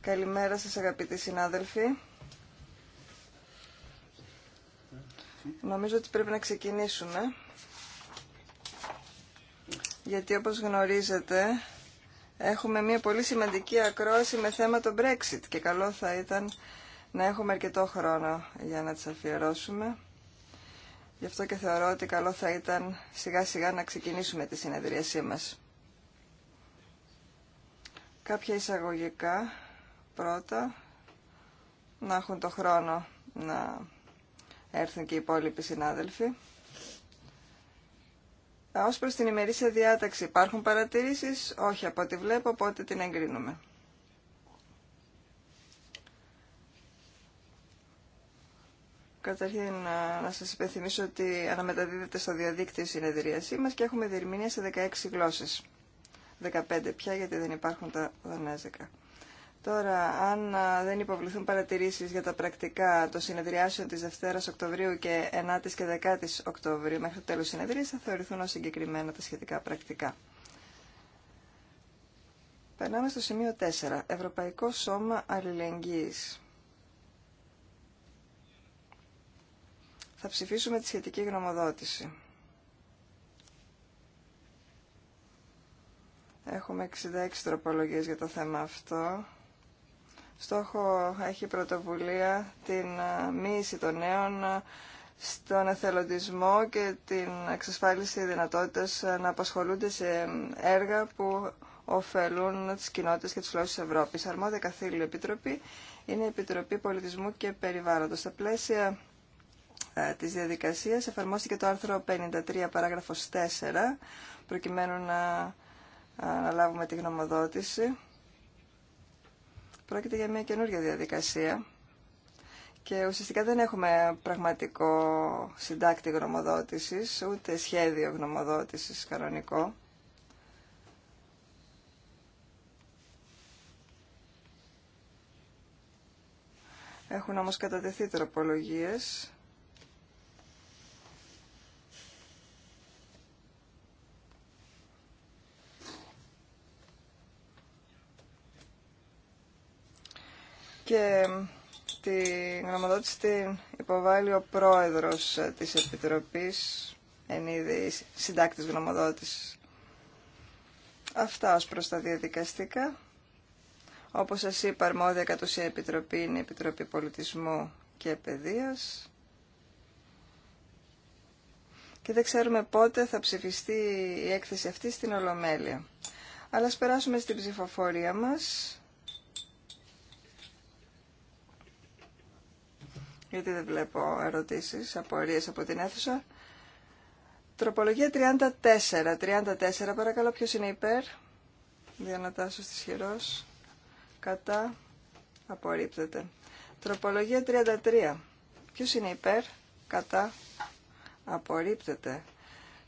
Καλημέρα σας αγαπητοί συνάδελφοι. Νομίζω ότι πρέπει να ξεκινήσουμε. Γιατί όπως γνωρίζετε έχουμε μια πολύ σημαντική ακρόαση με θέμα το Brexit και καλό θα ήταν να έχουμε αρκετό χρόνο για να τις αφιερώσουμε. Γι' αυτό και θεωρώ ότι καλό θα ήταν σιγά σιγά να ξεκινήσουμε τη συνεδρίασή μας κάποια εισαγωγικά πρώτα να έχουν το χρόνο να έρθουν και οι υπόλοιποι συνάδελφοι. Ε, ως προς την ημερήσια διάταξη υπάρχουν παρατηρήσεις, όχι από ό,τι βλέπω, οπότε την εγκρίνουμε. Καταρχήν ε, να σας υπενθυμίσω ότι αναμεταδίδεται στο διαδίκτυο η συνεδρίασή μας και έχουμε διερμηνία σε 16 γλώσσες. 15 πια, γιατί δεν υπάρχουν τα δανέζικα. Τώρα, αν δεν υποβληθούν παρατηρήσεις για τα πρακτικά των συνεδριάσεων της Δευτέρα Οκτωβρίου και 9 η και 10 η Οκτωβρίου μέχρι το τέλος συνεδρία θα θεωρηθούν ως συγκεκριμένα τα σχετικά πρακτικά. Περνάμε στο σημείο 4. Ευρωπαϊκό Σώμα Αλληλεγγύης. Θα ψηφίσουμε τη σχετική γνωμοδότηση. Έχουμε 66 τροπολογίες για το θέμα αυτό. Στόχο έχει πρωτοβουλία την ε, μίση των νέων ε, στον εθελοντισμό και την εξασφάλιση δυνατότητας ε, να απασχολούνται σε έργα που ωφελούν τις κοινότητες και τις φλώσεις της Ευρώπης. Αρμόδια καθήλου επιτροπή είναι η Επιτροπή Πολιτισμού και Περιβάλλοντος. Στα πλαίσια της διαδικασίας εφαρμόστηκε το άρθρο 53 παράγραφος 4 προκειμένου να αναλάβουμε τη γνωμοδότηση. Πρόκειται για μια καινούργια διαδικασία και ουσιαστικά δεν έχουμε πραγματικό συντάκτη γνωμοδότησης, ούτε σχέδιο γνωμοδότησης κανονικό. Έχουν όμως κατατεθεί τροπολογίες και την γνωμοδότηση την υποβάλλει ο πρόεδρος ε, της Επιτροπής εν είδη συντάκτης γνωμοδότησης. Αυτά ως προς τα διαδικαστικά. Όπως σας είπα, αρμόδια κατ' επιτροπή είναι η Επιτροπή Πολιτισμού και Παιδείας. Και δεν ξέρουμε πότε θα ψηφιστεί η έκθεση αυτή στην Ολομέλεια. Αλλά ας περάσουμε στην ψηφοφορία μας. γιατί δεν βλέπω ερωτήσεις, απορίες από την αίθουσα. Τροπολογία 34. 34 παρακαλώ ποιος είναι υπέρ. Διανατάσσω στις χειρός. Κατά. Απορρίπτεται. Τροπολογία 33. Ποιος είναι υπέρ. Κατά. Απορρίπτεται.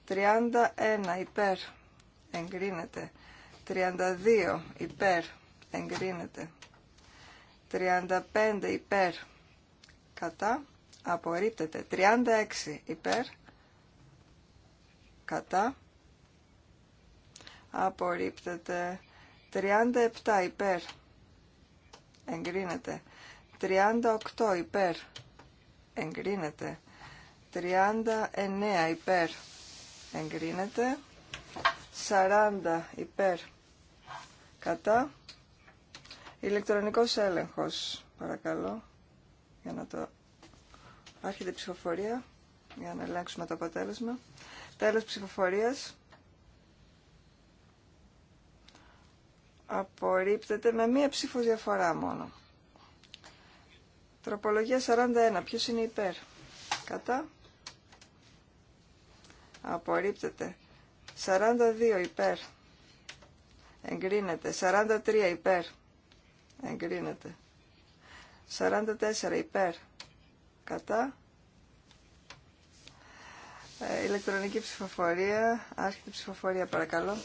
31 υπέρ. Εγκρίνεται. 32 υπέρ. Εγκρίνεται. 35 υπέρ κατά, απορρίπτεται. 36 υπέρ, κατά, απορρίπτεται. 37 υπέρ, εγκρίνεται. 38 υπέρ, εγκρίνεται. 39 υπέρ, εγκρίνεται. 40 υπέρ, κατά. Ηλεκτρονικός έλεγχος, παρακαλώ για να το άρχεται η ψηφοφορία για να ελέγξουμε το αποτέλεσμα τέλος ψηφοφορίας απορρίπτεται με μία ψήφο διαφορά μόνο τροπολογία 41 ποιος είναι υπέρ κατά απορρίπτεται 42 υπέρ εγκρίνεται 43 υπέρ εγκρίνεται 44 υπέρ κατά ε, ηλεκτρονική ψηφοφορία άρχιτη ψηφοφορία παρακαλώ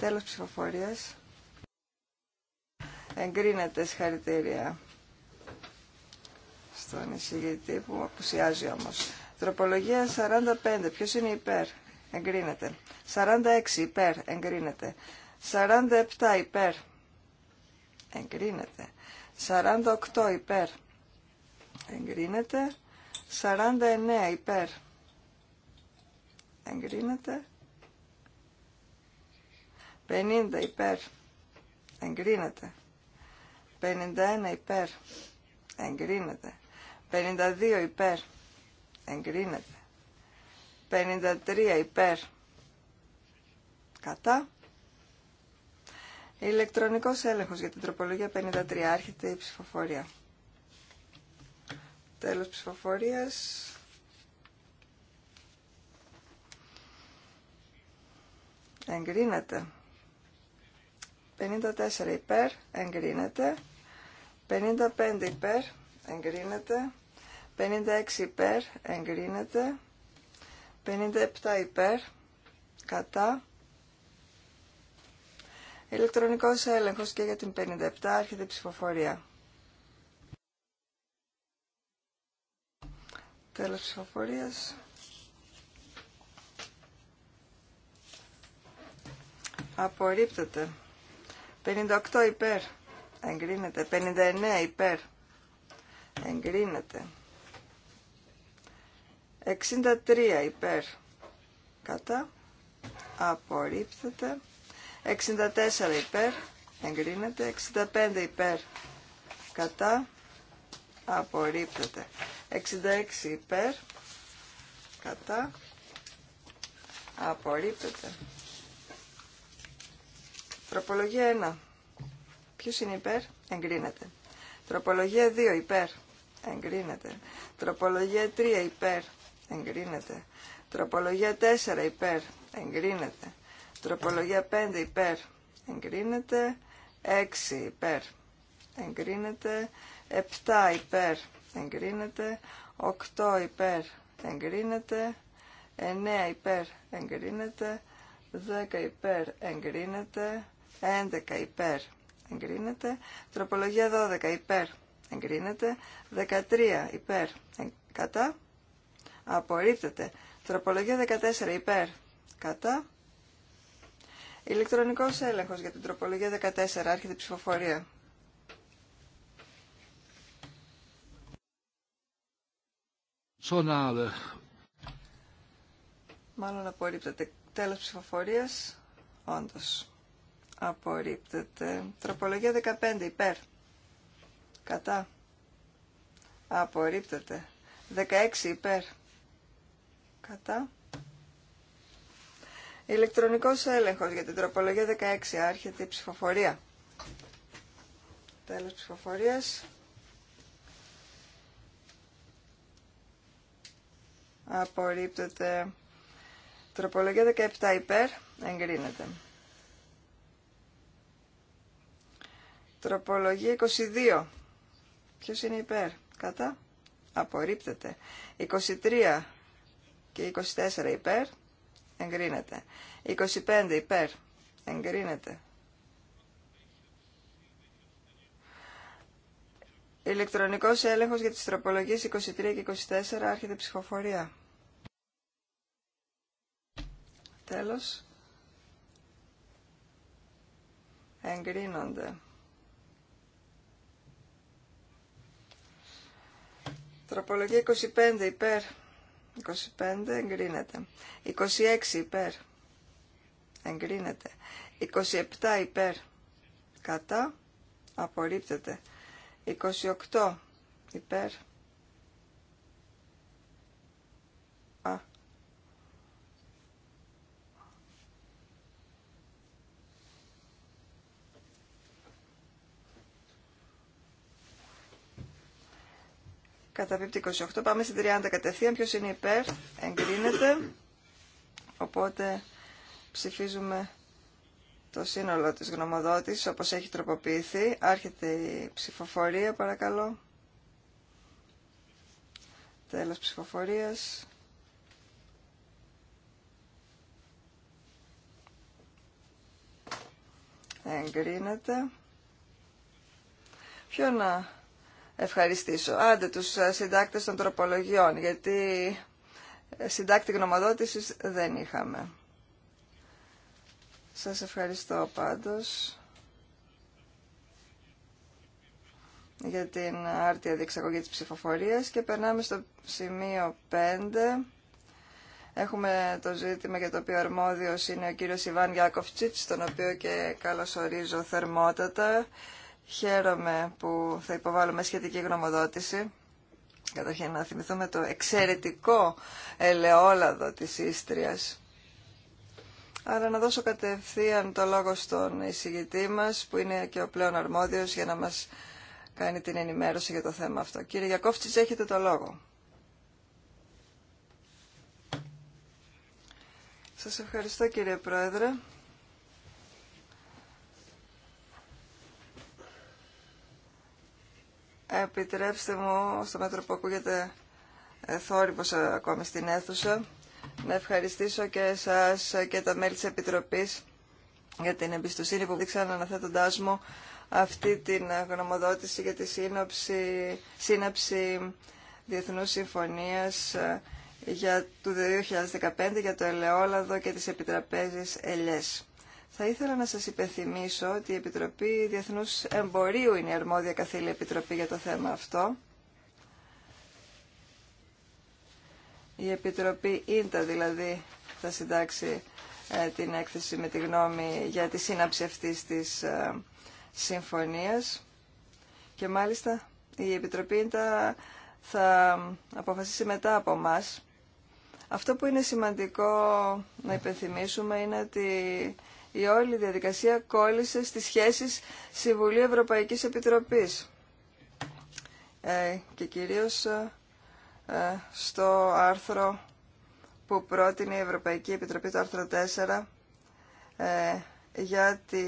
τέλος ψηφοφορίας εγκρίνεται συγχαρητήρια στον εισηγητή που απουσιάζει όμως τροπολογία 45 ποιος είναι υπέρ εγκρίνεται 46 υπέρ εγκρίνεται 47 υπέρ εγκρίνεται. 48 υπέρ, εγκρίνεται. 49 υπέρ, εγκρίνεται. 50 υπέρ, εγκρίνεται. 51 υπέρ, εγκρίνεται. 52 υπέρ, εγκρίνεται. 53 υπέρ, κατά Ηλεκτρονικό έλεγχο για την τροπολογία 53. Άρχεται η ψηφοφορία. Τέλος ψηφοφορία. Εγκρίνεται. 54 υπέρ. Εγκρίνεται. 55 υπέρ. Εγκρίνεται. 56 υπέρ. Εγκρίνεται. 57 υπέρ. Κατά. Ηλεκτρονικός έλεγχος και για την 57 άρχεται ψηφοφορία. Τέλος ψηφοφορίας. Απορρίπτεται. 58 υπέρ. Εγκρίνεται. 59 υπέρ. Εγκρίνεται. 63 υπέρ. Κατά. Απορρίπτεται. 64 υπέρ, εγκρίνεται. 65 υπέρ, κατά, απορρίπτεται. 66 υπέρ, κατά, απορρίπτεται. Τροπολογία 1. Ποιος είναι υπέρ, εγκρίνεται. Τροπολογία 2 υπέρ, εγκρίνεται. Τροπολογία 3 υπέρ, εγκρίνεται. Τροπολογία 4 υπέρ, εγκρίνεται. Τροπολογία 5 υπέρ εγκρίνεται. 6 υπέρ εγκρίνεται. 7 υπέρ εγκρίνεται. 8 υπέρ εγκρίνεται. 9 υπέρ εγκρίνεται. 10 υπέρ εγκρίνεται. 11 υπέρ εγκρίνεται. Τροπολογία 12 υπέρ εγκρίνεται. 13 υπέρ ε, κατά. Απορρίπτεται. Τροπολογία 14 υπέρ κατά. Ηλεκτρονικός έλεγχος για την τροπολογία 14. Άρχεται η ψηφοφορία. Μάλλον απορρίπτεται. Τέλος ψηφοφορίας. Όντως. Απορρίπτεται. Τροπολογία 15. Υπέρ. Κατά. Απορρίπτεται. 16. Υπέρ. Κατά. Ηλεκτρονικός έλεγχος για την τροπολογία 16. Άρχεται η ψηφοφορία. Τέλος ψηφοφορίας. Απορρίπτεται. Τροπολογία 17 υπέρ. Εγκρίνεται. Τροπολογία 22. Ποιος είναι υπέρ. Κατά. Απορρίπτεται. 23 και 24 υπέρ εγκρίνεται. 25 υπέρ, εγκρίνεται. Ηλεκτρονικός έλεγχος για τις τροπολογίες 23 και 24, άρχεται ψηφοφορία. Τέλος. Εγκρίνονται. Τροπολογία 25 υπέρ 25 εγκρίνεται. 26 υπέρ. Εγκρίνεται. 27 υπέρ. Κατά. Απορρίπτεται. 28 υπέρ. Καταπίπτει 28. Πάμε στην 30 κατευθείαν. Ποιος είναι υπέρ. Εγκρίνεται. Οπότε ψηφίζουμε το σύνολο της γνωμοδότησης όπως έχει τροποποιηθεί. Άρχεται η ψηφοφορία παρακαλώ. Τέλος ψηφοφορίας. Εγκρίνεται. Ποιο να ευχαριστήσω. Άντε τους ε, συντάκτες των τροπολογιών, γιατί ε, συντάκτη γνωμοδότησης δεν είχαμε. Σας ευχαριστώ πάντως για την άρτια διεξαγωγή της ψηφοφορίας και περνάμε στο σημείο 5. Έχουμε το ζήτημα για το οποίο αρμόδιος είναι ο κύριος Ιβάν Γιάκοφτσίτς, τον οποίο και καλωσορίζω θερμότατα. Χαίρομαι που θα υποβάλουμε σχετική γνωμοδότηση. Καταρχήν να θυμηθούμε το εξαιρετικό ελαιόλαδο της Ίστριας. Άρα να δώσω κατευθείαν το λόγο στον εισηγητή μας, που είναι και ο πλέον αρμόδιος για να μας κάνει την ενημέρωση για το θέμα αυτό. Κύριε Γιακόφτσιτς, έχετε το λόγο. Σας ευχαριστώ κύριε Πρόεδρε. Επιτρέψτε μου, στο μέτρο που ακούγεται ε, θόρυβος ακόμη στην αίθουσα, να ευχαριστήσω και εσάς και τα μέλη της Επιτροπής για την εμπιστοσύνη που δείξαν αναθέτοντάς μου αυτή την γνωμοδότηση για τη σύνοψη, σύναψη Διεθνούς Συμφωνίας ε, για του 2015 για το ελαιόλαδο και τις επιτραπέζεις ελιές. Θα ήθελα να σας υπενθυμίσω ότι η Επιτροπή Διεθνούς Εμπορίου είναι η αρμόδια καθήλη επιτροπή για το θέμα αυτό. Η Επιτροπή Ίντα δηλαδή θα συντάξει ε, την έκθεση με τη γνώμη για τη σύναψη αυτής της ε, συμφωνίας και μάλιστα η Επιτροπή Ίντα θα αποφασίσει μετά από μας. Αυτό που είναι σημαντικό να υπενθυμίσουμε είναι ότι η όλη διαδικασία κόλλησε στις σχέσεις Συμβουλίου Ευρωπαϊκής Επιτροπής ε, και κυρίως ε, ε, στο άρθρο που πρότεινε η Ευρωπαϊκή Επιτροπή, το άρθρο 4, για τη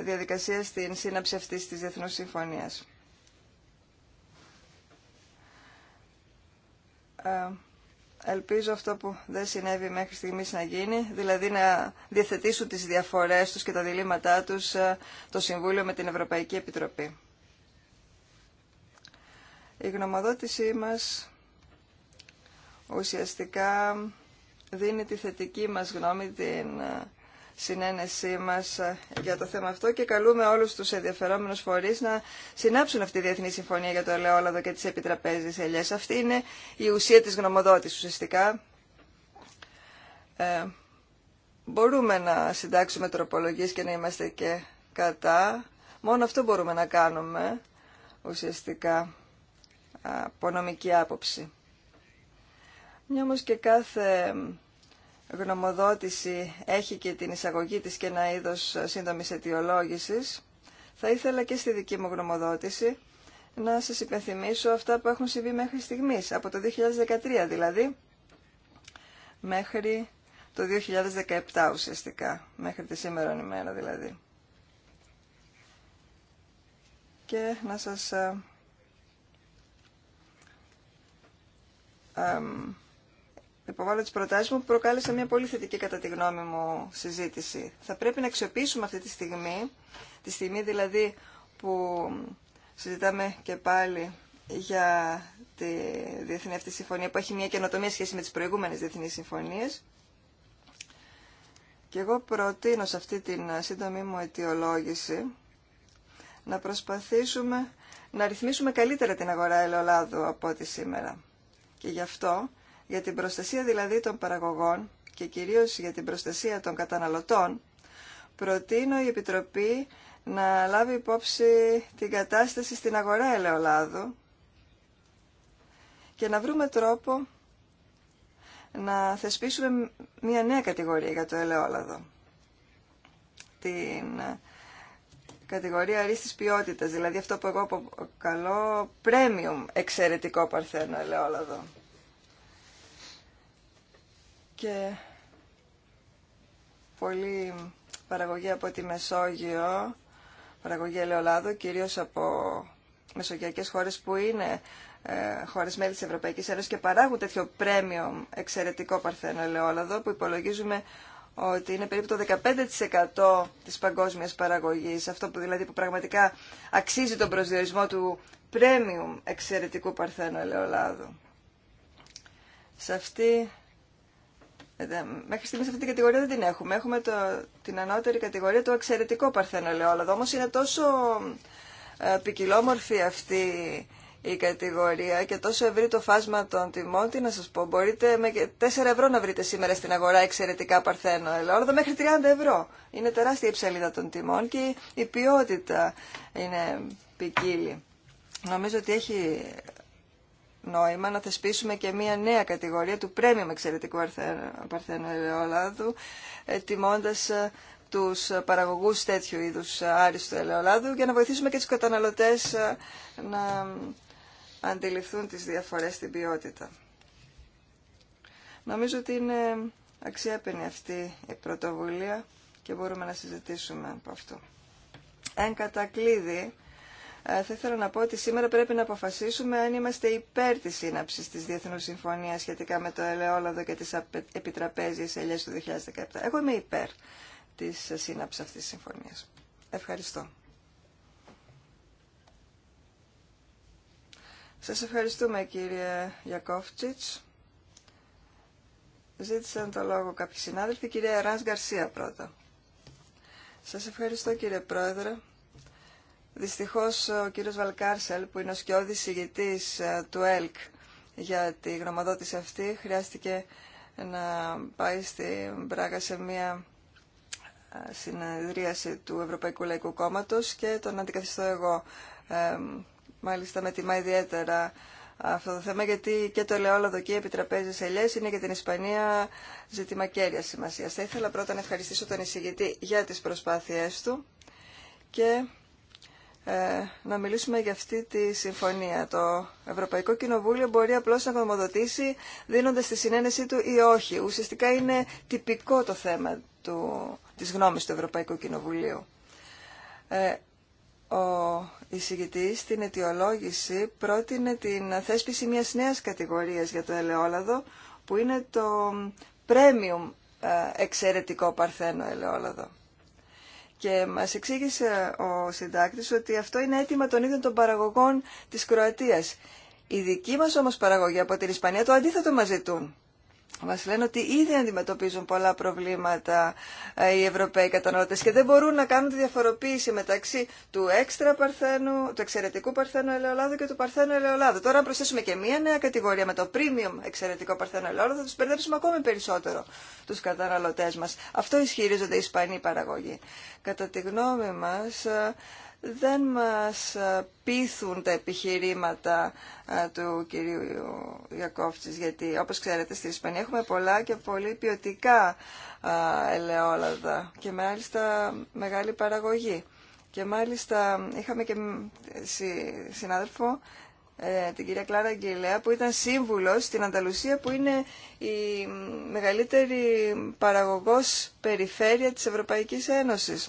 διαδικασία στην σύναψη αυτής της Διεθνούς Συμφωνίας ελπίζω αυτό που δεν συνέβη μέχρι στιγμής να γίνει, δηλαδή να διαθετήσουν τις διαφορές τους και τα διλήμματά τους ε, το Συμβούλιο με την Ευρωπαϊκή Επιτροπή. Η γνωμοδότησή μας ουσιαστικά δίνει τη θετική μας γνώμη, την ε, συνένεσή μας ε, για το θέμα αυτό και καλούμε όλους τους ενδιαφερόμενους φορείς να συνάψουν αυτή τη Διεθνή Συμφωνία για το ελαιόλαδο και τις επιτραπέζιες ελιές. Αυτή είναι η ουσία της γνωμοδότης ουσιαστικά. Ε, μπορούμε να συντάξουμε τροπολογίες και να είμαστε και κατά. Μόνο αυτό μπορούμε να κάνουμε ουσιαστικά από νομική άποψη. Μια όμως και κάθε γνωμοδότηση έχει και την εισαγωγή της και ένα είδος σύντομης αιτιολόγησης, θα ήθελα και στη δική μου γνωμοδότηση να σας υπενθυμίσω αυτά που έχουν συμβεί μέχρι στιγμής, από το 2013 δηλαδή, μέχρι το 2017 ουσιαστικά, μέχρι τη σήμερα ημέρα δηλαδή. Και να σας... Ε, ε, υποβάλλω τι προτάσει μου που προκάλεσε μια πολύ θετική κατά τη γνώμη μου συζήτηση. Θα πρέπει να αξιοποιήσουμε αυτή τη στιγμή, τη στιγμή δηλαδή που συζητάμε και πάλι για τη διεθνή αυτή συμφωνία που έχει μια καινοτομία σχέση με τις προηγούμενες διεθνείς συμφωνίες. Και εγώ προτείνω σε αυτή την σύντομη μου αιτιολόγηση να προσπαθήσουμε να ρυθμίσουμε καλύτερα την αγορά ελαιολάδου από ό,τι σήμερα. Και γι' αυτό για την προστασία δηλαδή των παραγωγών και κυρίως για την προστασία των καταναλωτών, προτείνω η Επιτροπή να λάβει υπόψη την κατάσταση στην αγορά ελαιολάδου και να βρούμε τρόπο να θεσπίσουμε μια νέα κατηγορία για το ελαιόλαδο. Την ε, κατηγορία αρίστης ποιότητας, δηλαδή αυτό που εγώ αποκαλώ premium εξαιρετικό παρθένο ελαιόλαδο και πολλή παραγωγή από τη Μεσόγειο, παραγωγή ελαιολάδου, κυρίως από μεσογειακές χώρες που είναι ε, χώρες μέλη της Ευρωπαϊκής Ένωσης και παράγουν τέτοιο πρέμιο εξαιρετικό παρθένο ελαιόλαδο που υπολογίζουμε ότι είναι περίπου το 15% της παγκόσμιας παραγωγής, αυτό που δηλαδή που πραγματικά αξίζει τον προσδιορισμό του πρέμιου εξαιρετικού παρθένου ελαιολάδου. Σε αυτή ε, μέχρι στιγμή αυτή την κατηγορία δεν την έχουμε. Έχουμε το, την ανώτερη κατηγορία του εξαιρετικό παρθένο ελαιόλαδο. Όμω είναι τόσο ε, ποικιλόμορφη αυτή η κατηγορία και τόσο ευρύ το φάσμα των τιμών, τι να σας πω, μπορείτε με 4 ευρώ να βρείτε σήμερα στην αγορά εξαιρετικά παρθένο ελαιόλαδο μέχρι 30 ευρώ. Είναι τεράστια η ψαλίδα των τιμών και η ποιότητα είναι ποικίλη. Νομίζω ότι έχει νόημα να θεσπίσουμε και μία νέα κατηγορία του πρέμιου εξαιρετικού παρθένου ελαιολάδου, τιμώντα ε, τους παραγωγούς τέτοιου είδους ε, άριστου ελαιολάδου για να βοηθήσουμε και του καταναλωτές ε, να αντιληφθούν τις διαφορές στην ποιότητα. Νομίζω ότι είναι αξιέπαινη αυτή η πρωτοβουλία και μπορούμε να συζητήσουμε από αυτό. Εν κατακλείδη, θα ήθελα να πω ότι σήμερα πρέπει να αποφασίσουμε αν είμαστε υπέρ της σύναψης της Διεθνούς Συμφωνίας σχετικά με το ελαιόλαδο και τις επιτραπέζιες ελιές του 2017. Εγώ είμαι υπέρ της σύναψης αυτής της συμφωνίας. Ευχαριστώ. Σας ευχαριστούμε κύριε Γιακόφτσιτς. Ζήτησαν το λόγο κάποιοι συνάδελφοι. Κυρία Ράνς Γκαρσία πρώτα. Σας ευχαριστώ κύριε Πρόεδρε. Δυστυχώς ο κύριος Βαλκάρσελ που είναι ο σκιώδης ηγητής ε, του ΕΛΚ για τη γνωμοδότηση αυτή χρειάστηκε να πάει στην Πράγα σε μια ε, συνεδρίαση του Ευρωπαϊκού Λαϊκού Κόμματος και τον αντικαθιστώ εγώ. Ε, μάλιστα με τιμά ιδιαίτερα αυτό το θέμα γιατί και το ελαιόλαδο και οι επιτραπέζιες ελιές είναι για την Ισπανία ζήτημα κέρια σημασία. Θα ήθελα πρώτα να ευχαριστήσω τον εισηγητή για τις προσπάθειές του και ε, να μιλήσουμε για αυτή τη συμφωνία. Το Ευρωπαϊκό Κοινοβούλιο μπορεί απλώς να γνωμοδοτήσει δίνοντας τη συνένεσή του ή όχι. Ουσιαστικά είναι τυπικό το θέμα του, της γνώμης του Ευρωπαϊκού Κοινοβουλίου. Ε, ο εισηγητής στην αιτιολόγηση πρότεινε την θέσπιση μιας νέας κατηγορίας για το ελαιόλαδο που είναι το premium ε, εξαιρετικό παρθένο ελαιόλαδο. Και μας εξήγησε ο συντάκτης ότι αυτό είναι αίτημα των ίδιων των παραγωγών της Κροατίας. Η δική μας όμως παραγωγή από την Ισπανία το αντίθετο μας ζητούν. Μας λένε ότι ήδη αντιμετωπίζουν πολλά προβλήματα ε, οι Ευρωπαίοι καταναλωτές και δεν μπορούν να κάνουν τη διαφοροποίηση μεταξύ του έξτρα παρθένου, του εξαιρετικού παρθένου ελαιολάδου και του παρθένου ελαιολάδου. Τώρα αν προσθέσουμε και μία νέα κατηγορία με το premium εξαιρετικό παρθένο ελαιόλαδο θα τους περδέψουμε ακόμη περισσότερο τους καταναλωτές μας. Αυτό ισχυρίζονται οι Ισπανοί παραγωγοί. Κατά τη γνώμη μας ε, δεν μας πείθουν τα επιχειρήματα ε, του κυρίου Γιακόφτσης, γιατί όπως ξέρετε στη Ισπανία έχουμε πολλά και πολύ ποιοτικά ε, ελαιόλαδα και μάλιστα μεγάλη παραγωγή. Και μάλιστα είχαμε και συνάδελφο ε, την κυρία Κλάρα Αγγελέα που ήταν σύμβουλος στην Ανταλουσία που είναι η μεγαλύτερη παραγωγός περιφέρεια της Ευρωπαϊκής Ένωσης.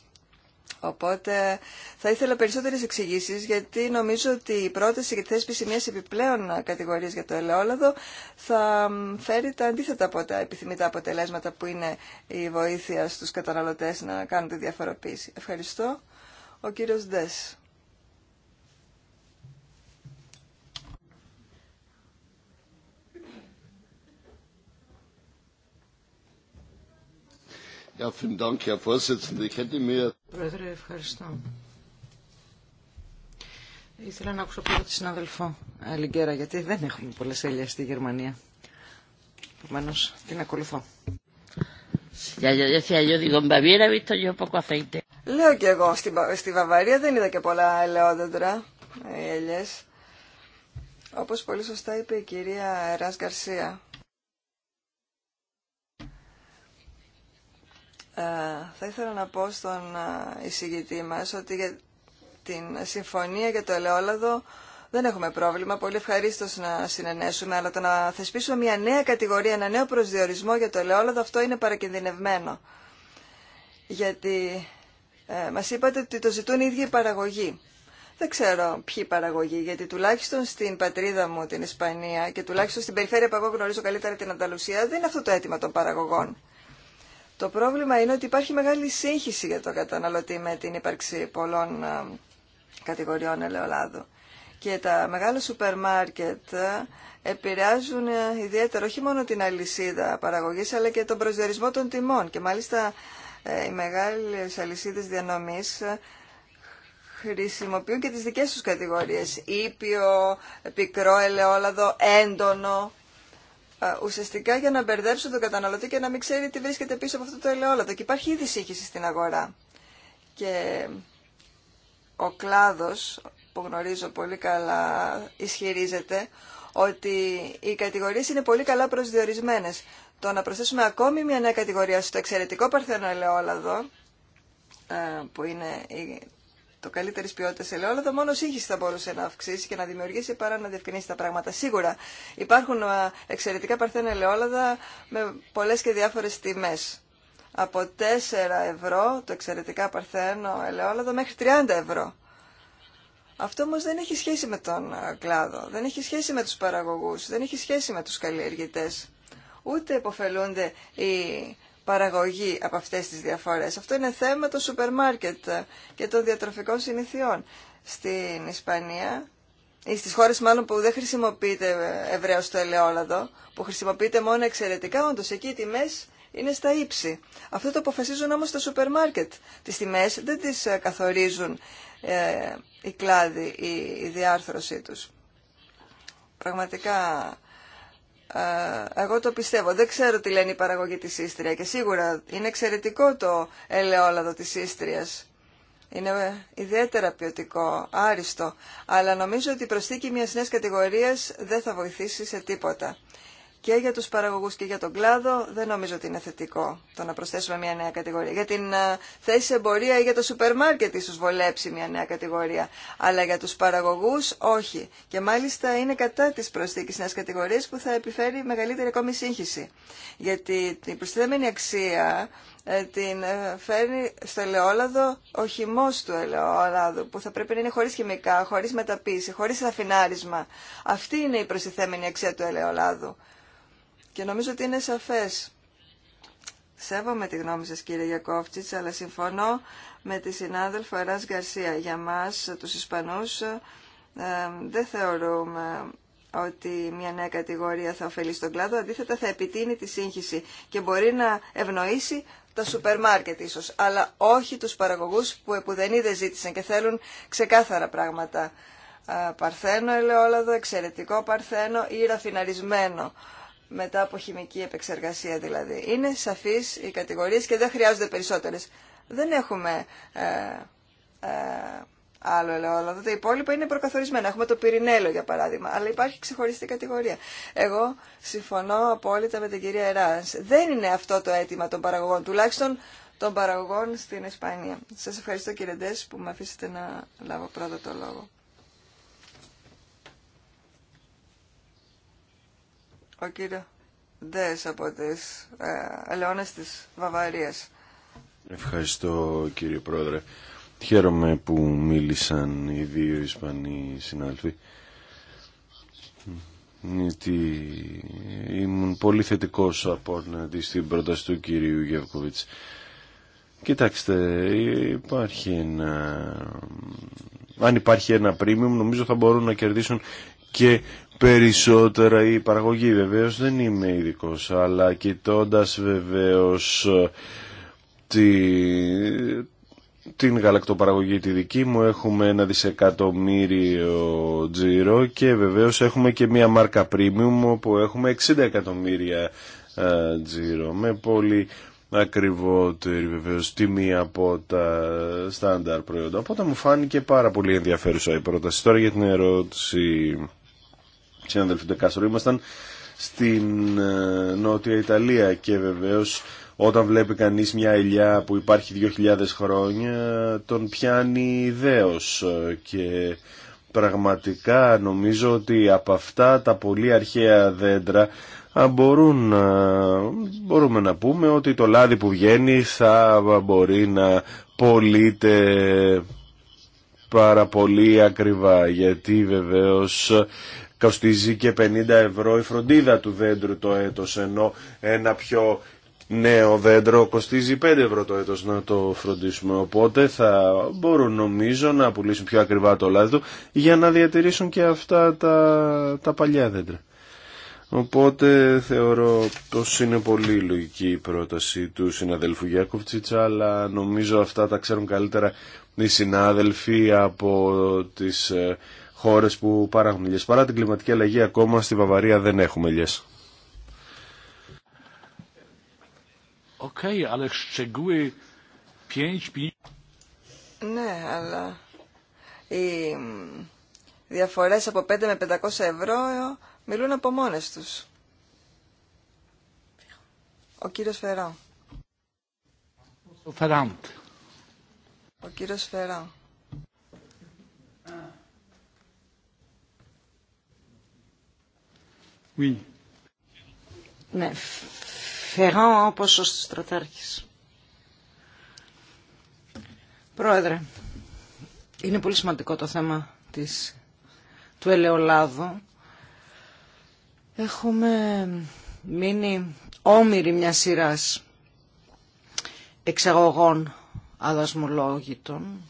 Οπότε θα ήθελα περισσότερες εξηγήσεις γιατί νομίζω ότι η πρόταση για τη θέσπιση μιας επιπλέον κατηγορίας για το ελαιόλαδο θα φέρει τα αντίθετα από τα επιθυμητά αποτελέσματα που είναι η βοήθεια στους καταναλωτές να κάνουν τη διαφοροποίηση. Ευχαριστώ. Ο κύριος Ντες. Πρόεδρε, ευχαριστώ. Ήθελα να ακούσω πρώτα τη συνάδελφο Αλιγκέρα, γιατί δεν έχουμε πολλέ έλειες στη Γερμανία. Επομένω, την ακολουθώ. Λέω και εγώ, στη Βαβαρία δεν είδα και πολλά ελαιόδεντρα, οι ε, Όπω Όπως πολύ σωστά είπε η κυρία Ράς Γκαρσία. Ε, θα ήθελα να πω στον ε, εισηγητή μας ότι για την συμφωνία για το ελαιόλαδο δεν έχουμε πρόβλημα. Πολύ ευχαρίστω να συνενέσουμε, αλλά το να θεσπίσουμε μια νέα κατηγορία, ένα νέο προσδιορισμό για το ελαιόλαδο, αυτό είναι παρακινδυνευμένο. Γιατί ε, μας είπατε ότι το ζητούν οι ίδιοι οι παραγωγοί. Δεν ξέρω ποιοι παραγωγοί, γιατί τουλάχιστον στην πατρίδα μου, την Ισπανία, και τουλάχιστον στην περιφέρεια που εγώ γνωρίζω καλύτερα την Ανταλουσία, δεν είναι αυτό το αίτημα των παραγωγών. Το πρόβλημα είναι ότι υπάρχει μεγάλη σύγχυση για το καταναλωτή με την ύπαρξη πολλών ε, κατηγοριών ελαιολάδου. Και τα μεγάλα σούπερ μάρκετ ε, επηρεάζουν ε, ιδιαίτερα όχι μόνο την αλυσίδα παραγωγής αλλά και τον προσδιορισμό των τιμών. Και μάλιστα οι μεγάλες αλυσίδες διανομής χρησιμοποιούν και τις δικές τους κατηγορίες. Ήπιο, πικρό ελαιόλαδο, έντονο ουσιαστικά για να μπερδέψουν τον καταναλωτή και να μην ξέρει τι βρίσκεται πίσω από αυτό το ελαιόλαδο. Και υπάρχει ήδη σύγχυση στην αγορά. Και ο κλάδος, που γνωρίζω πολύ καλά, ισχυρίζεται ότι οι κατηγορίες είναι πολύ καλά προσδιορισμένες. Το να προσθέσουμε ακόμη μια νέα κατηγορία στο εξαιρετικό παρθένο ελαιόλαδο, ε, που είναι το καλύτερη ποιότητα ελαιόλαδο, μόνο σύγχυση θα μπορούσε να αυξήσει και να δημιουργήσει παρά να διευκρινίσει τα πράγματα. Σίγουρα υπάρχουν εξαιρετικά παρθένα ελαιόλαδα με πολλέ και διάφορε τιμέ. Από 4 ευρώ το εξαιρετικά παρθένο ελαιόλαδο μέχρι 30 ευρώ. Αυτό όμω δεν έχει σχέση με τον κλάδο, δεν έχει σχέση με του παραγωγού, δεν έχει σχέση με του καλλιεργητέ. Ούτε υποφελούνται οι παραγωγή από αυτές τις διαφορές. Αυτό είναι θέμα των σούπερ μάρκετ και των διατροφικών συνηθιών. Στην Ισπανία ή στις χώρες μάλλον που δεν χρησιμοποιείται ευρέως το ελαιόλαδο, που χρησιμοποιείται μόνο εξαιρετικά, όντω εκεί οι τιμές είναι στα ύψη. Αυτό το αποφασίζουν όμως τα σούπερ μάρκετ. Τις τιμές δεν τις ε, καθορίζουν ε, οι κλάδοι, η, η διάρθρωσή τους. Πραγματικά ε, εγώ το πιστεύω. Δεν ξέρω τι λένε οι παραγωγοί της Ίστρια και σίγουρα είναι εξαιρετικό το ελαιόλαδο της Ίστριας. Είναι ιδιαίτερα ποιοτικό, άριστο, αλλά νομίζω ότι η προσθήκη μιας νέας κατηγορίας δεν θα βοηθήσει σε τίποτα και για τους παραγωγούς και για τον κλάδο δεν νομίζω ότι είναι θετικό το να προσθέσουμε μια νέα κατηγορία. Για την ε, θέση εμπορία ή για το σούπερ μάρκετ ίσως βολέψει μια νέα κατηγορία, αλλά για τους παραγωγούς όχι. Και μάλιστα είναι κατά της προσθήκης μιας κατηγορίας που θα επιφέρει μεγαλύτερη ακόμη σύγχυση. Γιατί την προσθεμένη αξία ε, την ε, φέρνει στο ελαιόλαδο ο χυμό του ελαιόλαδου που θα πρέπει να είναι χωρίς χημικά, χωρίς μεταποίηση, χωρίς αφινάρισμα. Αυτή είναι η προστιθέμενη αξία του ελαιόλαδου. Και νομίζω ότι είναι σαφές. Σέβομαι τη γνώμη σας κύριε Γιακόφτσιτς, αλλά συμφωνώ με τη συνάδελφο Εράς Γκαρσία. Για μας, τους Ισπανούς, ε, δεν θεωρούμε ότι μια νέα κατηγορία θα ωφελεί στον κλάδο. Αντίθετα θα επιτείνει τη σύγχυση και μπορεί να ευνοήσει τα σούπερ μάρκετ ίσως, αλλά όχι τους παραγωγούς που είδε ζήτησαν και θέλουν ξεκάθαρα πράγματα. Ε, παρθένο ελαιόλαδο, εξαιρετικό παρθένο ή ραφιναρισμένο μετά από χημική επεξεργασία δηλαδή. Είναι σαφείς οι κατηγορίες και δεν χρειάζονται περισσότερες. Δεν έχουμε ε, ε, άλλο ελαιόλαδο. Τα υπόλοιπα είναι προκαθορισμένα. Έχουμε το πυρηνέλο για παράδειγμα, αλλά υπάρχει ξεχωριστή κατηγορία. Εγώ συμφωνώ απόλυτα με την κυρία Εράνς. Δεν είναι αυτό το αίτημα των παραγωγών, τουλάχιστον των παραγωγών στην Ισπανία. Σας ευχαριστώ κύριε Ντές που με αφήσετε να λάβω πρώτα το λόγο. ο κύριο Δες από τις ε, Ελαιώνες της Βαβαρίας. Ευχαριστώ κύριε Πρόεδρε. Χαίρομαι που μίλησαν οι δύο Ισπανοί συνάδελφοι γιατί ήμουν πολύ θετικός να στην πρόταση του κυρίου Γεύκοβιτς. Κοιτάξτε, υπάρχει ένα... αν υπάρχει ένα premium νομίζω θα μπορούν να κερδίσουν και περισσότερα η παραγωγή. Βεβαίως δεν είμαι ειδικό, αλλά κοιτώντα βεβαίως ε, τη, την γαλακτοπαραγωγή τη δική μου έχουμε ένα δισεκατομμύριο τζίρο και βεβαίως έχουμε και μια μάρκα premium που έχουμε 60 εκατομμύρια ε, τζίρο με πολύ ακριβότερη βεβαίω τιμή από τα στάνταρ προϊόντα. Οπότε μου φάνηκε πάρα πολύ ενδιαφέρουσα η πρόταση. Τώρα για την ερώτηση συναδελφοί του Κάστρο. Ήμασταν στην ε, Νότια Ιταλία και βεβαίως όταν βλέπει κανείς μια ελιά που υπάρχει 2.000 χρόνια τον πιάνει ιδέως ε, και πραγματικά νομίζω ότι από αυτά τα πολύ αρχαία δέντρα μπορούν, ε, μπορούμε να πούμε ότι το λάδι που βγαίνει θα μπορεί να πωλείται πάρα πολύ ακριβά γιατί βεβαίως κοστίζει και 50 ευρώ η φροντίδα του δέντρου το έτος, ενώ ένα πιο νέο δέντρο κοστίζει 5 ευρώ το έτος να το φροντίσουμε. Οπότε θα μπορούν νομίζω να πουλήσουν πιο ακριβά το λάδι του για να διατηρήσουν και αυτά τα, τα παλιά δέντρα. Οπότε θεωρώ πως είναι πολύ λογική η πρόταση του συναδέλφου Γιάκοφτσιτς αλλά νομίζω αυτά τα ξέρουν καλύτερα οι συνάδελφοι από τις ε, χώρες που παράγουν ηλιέ. Παρά την κλιματική αλλαγή ακόμα στη Βαβαρία δεν έχουμε ηλιέ. Okay, ale szczegóły 5 Ναι, αλλά οι διαφορές από 5 με 500 ευρώ μιλούν από μόνες τους. Ο κύριος φέραν. Ο Φεράντ. Ο κύριος Φερά. Oui. Ναι, φερό όπως ο στρατάρχης. Πρόεδρε, είναι πολύ σημαντικό το θέμα της, του ελαιολάδου. Έχουμε μείνει όμοιροι μια σειρά εξαγωγών αδασμολόγητων.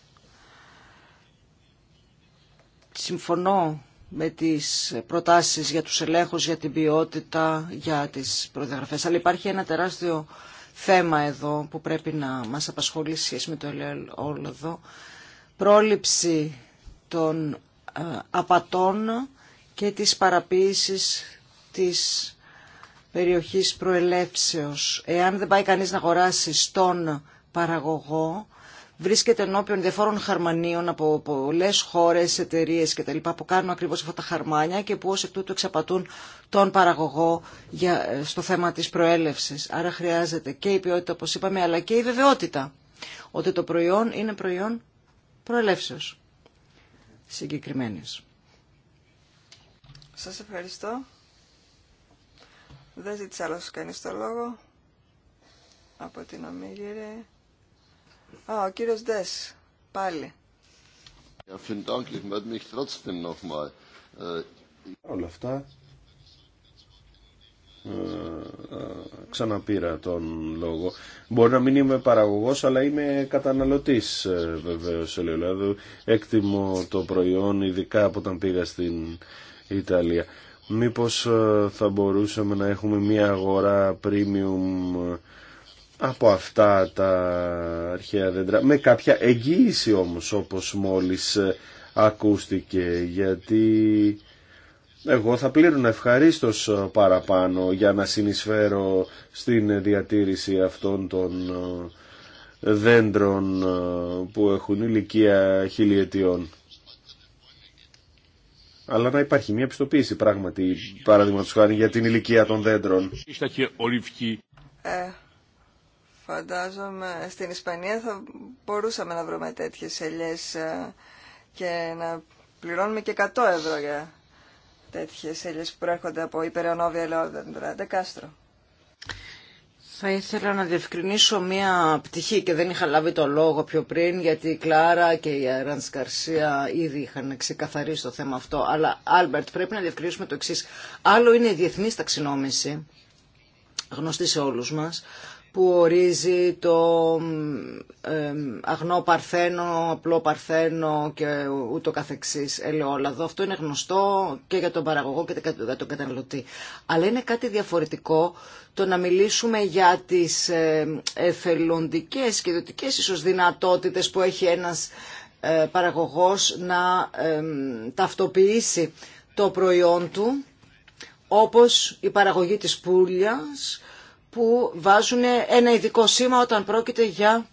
Συμφωνώ με τις προτάσεις για τους ελέγχους, για την ποιότητα, για τις προδιαγραφές. Αλλά υπάρχει ένα τεράστιο θέμα εδώ που πρέπει να μας απασχολήσει σχέση με το ελαιόλαδο. Πρόληψη των ε, απατών και της παραποίησης της περιοχής προελεύσεως. Εάν δεν πάει κανείς να αγοράσει στον παραγωγό, βρίσκεται ενώπιον διαφόρων χαρμανίων από πολλέ χώρε, εταιρείε κτλ. που κάνουν ακριβώ αυτά τα χαρμάνια και που ω εκ τούτου εξαπατούν τον παραγωγό για, ε, στο θέμα τη προέλευση. Άρα χρειάζεται και η ποιότητα, όπω είπαμε, αλλά και η βεβαιότητα ότι το προϊόν είναι προϊόν προελεύσεω συγκεκριμένη. Σα ευχαριστώ. Δεν ζήτησε άλλο κανεί το λόγο από την ομίγυρη. Α, ο κύριος Δες, πάλι. Äh, Όλα αυτά ε, ε, ξαναπήρα τον λόγο. Μπορεί να μην είμαι παραγωγός, αλλά είμαι καταναλωτής ε, βεβαίως. ελαιολάδου. έκτιμω το προϊόν, ειδικά όταν πήγα στην Ιταλία. Μήπως θα μπορούσαμε να έχουμε μια αγορά premium από αυτά τα αρχαία δέντρα με κάποια εγγύηση όμως όπως μόλις ε, ακούστηκε γιατί εγώ θα πλήρωνα ευχαρίστως ε, παραπάνω για να συνεισφέρω στην διατήρηση αυτών των ε, δέντρων που έχουν ηλικία χιλιετιών. Αλλά να υπάρχει μια πιστοποίηση πράγματι, παραδείγματος χάρη για την ηλικία των δέντρων. Ε, Φαντάζομαι στην Ισπανία θα μπορούσαμε να βρούμε τέτοιες ελιές ε, και να πληρώνουμε και 100 ευρώ για τέτοιες ελιές που προέρχονται από υπεραιωνόβια ελαιόδεντρα. Δεκάστρο. Θα ήθελα να διευκρινίσω μία πτυχή και δεν είχα λάβει το λόγο πιο πριν γιατί η Κλάρα και η Αράνς Καρσία ήδη είχαν ξεκαθαρίσει το θέμα αυτό. Αλλά Άλμπερτ πρέπει να διευκρινίσουμε το εξή. Άλλο είναι η διεθνή ταξινόμηση γνωστή σε όλους μας που ορίζει το αγνό παρθένο, απλό παρθένο και ούτω καθεξής ελαιόλαδο. Αυτό είναι γνωστό και για τον παραγωγό και για τον καταναλωτή. Αλλά είναι κάτι διαφορετικό το να μιλήσουμε για τις ε, εθελοντικές και ιδιωτικές ίσως δυνατότητες που έχει ένας ε, παραγωγός να ταυτοποιήσει το προϊόν του, όπως η παραγωγή της πουλιας, που βάζουν ένα ειδικό σήμα όταν πρόκειται για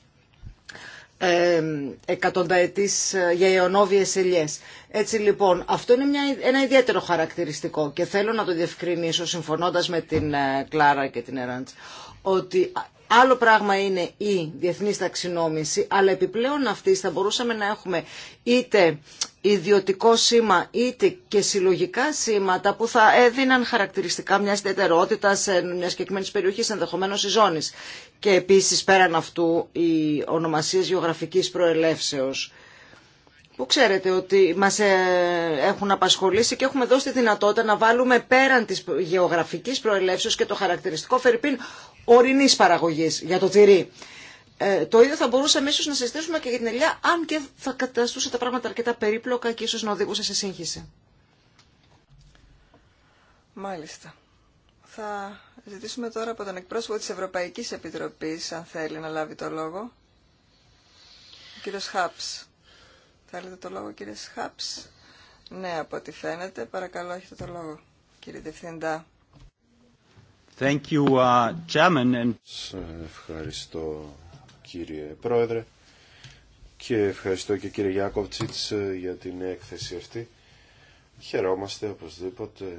ε, εκατονταετής ε, για αιωνόβιες ελιές. Έτσι λοιπόν, αυτό είναι μια, ένα ιδιαίτερο χαρακτηριστικό και θέλω να το διευκρινίσω συμφωνώντας με την ε, Κλάρα και την Εράντς ότι Άλλο πράγμα είναι η διεθνής ταξινόμηση, αλλά επιπλέον αυτή θα μπορούσαμε να έχουμε είτε ιδιωτικό σήμα είτε και συλλογικά σήματα που θα έδιναν χαρακτηριστικά μια μιας σε μια συγκεκριμένη περιοχή, ενδεχομένω η ζώνη. Και επίσης πέραν αυτού οι ονομασίες γεωγραφικής προελεύσεως που ξέρετε ότι μας ε, έχουν απασχολήσει και έχουμε δώσει τη δυνατότητα να βάλουμε πέραν της γεωγραφικής προελεύσεως και το χαρακτηριστικό φερρυπίν Ορεινή παραγωγής, για το τυρί. Ε, το ίδιο θα μπορούσαμε ίσως να συζητήσουμε και για την ελιά, αν και θα καταστούσε τα πράγματα αρκετά περίπλοκα και ίσως να οδηγούσε σε σύγχυση. Μάλιστα. Θα ζητήσουμε τώρα από τον εκπρόσωπο της Ευρωπαϊκής Επιτροπής, αν θέλει να λάβει το λόγο. Ο κύριος Χάπς. Θέλετε το λόγο, κύριε Χάπς. Ναι, από ό,τι φαίνεται. Παρακαλώ, έχετε το λόγο, κύριε Διευθυντά. Thank uh, Ευχαριστώ κύριε Πρόεδρε και ευχαριστώ και κύριε Γιάκοβτσιτς ε, για την έκθεση αυτή. Χαιρόμαστε οπωσδήποτε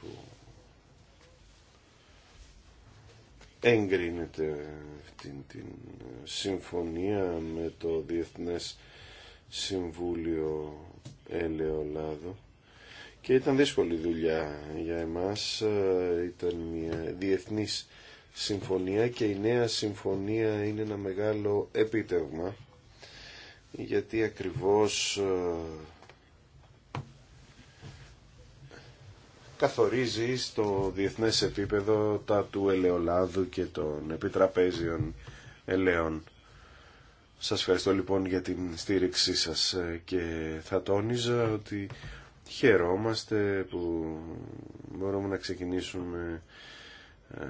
που εγκρίνεται την την συμφωνία με το Διεθνές Συμβούλιο Ελαιολάδου και ήταν δύσκολη δουλειά για εμάς, ε, ήταν μια διεθνής συμφωνία και η νέα συμφωνία είναι ένα μεγάλο επίτευγμα γιατί ακριβώς ε, καθορίζει στο διεθνές επίπεδο τα του ελαιολάδου και των επιτραπέζιων ελαιών. Σας ευχαριστώ λοιπόν για την στήριξή σας ε, και θα τόνιζα ότι χαιρόμαστε που μπορούμε να ξεκινήσουμε ε,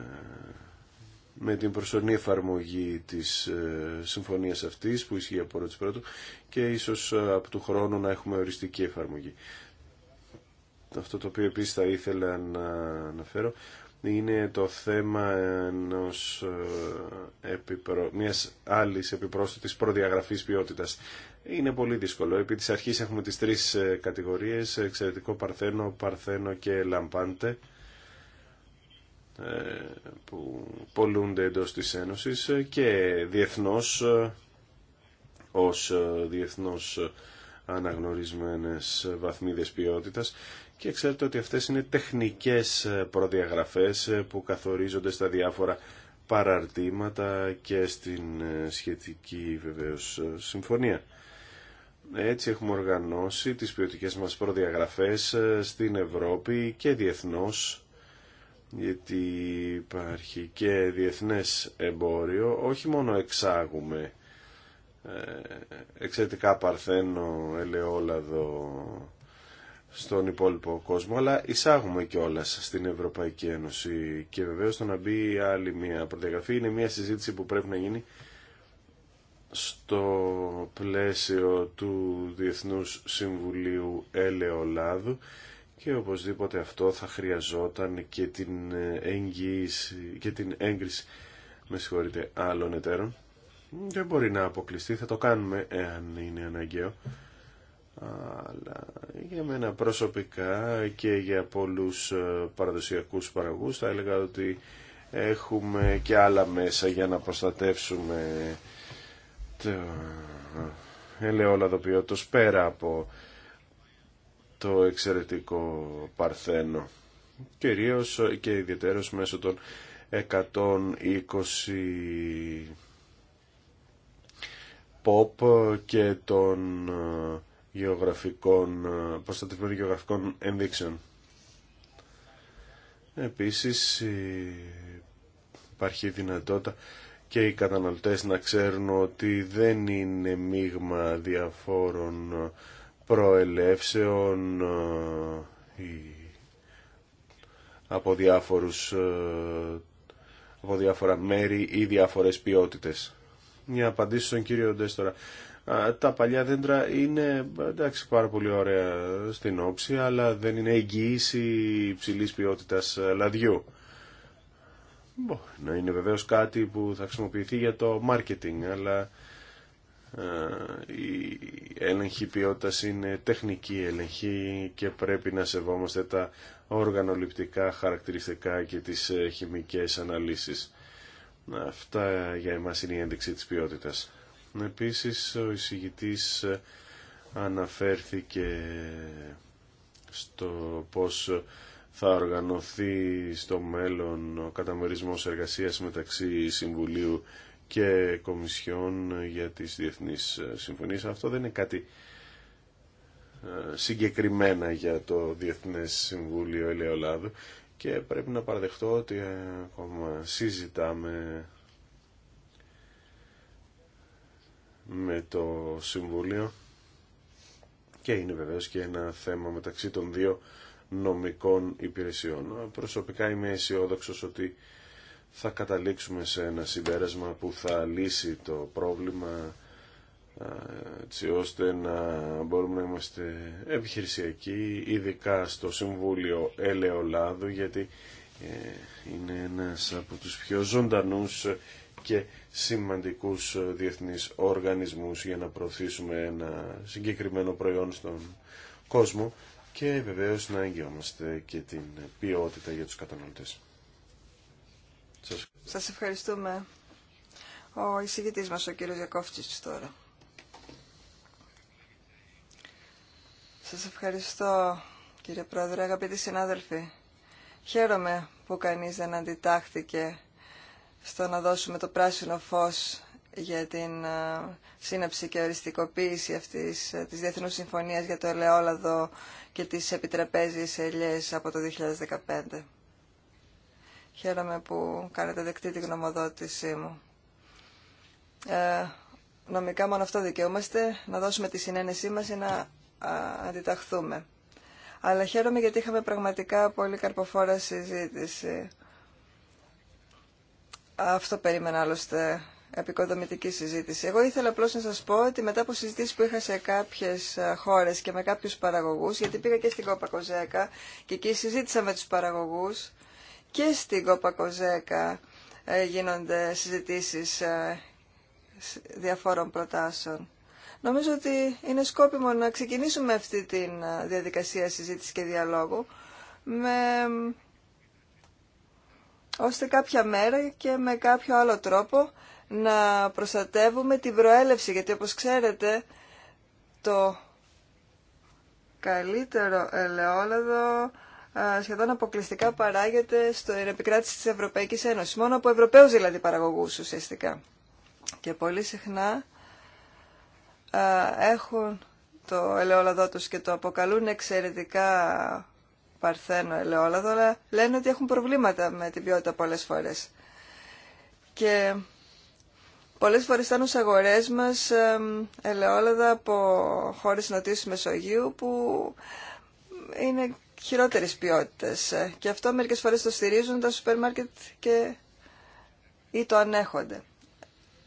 με την προσωρινή εφαρμογή της ε, συμφωνίας αυτής που ισχύει από πρώτης πρώτου και ίσως ε, από του χρόνου να έχουμε οριστική εφαρμογή. Αυτό το οποίο επίσης θα ήθελα να αναφέρω είναι το θέμα ενός, μιας άλλης επιπρόσθετης προδιαγραφής ποιότητας είναι πολύ δύσκολο. Επί της αρχής έχουμε τις τρεις ε, κατηγορίες, εξαιρετικό παρθένο, παρθένο και λαμπάντε, ε, που πολλούνται εντός της Ένωσης ε, και διεθνώς ως διεθνώς αναγνωρισμένες βαθμίδες ποιότητας και ξέρετε ότι αυτές είναι τεχνικές προδιαγραφές που καθορίζονται στα διάφορα παραρτήματα και στην ε, σχετική βεβαίως ε, συμφωνία. Έτσι έχουμε οργανώσει τις ποιοτικές μας προδιαγραφές ε, στην Ευρώπη και διεθνώς, γιατί υπάρχει και διεθνές εμπόριο, όχι μόνο εξάγουμε εξαιρετικά παρθένο, ελαιόλαδο, στον υπόλοιπο κόσμο, αλλά εισάγουμε κιόλα στην Ευρωπαϊκή Ένωση. Και βεβαίω το να μπει άλλη μια προδιαγραφή είναι μια συζήτηση που πρέπει να γίνει στο πλαίσιο του Διεθνούς Συμβουλίου Ελαιολάδου και οπωσδήποτε αυτό θα χρειαζόταν και την, εγγύηση, και την έγκριση με συγχωρείτε, άλλων εταίρων. Δεν μπορεί να αποκλειστεί, θα το κάνουμε εάν είναι αναγκαίο αλλά για μένα προσωπικά και για πολλούς ε, παραδοσιακούς παραγωγούς θα έλεγα ότι έχουμε και άλλα μέσα για να προστατεύσουμε το ελαιόλαδο ποιότητος πέρα από το εξαιρετικό παρθένο κυρίως και ιδιαίτερως μέσω των 120 pop και των ε, γεωγραφικών, προστατευμένων γεωγραφικών ενδείξεων. Επίσης υπάρχει δυνατότητα και οι καταναλωτές να ξέρουν ότι δεν είναι μείγμα διαφόρων προελεύσεων ε, από, διάφορους, ε, από διάφορα μέρη ή διάφορες ποιότητες. Για απαντήσω στον κύριο Ντέστορα τα παλιά δέντρα είναι εντάξει, πάρα πολύ ωραία στην όψη, αλλά δεν είναι εγγύηση υψηλής ποιότητας λαδιού. Να είναι βεβαίως κάτι που θα χρησιμοποιηθεί για το μάρκετινγκ, αλλά η έλεγχη ποιότητα είναι τεχνική έλεγχη και πρέπει να σεβόμαστε τα οργανοληπτικά χαρακτηριστικά και τις ε, χημικές αναλύσεις. Αυτά για εμάς είναι η ένδειξη της ποιότητας. Επίσης ο εισηγητής ε, αναφέρθηκε στο πώς θα οργανωθεί στο μέλλον ο καταμερισμός εργασίας μεταξύ Συμβουλίου και Κομισιόν για τις Διεθνείς ε, Συμφωνίες. Αυτό δεν είναι κάτι ε, συγκεκριμένα για το Διεθνές Συμβούλιο Ελαιολάδου και πρέπει να παραδεχτώ ότι ακόμα συζητάμε με το Συμβούλιο και είναι βεβαίως και ένα θέμα μεταξύ των δύο νομικών υπηρεσιών. Προσωπικά είμαι αισιόδοξο ότι θα καταλήξουμε σε ένα συμπέρασμα που θα λύσει το πρόβλημα έτσι ώστε να μπορούμε να είμαστε επιχειρησιακοί, ειδικά στο Συμβούλιο Ελαιολάδου, γιατί ε, είναι ένας από τους πιο ζωντανούς και σημαντικούς ε, διεθνείς οργανισμούς για να προωθήσουμε ένα συγκεκριμένο προϊόν στον κόσμο και βεβαίως να εγγυόμαστε και την ποιότητα για τους καταναλωτές. Σας, ευχαριστούμε. Ο εισηγητής μας, ο κύριος Γιακόφτσης τώρα. Σας ευχαριστώ κύριε Πρόεδρε, αγαπητοί συνάδελφοι. Χαίρομαι που κανείς δεν αντιτάχθηκε στο να δώσουμε το πράσινο φως για την ε, σύναψη και οριστικοποίηση αυτής ε, της Διεθνούς Συμφωνίας για το ελαιόλαδο και τις επιτραπέζιες ελιές από το 2015. Χαίρομαι που κάνετε δεκτή τη γνωμοδότησή μου. Ε, νομικά μόνο αυτό δικαιούμαστε, να δώσουμε τη συνένεσή μας ή να αντιταχθούμε. Αλλά χαίρομαι γιατί είχαμε πραγματικά πολύ καρποφόρα συζήτηση. Αυτό περίμενα άλλωστε επικοδομητική συζήτηση. Εγώ ήθελα απλώ να σας πω ότι μετά από συζήτηση που είχα σε κάποιες ε, χώρε και με κάποιους παραγωγούς, γιατί πήγα και στην Κόπα Κοζέκα και εκεί συζήτησα με τους παραγωγούς και στην Κόπα Κοζέκα ε, γίνονται συζητήσεις ε, διαφόρων προτάσεων. Νομίζω ότι είναι σκόπιμο να ξεκινήσουμε αυτή τη διαδικασία συζήτηση και διαλόγου με ώστε κάποια μέρα και με κάποιο άλλο τρόπο να προστατεύουμε την προέλευση, γιατί όπως ξέρετε το καλύτερο ελαιόλαδο σχεδόν αποκλειστικά παράγεται στο επικράτηση της Ευρωπαϊκής Ένωσης, μόνο από Ευρωπαίους δηλαδή παραγωγούς ουσιαστικά. Και πολύ συχνά έχουν το ελαιόλαδό τους και το αποκαλούν εξαιρετικά παρθένο ελαιόλαδο, αλλά λένε ότι έχουν προβλήματα με την ποιότητα πολλές φορές. Και πολλές φορές φτάνουν στι αγορές μας ελαιόλαδα από χώρες νοτίους Μεσογείου που είναι χειρότερης ποιότητας. Και αυτό μερικές φορές το στηρίζουν τα σούπερ μάρκετ και... ή το ανέχονται.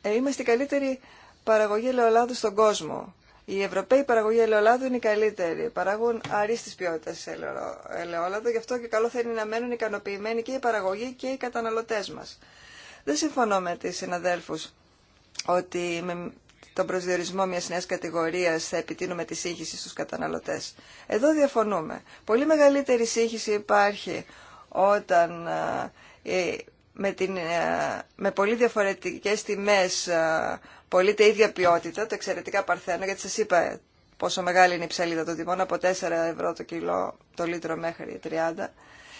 Ε, είμαστε η το ανεχονται παραγωγή ελαιολάδου στον κόσμο. Οι Ευρωπαίοι παραγωγοί ελαιολάδου είναι οι καλύτεροι. Παράγουν αρίστης ποιότητα ελαιόλαδο, γι' αυτό και καλό θα είναι να μένουν ικανοποιημένοι και οι παραγωγοί και οι καταναλωτές μας. Δεν συμφωνώ με τις συναδέλφους ότι με τον προσδιορισμό μιας νέας κατηγορίας θα επιτείνουμε τη σύγχυση στου καταναλωτές. Εδώ διαφωνούμε. Πολύ μεγαλύτερη σύγχυση υπάρχει όταν ε, με, την, ε, με πολύ διαφορετικές τιμές ε, τα ίδια ποιότητα, το εξαιρετικά παρθένο, γιατί σας είπα πόσο μεγάλη είναι η ψαλίδα των τιμών, από 4 ευρώ το κιλό το λίτρο μέχρι 30.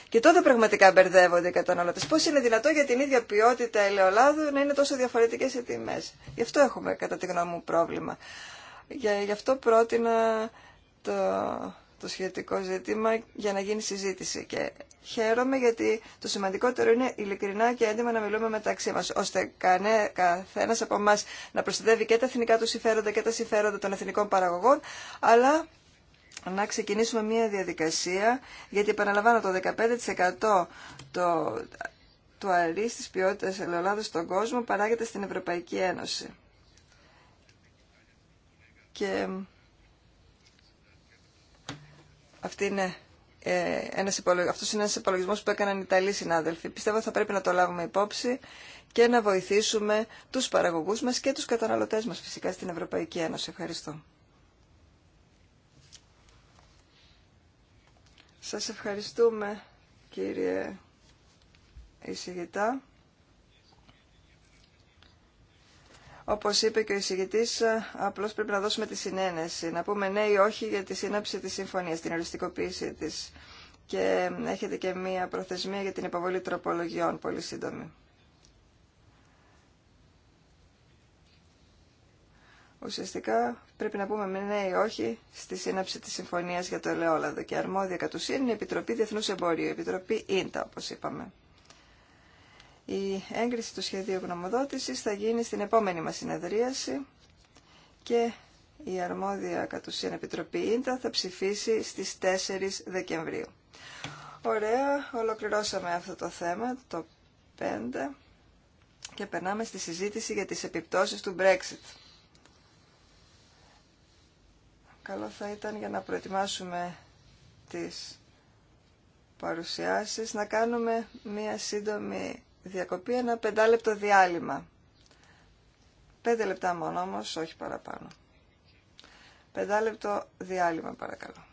Και τότε πραγματικά μπερδεύονται οι καταναλωτές. Πώς είναι δυνατό για την ίδια ποιότητα ελαιολάδου να είναι τόσο διαφορετικές οι τιμές. Γι' αυτό έχουμε κατά τη γνώμη μου πρόβλημα. γι' αυτό πρότεινα το, το σχετικό ζήτημα για να γίνει συζήτηση. Και χαίρομαι γιατί το σημαντικότερο είναι ειλικρινά και έντοιμα να μιλούμε μεταξύ μα, ώστε καθένα από εμά να προστατεύει και τα εθνικά του συμφέροντα και τα συμφέροντα των εθνικών παραγωγών, αλλά να ξεκινήσουμε μια διαδικασία, γιατί επαναλαμβάνω το 15% το, του αερί τη ποιότητα ελαιολάδου στον κόσμο παράγεται στην Ευρωπαϊκή Ένωση. Και αυτή είναι ε, ένας υπολογισμός, αυτός είναι ένας υπολογισμός που έκαναν Ιταλοί συνάδελφοι. Πιστεύω θα πρέπει να το λάβουμε υπόψη και να βοηθήσουμε τους παραγωγούς μας και τους καταναλωτές μας φυσικά στην Ευρωπαϊκή Ένωση. Ευχαριστώ. Σας ευχαριστούμε κύριε εισηγητά. Όπως είπε και ο εισηγητής, απλώς πρέπει να δώσουμε τη συνένεση, να πούμε ναι ή όχι για τη σύναψη της συμφωνίας, την οριστικοποίηση της. Και έχετε και μία προθεσμία για την υποβολή τροπολογιών, πολύ σύντομη. Ουσιαστικά πρέπει να πούμε ναι ή όχι στη σύναψη της συμφωνίας για το ελαιόλαδο και αρμόδια κατ' ουσίαν είναι η Επιτροπή Διεθνούς Εμπόριου, η Επιτροπή ΙΝΤΑ όπως είπαμε. Η έγκριση του σχεδίου γνωμοδότησης θα γίνει στην επόμενη μας συνεδρίαση και η αρμόδια κατ' ουσίαν Επιτροπή Ίντα θα ψηφίσει στις 4 Δεκεμβρίου. Ωραία, ολοκληρώσαμε αυτό το θέμα, το 5, και περνάμε στη συζήτηση για τις επιπτώσεις του Brexit. Καλό θα ήταν για να προετοιμάσουμε τις παρουσιάσεις, να κάνουμε μία σύντομη διακοπή ένα πεντάλεπτο διάλειμμα. Πέντε λεπτά μόνο όμως, όχι παραπάνω. Πεντάλεπτο διάλειμμα παρακαλώ.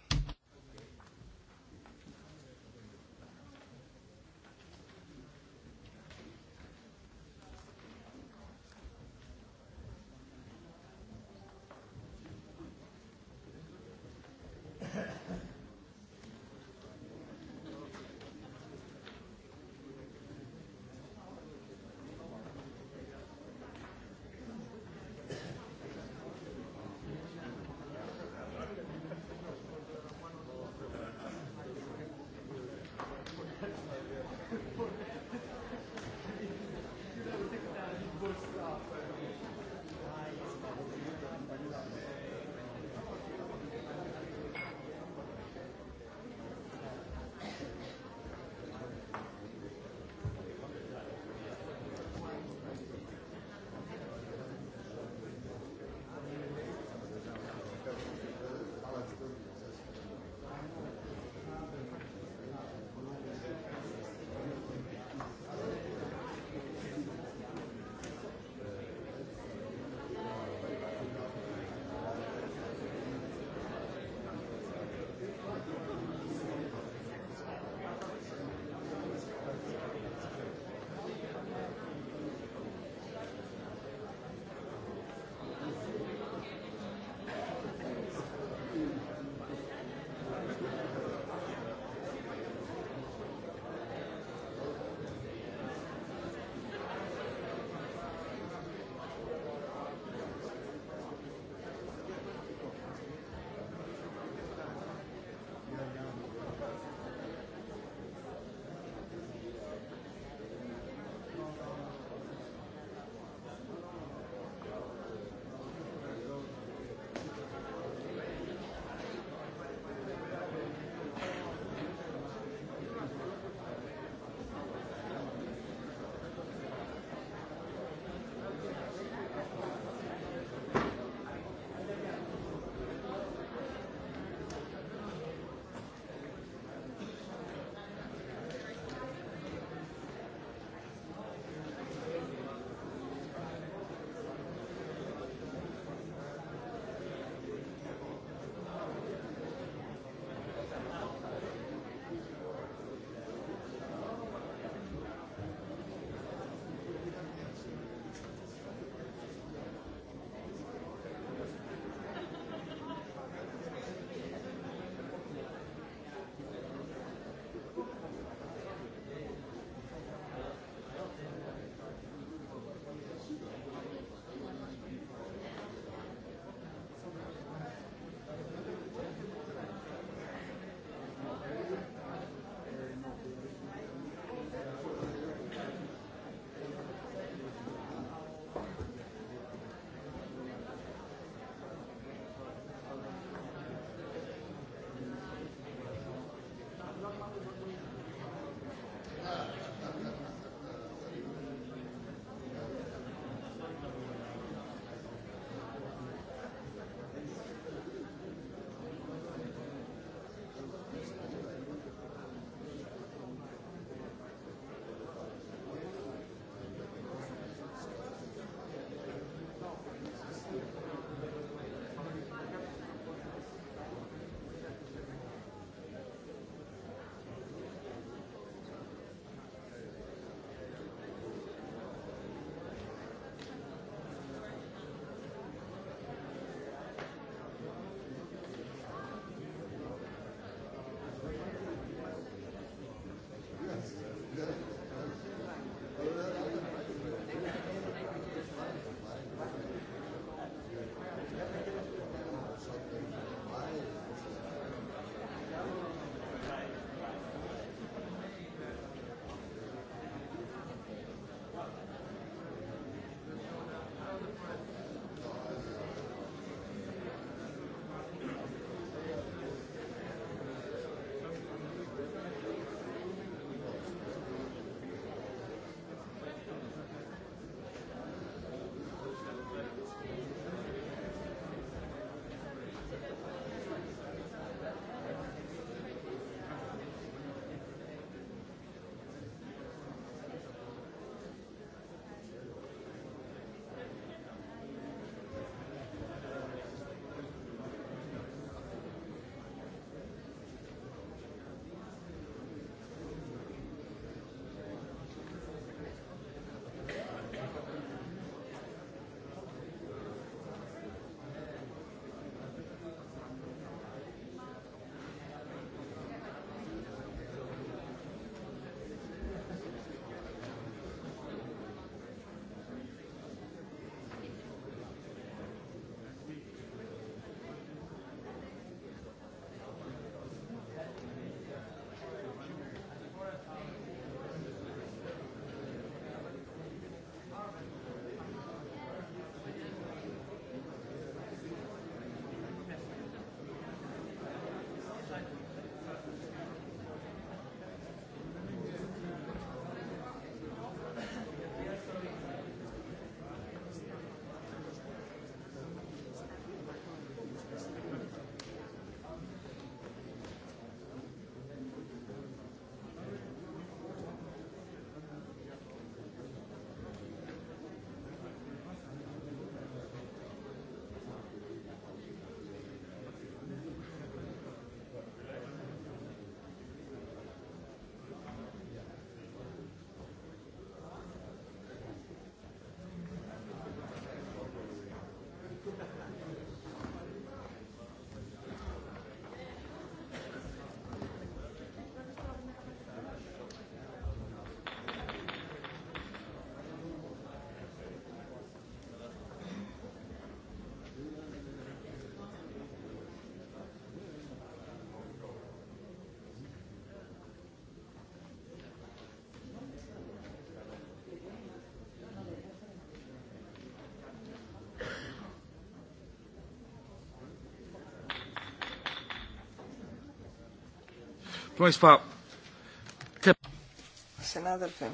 Συνάδελφοι,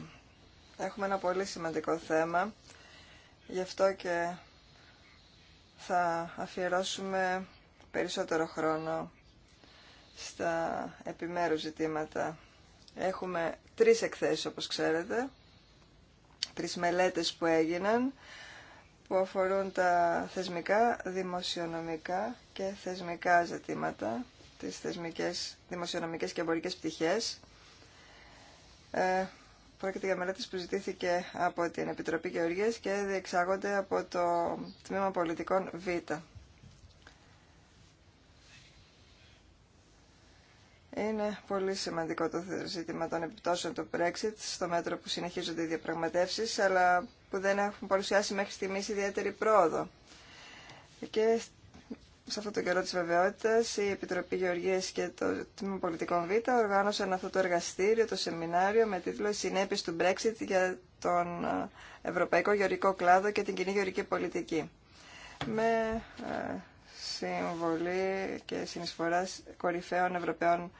έχουμε ένα πολύ σημαντικό θέμα, γι' αυτό και θα αφιερώσουμε περισσότερο χρόνο στα επιμέρους ζητήματα. Έχουμε τρεις εκθέσεις, όπως ξέρετε, τρεις μελέτες που έγιναν, που αφορούν τα θεσμικά, δημοσιονομικά και θεσμικά ζητήματα τις θεσμικές, δημοσιονομικές και εμπορικές πτυχές. Ε, πρόκειται για μελέτες που ζητήθηκε από την Επιτροπή Γεωργίας και διεξάγονται από το Τμήμα Πολιτικών Β. Είναι πολύ σημαντικό το ζήτημα των επιπτώσεων του Brexit στο μέτρο που συνεχίζονται οι διαπραγματεύσει, αλλά που δεν έχουν παρουσιάσει μέχρι στιγμή ιδιαίτερη πρόοδο. Και σε αυτό το καιρό τη βεβαιότητα, η Επιτροπή Γεωργία και το Τμήμα Πολιτικών Β οργάνωσαν αυτό το εργαστήριο, το σεμινάριο με τίτλο Συνέπειε του Brexit για τον ε, Ευρωπαϊκό Γεωργικό Κλάδο και την Κοινή Γεωργική Πολιτική». Με ε, συμβολή και συνεισφορά κορυφαίων Ευρωπαίων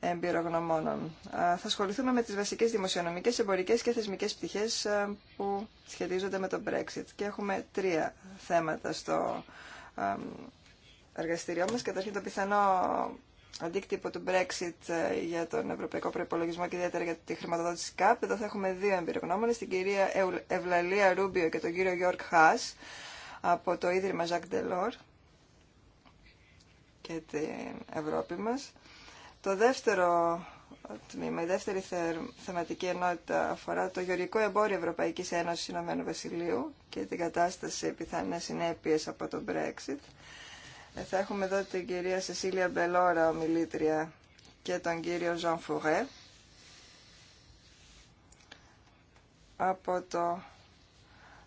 εμπειρογνωμόνων. Θα ασχοληθούμε με τι βασικέ δημοσιονομικέ, εμπορικέ και θεσμικές πτυχές ε, που σχετίζονται με το Brexit. Και έχουμε τρία θέματα στο εργαστηριό μας. Καταρχήν το πιθανό αντίκτυπο του Brexit ε, για τον Ευρωπαϊκό Προπολογισμό και ιδιαίτερα για τη χρηματοδότηση ΚΑΠ. Εδώ θα έχουμε δύο εμπειρογνώμονες, την κυρία Ευλαλία Ρούμπιο και τον κύριο Γιώργ Χάς από το Ίδρυμα Jacques Delors και την Ευρώπη μας. Το δεύτερο τμήμα, η δεύτερη θεματική ενότητα αφορά το γεωργικό εμπόριο Ευρωπαϊκής Ένωσης Ηνωμένου Βασιλείου και την κατάσταση πιθανές συνέπειες από το Brexit. Ε, θα έχουμε εδώ την κυρία Σεσίλια Μπελόρα, ομιλήτρια, και τον κύριο Ζαν Φουρέ από το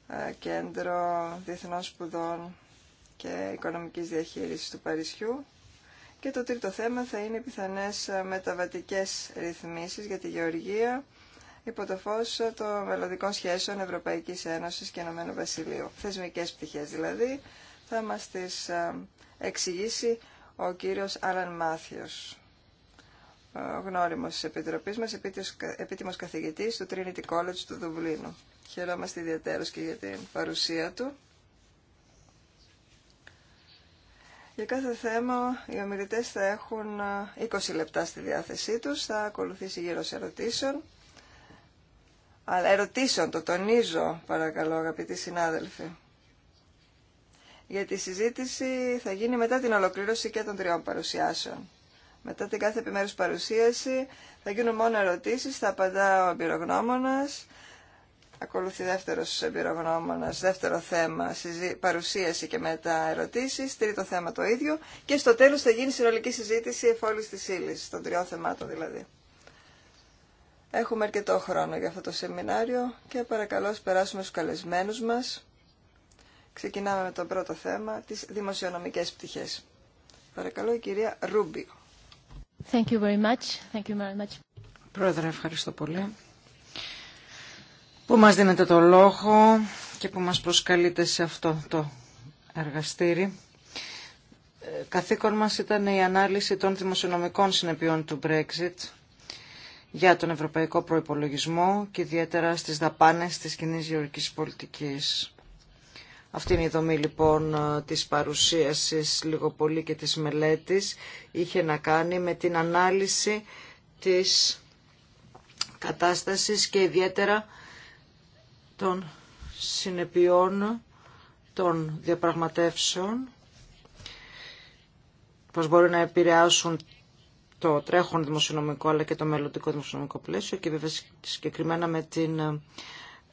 ε, Κέντρο Διεθνών Σπουδών και Οικονομικής Διαχείρισης του Παρισιού. Και το τρίτο θέμα θα είναι οι πιθανές ε, μεταβατικές ρυθμίσεις για τη γεωργία υπό το φως των μελλοντικών σχέσεων Ευρωπαϊκής Ένωσης και Ηνωμένου Βασιλείου. Θεσμικές πτυχές δηλαδή, θα μας εξηγήσει ο κύριος Άλαν Μάθιος, γνώριμος της Επιτροπής μας, επίτιμος καθηγητής του Trinity College του Δουβλίνου. Χαιρόμαστε ιδιαίτερως και για την παρουσία του. Για κάθε θέμα οι ομιλητές θα έχουν 20 λεπτά στη διάθεσή τους, θα ακολουθήσει σε ερωτήσεων. Αλλά ερωτήσεων, το τονίζω παρακαλώ αγαπητοί συνάδελφοι γιατί η συζήτηση θα γίνει μετά την ολοκλήρωση και των τριών παρουσιάσεων. Μετά την κάθε επιμέρους παρουσίαση θα γίνουν μόνο ερωτήσεις, θα απαντά ο εμπειρογνώμονας, ακολουθεί δεύτερος εμπειρογνώμονας, δεύτερο θέμα, παρουσίαση και μετά ερωτήσεις, τρίτο θέμα το ίδιο και στο τέλος θα γίνει συνολική συζήτηση εφόλης της ύλης, των τριών θεμάτων δηλαδή. Έχουμε αρκετό χρόνο για αυτό το σεμινάριο και παρακαλώ περάσουμε στους καλεσμένους μας Ξεκινάμε με το πρώτο θέμα, τις δημοσιονομικές πτυχές. Παρακαλώ, η κυρία ρούμπι. Thank you Thank you very much. Πρόεδρε, ευχαριστώ πολύ που μας δίνετε το λόγο και που μας προσκαλείτε σε αυτό το εργαστήρι. Ε, καθήκον μας ήταν η ανάλυση των δημοσιονομικών συνεπειών του Brexit για τον ευρωπαϊκό προϋπολογισμό και ιδιαίτερα στις δαπάνες της κοινή γεωργικής πολιτικής. Αυτή είναι η δομή λοιπόν ε, της παρουσίασης λίγο πολύ και της μελέτης. Είχε να κάνει με την ανάλυση της κατάστασης και ιδιαίτερα των συνεπειών των διαπραγματεύσεων πώς μπορεί να επηρεάσουν το τρέχον δημοσιονομικό αλλά και το μελλοντικό δημοσιονομικό πλαίσιο και βέβαια συγκεκριμένα με την ε,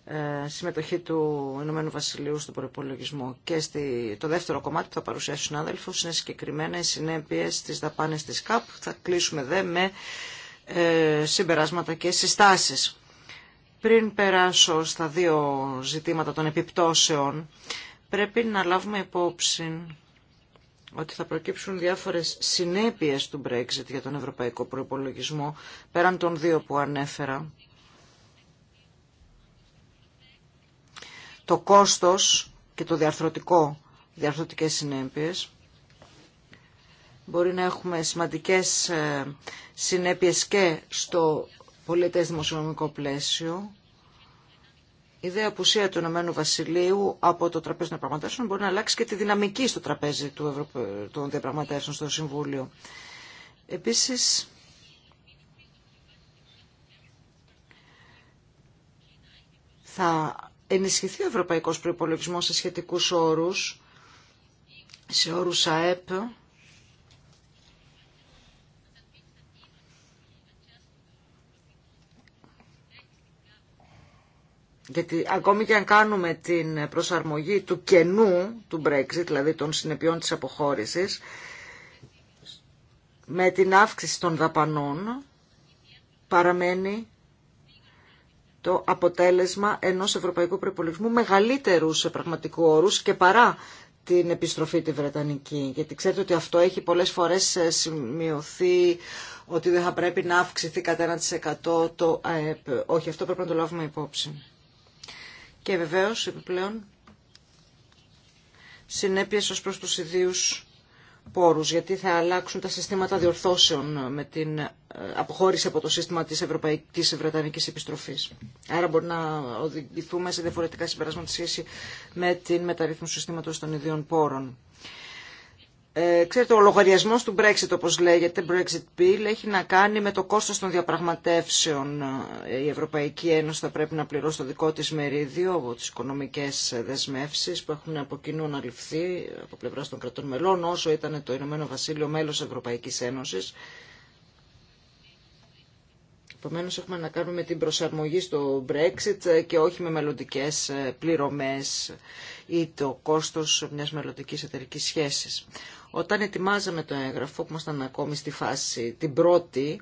ε, συμμετοχή του Ηνωμένου Βασιλείου στον προπολογισμό. Και στη, το δεύτερο κομμάτι που θα παρουσιάσει ο συνάδελφο είναι συγκεκριμένα οι συνέπειε τη δαπάνη τη ΚΑΠ. Θα κλείσουμε δε με ε, συμπεράσματα και συστάσει. Πριν περάσω στα δύο ζητήματα των επιπτώσεων, πρέπει να λάβουμε υπόψη ότι θα προκύψουν διάφορες συνέπειες του Brexit για τον ευρωπαϊκό προϋπολογισμό, πέραν των δύο που ανέφερα το κόστος και το διαρθρωτικό, διαρθρωτικές συνέπειες. Μπορεί να έχουμε σημαντικές ε, συνέπειες και στο πολιτές δημοσιονομικό πλαίσιο. Η ιδέα απουσία του Ηνωμένου Βασιλείου από το τραπέζι των διαπραγματεύσεων μπορεί να αλλάξει και τη δυναμική στο τραπέζι του των διαπραγματεύσεων στο Συμβούλιο. Επίσης, θα ενισχυθεί ο ευρωπαϊκός προϋπολογισμός σε σχετικούς όρους, σε όρους ΑΕΠ, Γιατί ακόμη και αν κάνουμε την προσαρμογή του κενού του Brexit, δηλαδή των συνεπειών της αποχώρησης, με την αύξηση των δαπανών παραμένει το αποτέλεσμα ενός ευρωπαϊκού προπολογισμού μεγαλύτερου σε πραγματικού όρου και παρά την επιστροφή τη Βρετανική. Γιατί ξέρετε ότι αυτό έχει πολλές φορές ε, σημειωθεί ότι δεν θα πρέπει να αυξηθεί κατά 1% το ΑΕΠ. Όχι, αυτό πρέπει να το λάβουμε υπόψη. Και βεβαίως, επιπλέον, συνέπειες ως προς τους ιδίους πόρους, γιατί θα αλλάξουν τα συστήματα διορθώσεων με την ε, αποχώρηση από το σύστημα της Ευρωπαϊκής Βρετανικής Επιστροφής. Άρα μπορεί να οδηγηθούμε σε διαφορετικά συμπεράσματα σχέση με την μεταρρύθμιση συστήματος των ιδίων πόρων. Ε, ξέρετε, ο λογαριασμό του Brexit, όπω λέγεται, Brexit Bill, έχει να κάνει με το κόστο των διαπραγματεύσεων. Ε, η Ευρωπαϊκή Ένωση θα πρέπει να πληρώσει το δικό τη μερίδιο από τι οικονομικέ δεσμεύσει που έχουν από κοινού αναλυφθεί από πλευρά των κρατών μελών, όσο ήταν το Ηνωμένο Βασίλειο μέλο Ευρωπαϊκή Ένωση. Επομένω, έχουμε να κάνουμε την προσαρμογή στο Brexit και όχι με μελλοντικέ πληρωμέ ή το κόστο μια μελλοντική εταιρική σχέση. Όταν ετοιμάζαμε το έγγραφο που ήμασταν ακόμη στη φάση την πρώτη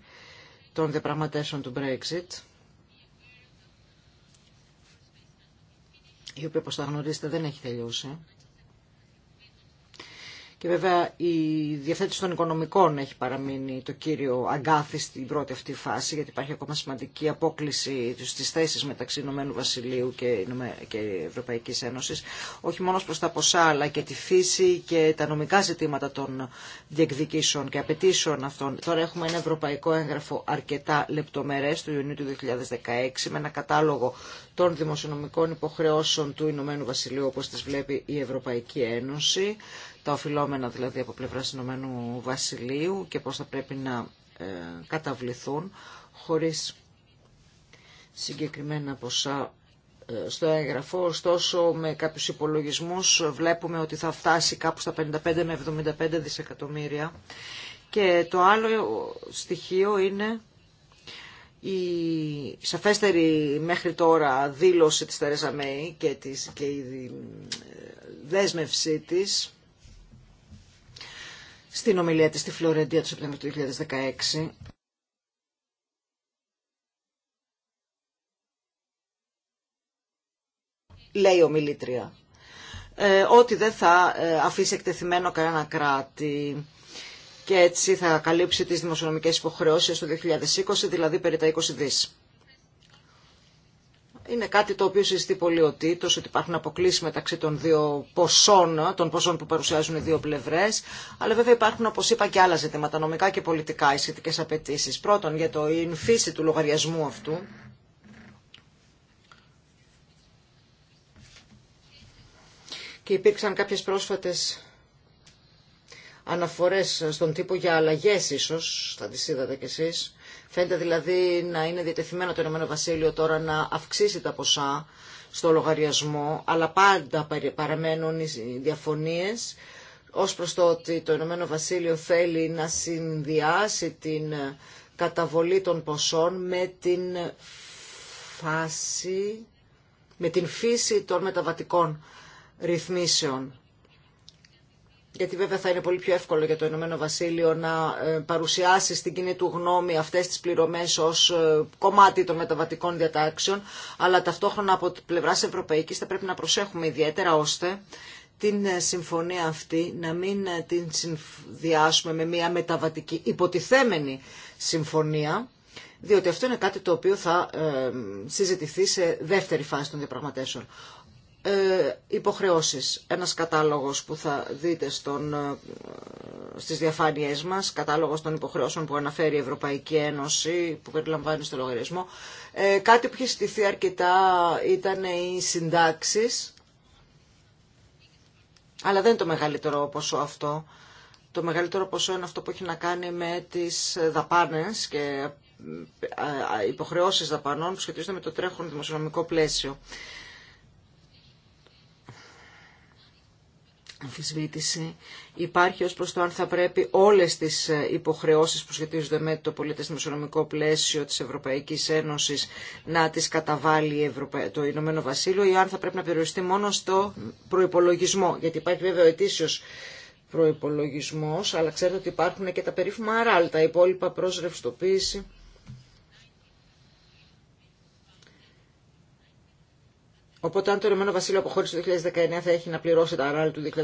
των διαπραγματεύσεων του Brexit, η οποία όπως θα γνωρίζετε δεν έχει τελειώσει, και βέβαια η διαθέτηση των οικονομικών έχει παραμείνει το κύριο αγκάθι στην πρώτη αυτή φάση, γιατί υπάρχει ακόμα σημαντική απόκληση στι θέσει μεταξύ Ηνωμένου Βασιλείου και Ευρωπαϊκή Ένωση, όχι μόνο προ τα ποσά, αλλά και τη φύση και τα νομικά ζητήματα των διεκδικήσεων και απαιτήσεων αυτών. Τώρα έχουμε ένα ευρωπαϊκό έγγραφο αρκετά λεπτομερέ του Ιουνίου του 2016, με ένα κατάλογο των δημοσιονομικών υποχρεώσεων του Ηνωμένου Βασιλείου, όπω τι βλέπει η Ευρωπαϊκή Ένωση, τα οφειλόμενα δηλαδή από πλευράς Ηνωμένου Βασιλείου και πώς θα πρέπει να ε, καταβληθούν χωρίς συγκεκριμένα ποσά ε, στο έγγραφο, ωστόσο με κάποιους υπολογισμούς βλέπουμε ότι θα φτάσει κάπου στα 55 με 75 δισεκατομμύρια. Και το άλλο στοιχείο είναι η σαφέστερη μέχρι τώρα δήλωση της Τερέζα Μέη και, της, και η ε, δέσμευσή της στην ομιλία της στη Φλωρεντία του Σεπτέμβριου του 2016. Λέει ομιλήτρια ε, ότι δεν θα ε, αφήσει εκτεθειμένο κανένα κράτη και έτσι θα καλύψει τις δημοσιονομικές υποχρεώσεις του 2020, δηλαδή περί τα 20 δις είναι κάτι το οποίο συζητεί πολύ ο Τίτο, ότι υπάρχουν αποκλήσει μεταξύ των δύο ποσών, των ποσών που παρουσιάζουν οι δύο πλευρέ. Αλλά βέβαια υπάρχουν, όπω είπα, και άλλα ζητήματα, νομικά και πολιτικά, οι σχετικέ απαιτήσει. Πρώτον, για το φύση του λογαριασμού αυτού. Και υπήρξαν κάποιες πρόσφατες αναφορές στον τύπο για αλλαγές ίσως, θα τις είδατε κι εσείς, Φαίνεται δηλαδή να είναι διατεθειμένο το Ηνωμένο Βασίλειο τώρα να αυξήσει τα ποσά στο λογαριασμό, αλλά πάντα παραμένουν οι διαφωνίες ως προς το ότι το Ηνωμένο Βασίλειο θέλει να συνδυάσει την καταβολή των ποσών με την φάση, με την φύση των μεταβατικών ρυθμίσεων γιατί βέβαια θα είναι πολύ πιο εύκολο για το Ηνωμένο Βασίλειο να ε, παρουσιάσει στην κοινή του γνώμη αυτές τις πληρωμές ως ε, κομμάτι των μεταβατικών διατάξεων, αλλά ταυτόχρονα από την πλευρά Ευρωπαϊκής θα πρέπει να προσέχουμε ιδιαίτερα ώστε την ε, συμφωνία αυτή να μην την συνδυάσουμε με μια μεταβατική υποτιθέμενη συμφωνία, διότι αυτό είναι κάτι το οποίο θα συζητηθεί σε δεύτερη φάση των διαπραγματεύσεων. Ε, υποχρεώσεις. Ένας κατάλογος που θα δείτε στον, ε, στις διαφάνειές μας, κατάλογος των υποχρεώσεων που αναφέρει η Ευρωπαϊκή Ένωση, που περιλαμβάνει στο λογαριασμό. Ε, κάτι που είχε στηθεί αρκετά ήταν οι συντάξει, αλλά δεν το μεγαλύτερο ποσό αυτό. Το μεγαλύτερο ποσό είναι αυτό που έχει να κάνει με τις δαπάνες και ε, υποχρεώσεις δαπανών που σχετίζονται με το τρέχον δημοσιονομικό πλαίσιο. αμφισβήτηση υπάρχει ως προς το αν θα πρέπει όλες τις ε, υποχρεώσεις που σχετίζονται με το πολίτες πλαίσιο της Ευρωπαϊκής Ένωσης να τις καταβάλει το Ηνωμένο Βασίλειο ή αν θα πρέπει να περιοριστεί μόνο στο προϋπολογισμό. Γιατί υπάρχει βέβαια ο ετήσιος προϋπολογισμός, αλλά ξέρετε ότι υπάρχουν και τα περίφημα αράλτα, υπόλοιπα προς ρευστοποίηση Οπότε αν το Ηνωμένο Βασίλειο αποχώρησε το 2019 θα έχει να πληρώσει τα ράλη του 2019,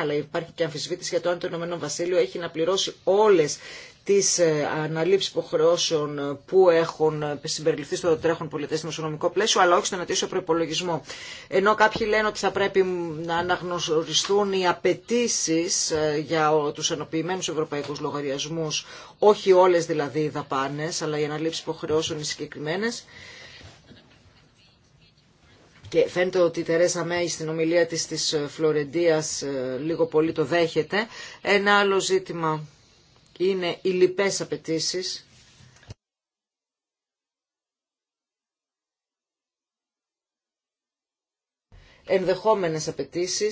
αλλά υπάρχει και αμφισβήτηση για το αν το Ηνωμένο Βασίλειο έχει να πληρώσει όλες τις ε, αναλήψεις υποχρεώσεων ε, που έχουν ε, συμπεριληφθεί στο τρέχον στο νομικό πλαίσιο, αλλά όχι στον αιτήσιο προπολογισμό. Ενώ κάποιοι λένε ότι θα πρέπει να αναγνωριστούν οι απαιτήσει για τους ενοποιημένου ευρωπαϊκούς λογαριασμούς, όχι όλες δηλαδή οι δαπάνε, αλλά οι αναλήψεις υποχρεώσεων οι και φαίνεται ότι η Τερέσα Μέη στην ομιλία της της ε, Φλωρεντίας ε, λίγο πολύ το δέχεται. Ένα άλλο ζήτημα είναι οι λοιπές απαιτήσει. ενδεχόμενες απαιτήσει,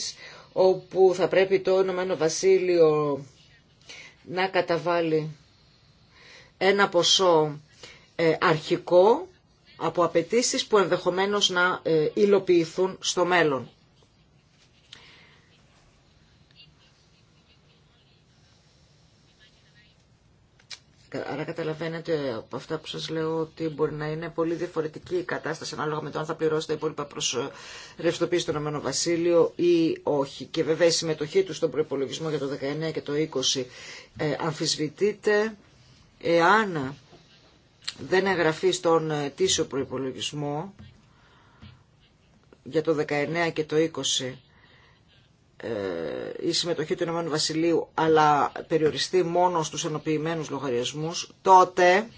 όπου θα πρέπει το Ηνωμένο Βασίλειο να καταβάλει ένα ποσό ε, αρχικό από απαιτήσει που ενδεχομένως να ε, υλοποιηθούν στο μέλλον. Άρα καταλαβαίνετε από αυτά που σας λέω ότι μπορεί να είναι πολύ διαφορετική η κατάσταση ανάλογα με το αν θα πληρώσετε τα υπόλοιπα προς ε, ρευστοποίηση του Ηνωμένο Βασίλειο ή όχι. Και βέβαια η συμμετοχή του στον προπολογισμό για το 19 και το 20 ε, αμφισβητείται εάν δεν εγγραφεί στον ε, τίσιο προϋπολογισμό για το 19 και το 20 ε, η συμμετοχή του Ηνωμένου Βασιλείου αλλά περιοριστεί μόνο στους ενοποιημένους λογαριασμούς, τότε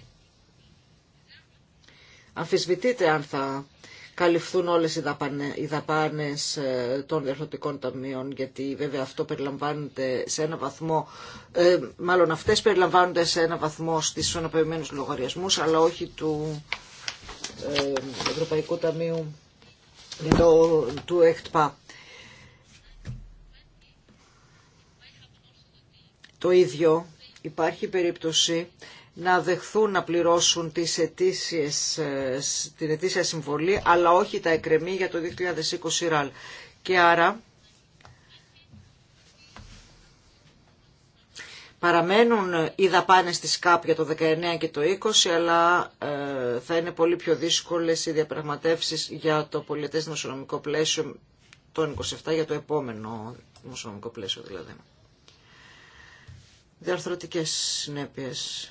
αμφισβητείτε αν θα καλυφθούν όλες οι, δαπάνε, δαπάνες ε, των διαρθρωτικών ταμείων, γιατί βέβαια αυτό περιλαμβάνεται σε ένα βαθμό, ε, μάλλον αυτές περιλαμβάνονται σε ένα βαθμό στις αναπαιδευμένους λογαριασμούς, αλλά όχι του ε, Ευρωπαϊκού Ταμείου ε, το, του ΕΚΤΠΑ. Το ίδιο υπάρχει περίπτωση να δεχθούν να πληρώσουν τις αιτήσιες, την ετήσια συμβολή, αλλά όχι τα εκκρεμή για το 2020 ραλ. Και άρα παραμένουν οι δαπάνες της ΚΑΠ για το 19 και το 20, αλλά ε, θα είναι πολύ πιο δύσκολες οι διαπραγματεύσεις για το πολιτές δημοσιονομικό πλαίσιο το 27 για το επόμενο δημοσιονομικό πλαίσιο δηλαδή. Διαρθρωτικές συνέπειες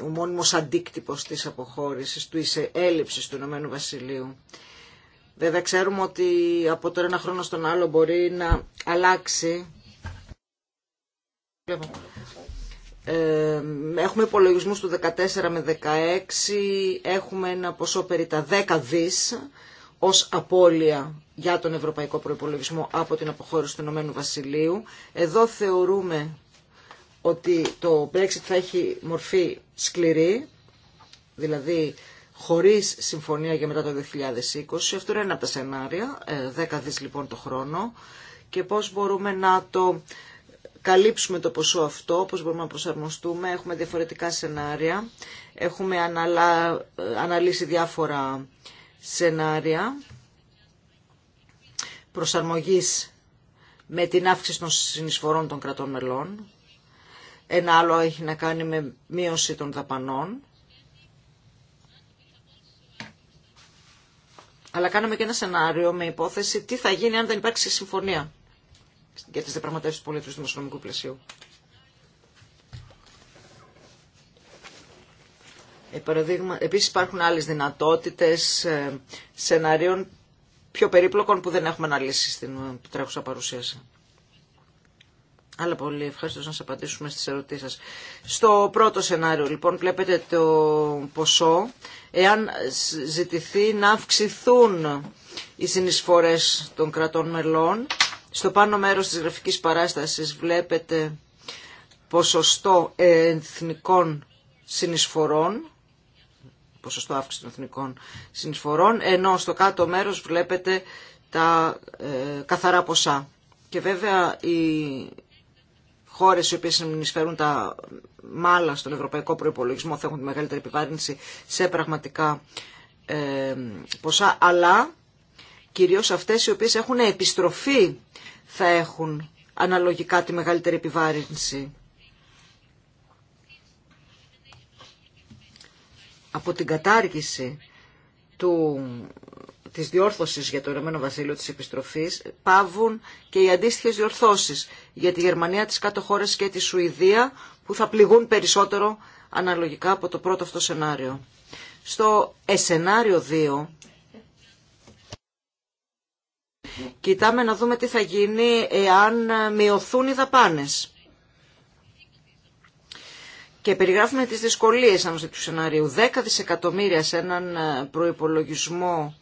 ο μόνιμος αντίκτυπος της αποχώρησης, του έλλειψης του Ηνωμένου Βασιλείου. Βέβαια ξέρουμε ότι από τώρα ένα χρόνο στον άλλο μπορεί να αλλάξει. Ε, έχουμε υπολογισμούς του 14 με 16, έχουμε ένα ποσό περί τα 10 δις ως απώλεια για τον ευρωπαϊκό προϋπολογισμό από την αποχώρηση του Ηνωμένου Βασιλείου. Εδώ θεωρούμε ότι το Brexit θα έχει μορφή σκληρή, δηλαδή χωρίς συμφωνία για μετά το 2020. Αυτό είναι ένα από τα σενάρια, 10 ε, δις λοιπόν το χρόνο και πώς μπορούμε να το καλύψουμε το ποσό αυτό, πώς μπορούμε να προσαρμοστούμε. Έχουμε διαφορετικά σενάρια, έχουμε αναλα... αναλύσει διάφορα σενάρια προσαρμογής με την αύξηση των συνεισφορών των κρατών μελών ένα άλλο έχει να κάνει με μείωση των δαπανών. Αλλά κάναμε και ένα σενάριο με υπόθεση τι θα γίνει αν δεν υπάρξει συμφωνία για τις διαπραγματεύσεις πολίτου του δημοσιονομικού πλαισίου. Ε, επίσης υπάρχουν άλλες δυνατότητες ε, σενάριων πιο περίπλοκων που δεν έχουμε αναλύσει στην ε, τρέχουσα παρουσίαση. Αλλά πολύ ευχαριστώ να σας απαντήσουμε στις ερωτήσεις σας. Στο πρώτο σενάριο λοιπόν βλέπετε το ποσό. Εάν ζητηθεί να αυξηθούν οι συνεισφορές των κρατών μελών, στο πάνω μέρος της γραφικής παράστασης βλέπετε ποσοστό εθνικών συνεισφορών, ποσοστό αύξηση των εθνικών συνεισφορών, ενώ στο κάτω μέρος βλέπετε τα ε, καθαρά ποσά. Και βέβαια η χώρες οι οποίες συνεισφέρουν τα μάλα στον ευρωπαϊκό προϋπολογισμό θα έχουν τη μεγαλύτερη επιβάρυνση σε πραγματικά ε, ποσά, αλλά κυρίως αυτές οι οποίες έχουν επιστροφή θα έχουν αναλογικά τη μεγαλύτερη επιβάρυνση. Από την κατάργηση του της διόρθωσης για το Ηνωμένο Βασίλειο της επιστροφής πάβουν και οι αντίστοιχες διορθώσεις για τη Γερμανία, τις κάτω χώρες και τη Σουηδία που θα πληγούν περισσότερο αναλογικά από το πρώτο αυτό σενάριο. Στο εσενάριο 2 κοιτάμε να δούμε τι θα γίνει εάν μειωθούν οι δαπάνες. Και περιγράφουμε τις δυσκολίες ανάμεσα του σενάριου. 10 δισεκατομμύρια σε έναν προϋπολογισμό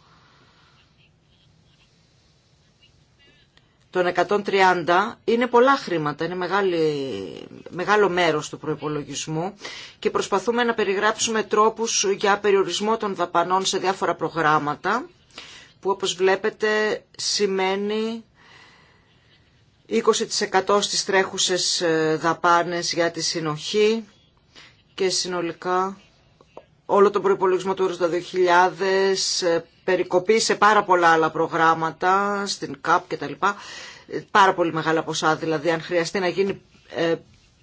των 130 είναι πολλά χρήματα, είναι μεγάλο μέρος του προϋπολογισμού και προσπαθούμε να περιγράψουμε τρόπους για περιορισμό των δαπανών σε διάφορα προγράμματα που όπως βλέπετε σημαίνει 20% στις τρέχουσες ε, δαπάνες για τη συνοχή και συνολικά όλο τον προπολογισμό του Ρωστα 2000, ε, περικοπή σε πάρα πολλά άλλα προγράμματα, στην ΚΑΠ κτλ. Ε, πάρα πολύ μεγάλα ποσά, δηλαδή αν χρειαστεί να γίνει ε,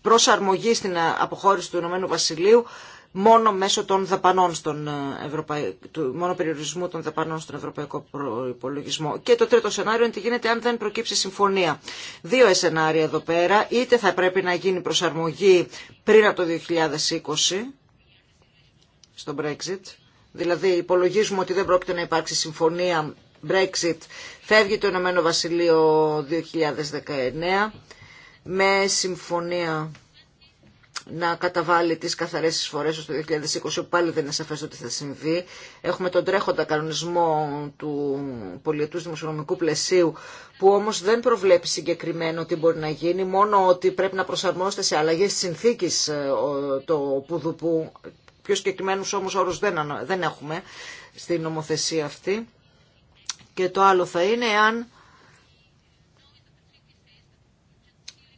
προσαρμογή στην αποχώρηση του Ηνωμένου Βασιλείου, μόνο μέσω των δαπανών στον του... μόνο περιορισμού των δαπανών στον ευρωπαϊκό προπολογισμό. Και το τρίτο σενάριο είναι τι γίνεται αν δεν προκύψει συμφωνία. Δύο σενάρια εδώ πέρα, είτε θα πρέπει να γίνει προσαρμογή πριν από το 2020, στο Brexit. Δηλαδή υπολογίζουμε ότι δεν πρόκειται να υπάρξει συμφωνία Brexit. Φεύγει το Ηνωμένο Βασιλείο 2019 με συμφωνία να καταβάλει τις καθαρές εισφορές στο 2020, που πάλι δεν είναι σαφές ότι θα συμβεί. Έχουμε τον τρέχοντα κανονισμό του πολιετούς δημοσιονομικού πλαισίου, που όμως δεν προβλέπει συγκεκριμένο τι μπορεί να γίνει, μόνο ότι πρέπει να προσαρμόσετε σε αλλαγές συνθήκης ε, το πουδουπού Πιο συγκεκριμένους όμως όρους δεν, δεν έχουμε στην νομοθεσία αυτή. Και το άλλο θα είναι αν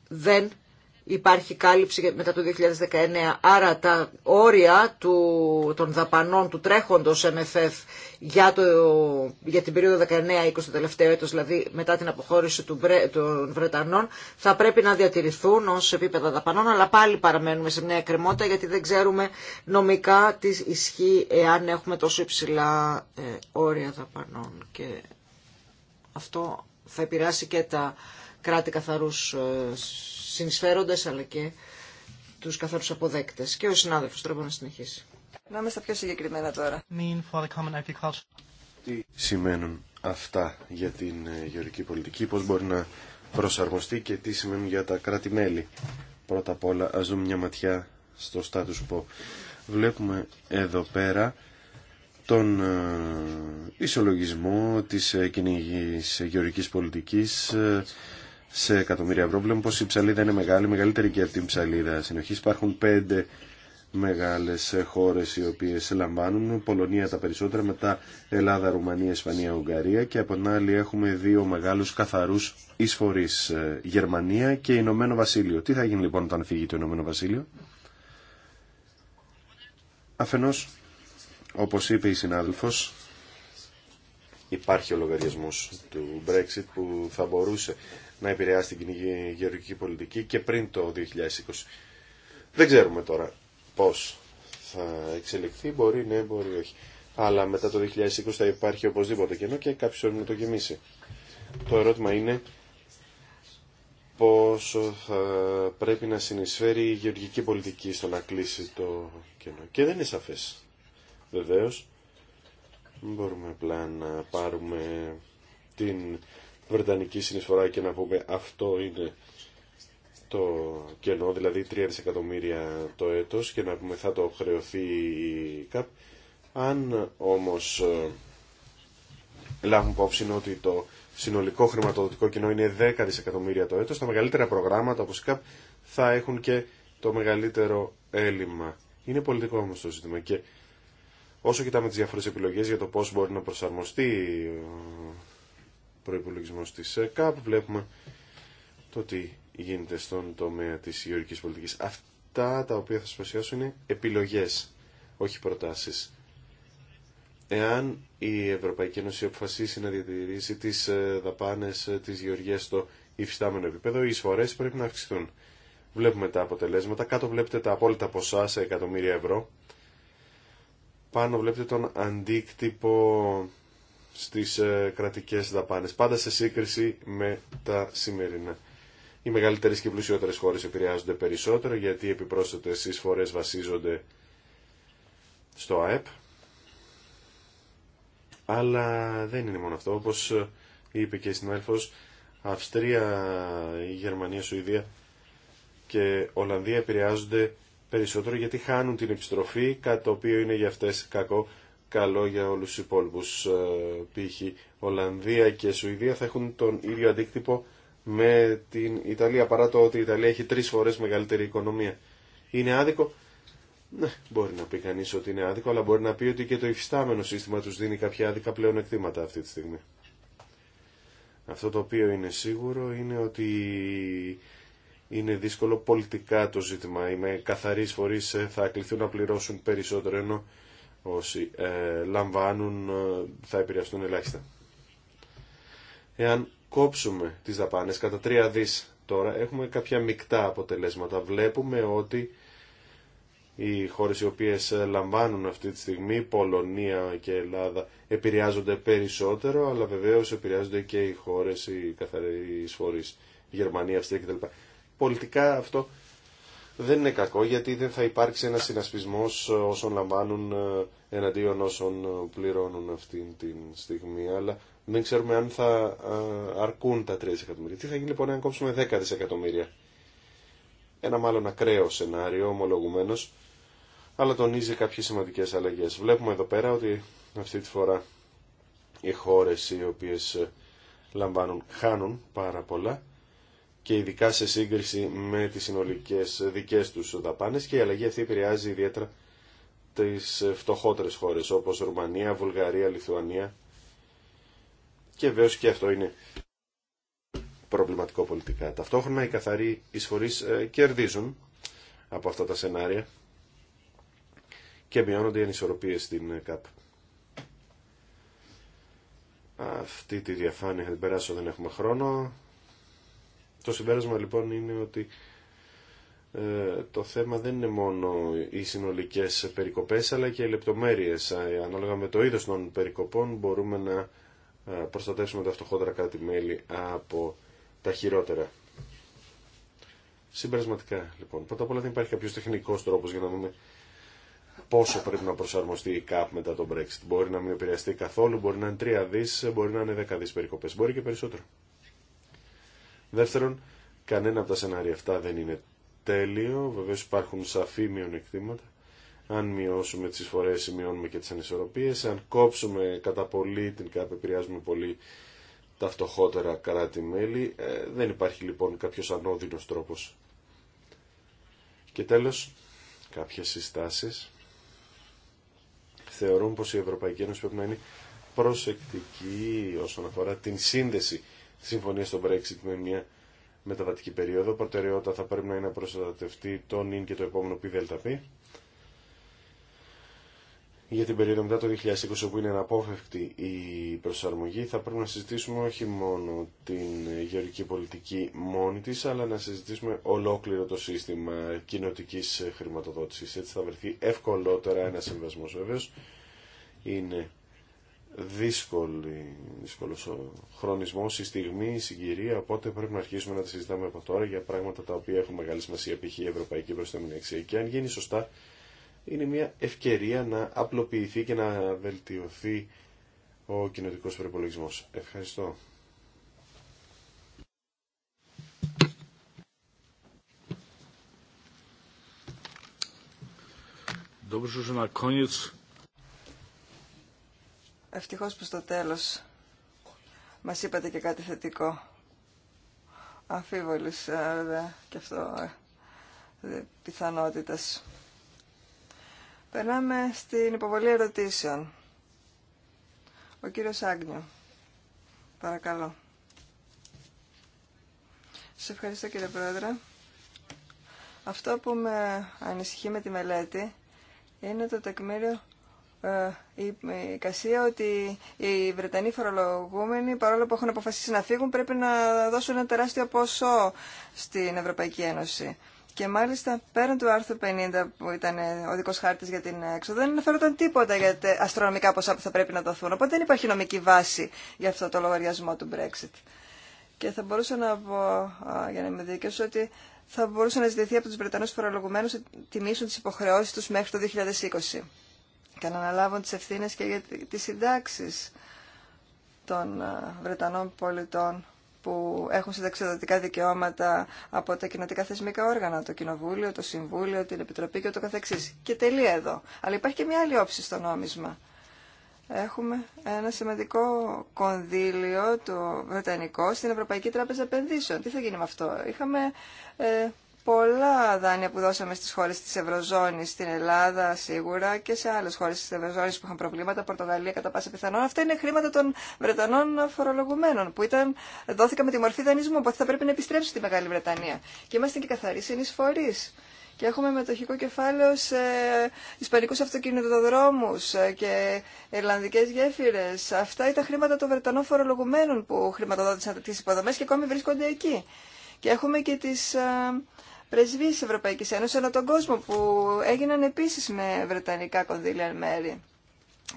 δεν υπάρχει κάλυψη μετά το 2019. Άρα τα όρια του, των δαπανών του τρέχοντος MFF για, το, για την περίοδο 19-20 το τελευταίο έτος, δηλαδή μετά την αποχώρηση του, των Βρετανών, θα πρέπει να διατηρηθούν ως επίπεδα δαπανών, αλλά πάλι παραμένουμε σε μια εκκρεμότητα γιατί δεν ξέρουμε νομικά τι ισχύει εάν έχουμε τόσο υψηλά ε, όρια δαπανών. Και αυτό θα επηρεάσει και τα κράτη καθαρούς ε, συνεισφέροντε αλλά και τους καθαρού αποδέκτες. Και ο συνάδελφος τρόπο να συνεχίσει. Να είμαστε πιο συγκεκριμένα τώρα. Τι σημαίνουν αυτά για την ε, γεωρική πολιτική, πώς μπορεί να προσαρμοστεί και τι σημαίνουν για τα κράτη-μέλη. Πρώτα απ' όλα Α δούμε μια ματιά στο status quo. Βλέπουμε εδώ πέρα τον ε, ισολογισμό της ε, κυνηγής γεωρικής πολιτικής σε εκατομμύρια ευρώ. Βλέπουμε πώ η ψαλίδα είναι μεγάλη, μεγαλύτερη και από την ψαλίδα Συνοχή. Υπάρχουν πέντε μεγάλε χώρε οι οποίε λαμβάνουν, Πολωνία τα περισσότερα, μετά Ελλάδα, Ρουμανία, Ισπανία, Ουγγαρία και από την άλλη έχουμε δύο μεγάλου καθαρού εισφορεί, ε, Γερμανία και Ηνωμένο Βασίλειο. Τι θα γίνει λοιπόν όταν φύγει το Ηνωμένο Βασίλειο? Αφενό. Όπω είπε η συνάδελφο, υπάρχει ο λογαριασμό του Brexit που θα μπορούσε να επηρεάσει την κοινή γεωργική πολιτική και πριν το 2020. Δεν ξέρουμε τώρα πώς θα εξελιχθεί, μπορεί ναι, μπορεί όχι. Αλλά μετά το 2020 θα υπάρχει οπωσδήποτε κενό και κάποιος πρέπει να το γεμίσει. Το ερώτημα είναι πόσο θα πρέπει να συνεισφέρει η γεωργική πολιτική στο να κλείσει το κενό. Και δεν είναι σαφές. Βεβαίως, μπορούμε απλά να πάρουμε την βρετανική συνεισφορά και να πούμε αυτό είναι το κενό, δηλαδή 3 δισεκατομμύρια το έτος και να πούμε θα το χρεωθεί η ΚΑΠ. Αν όμως ε, λάβουμε υπόψη ότι το συνολικό χρηματοδοτικό κενό είναι 10 δισεκατομμύρια το έτος, τα μεγαλύτερα προγράμματα όπως η ΚΑΠ θα έχουν και το μεγαλύτερο έλλειμμα. Είναι πολιτικό όμως το ζήτημα και όσο κοιτάμε τις διάφορες επιλογές για το πώς μπορεί να προσαρμοστεί ε, Προπολογισμό της ΚΑΠ. Βλέπουμε το τι γίνεται στον τομέα τη γεωργικής πολιτική. Αυτά τα οποία θα σα παρουσιάσω είναι επιλογές, όχι προτάσεις. Εάν η Ευρωπαϊκή Ένωση αποφασίσει να διατηρήσει τις ε, δαπάνες ε, της γεωργίας στο υφιστάμενο επίπεδο, οι εισφορέ πρέπει να αυξηθούν. Βλέπουμε τα αποτελέσματα. Κάτω βλέπετε τα απόλυτα ποσά σε εκατομμύρια ευρώ. Πάνω βλέπετε τον αντίκτυπο στις ε, κρατικές δαπάνες, πάντα σε σύγκριση με τα σημερινά. Οι μεγαλύτερε και πλούσιότερες χώρε επηρεάζονται περισσότερο γιατί οι επιπρόσθετε εισφορές βασίζονται στο ΑΕΠ. Αλλά δεν είναι μόνο αυτό. Όπως ε, είπε και η συνάδελφος, Αυστρία, η Γερμανία, Σουηδία και Ολλανδία επηρεάζονται περισσότερο γιατί χάνουν την επιστροφή, κάτι το οποίο είναι για αυτές κακό καλό για όλους τους υπόλοιπους. Ε, π.χ. Ολλανδία και Σουηδία θα έχουν τον ίδιο αντίκτυπο με την Ιταλία, παρά το ότι η Ιταλία έχει τρεις φορές μεγαλύτερη οικονομία. Είναι άδικο. Ναι, μπορεί να πει κανείς ότι είναι άδικο, αλλά μπορεί να πει ότι και το υφιστάμενο σύστημα τους δίνει κάποια άδικα πλέον εκτήματα αυτή τη στιγμή. Αυτό το οποίο είναι σίγουρο είναι ότι είναι δύσκολο πολιτικά το ζήτημα. Οι με καθαρείς φορείς ε, θα κληθούν να πληρώσουν περισσότερο, ενώ όσοι ε, λαμβάνουν ε, θα επηρεαστούν ελάχιστα. Εάν κόψουμε τις δαπάνες κατά τρία δις τώρα έχουμε κάποια μεικτά αποτελέσματα. Βλέπουμε ότι οι χώρες οι οποίες ε, λαμβάνουν αυτή τη στιγμή, Πολωνία και Ελλάδα, επηρεάζονται περισσότερο, αλλά βεβαίως επηρεάζονται και οι χώρες, οι καθαρές φορείς Γερμανία, Αυστρία κτλ. Πολιτικά αυτό δεν είναι κακό γιατί δεν θα υπάρξει ένα συνασπισμό ε, όσων λαμβάνουν ε, εναντίον όσων ε, πληρώνουν αυτή τη στιγμή. Αλλά δεν ξέρουμε αν θα αρκούν τα 3 δισεκατομμύρια. Τι θα γίνει λοιπόν αν κόψουμε 10 δισεκατομμύρια. Ένα μάλλον ακραίο σενάριο ομολογουμένω, αλλά τονίζει κάποιε σημαντικέ αλλαγέ. Βλέπουμε εδώ πέρα ότι αυτή τη φορά οι χώρε οι οποίε λαμβάνουν χάνουν πάρα πολλά και ειδικά σε σύγκριση με τις συνολικές δικές τους δαπάνες και η αλλαγή αυτή επηρεάζει ιδιαίτερα τις φτωχότερες χώρες όπως Ρουμανία, Βουλγαρία, Λιθουανία και βέβαια και αυτό είναι προβληματικό πολιτικά. Ταυτόχρονα οι καθαροί εισφορείς ε, κερδίζουν από αυτά τα σενάρια και μειώνονται οι ανισορροπίες στην ΚΑΠ. Αυτή τη διαφάνεια θα την περάσω, δεν έχουμε χρόνο. Το συμπέρασμα λοιπόν είναι ότι ε, το θέμα δεν είναι μόνο οι συνολικές περικοπές αλλά και οι λεπτομέρειες. Ανάλογα με το είδος των περικοπών μπορούμε να ε, προστατεύσουμε τα φτωχότερα κράτη-μέλη από τα χειρότερα. Συμπερασματικά λοιπόν. Πρώτα απ' όλα δεν υπάρχει κάποιο τεχνικό τρόπο για να δούμε πόσο πρέπει να προσαρμοστεί η ΚΑΠ μετά τον Brexit. Μπορεί να μην επηρεαστεί καθόλου, μπορεί να είναι 3 δι, μπορεί να είναι 10 δι περικοπέ, μπορεί και περισσότερο. Δεύτερον, κανένα από τα σενάρια αυτά δεν είναι τέλειο. Βεβαίω υπάρχουν σαφή μειονεκτήματα. Αν μειώσουμε τις φορές, σημειώνουμε και τις ανισορροπίες. Αν κόψουμε κατά πολύ την ΚΑΠ, επηρεάζουμε πολύ τα φτωχότερα κράτη-μέλη. Ε, δεν υπάρχει λοιπόν κάποιο ανώδυνος τρόπος. Και τέλος, κάποιες συστάσεις. Θεωρούν πως η Ευρωπαϊκή Ένωση πρέπει να είναι προσεκτική όσον αφορά την σύνδεση συμφωνία στο Brexit με μια μεταβατική περίοδο. Προτεραιότητα θα πρέπει να είναι να προστατευτεί το νυν και το επόμενο πι. Για την περίοδο μετά το 2020 όπου είναι αναπόφευκτη η προσαρμογή θα πρέπει να συζητήσουμε όχι μόνο την γεωργική πολιτική μόνη της αλλά να συζητήσουμε ολόκληρο το σύστημα κοινοτικής χρηματοδότησης. Έτσι θα βρεθεί ευκολότερα ένα συμβασμό βέβαιος. Είναι δύσκολη, δύσκολος ο χρονισμός, η στιγμή, η συγκυρία, οπότε πρέπει να αρχίσουμε να τα συζητάμε από τώρα για πράγματα τα οποία έχουν μεγάλη σημασία, π.χ. η ευρωπαϊκή προσταμινή αξία. Και αν γίνει σωστά, είναι μια ευκαιρία να απλοποιηθεί και να βελτιωθεί ο κοινωτικός προϋπολογισμός. Ευχαριστώ. Dobrze, Ευτυχώς που στο τέλος μας είπατε και κάτι θετικό. Αμφίβολης, ε, βέβαια, και αυτό ε, πιθανότητας. Περνάμε στην υποβολή ερωτήσεων. Ο κύριος Άγνιο. Παρακαλώ. σε ευχαριστώ κύριε Πρόεδρε. Αυτό που με ανησυχεί με τη μελέτη είναι το τεκμήριο ε, η εικασία ότι οι Βρετανοί φορολογούμενοι, παρόλο που έχουν αποφασίσει να φύγουν, πρέπει να δώσουν ένα τεράστιο ποσό στην Ευρωπαϊκή Ένωση. Και μάλιστα πέραν του άρθρου 50 που ήταν ο δικός χάρτης για την έξοδο δεν αναφέρονταν τίποτα για αστρονομικά ποσά που θα πρέπει να δοθούν. Οπότε δεν υπάρχει νομική βάση για αυτό το λογαριασμό του Brexit. Και θα μπορούσα να πω, για να είμαι δίκαιος, ότι θα μπορούσε να ζητηθεί από τους Βρετανούς φορολογουμένους να τιμήσουν τι υποχρεώσει του μέχρι το 2020 και να αναλάβουν τις ευθύνες και για τις συντάξεις των ε, Βρετανών πολιτών που έχουν συνταξιδοτικά δικαιώματα από τα κοινοτικά θεσμικά όργανα, το Κοινοβούλιο, το Συμβούλιο, την Επιτροπή και το καθεξής. Και τελεία εδώ. Αλλά υπάρχει και μια άλλη όψη στο νόμισμα. Έχουμε ένα σημαντικό κονδύλιο του Βρετανικού στην Ευρωπαϊκή Τράπεζα Επενδύσεων. Τι θα γίνει με αυτό. Είχαμε ε, πολλά δάνεια που δώσαμε στις χώρες της Ευρωζώνης, στην Ελλάδα σίγουρα και σε άλλες χώρες της Ευρωζώνης που είχαν προβλήματα, Πορτογαλία κατά πάσα πιθανόν. Αυτά είναι χρήματα των Βρετανών φορολογουμένων που ήταν, δόθηκαν με τη μορφή δανεισμού, οπότε θα πρέπει να επιστρέψει στη Μεγάλη Βρετανία. Και είμαστε και καθαροί συνεισφορείς. Και έχουμε μετοχικό κεφάλαιο σε ισπανικού αυτοκινητοδρόμου και ιρλανδικέ γέφυρε. Αυτά ήταν χρήματα των Βρετανών φορολογουμένων που χρηματοδότησαν τι υποδομέ και ακόμη βρίσκονται εκεί. Και έχουμε και τις ε, Πρεσβείς της Ευρωπαϊκής Ένωσης ανά τον κόσμο που έγιναν επίσης με βρετανικά κονδύλια εν μέρη.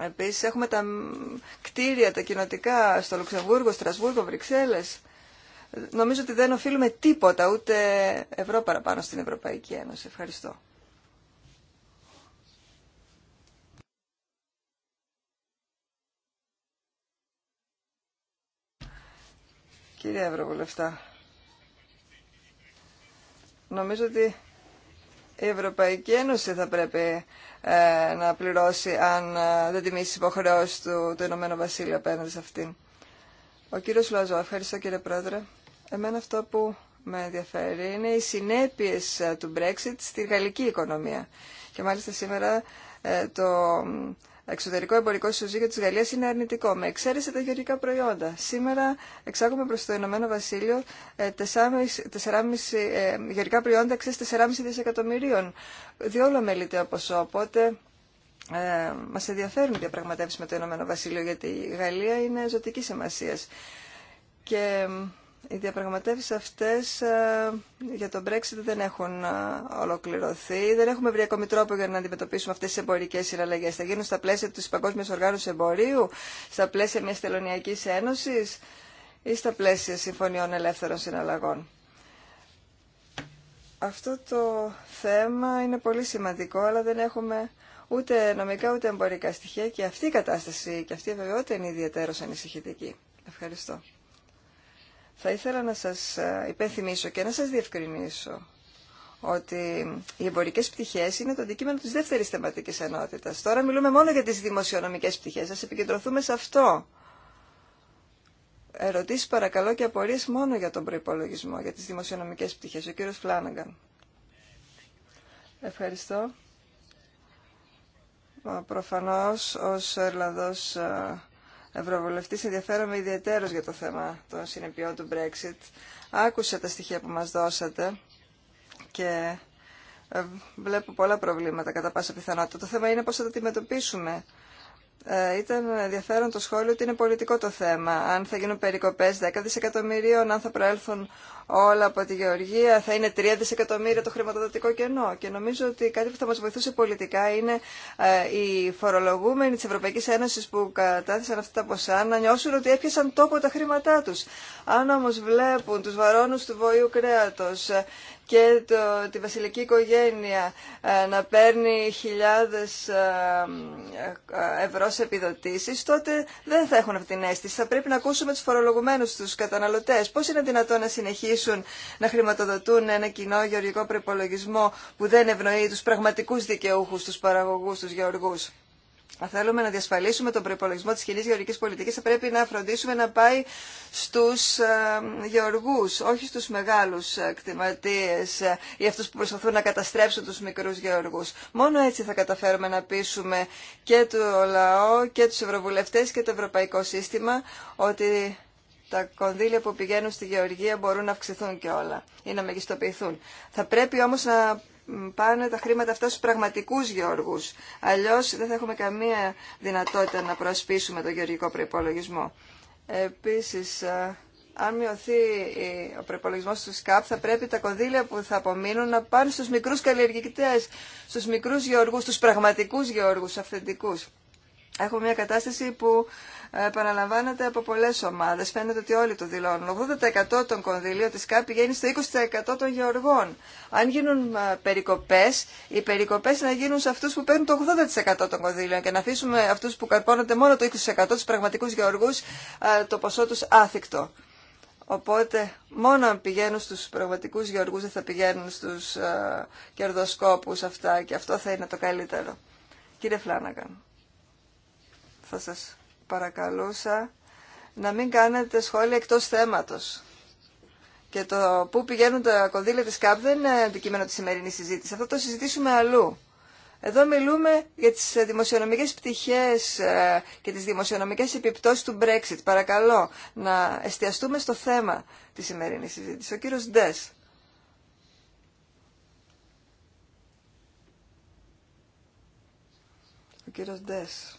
Επίσης έχουμε τα κτίρια, τα κοινοτικά στο Λουξεμβούργο, Στρασβούργο, Βρυξέλλες. Νομίζω ότι δεν οφείλουμε τίποτα, ούτε ευρώ παραπάνω στην Ευρωπαϊκή Ένωση. Ευχαριστώ. Κύριε Ευρωβουλευτά. Νομίζω ότι η Ευρωπαϊκή Ένωση θα πρέπει ε, να πληρώσει αν ε, δεν τιμήσει υποχρεώσει του το Ηνωμένο Βασίλειο απέναντι σε αυτήν. Ο κύριος Λαζό, ευχαριστώ κύριε Πρόεδρε. Εμένα αυτό που με ενδιαφέρει είναι οι συνέπειες ε, του Brexit στη γαλλική οικονομία. Και μάλιστα σήμερα το εξωτερικό εμπορικό ισοζύγιο τη Γαλλία είναι αρνητικό, με εξαίρεση τα γεωργικά προϊόντα. Σήμερα εξάγουμε προ το Ηνωμένο Βασίλειο 4,5 ε, ε, γεωργικά προϊόντα αξία 4,5 δισεκατομμυρίων. Διόλο μελιτέο ποσό, οπότε ε, μας ενδιαφέρουν οι διαπραγματεύσει με το Ηνωμένο Βασίλειο, γιατί η Γαλλία είναι ζωτική σημασία. Και οι διαπραγματεύσεις αυτές ε, για τον Brexit δεν έχουν ε, ολοκληρωθεί. Δεν έχουμε βρει ακόμη τρόπο για να αντιμετωπίσουμε αυτές τις εμπορικές συναλλαγές. Θα γίνουν στα πλαίσια της Παγκόσμιας Οργάνωσης Εμπορίου, στα πλαίσια μιας τελωνιακής ένωσης ή στα πλαίσια συμφωνιών ελεύθερων συναλλαγών. Αυτό το θέμα είναι πολύ σημαντικό, αλλά δεν έχουμε ούτε νομικά ούτε εμπορικά στοιχεία και αυτή η κατάσταση και αυτή η βεβαιότητα είναι ιδιαίτερως ανησυχητική. Ευχαριστώ. Θα ήθελα να σας ε, υπενθυμίσω και να σας διευκρινίσω ότι οι εμπορικές πτυχές είναι το αντικείμενο της δεύτερης θεματικής ενότητας. Τώρα μιλούμε μόνο για τις δημοσιονομικές πτυχές. Ας επικεντρωθούμε σε αυτό. Ερωτήσεις παρακαλώ και απορίες μόνο για τον προϋπολογισμό, για τις δημοσιονομικές πτυχές. Ο κύριος Φλάνναγκαν. Ευχαριστώ. Προφανώς ως Ιρλανδός ε, Ευρωβουλευτής ενδιαφέρομαι ιδιαίτερο για το θέμα των συνεπειών του Brexit. Άκουσα τα στοιχεία που μας δώσατε και ε, βλέπω πολλά προβλήματα κατά πάσα πιθανότητα. Το θέμα είναι πώς θα τα αντιμετωπίσουμε ε, ήταν ενδιαφέρον το σχόλιο ότι είναι πολιτικό το θέμα. Αν θα γίνουν περικοπές 10 δισεκατομμυρίων, αν θα προέλθουν όλα από τη Γεωργία, θα είναι 3 δισεκατομμύρια το χρηματοδοτικό κενό. Και νομίζω ότι κάτι που θα μα βοηθούσε πολιτικά είναι ε, οι φορολογούμενοι τη Ευρωπαϊκή Ένωση που κατάθεσαν αυτά τα ποσά να νιώσουν ότι έπιασαν τόπο τα χρήματά του. Αν όμω βλέπουν τους βαρώνου του βοηού Κρέατο και το, τη βασιλική οικογένεια ε, να παίρνει χιλιάδες ε, ε, ευρώ σε επιδοτήσεις, τότε δεν θα έχουν αυτή την αίσθηση. Θα πρέπει να ακούσουμε τους φορολογουμένους, τους καταναλωτές. Πώς είναι δυνατόν να συνεχίσουν να χρηματοδοτούν ένα κοινό γεωργικό προπολογισμό που δεν ευνοεί τους πραγματικούς δικαιούχους, τους παραγωγούς, τους γεωργούς αν θέλουμε να διασφαλίσουμε τον προπολογισμό της κοινή γεωργικής πολιτικής, θα πρέπει να φροντίσουμε να πάει στους ε, γεωργούς, όχι στους μεγάλους κτηματίες ε, ή αυτούς που προσπαθούν να καταστρέψουν τους μικρούς γεωργούς. Μόνο έτσι θα καταφέρουμε να πείσουμε και το λαό και τους ευρωβουλευτέ και το ευρωπαϊκό σύστημα ότι τα κονδύλια που πηγαίνουν στη γεωργία μπορούν να αυξηθούν και όλα ή να μεγιστοποιηθούν. Θα πρέπει όμως να πάνε τα χρήματα αυτά στους πραγματικούς γεωργούς. Αλλιώς δεν θα έχουμε καμία δυνατότητα να προσπίσουμε το γεωργικό προϋπολογισμό. Επίσης, αν μειωθεί ο προϋπολογισμός του ΣΚΑΠ, θα πρέπει τα κονδύλια που θα απομείνουν να πάνε στους μικρούς καλλιεργητές, στους μικρούς γεωργούς, στους πραγματικούς γεωργούς, αυθεντικούς. Έχουμε μια κατάσταση που επαναλαμβάνεται από πολλές ομάδες. Φαίνεται ότι όλοι το δηλώνουν. 80% των κονδυλίων της ΚΑΠ πηγαίνει στο 20% των γεωργών. Αν γίνουν ε, περικοπές, οι περικοπές να γίνουν σε αυτούς που παίρνουν το 80% των κονδυλίων και να αφήσουμε αυτούς που καρπώνονται μόνο το 20% του πραγματικού γεωργού ε, το ποσό του άθικτο. Οπότε μόνο αν πηγαίνουν στους πραγματικούς γεωργούς δεν θα πηγαίνουν στους ε, κερδοσκόπους αυτά και αυτό θα είναι το καλύτερο. Κύριε Φλάνακαν θα σας παρακαλούσα να μην κάνετε σχόλια εκτός θέματος. Και το πού πηγαίνουν τα κονδύλια της ΚΑΠ δεν είναι αντικείμενο της σημερινής συζήτησης. Αυτό το συζητήσουμε αλλού. Εδώ μιλούμε για τις δημοσιονομικές πτυχές ε, και τις δημοσιονομικές επιπτώσεις του Brexit. Παρακαλώ να εστιαστούμε στο θέμα της σημερινής συζήτησης. Ο κύριος Ντες. Ο κύριος Ντες.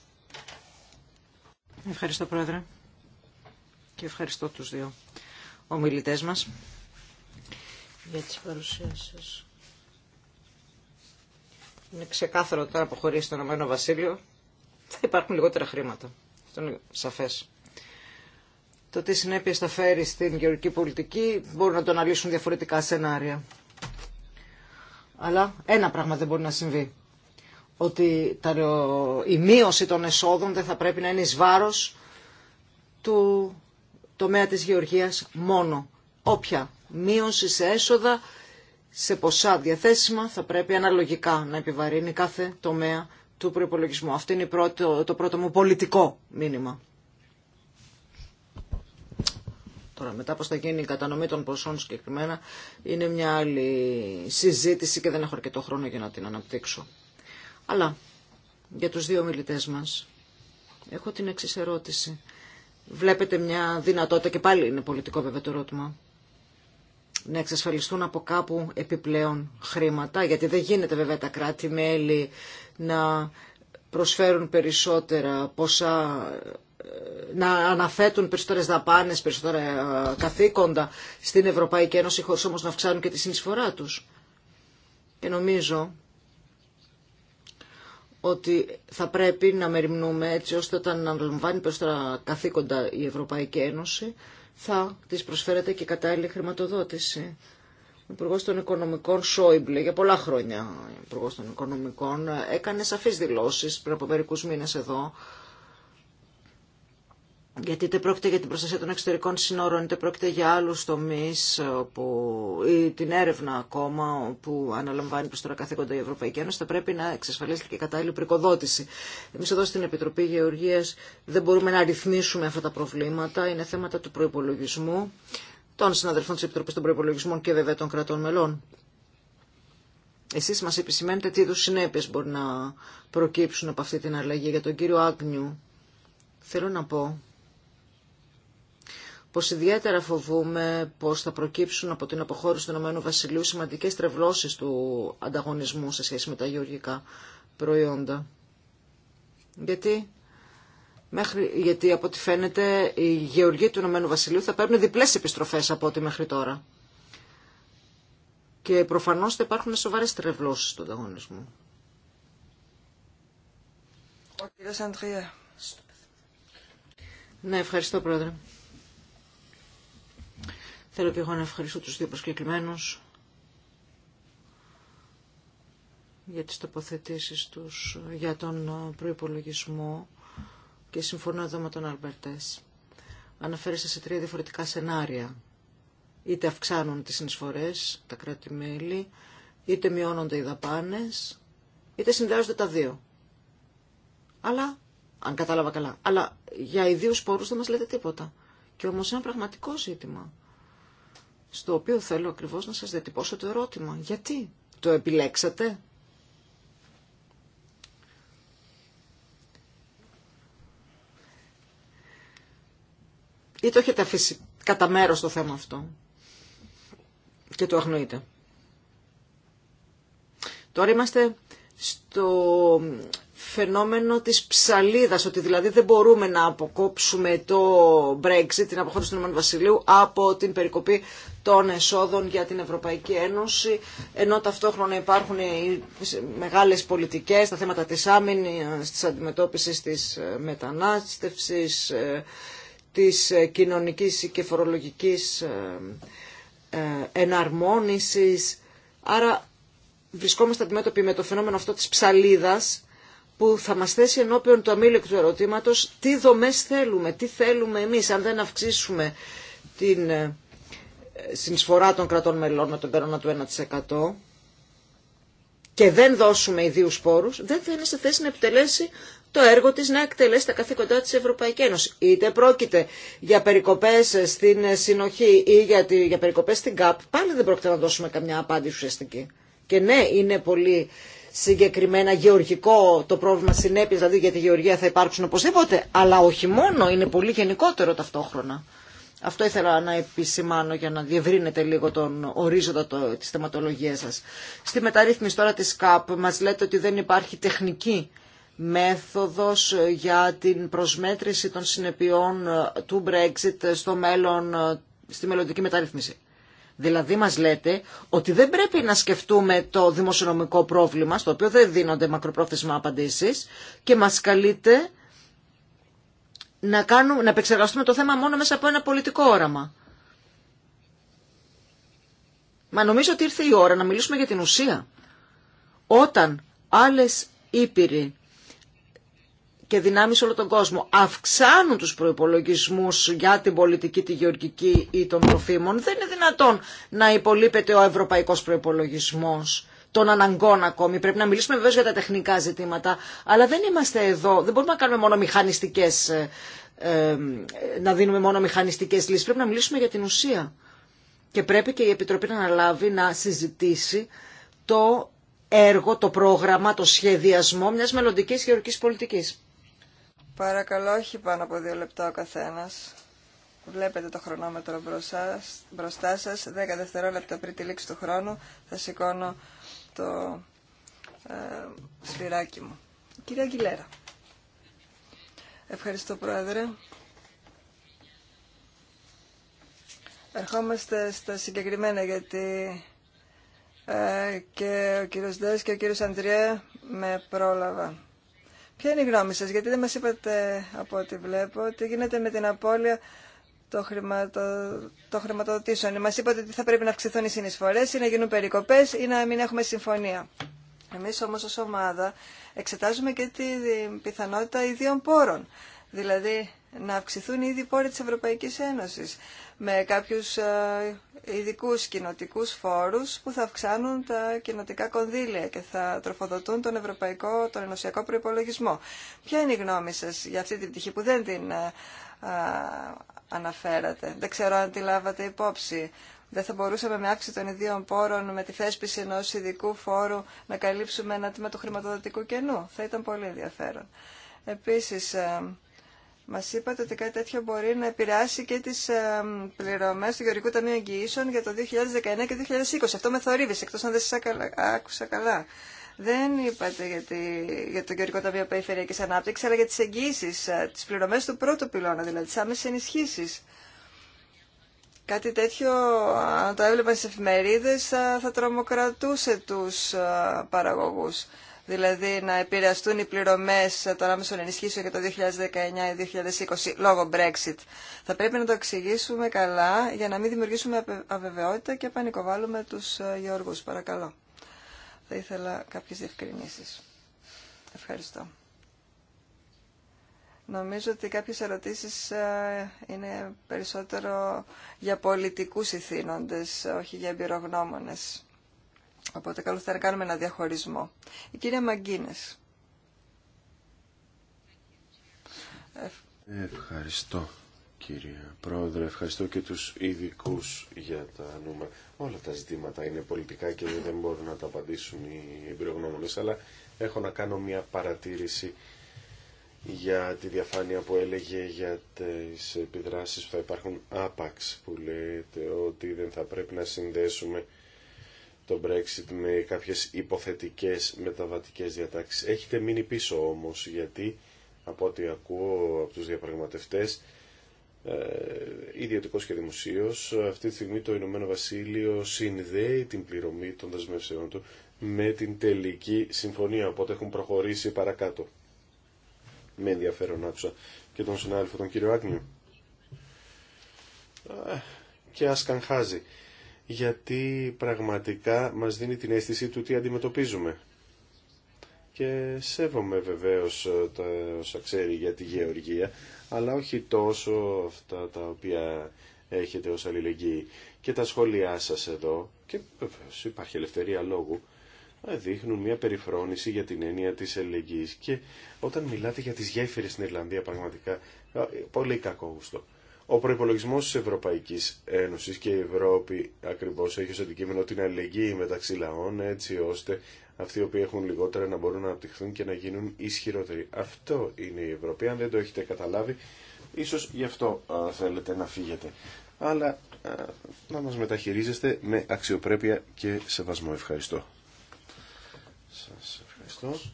Ευχαριστώ Πρόεδρε και ευχαριστώ τους δύο ομιλητές μας για τις παρουσιάσεις. Είναι ξεκάθαρο ότι τώρα που το Ηνωμένο Βασίλειο θα υπάρχουν λιγότερα χρήματα. Αυτό είναι σαφές. Το τι συνέπειες θα φέρει στην γεωργική πολιτική μπορούν να το αναλύσουν διαφορετικά σενάρια. Αλλά ένα πράγμα δεν μπορεί να συμβεί ότι η μείωση των εσόδων δεν θα πρέπει να είναι εις βάρος του τομέα της γεωργίας μόνο. Όποια μείωση σε έσοδα, σε ποσά διαθέσιμα θα πρέπει αναλογικά να επιβαρύνει κάθε τομέα του προϋπολογισμού. Αυτό είναι το πρώτο μου πολιτικό μήνυμα. Τώρα μετά πώς θα γίνει η κατανομή των ποσών συγκεκριμένα είναι μια άλλη συζήτηση και δεν έχω αρκετό χρόνο για να την αναπτύξω. Αλλά για τους δύο μιλητές μας έχω την εξή ερώτηση. Βλέπετε μια δυνατότητα, και πάλι είναι πολιτικό βέβαια το ερώτημα, να εξασφαλιστούν από κάπου επιπλέον χρήματα, γιατί δεν γίνεται βέβαια τα κράτη-μέλη να προσφέρουν περισσότερα ποσά ε, να αναθέτουν περισσότερες δαπάνες, περισσότερα ε, καθήκοντα στην Ευρωπαϊκή Ένωση χωρίς όμως να αυξάνουν και τη συνεισφορά τους. Και νομίζω ότι θα πρέπει να μεριμνούμε έτσι ώστε όταν αναλαμβάνει περισσότερα καθήκοντα η Ευρωπαϊκή Ένωση θα της προσφέρεται και κατάλληλη χρηματοδότηση. Ο Υπουργό των Οικονομικών Σόιμπλε, για πολλά χρόνια Υπουργό των Οικονομικών, έκανε σαφεί δηλώσει πριν από μερικού μήνε εδώ γιατί είτε πρόκειται για την προστασία των εξωτερικών συνόρων, είτε πρόκειται για άλλους τομείς η Ευρωπαϊκή Ένωση, θα πρέπει να εξασφαλίσει και κατάλληλη πρικοδότηση. Εμείς εδώ στην Επιτροπή Γεωργίας δεν μπορούμε να ρυθμίσουμε αυτά τα προβλήματα, είναι θέματα του προϋπολογισμού, των συναδελφών της Επιτροπής των Προϋπολογισμών και βέβαια των κρατών μελών. Εσείς μας επισημαίνετε τι είδους συνέπειες μπορεί να προκύψουν από αυτή την αλλαγή για τον κύριο Άγνιου. Θέλω να πω πως ιδιαίτερα φοβούμε πως θα προκύψουν από την αποχώρηση του Ηνωμένου Βασιλείου σημαντικές τρευλώσεις του ανταγωνισμού σε σχέση με τα γεωργικά προϊόντα. Γιατί, μέχρι, γιατί από ό,τι φαίνεται οι γεωργοί του Ηνωμένου Βασιλείου θα παίρνουν διπλές επιστροφές από ό,τι μέχρι τώρα. Και προφανώς θα υπάρχουν σοβαρές τρευλώσεις του ανταγωνισμού. Ναι, ευχαριστώ πρόεδρε. Θέλω και εγώ να ευχαριστώ τους δύο προσκεκλημένους για τις τοποθετήσεις τους για τον ε, προϋπολογισμό και συμφωνώ εδώ με τον Αλμπερτές. Αναφέρεσαι σε τρία διαφορετικά σενάρια. Είτε αυξάνουν τις συνεισφορές, τα κράτη-μέλη, είτε μειώνονται οι δαπάνες, είτε συνδυάζονται τα δύο. Αλλά, αν κατάλαβα καλά, αλλά για ιδίους πόρους δεν μας λέτε τίποτα. Και όμως ένα πραγματικό ζήτημα στο οποίο θέλω ακριβώς να σας διατυπώσω το ερώτημα. Γιατί το επιλέξατε. Ή το έχετε αφήσει κατά μέρος το θέμα αυτό και το αγνοείτε. Τώρα είμαστε στο φαινόμενο της ψαλίδας, ότι δηλαδή δεν μπορούμε να αποκόψουμε το Brexit, την αποχώρηση του Ηνωμένου Βασιλείου, από την περικοπή των εσόδων για την Ευρωπαϊκή Ένωση, ενώ ταυτόχρονα υπάρχουν οι μεγάλες πολιτικές, τα θέματα της άμυνας, της αντιμετώπισης της ε, μετανάστευσης, ε, της ε, κοινωνικής και φορολογικής εναρμόνισης. Άρα βρισκόμαστε αντιμέτωποι με το φαινόμενο αυτό της ψαλίδας που θα μας θέσει ενώπιον το αμήλικο του ερωτήματος τι δομές θέλουμε, τι θέλουμε εμείς αν δεν αυξήσουμε την ε, συνεισφορά των κρατών μελών με τον κανόνα του 1% και δεν δώσουμε ιδίους πόρους, δεν θα είναι σε θέση να επιτελέσει το έργο της να εκτελέσει τα καθήκοντά της Ευρωπαϊκή Ένωση. Είτε πρόκειται για περικοπές στην συνοχή ή για, τη, για περικοπές στην ΚΑΠ, πάλι δεν πρόκειται να δώσουμε καμιά απάντηση ουσιαστική. Και ναι, είναι πολύ συγκεκριμένα γεωργικό το πρόβλημα συνέπειας, δηλαδή για τη γεωργία θα υπάρξουν οπωσδήποτε, αλλά όχι μόνο, είναι πολύ γενικότερο ταυτόχρονα. Αυτό ήθελα να επισημάνω για να διευρύνετε λίγο τον ορίζοντα το, της θεματολογίας σας. Στη μεταρρύθμιση τώρα της ΚΑΠ μας λέτε ότι δεν υπάρχει τεχνική μέθοδος για την προσμέτρηση των συνεπειών του Brexit στο μέλλον, στη μελλοντική μεταρρύθμιση. Δηλαδή μας λέτε ότι δεν πρέπει να σκεφτούμε το δημοσιονομικό πρόβλημα, στο οποίο δεν δίνονται μακροπρόθεσμα απαντήσεις, και μας καλείτε να, κάνουμε, να επεξεργαστούμε το θέμα μόνο μέσα από ένα πολιτικό όραμα. Μα νομίζω ότι ήρθε η ώρα να μιλήσουμε για την ουσία. Όταν άλλες ήπειροι και δυνάμεις όλο τον κόσμο αυξάνουν τους προϋπολογισμούς για την πολιτική, τη γεωργική ή των τροφίμων, δεν είναι δυνατόν να υπολείπεται ο ευρωπαϊκός προϋπολογισμός των αναγκών ακόμη. Πρέπει να μιλήσουμε βεβαίω για τα τεχνικά ζητήματα, αλλά δεν είμαστε εδώ, δεν μπορούμε να κάνουμε μόνο μηχανιστικές, ε, ε, να δίνουμε μόνο μηχανιστικές λύσεις, πρέπει να μιλήσουμε για την ουσία. Και πρέπει και η Επιτροπή να αναλάβει να συζητήσει το έργο, το πρόγραμμα, το σχεδιασμό μιας μελλοντικής γεωργικής πολιτικής. Παρακαλώ, όχι πάνω από δύο λεπτά ο καθένας. Βλέπετε το χρονόμετρο μπροστά σα. Δέκα δευτερόλεπτα πριν τη λήξη του χρόνου θα σηκώνω το ε, σφυράκι μου. Κυρία Αγγιλέρα. Ευχαριστώ, Πρόεδρε. Ερχόμαστε στα συγκεκριμένα γιατί ε, και ο κύριος Δες και ο κύριος Αντριέ με πρόλαβα. Ποια είναι η γνώμη σας, γιατί δεν μας είπατε από ό,τι βλέπω, τι γίνεται με την απώλεια των χρηματο... χρηματοδοτήσεων. Μας είπατε ότι θα πρέπει να αυξηθούν οι συνεισφορές ή να γίνουν περικοπές ή να μην έχουμε συμφωνία. Εμείς όμως ως ομάδα εξετάζουμε και την πιθανότητα ιδίων πόρων. Δηλαδή να αυξηθούν ήδη ίδιοι πόροι της Ευρωπαϊκής Ένωσης με κάποιους ε, ειδικού κοινοτικού φόρους που θα αυξάνουν τα κοινοτικά κονδύλια και θα τροφοδοτούν τον ευρωπαϊκό, τον ενωσιακό προϋπολογισμό. Ποια είναι η γνώμη σας για αυτή την πτυχή που δεν την ε, α, αναφέρατε. Δεν ξέρω αν τη λάβατε υπόψη. Δεν θα μπορούσαμε με αύξηση των ιδίων πόρων, με τη θέσπιση ενό ειδικού φόρου, να καλύψουμε ένα τμήμα του χρηματοδοτικού κενού. Θα ήταν πολύ ενδιαφέρον. Επίσης, ε, μας είπατε ότι κάτι τέτοιο μπορεί να επηρεάσει και τις ε, πληρωμές του Γεωργικού Ταμείου Εγγυήσεων για το 2019 και 2020. Αυτό με θορύβησε, εκτός αν δεν σας άκουσα καλά. Δεν είπατε για, για το Γεωργικό Ταμείο Περιφερειακής Ανάπτυξης, αλλά για τις εγγύησεις, ε, τις πληρωμές του πρώτου πυλώνα, δηλαδή τις άμεσες ενισχύσεις. Κάτι τέτοιο, αν το έβλεπαν στις εφημερίδες, θα, θα τρομοκρατούσε τους ε, παραγωγούς δηλαδή να επηρεαστούν οι πληρωμές των άμεσων ενισχύσεων για το 2019 ή 2020 λόγω Brexit. Θα πρέπει να το εξηγήσουμε καλά για να μην δημιουργήσουμε αβεβαιότητα και πανικοβάλλουμε τους ε, γεωργού. Παρακαλώ. Θα ήθελα κάποιες διευκρινήσεις. Ευχαριστώ. Νομίζω ότι κάποιες ερωτήσεις ε, είναι περισσότερο για πολιτικούς ηθήνοντες, όχι για εμπειρογνώμονες. Οπότε καλό θα κάνουμε ένα διαχωρισμό. Η κυρία Μαγκίνες. Ευχαριστώ κυρία Πρόεδρε, ευχαριστώ και τους ειδικού για τα νούμερα. Όλα τα ζητήματα είναι πολιτικά και δεν μπορούν να τα απαντήσουν οι εμπειρογνώμονες, αλλά έχω να κάνω μια παρατήρηση για τη διαφάνεια που έλεγε για τις επιδράσεις που θα υπάρχουν άπαξ που λέτε ότι δεν θα πρέπει να συνδέσουμε το Brexit με κάποιες υποθετικές μεταβατικές διατάξεις. Έχετε μείνει πίσω όμως γιατί από ό,τι ακούω από τους διαπραγματευτές ε, ιδιωτικό και δημοσίω. Αυτή τη στιγμή το Ηνωμένο Βασίλειο συνδέει την πληρωμή των δεσμεύσεών του με την τελική συμφωνία, οπότε έχουν προχωρήσει παρακάτω. Με ενδιαφέρον άκουσα και τον συνάδελφο τον κύριο Άγνιο. Ε, και ας κανχάζει γιατί πραγματικά μας δίνει την αίσθηση του τι αντιμετωπίζουμε. Και σέβομαι βεβαίως ε, τα όσα ξέρει για τη γεωργία, αλλά όχι τόσο αυτά τα οποία έχετε ως αλληλεγγύη. Και τα σχόλιά σας εδώ, και βεβαίως υπάρχει ελευθερία λόγου, ε, δείχνουν μια περιφρόνηση για την έννοια της αλληλεγγύης. Και όταν μιλάτε για τις γέφυρες στην Ιρλανδία, πραγματικά, ε, πολύ κακό γουστό. Ο προπολογισμό τη Ευρωπαϊκή Ένωση και η Ευρώπη ακριβώ έχει ω αντικείμενο την αλληλεγγύη μεταξύ λαών, έτσι ώστε αυτοί οι οποίοι έχουν λιγότερα να μπορούν να αναπτυχθούν και να γίνουν ισχυρότεροι. Αυτό είναι η Ευρώπη. Αν δεν το έχετε καταλάβει, ίσω γι' αυτό θέλετε να φύγετε. Αλλά να μα μεταχειρίζεστε με αξιοπρέπεια και σεβασμό. Ευχαριστώ. Σα ευχαριστώ.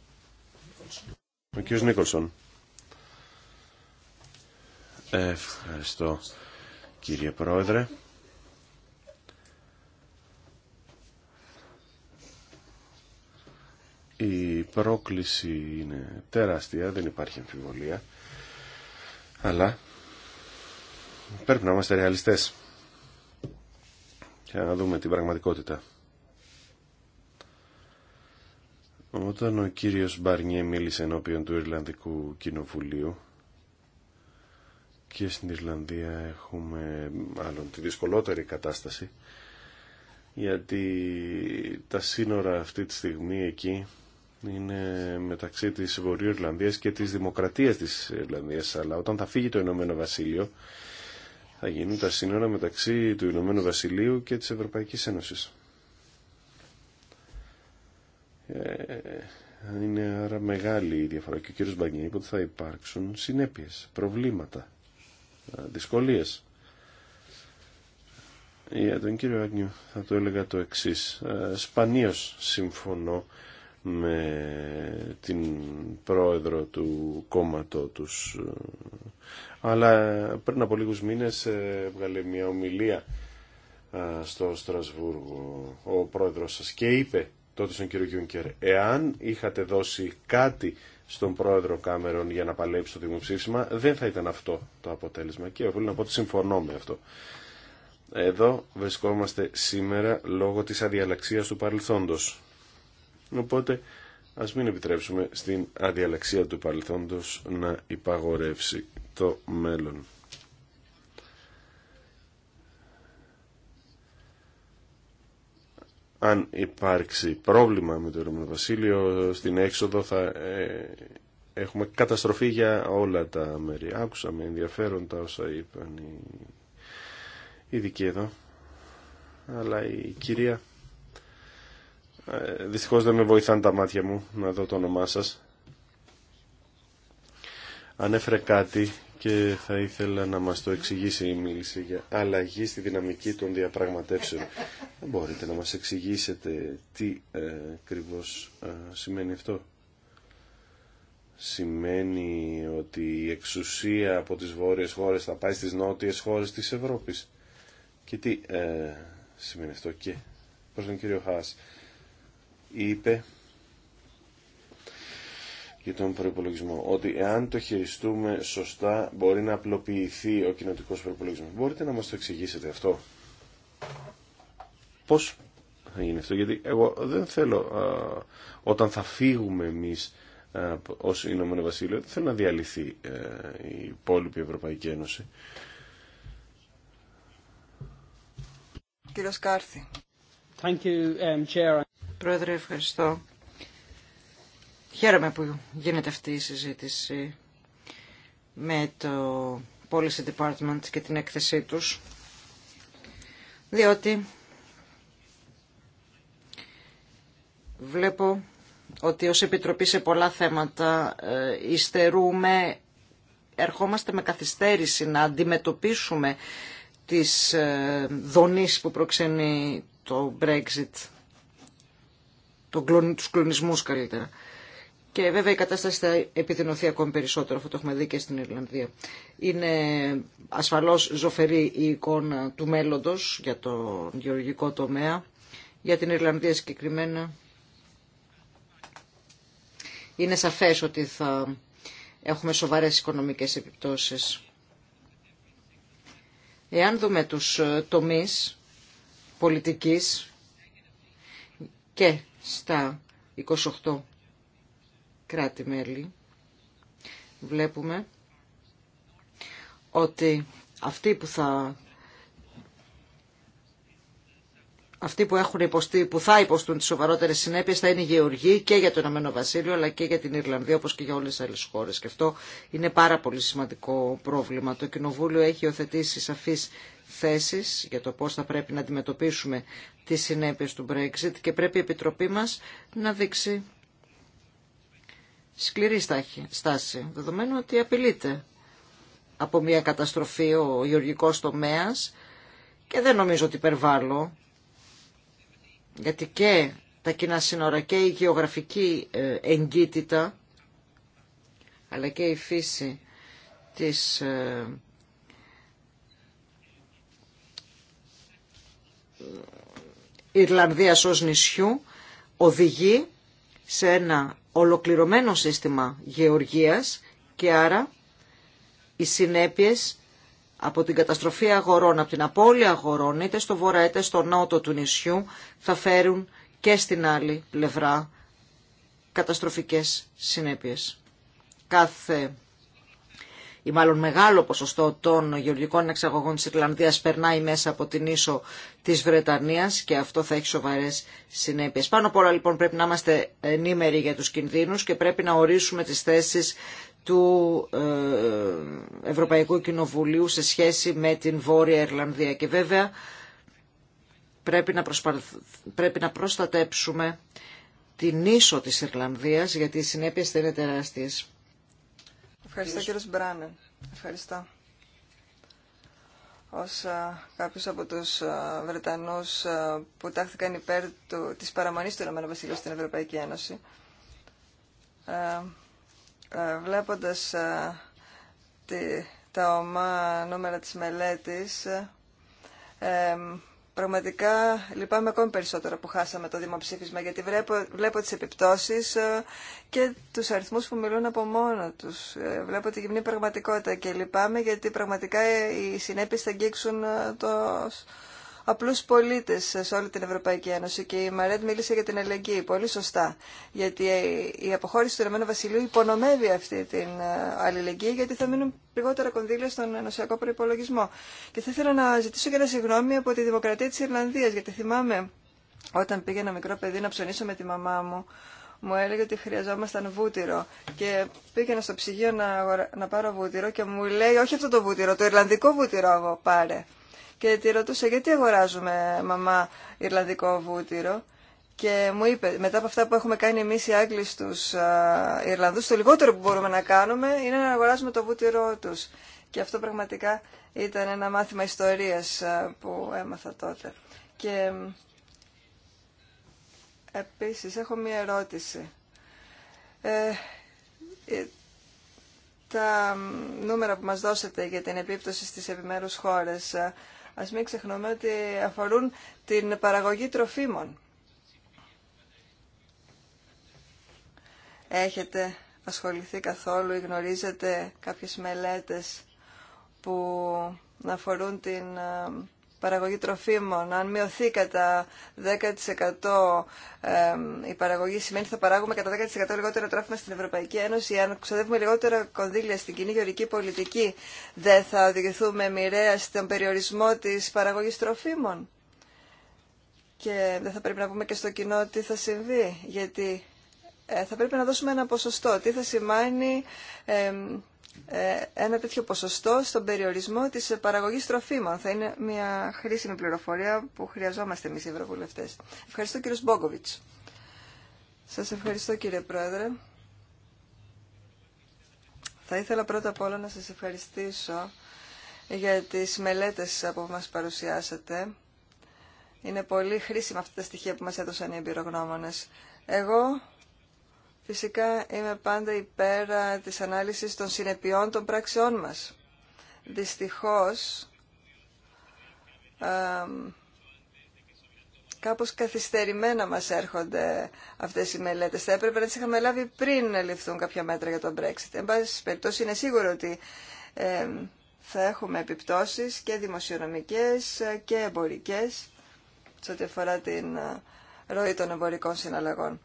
Ο κ. Νίκολσον. Ευχαριστώ κύριε Πρόεδρε. Η πρόκληση είναι τεράστια, δεν υπάρχει αμφιβολία. Αλλά πρέπει να είμαστε ρεαλιστές και να δούμε την πραγματικότητα. Όταν ο κύριος Μπαρνιέ μίλησε ενώπιον του Ιρλανδικού Κοινοβουλίου και στην Ιρλανδία έχουμε μάλλον τη δυσκολότερη κατάσταση γιατί τα σύνορα αυτή τη στιγμή εκεί είναι μεταξύ της Βορείου Ιρλανδίας και της Δημοκρατίας της Ιρλανδίας αλλά όταν θα φύγει το Ηνωμένο Βασίλειο θα γίνουν τα σύνορα μεταξύ του Ηνωμένου Βασιλείου και της Ευρωπαϊκής Ένωσης. Ε, είναι άρα μεγάλη η διαφορά και ο κύριος Μπαγκίνη ότι θα υπάρξουν συνέπειες, προβλήματα. Ε, δυσκολίες. Για ε, τον κύριο Άγνιου θα το έλεγα το εξής. Ε, σπανίως συμφωνώ με την πρόεδρο του κόμματο τους. Αλλά πριν από λίγους μήνες έβγαλε μια ομιλία στο Στρασβούργο ο πρόεδρος σας και είπε τότε στον κύριο Γιούνκερ εάν είχατε δώσει κάτι στον πρόεδρο Κάμερον για να παλέψει το δημοψήφισμα, δεν θα ήταν αυτό το αποτέλεσμα. Και οφείλω να πω ότι συμφωνώ με αυτό. Εδώ βρισκόμαστε σήμερα λόγω της αδιαλαξίας του παρελθόντος. Οπότε ας μην επιτρέψουμε στην αδιαλαξία του παρελθόντος να υπαγορεύσει το μέλλον. αν υπάρξει πρόβλημα με το Ρωμανό στην έξοδο θα ε, έχουμε καταστροφή για όλα τα μέρη. Άκουσα με ενδιαφέρον όσα είπαν οι ειδικοί εδώ. Αλλά η κυρία... Ε, δυστυχώς δεν με βοηθάνε τα μάτια μου να δω το όνομά σας. Ανέφερε κάτι και θα ήθελα να μας το εξηγήσει η μίληση για αλλαγή στη δυναμική των διαπραγματεύσεων. Μπορείτε να μας εξηγήσετε τι ε, ακριβώ ε, σημαίνει αυτό. Σημαίνει ότι η εξουσία από τις βόρειες χώρες θα πάει στις νότιες χώρες της Ευρώπης. Και τι ε, σημαίνει αυτό και προς τον κύριο Χάς είπε για τον προπολογισμό. Ότι εάν το χειριστούμε σωστά μπορεί να απλοποιηθεί ο κοινοτικό προπολογισμό. Μπορείτε να μα το εξηγήσετε αυτό. Πώ θα γίνει αυτό, γιατί εγώ δεν θέλω όταν θα φύγουμε εμεί ω Ηνωμένο Βασίλειο, δεν θέλω να διαλυθεί α, ε, η υπόλοιπη Ευρωπαϊκή Ένωση. Κύριο Σκάρθη. Thank you, um, Chair. Πρόεδρε, ευχαριστώ. Χαίρομαι που γίνεται αυτή η συζήτηση με το Policy Department και την έκθεσή τους, διότι βλέπω ότι ως Επιτροπή σε πολλά θέματα ε, υστερούμε, ερχόμαστε με καθυστέρηση να αντιμετωπίσουμε τις ε, δονήσεις που προξενεί το Brexit, το κλον, τους κλονισμούς καλύτερα. Και βέβαια η κατάσταση θα επιδεινωθεί ακόμη περισσότερο, αυτό το έχουμε δει και στην Ιρλανδία. Είναι ασφαλώς ζωφερή η εικόνα του μέλλοντος για το γεωργικό τομέα. Για την Ιρλανδία συγκεκριμένα είναι σαφές ότι θα έχουμε σοβαρές οικονομικές επιπτώσεις. Εάν δούμε τους ε, τομείς πολιτικής και στα 28 κράτη-μέλη βλέπουμε ότι αυτοί που θα αυτοί που, έχουν υποστεί, που θα υποστούν τις σοβαρότερες συνέπειες θα είναι γεωργοί και για το Ηνωμένο Βασίλειο αλλά και για την Ιρλανδία όπως και για όλες τις άλλες χώρες. Και αυτό είναι πάρα πολύ σημαντικό πρόβλημα. Το Κοινοβούλιο έχει υιοθετήσει σαφείς θέσεις για το πώς θα πρέπει να αντιμετωπίσουμε τις συνέπειες του Brexit και πρέπει η Επιτροπή μας να δείξει σκληρή στάση, δεδομένου ότι απειλείται από μια καταστροφή ο γεωργικός τομέας και δεν νομίζω ότι υπερβάλλω, γιατί και τα κοινά σύνορα και η γεωγραφική ε, εγκύτητα, αλλά και η φύση της ε, Ιρλανδίας ως νησιού οδηγεί σε ένα ολοκληρωμένο σύστημα γεωργίας και άρα οι συνέπειες από την καταστροφή αγορών, από την απώλεια αγορών, είτε στο βορρά είτε στο νότο του νησιού, θα φέρουν και στην άλλη πλευρά καταστροφικές συνέπειες. Κάθε ή μάλλον μεγάλο ποσοστό των γεωργικών εξαγωγών της Ιρλανδίας περνάει μέσα από την ίσο της Βρετανίας και αυτό θα έχει σοβαρές συνέπειες. Πάνω απ' όλα λοιπόν πρέπει να είμαστε ενήμεροι για τους κινδύνους και πρέπει να ορίσουμε τις θέσεις του ε, Ευρωπαϊκού Κοινοβουλίου σε σχέση με την Βόρεια Ιρλανδία. Και βέβαια πρέπει να, πρέπει να προστατέψουμε την ίσο της Ιρλανδίας γιατί οι συνέπειες θα είναι τεράστιες. Ευχαριστώ κύριος Μπράνεν. Ευχαριστώ. Ως κάποιος από τους Βρετανούς που τάχθηκαν υπέρ του, της παραμονής του Ηνωμένου Βασιλείου στην Ευρωπαϊκή Ένωση, ε, βλέποντας τη, τα ομά νούμερα της μελέτης, Πραγματικά λυπάμαι ακόμη περισσότερο που χάσαμε το δημοψήφισμα γιατί βλέπω, βλέπω τις επιπτώσεις ε, και τους αριθμούς που μιλούν από μόνο τους. Ε, βλέπω τη γυμνή πραγματικότητα και λυπάμαι γιατί πραγματικά ε, οι συνέπειες θα αγγίξουν το απλού πολίτε σε όλη την Ευρωπαϊκή Ένωση και η Μαρέτ μίλησε για την αλληλεγγύη, πολύ σωστά, γιατί η αποχώρηση του Ηνωμένου Βασιλείου υπονομεύει αυτή την ε, αλληλεγγύη γιατί θα μείνουν λιγότερα κονδύλια στον ενωσιακό προπολογισμό. Και θα ήθελα να ζητήσω και ένα συγγνώμη από τη Δημοκρατία τη Ιρλανδίας, γιατί θυμάμαι όταν πήγαινα μικρό παιδί να ψωνίσω με τη μαμά μου, μου έλεγε ότι χρειαζόμασταν βούτυρο και πήγαινα στο ψυγείο να, να πάρω βούτυρο και μου λέει όχι αυτό το βούτυρο, το Ιρλανδικό βούτυρο εγώ πάρε και τη ρωτούσα γιατί αγοράζουμε μαμά Ιρλανδικό βούτυρο και μου είπε μετά από αυτά που έχουμε κάνει εμείς οι Άγγλοι στους Ιρλανδούς το λιγότερο που μπορούμε να κάνουμε είναι να αγοράζουμε το βούτυρό τους και αυτό πραγματικά ήταν ένα μάθημα ιστορίας που έμαθα τότε και επίσης έχω μία ερώτηση ε, ε, τα νούμερα που μας δώσετε για την επίπτωση στις επιμέρους χώρες Ας μην ξεχνούμε ότι αφορούν την παραγωγή τροφίμων. Έχετε ασχοληθεί καθόλου ή γνωρίζετε κάποιες μελέτες που αφορούν την ε, παραγωγή τροφίμων, αν μειωθεί κατά 10% η παραγωγή, σημαίνει ότι θα παράγουμε κατά 10% λιγότερα τρόφιμα στην Ευρωπαϊκή Ένωση. Αν ξοδεύουμε λιγότερα κονδύλια στην κοινή γεωρική πολιτική, δεν θα οδηγηθούμε μοιραία στον περιορισμό της παραγωγής τροφίμων. Και δεν θα πρέπει να πούμε και στο κοινό τι θα συμβεί, γιατί ε, θα πρέπει να δώσουμε ένα ποσοστό. Τι θα σημαίνει ε, ένα τέτοιο ποσοστό στον περιορισμό της παραγωγής τροφίμων. Θα είναι μια χρήσιμη πληροφορία που χρειαζόμαστε εμείς οι Ευρωβουλευτές. Ευχαριστώ κύριο Μπόγκοβιτς. Σας ευχαριστώ κύριε Πρόεδρε. Θα ήθελα πρώτα απ' όλα να σας ευχαριστήσω για τις μελέτες που μας παρουσιάσατε. Είναι πολύ χρήσιμα αυτά τα στοιχεία που μας έδωσαν οι εμπειρογνώμονες. Εγώ Φυσικά είμαι πάντα υπέρ της ανάλυσης των συνεπειών των πράξεών μας. Δυστυχώς, κάπως καθυστερημένα μας έρχονται αυτές οι μελέτες. Θα έπρεπε να τις είχαμε λάβει πριν να ληφθούν κάποια μέτρα για τον Brexit. Εν πάση περιπτώσει είναι σίγουρο ότι θα έχουμε επιπτώσεις και δημοσιονομικές και εμπορικές σε ό,τι αφορά την ροή των εμπορικών συναλλαγών.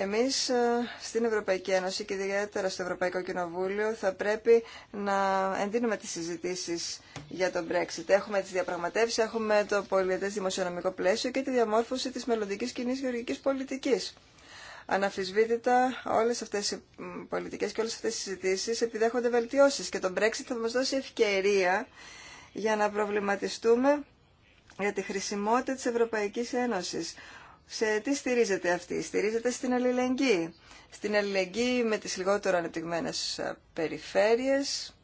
Εμείς ε, στην Ευρωπαϊκή Ένωση και ιδιαίτερα στο Ευρωπαϊκό Κοινοβούλιο θα πρέπει να εντείνουμε τις συζητήσεις για τον Brexit. Έχουμε τις διαπραγματεύσεις, έχουμε το πολιετές δημοσιονομικό πλαίσιο και τη διαμόρφωση της μελλοντική κοινή γεωργικής πολιτικής. Αναφυσβήτητα όλες αυτές οι πολιτικές και όλες αυτές οι συζητήσεις επιδέχονται βελτιώσεις και το Brexit θα μας δώσει ευκαιρία για να προβληματιστούμε για τη χρησιμότητα της Ευρωπαϊκής Ένωσης σε τι στηρίζεται αυτή. Στηρίζεται στην αλληλεγγύη. Στην αλληλεγγύη με τις λιγότερο ανεπτυγμένες περιφέρειες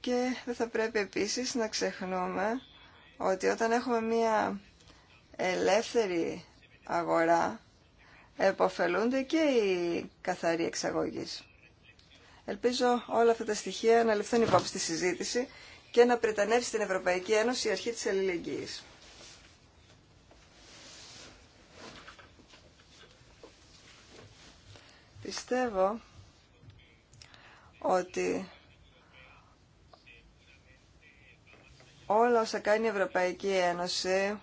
και δεν θα πρέπει επίσης να ξεχνούμε ότι όταν έχουμε μία ελεύθερη αγορά εποφελούνται και οι καθαροί εξαγωγείς. Ελπίζω όλα αυτά τα στοιχεία να ληφθούν υπόψη στη συζήτηση και να πρετανεύσει την Ευρωπαϊκή Ένωση η αρχή της αλληλεγγύης. Πιστεύω ότι όλα όσα κάνει η Ευρωπαϊκή Ένωση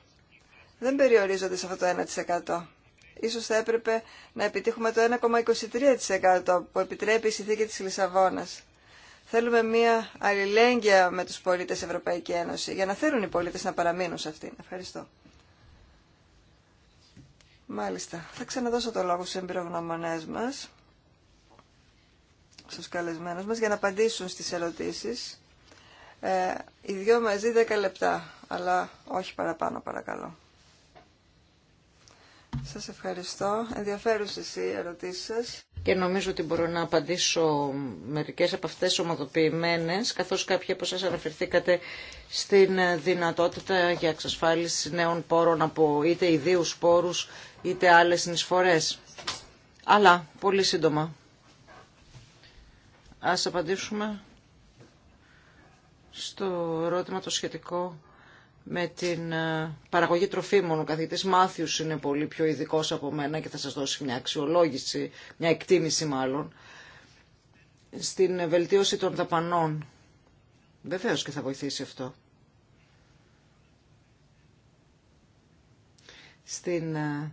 δεν περιορίζονται σε αυτό το 1%. Ίσως θα έπρεπε να επιτύχουμε το 1,23% που επιτρέπει η συνθήκη της Λισαβόνας. Θέλουμε μια αλληλέγγυα με τους πολίτες Ευρωπαϊκή Ένωση για να θέλουν οι πολίτες να παραμείνουν σε αυτήν. Ευχαριστώ. Μάλιστα. Θα ξαναδώσω το λόγο στους εμπειρογνωμονές μας, στους καλεσμένους μας, για να απαντήσουν στις ερωτήσεις. Ε, οι δυο μαζί 10 λεπτά, αλλά όχι παραπάνω παρακαλώ. Σας ευχαριστώ. Ενδιαφέρουσες οι ερωτήσεις σας και νομίζω ότι μπορώ να απαντήσω μερικές από αυτές ομαδοποιημένες, καθώς κάποιοι από σας αναφερθήκατε στην δυνατότητα για εξασφάλιση νέων πόρων από είτε ιδίου πόρους είτε άλλες συνεισφορές. Αλλά, πολύ σύντομα, ας απαντήσουμε στο ερώτημα το σχετικό με την ε, παραγωγή τροφίμων. Ο καθηγητή Μάθιου είναι πολύ πιο ειδικό από μένα και θα σα δώσει μια αξιολόγηση, μια εκτίμηση μάλλον, στην βελτίωση των δαπανών. Βεβαίω και θα βοηθήσει αυτό. Στην ε,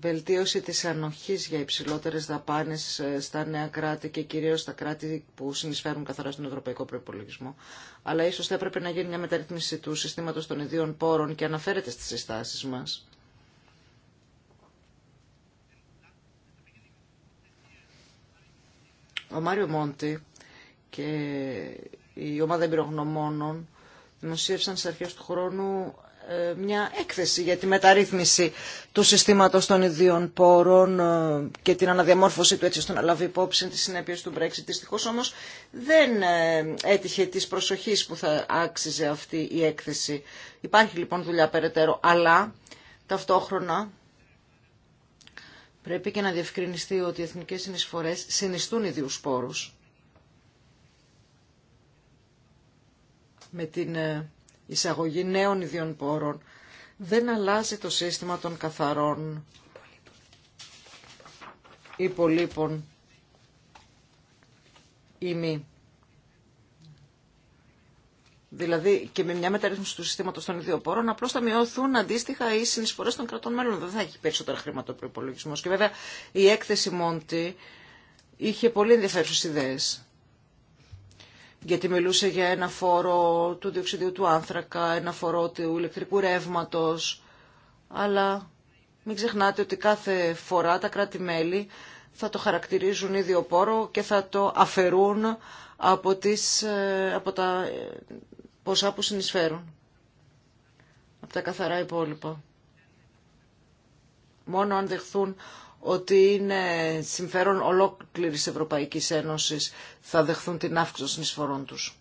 βελτίωση της ανοχής για υψηλότερες δαπάνες ε, στα νέα κράτη και κυρίως στα κράτη που συνεισφέρουν καθαρά στον ευρωπαϊκό προϋπολογισμό. Αλλά ίσως θα έπρεπε να γίνει μια μεταρρύθμιση του συστήματος των ιδίων πόρων και αναφέρεται στις συστάσεις μας. Ο Μάριο Μόντι και η ομάδα εμπειρογνωμόνων δημοσίευσαν σε αρχές του χρόνου ε, μια έκθεση για τη μεταρρύθμιση του συστήματος των ιδίων πόρων ε, και την αναδιαμόρφωσή του έτσι ώστε να λάβει υπόψη τις συνέπειες του Brexit. Δυστυχώς όμως δεν ε, έτυχε της προσοχής που θα άξιζε αυτή η έκθεση. Υπάρχει λοιπόν δουλειά περαιτέρω, αλλά ταυτόχρονα πρέπει και να διευκρινιστεί ότι οι εθνικές συνεισφορές συνιστούν ιδίους πόρους. Με την εισαγωγή νέων ιδιών πόρων, δεν αλλάζει το σύστημα των καθαρών υπολείπων ή μη. Δηλαδή και με μια μεταρρύθμιση του σύστηματος των ιδιοπόρων, απλώς θα μειωθούν αντίστοιχα οι συνεισφορές των κρατών μέλων. Δεν θα έχει περισσότερα χρήματα προπολογισμό. Και βέβαια η έκθεση Μόντι είχε πολύ ενδιαφέρουσες ιδέες γιατί μιλούσε για ένα φόρο του διοξιδίου του άνθρακα, ένα φόρο του ηλεκτρικού ρεύματος, αλλά μην ξεχνάτε ότι κάθε φορά τα κράτη-μέλη θα το χαρακτηρίζουν ίδιο πόρο και θα το αφαιρούν από, τις, ε, από τα ε, ποσά που συνεισφέρουν, από τα καθαρά υπόλοιπα μόνο αν δεχθούν ότι είναι συμφέρον ολόκληρης Ευρωπαϊκής Ένωσης θα δεχθούν την αύξηση των εισφορών τους.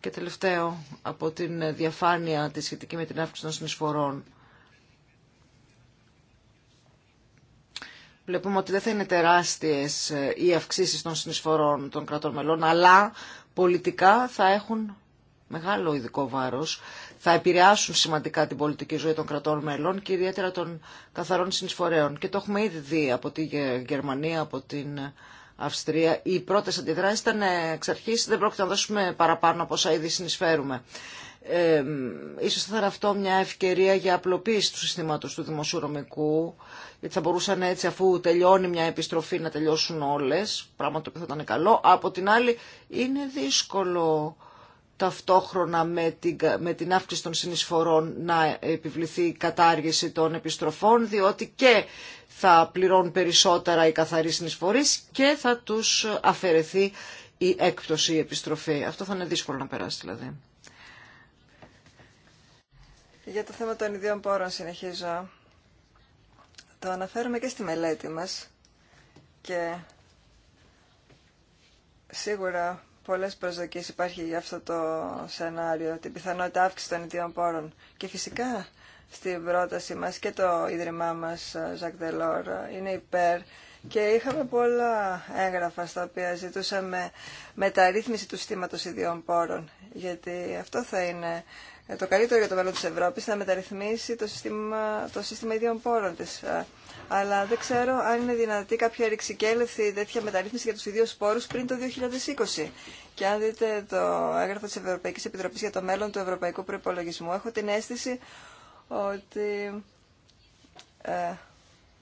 Και τελευταίο, από την διαφάνεια της σχετική με την αύξηση των συνεισφορών. Βλέπουμε ότι δεν θα είναι τεράστιες ε, οι αυξήσεις των συνεισφορών των κρατών μελών, αλλά πολιτικά θα έχουν μεγάλο ειδικό βάρος, θα επηρεάσουν σημαντικά την πολιτική ζωή των κρατών μελών και ιδιαίτερα των καθαρών συνεισφορέων. Και το έχουμε ήδη δει από τη Γερμανία, από την Αυστρία. Οι πρώτες αντιδράσεις ήταν ε, εξ αρχής, δεν πρόκειται να δώσουμε παραπάνω από όσα ήδη συνεισφέρουμε. Ε, ίσως θα ήταν αυτό μια ευκαιρία για απλοποίηση του συστήματος του δημοσιονομικού, γιατί θα μπορούσαν έτσι αφού τελειώνει μια επιστροφή να τελειώσουν όλες, πράγμα το οποίο θα ήταν καλό. Από την άλλη είναι δύσκολο ταυτόχρονα με την, με την αύξηση των συνεισφορών να επιβληθεί η κατάργηση των επιστροφών, διότι και θα πληρώνουν περισσότερα οι καθαροί συνεισφορείς και θα τους αφαιρεθεί η έκπτωση, η επιστροφή. Αυτό θα είναι δύσκολο να περάσει δηλαδή. Για το θέμα των ιδίων πόρων συνεχίζω. Το αναφέρουμε και στη μελέτη μας και σίγουρα πολλές προσδοκίες υπάρχει για αυτό το σενάριο, την πιθανότητα αύξηση των ιδιών πόρων. Και φυσικά στην πρόταση μας και το Ίδρυμά μας, Ζακ ε, Δελόρ, είναι υπέρ και είχαμε πολλά έγγραφα στα οποία ζητούσαμε μεταρρύθμιση του συστήματος ιδιών πόρων, γιατί αυτό θα είναι ε, το καλύτερο για το μέλλον της Ευρώπης, να μεταρρυθμίσει το σύστημα, το σύστημα ιδιών πόρων της ε, αλλά δεν ξέρω αν είναι δυνατή κάποια ρηξικέλευθη τέτοια μεταρρύθμιση για τους ιδίους σπόρους πριν το 2020. Και αν δείτε το έγγραφο τη Ευρωπαϊκή Επιτροπή για το μέλλον του Ευρωπαϊκού Προϋπολογισμού, έχω την αίσθηση ότι ε,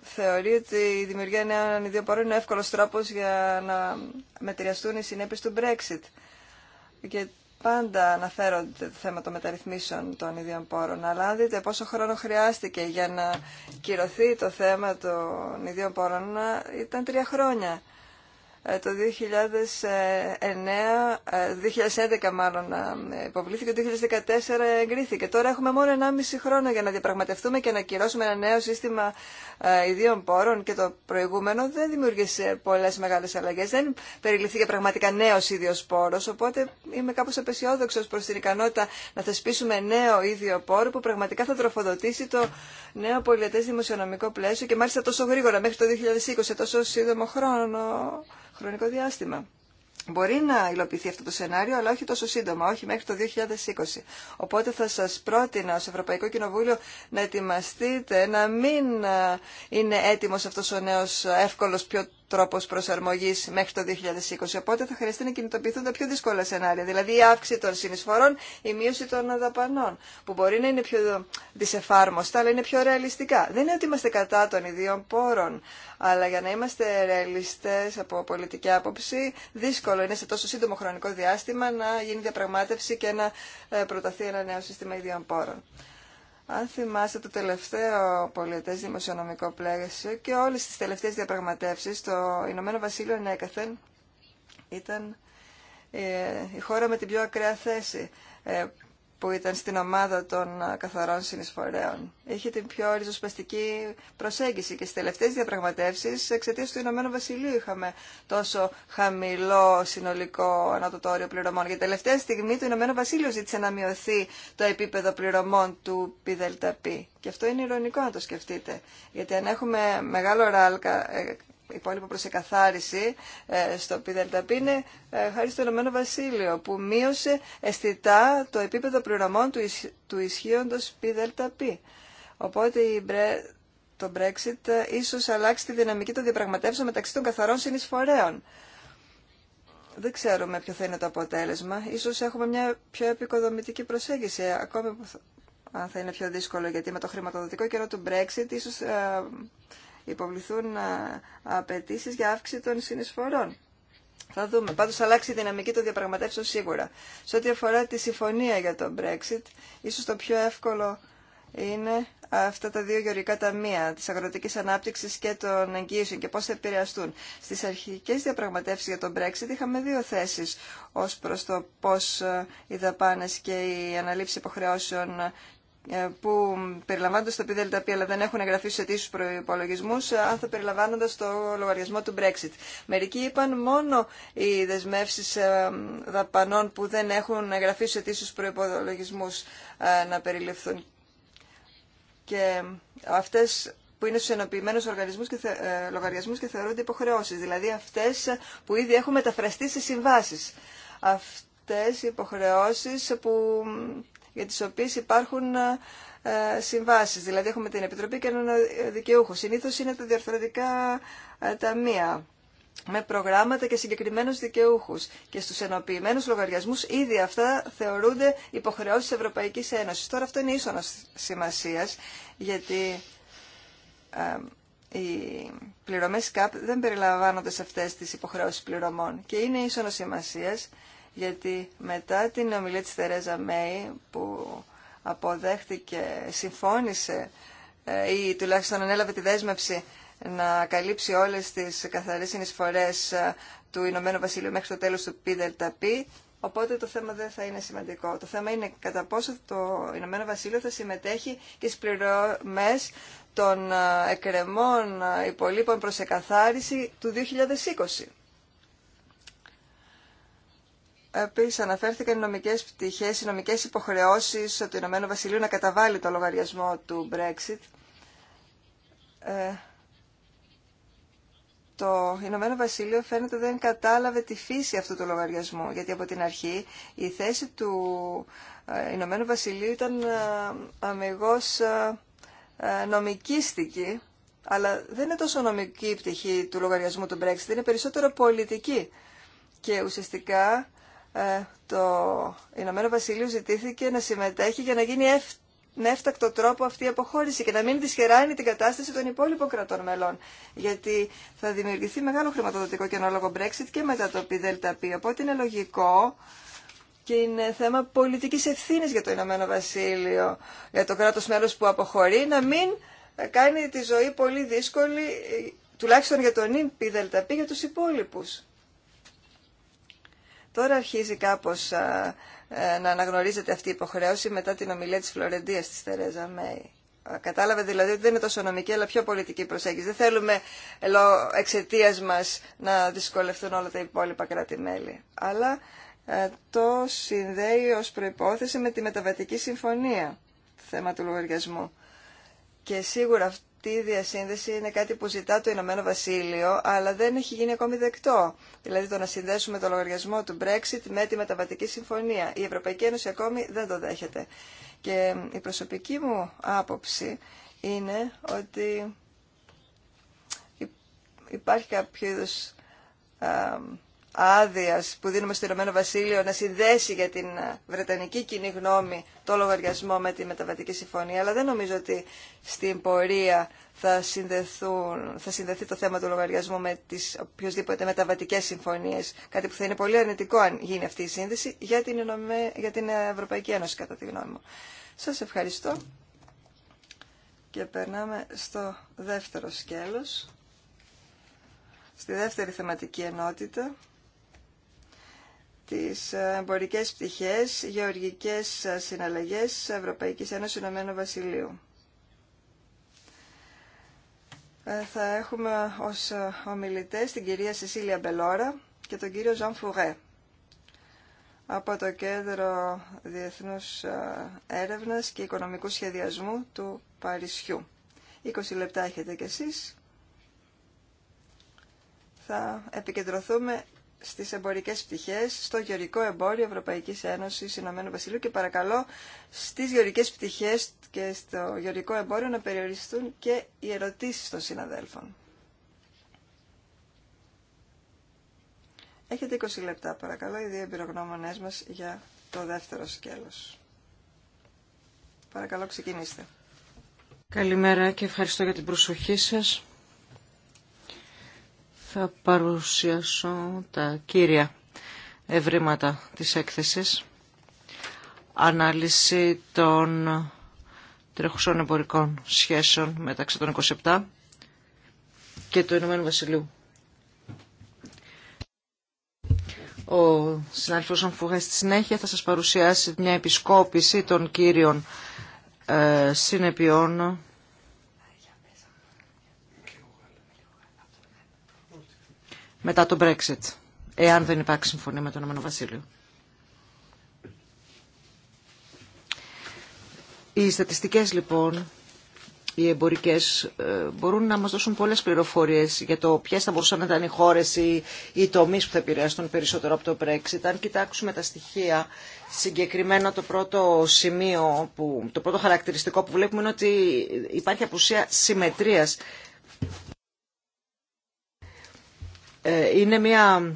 θεωρεί ότι η δημιουργία νέων πόρων είναι ο εύκολος τρόπος για να μετριαστούν οι συνέπειε του Brexit πάντα αναφέρονται το θέμα των μεταρρυθμίσεων των ίδιων πόρων, αλλά αν δείτε πόσο χρόνο χρειάστηκε για να κυρωθεί το θέμα των ίδιων πόρων, ήταν τρία χρόνια. Ε, το 2009, 2011 ε, μάλλον ε, υποβλήθηκε, το 2014 εγκρίθηκε. Τώρα έχουμε μόνο 1,5 χρόνο για να διαπραγματευτούμε και να κυρώσουμε ένα νέο σύστημα ιδίων πόρων και το προηγούμενο δεν δημιούργησε πολλές μεγάλες αλλαγές. Δεν περιληφθήκε πραγματικά νέος ίδιος πόρος, οπότε είμαι κάπως απεσιόδοξο προς την ικανότητα να θεσπίσουμε νέο ίδιο πόρο που πραγματικά θα τροφοδοτήσει το νέο πολιτές δημοσιονομικό πλαίσιο και μάλιστα τόσο γρήγορα μέχρι το 2020, τόσο σύντομο χρόνο χρονικό διάστημα. Μπορεί να υλοποιηθεί αυτό το σενάριο, αλλά όχι τόσο σύντομα, όχι μέχρι το 2020. Οπότε θα σας πρότεινα ως Ευρωπαϊκό Κοινοβούλιο να ετοιμαστείτε, να μην ε, είναι έτοιμος αυτός ο νέος εύκολος, πιο Τρόπο προσαρμογή μέχρι το 2020. Οπότε θα χρειαστεί να κινητοποιηθούν τα πιο δύσκολα σενάρια, δηλαδή η αύξηση των συνεισφορών, η μείωση των δαπανών, που μπορεί να είναι πιο δυσεφάρμοστα, αλλά είναι πιο ρεαλιστικά. Δεν είναι ότι είμαστε κατά των ιδίων πόρων, αλλά για να είμαστε ρεαλιστέ από πολιτική άποψη, δύσκολο είναι σε τόσο σύντομο χρονικό διάστημα να γίνει διαπραγμάτευση και να ε, προταθεί ένα νέο σύστημα ιδίων πόρων. Αν θυμάστε το τελευταίο πολιτέ δημοσιονομικό πλαίσιο και όλες τις τελευταίες διαπραγματεύσεις, το Ηνωμένο Βασίλειο ενέκαθεν ήταν ε, η χώρα με την πιο ακραία θέση ε, που ήταν στην ομάδα των καθαρών συνεισφορέων. Είχε την πιο ριζοσπαστική προσέγγιση και στις τελευταίες διαπραγματεύσεις εξαιτίας του Ηνωμένου Βασιλείου είχαμε τόσο χαμηλό συνολικό ανατοτόριο πληρωμών. Για τελευταία στιγμή το Ηνωμένο Βασίλειο ζήτησε να μειωθεί το επίπεδο πληρωμών του ΠΔΠ. Και αυτό είναι ηρωνικό να το σκεφτείτε. Γιατί αν έχουμε μεγάλο ράλκα ε, η προς εκαθάριση ε, στο ΠΔΕΛΤΑΠ είναι ε, χάρη στο Ηνωμένο Βασίλειο που μείωσε αισθητά το επίπεδο πληρωμών του, του ισχύοντος πι. Οπότε το Brexit ε, ίσως αλλάξει τη δυναμική των διαπραγματεύσεων μεταξύ των καθαρών συνεισφορέων. Δεν ξέρουμε ποιο θα είναι το αποτέλεσμα. Ίσως έχουμε μια πιο επικοδομητική προσέγγιση, ακόμη αν θα είναι πιο δύσκολο, γιατί με το χρηματοδοτικό καιρό του Brexit ίσως υποβληθούν ε, απαιτήσει για αύξηση των συνεισφορών. Θα δούμε. Πάντω αλλάξει η δυναμική των διαπραγματεύσεων σίγουρα. Σε ό,τι αφορά τη συμφωνία για το Brexit, ίσω το πιο εύκολο είναι αυτά τα δύο γεωρικά ταμεία τη αγροτική ανάπτυξη και των εγγύσεων και πώ θα επηρεαστούν. Στι αρχικέ διαπραγματεύσει για τον Brexit είχαμε δύο θέσει ω προ το πώ ε, οι δαπάνε και η αναλήψη υποχρεώσεων ε, που περιλαμβάνονται στο ΠΔΕΛΤΑΠ αλλά δεν έχουν εγγραφεί στου αιτήσου προπολογισμού, αν θα περιλαμβάνονται στο λογαριασμό του Brexit. Μερικοί είπαν μόνο οι δεσμεύσει ε, δαπανών που δεν έχουν εγγραφεί στου αιτήσου προπολογισμού ε, να περιληφθούν. Και αυτέ που είναι στου ενοποιημένου λογαριασμού και θεωρούνται υποχρεώσει. Δηλαδή αυτέ που ήδη έχουν μεταφραστεί σε συμβάσει. Αυτέ οι υποχρεώσει που για τις οποίες υπάρχουν ε, ε, συμβάσεις. Δηλαδή έχουμε την Επιτροπή και έναν ε, δικαιούχο. Συνήθως είναι τα διαρθρωτικά ταμεία με προγράμματα και συγκεκριμένους δικαιούχους. Και στους ενοποιημένους λογαριασμούς ήδη αυτά θεωρούνται υποχρεώσεις Ευρωπαϊκής Ένωσης. Τώρα αυτό είναι ίσονος σημασία, γιατί οι πληρωμές ΚΑΠ δεν περιλαμβάνονται σε αυτές τις υποχρεώσεις πληρωμών και είναι ίσονος σημασία γιατί μετά την ομιλία της Θερέζα Μέη που αποδέχτηκε, συμφώνησε ε, ή τουλάχιστον ανέλαβε τη δέσμευση να καλύψει όλες τις καθαρές συνεισφορές ε, του Ηνωμένου Βασιλείου μέχρι το τέλος του ΠΙΔΕΛΤΑΠΗ, οπότε το θέμα δεν θα είναι σημαντικό. Το θέμα είναι κατά πόσο το Ηνωμένο Βασίλειο θα συμμετέχει και στις πληρωμές των ε, εκκρεμών υπολείπων προς εκαθάριση του 2020. Επίση, αναφέρθηκαν οι νομικέ πτυχέ, οι νομικέ υποχρεώσει του Ηνωμένου Βασιλείου να καταβάλει το λογαριασμό του Brexit. Ε, το Ηνωμένο Βασίλειο φαίνεται δεν κατάλαβε τη φύση αυτού του λογαριασμού, γιατί από την αρχή η θέση του ε, Ηνωμένου Βασιλείου ήταν ε, αμυγός νομικίστικη, αλλά δεν είναι τόσο νομική η πτυχή του λογαριασμού του Brexit, είναι περισσότερο πολιτική. Και ουσιαστικά ε, το Ηνωμένο Βασίλειο ζητήθηκε να συμμετέχει για να γίνει με έφτακτο τρόπο αυτή η αποχώρηση και να μην δυσχεράνει την κατάσταση των υπόλοιπων κρατών μελών. Γιατί θα δημιουργηθεί μεγάλο χρηματοδοτικό κενό λόγω Brexit και μετά το ΠΔΠ. Οπότε είναι λογικό και είναι θέμα πολιτικής ευθύνης για το Ηνωμένο Βασίλειο, για το κράτος μέλος που αποχωρεί, να μην κάνει τη ζωή πολύ δύσκολη, ε, τουλάχιστον για τον ΙΝ ΠΔΠ, για τους υπόλοιπους. Τώρα αρχίζει κάπως ε, να αναγνωρίζεται αυτή η υποχρέωση μετά την ομιλία της Φλωρεντίας της Θερέζα Μέη. Κατάλαβε δηλαδή ότι δεν είναι τόσο νομική αλλά πιο πολιτική προσέγγιση. Δεν θέλουμε εξαιτία μα να δυσκολευτούν όλα τα υπόλοιπα κράτη-μέλη. Αλλά ε, το συνδέει ω προπόθεση με τη μεταβατική συμφωνία το θέμα του λογαριασμού. Και σίγουρα αυτή η διασύνδεση είναι κάτι που ζητά το Ηνωμένο Βασίλειο, αλλά δεν έχει γίνει ακόμη δεκτό. Δηλαδή το να συνδέσουμε το λογαριασμό του Brexit με τη μεταβατική συμφωνία. Η Ευρωπαϊκή Ένωση ακόμη δεν το δέχεται. Και η προσωπική μου άποψη είναι ότι υπάρχει κάποιο είδος άδεια που δίνουμε στο Ηνωμένο Βασίλειο να συνδέσει για την Βρετανική κοινή γνώμη το λογαριασμό με τη μεταβατική συμφωνία, αλλά δεν νομίζω ότι στην πορεία θα, συνδεθούν, θα συνδεθεί το θέμα του λογαριασμού με τι οποιοδήποτε μεταβατικέ συμφωνίε. Κάτι που θα είναι πολύ αρνητικό αν γίνει αυτή η σύνδεση για την, για την Ευρωπαϊκή Ένωση, κατά τη γνώμη μου. Σας ευχαριστώ. Και περνάμε στο δεύτερο σκέλος, στη δεύτερη θεματική ενότητα τις εμπορικές πτυχές, γεωργικές συναλλαγές Ευρωπαϊκής Ένωσης Ηνωμένου Βασιλείου. Ε, θα έχουμε ως ομιλητές την κυρία Σεσίλια Μπελόρα και τον κύριο Ζαν Φουγέ από το Κέντρο Διεθνούς ε, Έρευνας και Οικονομικού Σχεδιασμού του Παρισιού. 20 λεπτά έχετε κι εσείς. Θα επικεντρωθούμε στις εμπορικές πτυχές, στο γεωρικό εμπόριο Ευρωπαϊκής Ένωση Ηνωμένου Βασιλείου και παρακαλώ στις γεωρικές πτυχές και στο γεωρικό εμπόριο να περιοριστούν και οι ερωτήσεις των συναδέλφων. Έχετε 20 λεπτά παρακαλώ, οι δύο εμπειρογνώμονέ μας για το δεύτερο σκέλος. Παρακαλώ ξεκινήστε. Καλημέρα και ευχαριστώ για την προσοχή σας. Θα παρουσιάσω τα κύρια ευρήματα της έκθεσης. Ανάλυση των τρέχουσων εμπορικών σχέσεων μεταξύ των 27 και του Ηνωμένου Βασιλείου. Ο συνάδελφος Αμφουγάς στη συνέχεια θα σας παρουσιάσει μια επισκόπηση των κύριων ε, συνεπειών μετά το Brexit, εάν δεν υπάρχει συμφωνία με τον Ηνωμένο Βασίλειο. Οι στατιστικές λοιπόν, οι εμπορικές, ε, μπορούν να μας δώσουν πολλές πληροφορίες για το ποιες θα μπορούσαν να ήταν οι χώρες ή οι τομείς που θα επηρεαστούν περισσότερο από το Brexit. Αν κοιτάξουμε τα στοιχεία, συγκεκριμένα το πρώτο σημείο, που, το πρώτο χαρακτηριστικό που βλέπουμε είναι ότι υπάρχει απουσία συμμετρίας Ε, είναι μια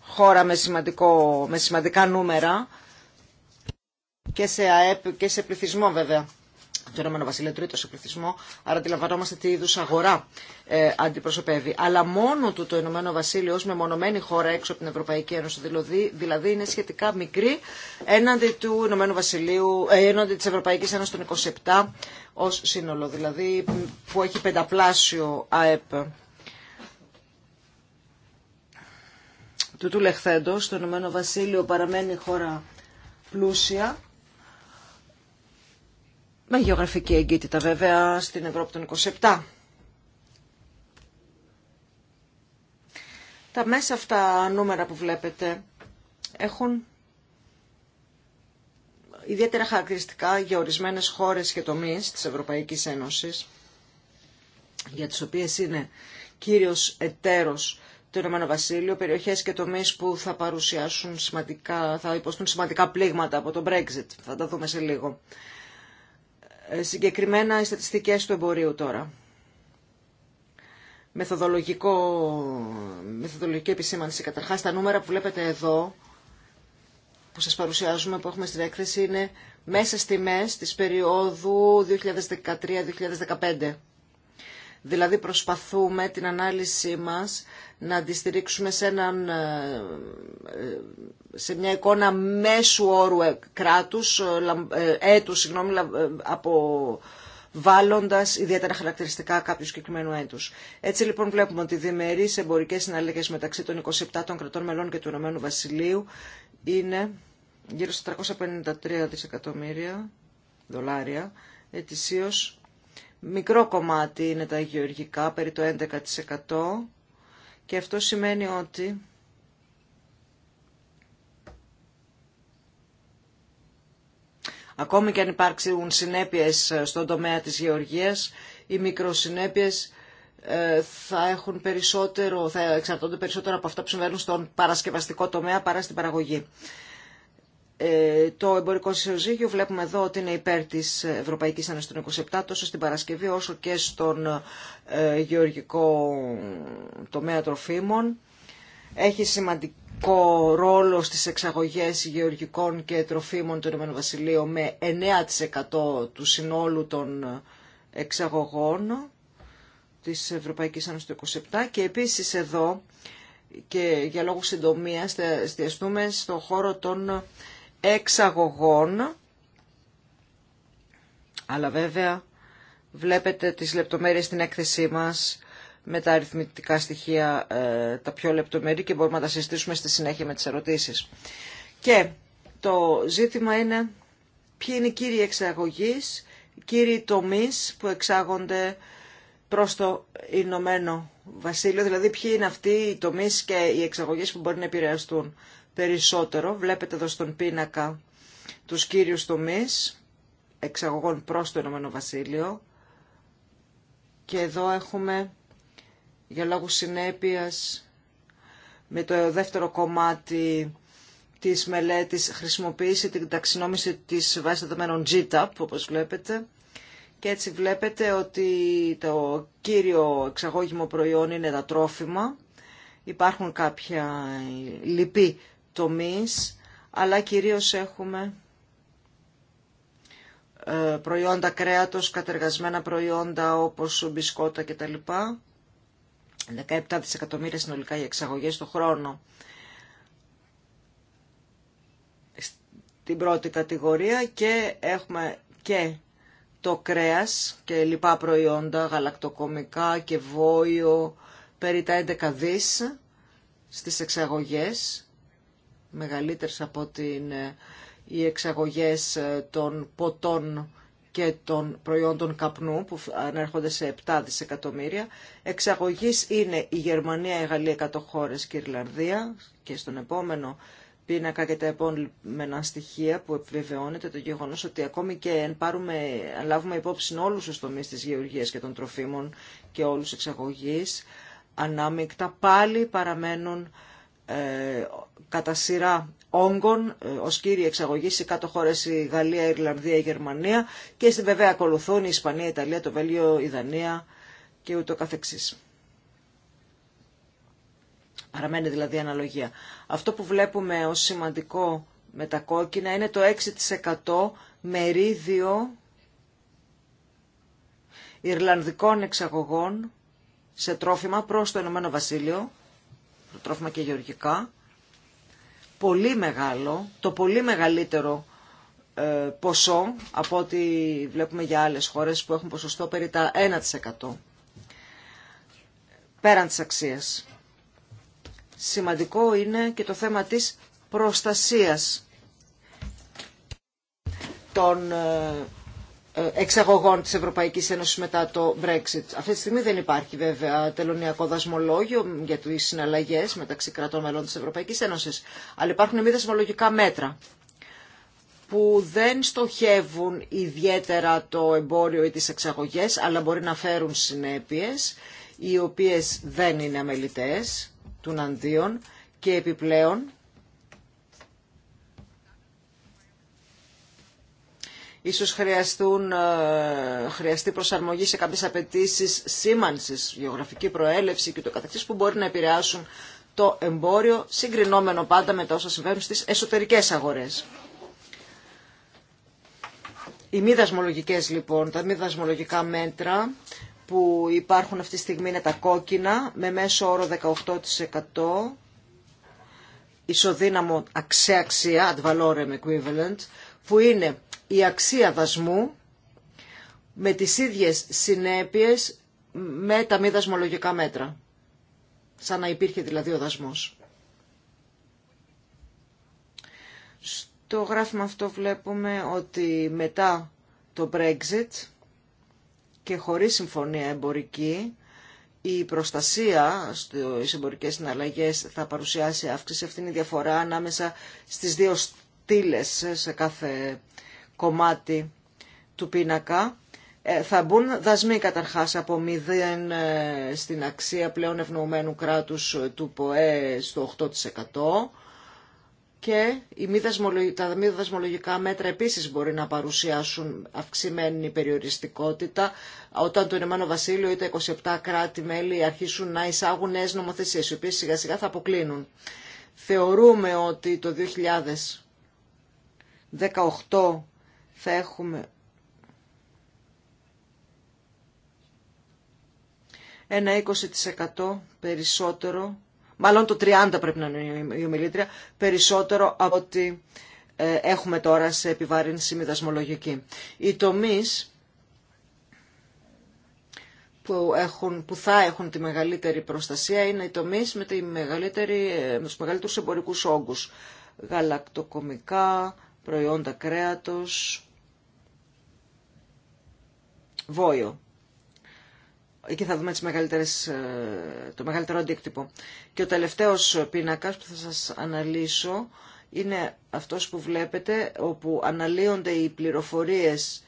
χώρα με, σημαντικό, με σημαντικά νούμερα και σε ΑΕΠ και σε πληθυσμό βέβαια το Ηνωμένο Βασίλειο τρίτο σε πληθυσμό, άρα αντιλαμβανόμαστε τι είδου αγορά ε, αντιπροσωπεύει. Αλλά μόνο του το Ηνωμένο Βασίλειο ω μεμονωμένη χώρα έξω από την Ευρωπαϊκή Ένωση, δηλαδή, δηλαδή είναι σχετικά μικρή έναντι του Ηνωμένου Βασιλείου, ε, έναντι τη Ευρωπαϊκή Ένωση των 27 ω σύνολο, δηλαδή που έχει πενταπλάσιο ΑΕΠ. Του του το Ηνωμένο Βασίλειο παραμένει χώρα πλούσια με γεωγραφική εγκύτητα βέβαια στην Ευρώπη των 27. Τα μέσα αυτά νούμερα που βλέπετε έχουν ιδιαίτερα χαρακτηριστικά για ορισμένες χώρες και τομείς της Ευρωπαϊκής Ένωσης, για τις οποίες είναι κύριος εταίρος το Ηνωμένο Βασίλειο, περιοχές και τομείς που θα παρουσιάσουν σημαντικά, θα υποστούν σημαντικά πλήγματα από το Brexit. Θα τα δούμε σε λίγο. Ε, συγκεκριμένα οι στατιστικές του εμπορίου τώρα. Μεθοδολογικό, μεθοδολογική επισήμανση. Καταρχάς τα νούμερα που βλέπετε εδώ, που σας παρουσιάζουμε, που έχουμε στην έκθεση, είναι μέσα τιμές της περίοδου 2013-2015. Δηλαδή προσπαθούμε την ανάλυση μας να τη σε, έναν, ε, ε, σε μια εικόνα μέσου όρου ε, κράτους, έτους, συγγνώμη, από ιδιαίτερα χαρακτηριστικά κάποιου συγκεκριμένου έτου. Έτσι λοιπόν βλέπουμε ότι διμερεί εμπορικέ συναλλαγέ μεταξύ των 27 των κρατών μελών και του Ηνωμένου Βασιλείου είναι γύρω στα 353 δισεκατομμύρια δολάρια ετησίως Μικρό κομμάτι είναι τα γεωργικά, περί το 11% και αυτό σημαίνει ότι ακόμη και αν υπάρξουν συνέπειες στον τομέα της γεωργίας, οι μικροσυνέπειες ε, θα, έχουν περισσότερο, θα εξαρτώνται περισσότερο από αυτά που συμβαίνουν στον παρασκευαστικό τομέα παρά στην παραγωγή. Ε, το εμπορικό συζύγιο βλέπουμε εδώ ότι είναι υπέρ της Ευρωπαϊκής Ένωσης των 27 τόσο στην Παρασκευή όσο και στον ε, γεωργικό τομέα τροφίμων. Έχει σημαντικό ρόλο στις εξαγωγές γεωργικών και τροφίμων του Ηνωμένου Βασιλείου με 9% του συνόλου των εξαγωγών της Ευρωπαϊκής Ένωσης 27 και επίσης εδώ και για λόγους συντομίας θα εστιαστούμε στο χώρο των εξαγωγών, αλλά βέβαια βλέπετε τις λεπτομέρειες στην έκθεσή μας με τα αριθμητικά στοιχεία ε, τα πιο λεπτομερή και μπορούμε να τα συζητήσουμε στη συνέχεια με τις ερωτήσεις. Και το ζήτημα είναι ποιοι είναι οι κύριοι εξαγωγείς, οι κύριοι τομείς που εξάγονται προς το Ηνωμένο Βασίλειο, δηλαδή ποιοι είναι αυτοί οι τομείς και οι εξαγωγές που μπορεί να επηρεαστούν περισσότερο. Βλέπετε εδώ στον πίνακα τους κύριους τομείς εξαγωγών προς το Ηνωμένο Βασίλειο και εδώ έχουμε για λόγους συνέπειας με το δεύτερο κομμάτι της μελέτης χρησιμοποίηση την ταξινόμηση της βάσης δεδομένων GTAP όπως βλέπετε και έτσι βλέπετε ότι το κύριο εξαγώγημο προϊόν είναι τα τρόφιμα. Υπάρχουν κάποια λυπή τομείς, αλλά κυρίως έχουμε ε, προϊόντα κρέατος, κατεργασμένα προϊόντα όπως μπισκότα κτλ. 17 δισεκατομμύρια συνολικά οι εξαγωγές το χρόνο. Στην πρώτη κατηγορία και έχουμε και το κρέας και λοιπά προϊόντα, γαλακτοκομικά και βόλιο περί τα 11 δις στις εξαγωγές μεγαλύτερες από την, ε, οι εξαγωγές ε, των ποτών και των προϊόντων καπνού που ανέρχονται σε 7 δισεκατομμύρια. Εξαγωγής είναι η Γερμανία, η Γαλλία, 100 χώρες και η Ιρλανδία και στον επόμενο πίνακα και τα επόμενα στοιχεία που επιβεβαιώνεται το γεγονός ότι ακόμη και αν πάρουμε, αν λάβουμε υπόψη όλους τους τομείς της γεωργίας και των τροφίμων και όλους εξαγωγής, ανάμεικτα πάλι παραμένουν ε, κατά σειρά όγκων ε, ω κύριοι εξαγωγή σε κάτω χώρε η Γαλλία, η Ιρλανδία, η Γερμανία και στην βέβαια ακολουθούν η Ισπανία, η Ιταλία, το Βέλγιο, η Δανία και ούτω καθεξής. Παραμένει δηλαδή αναλογία. Αυτό που βλέπουμε ως σημαντικό με τα κόκκινα είναι το 6% μερίδιο Ιρλανδικών εξαγωγών σε τρόφιμα προς το Ηνωμένο Βασίλειο το τρόφιμα και γεωργικά, πολύ μεγάλο, το πολύ μεγαλύτερο ε, ποσό από ό,τι βλέπουμε για άλλες χώρες που έχουν ποσοστό περί τα 1% πέραν της αξίας. Σημαντικό είναι και το θέμα της προστασίας των ε, ε, εξαγωγών της Ευρωπαϊκής Ένωσης μετά το Brexit. Αυτή τη στιγμή δεν υπάρχει βέβαια τελωνιακό δασμολόγιο για τις συναλλαγές μεταξύ κρατών μελών της Ευρωπαϊκής Ένωσης, αλλά υπάρχουν μη δασμολογικά μέτρα που δεν στοχεύουν ιδιαίτερα το εμπόριο ή τις εξαγωγές, αλλά μπορεί να φέρουν συνέπειες, οι οποίες δεν είναι αμελητές, αντίων και επιπλέον Ίσως χρειαστούν, ε, χρειαστεί προσαρμογή σε κάποιες απαιτήσει σήμανσης, γεωγραφική προέλευση και το καθεξής που μπορεί να επηρεάσουν το εμπόριο, συγκρινόμενο πάντα με τα όσα συμβαίνουν στις εσωτερικές αγορές. Οι μη δασμολογικές λοιπόν, τα μη δασμολογικά μέτρα που υπάρχουν αυτή τη στιγμή είναι τα κόκκινα με μέσο όρο 18% ισοδύναμο αξία-αξία, ad valorem equivalent, που είναι η αξία δασμού με τις ίδιες συνέπειες με τα μη δασμολογικά μέτρα. Σαν να υπήρχε δηλαδή ο δασμός. Στο γράφημα αυτό βλέπουμε ότι μετά το Brexit και χωρίς συμφωνία εμπορική η προστασία στις εμπορικές συναλλαγές θα παρουσιάσει αύξηση. Αυτή είναι η διαφορά ανάμεσα στις δύο στήλες σε κάθε κομμάτι του πίνακα. Ε, θα μπουν δασμοί καταρχάς από 0 ε, στην αξία πλέον ευνοωμένου κράτους ε, του ΠΟΕ στο 8% και τα μη δασμολογικά μέτρα επίσης μπορεί να παρουσιάσουν αυξημένη περιοριστικότητα όταν το Ηνωμένο Βασίλειο ή τα 27 κράτη-μέλη αρχίσουν να εισάγουν νέες νομοθεσίες, οι οποίες σιγά σιγά θα αποκλίνουν. Θεωρούμε ότι το 2018 θα έχουμε ένα 20% περισσότερο, μάλλον το 30% πρέπει να είναι η ομιλήτρια, περισσότερο από ότι ε, έχουμε τώρα σε επιβάρυνση με δασμολογική. Οι τομείς που, που θα έχουν τη μεγαλύτερη προστασία είναι οι τομείς με, τη μεγαλύτερη, ε, με τους μεγαλύτερους εμπορικούς όγκους. Γαλακτοκομικά, προϊόντα κρέατος, βόιο, Εκεί θα δούμε τις μεγαλύτερες, ε, το μεγαλύτερο αντίκτυπο. Και ο τελευταίος πίνακας που θα σας αναλύσω είναι αυτός που βλέπετε, όπου αναλύονται οι πληροφορίες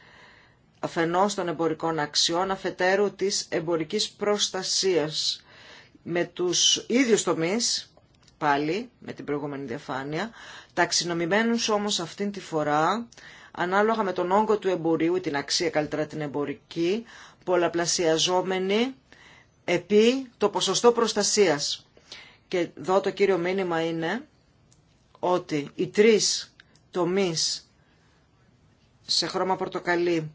αφενός των εμπορικών αξιών, αφετέρου της εμπορικής προστασίας με τους ίδιους τομείς, πάλι με την προηγούμενη διαφάνεια, ταξινομημένου όμως αυτή τη φορά ανάλογα με τον όγκο του εμπορίου, την αξία καλύτερα την εμπορική, πολλαπλασιαζόμενη επί το ποσοστό προστασίας. Και εδώ το κύριο μήνυμα είναι ότι οι τρεις τομείς σε χρώμα πορτοκαλί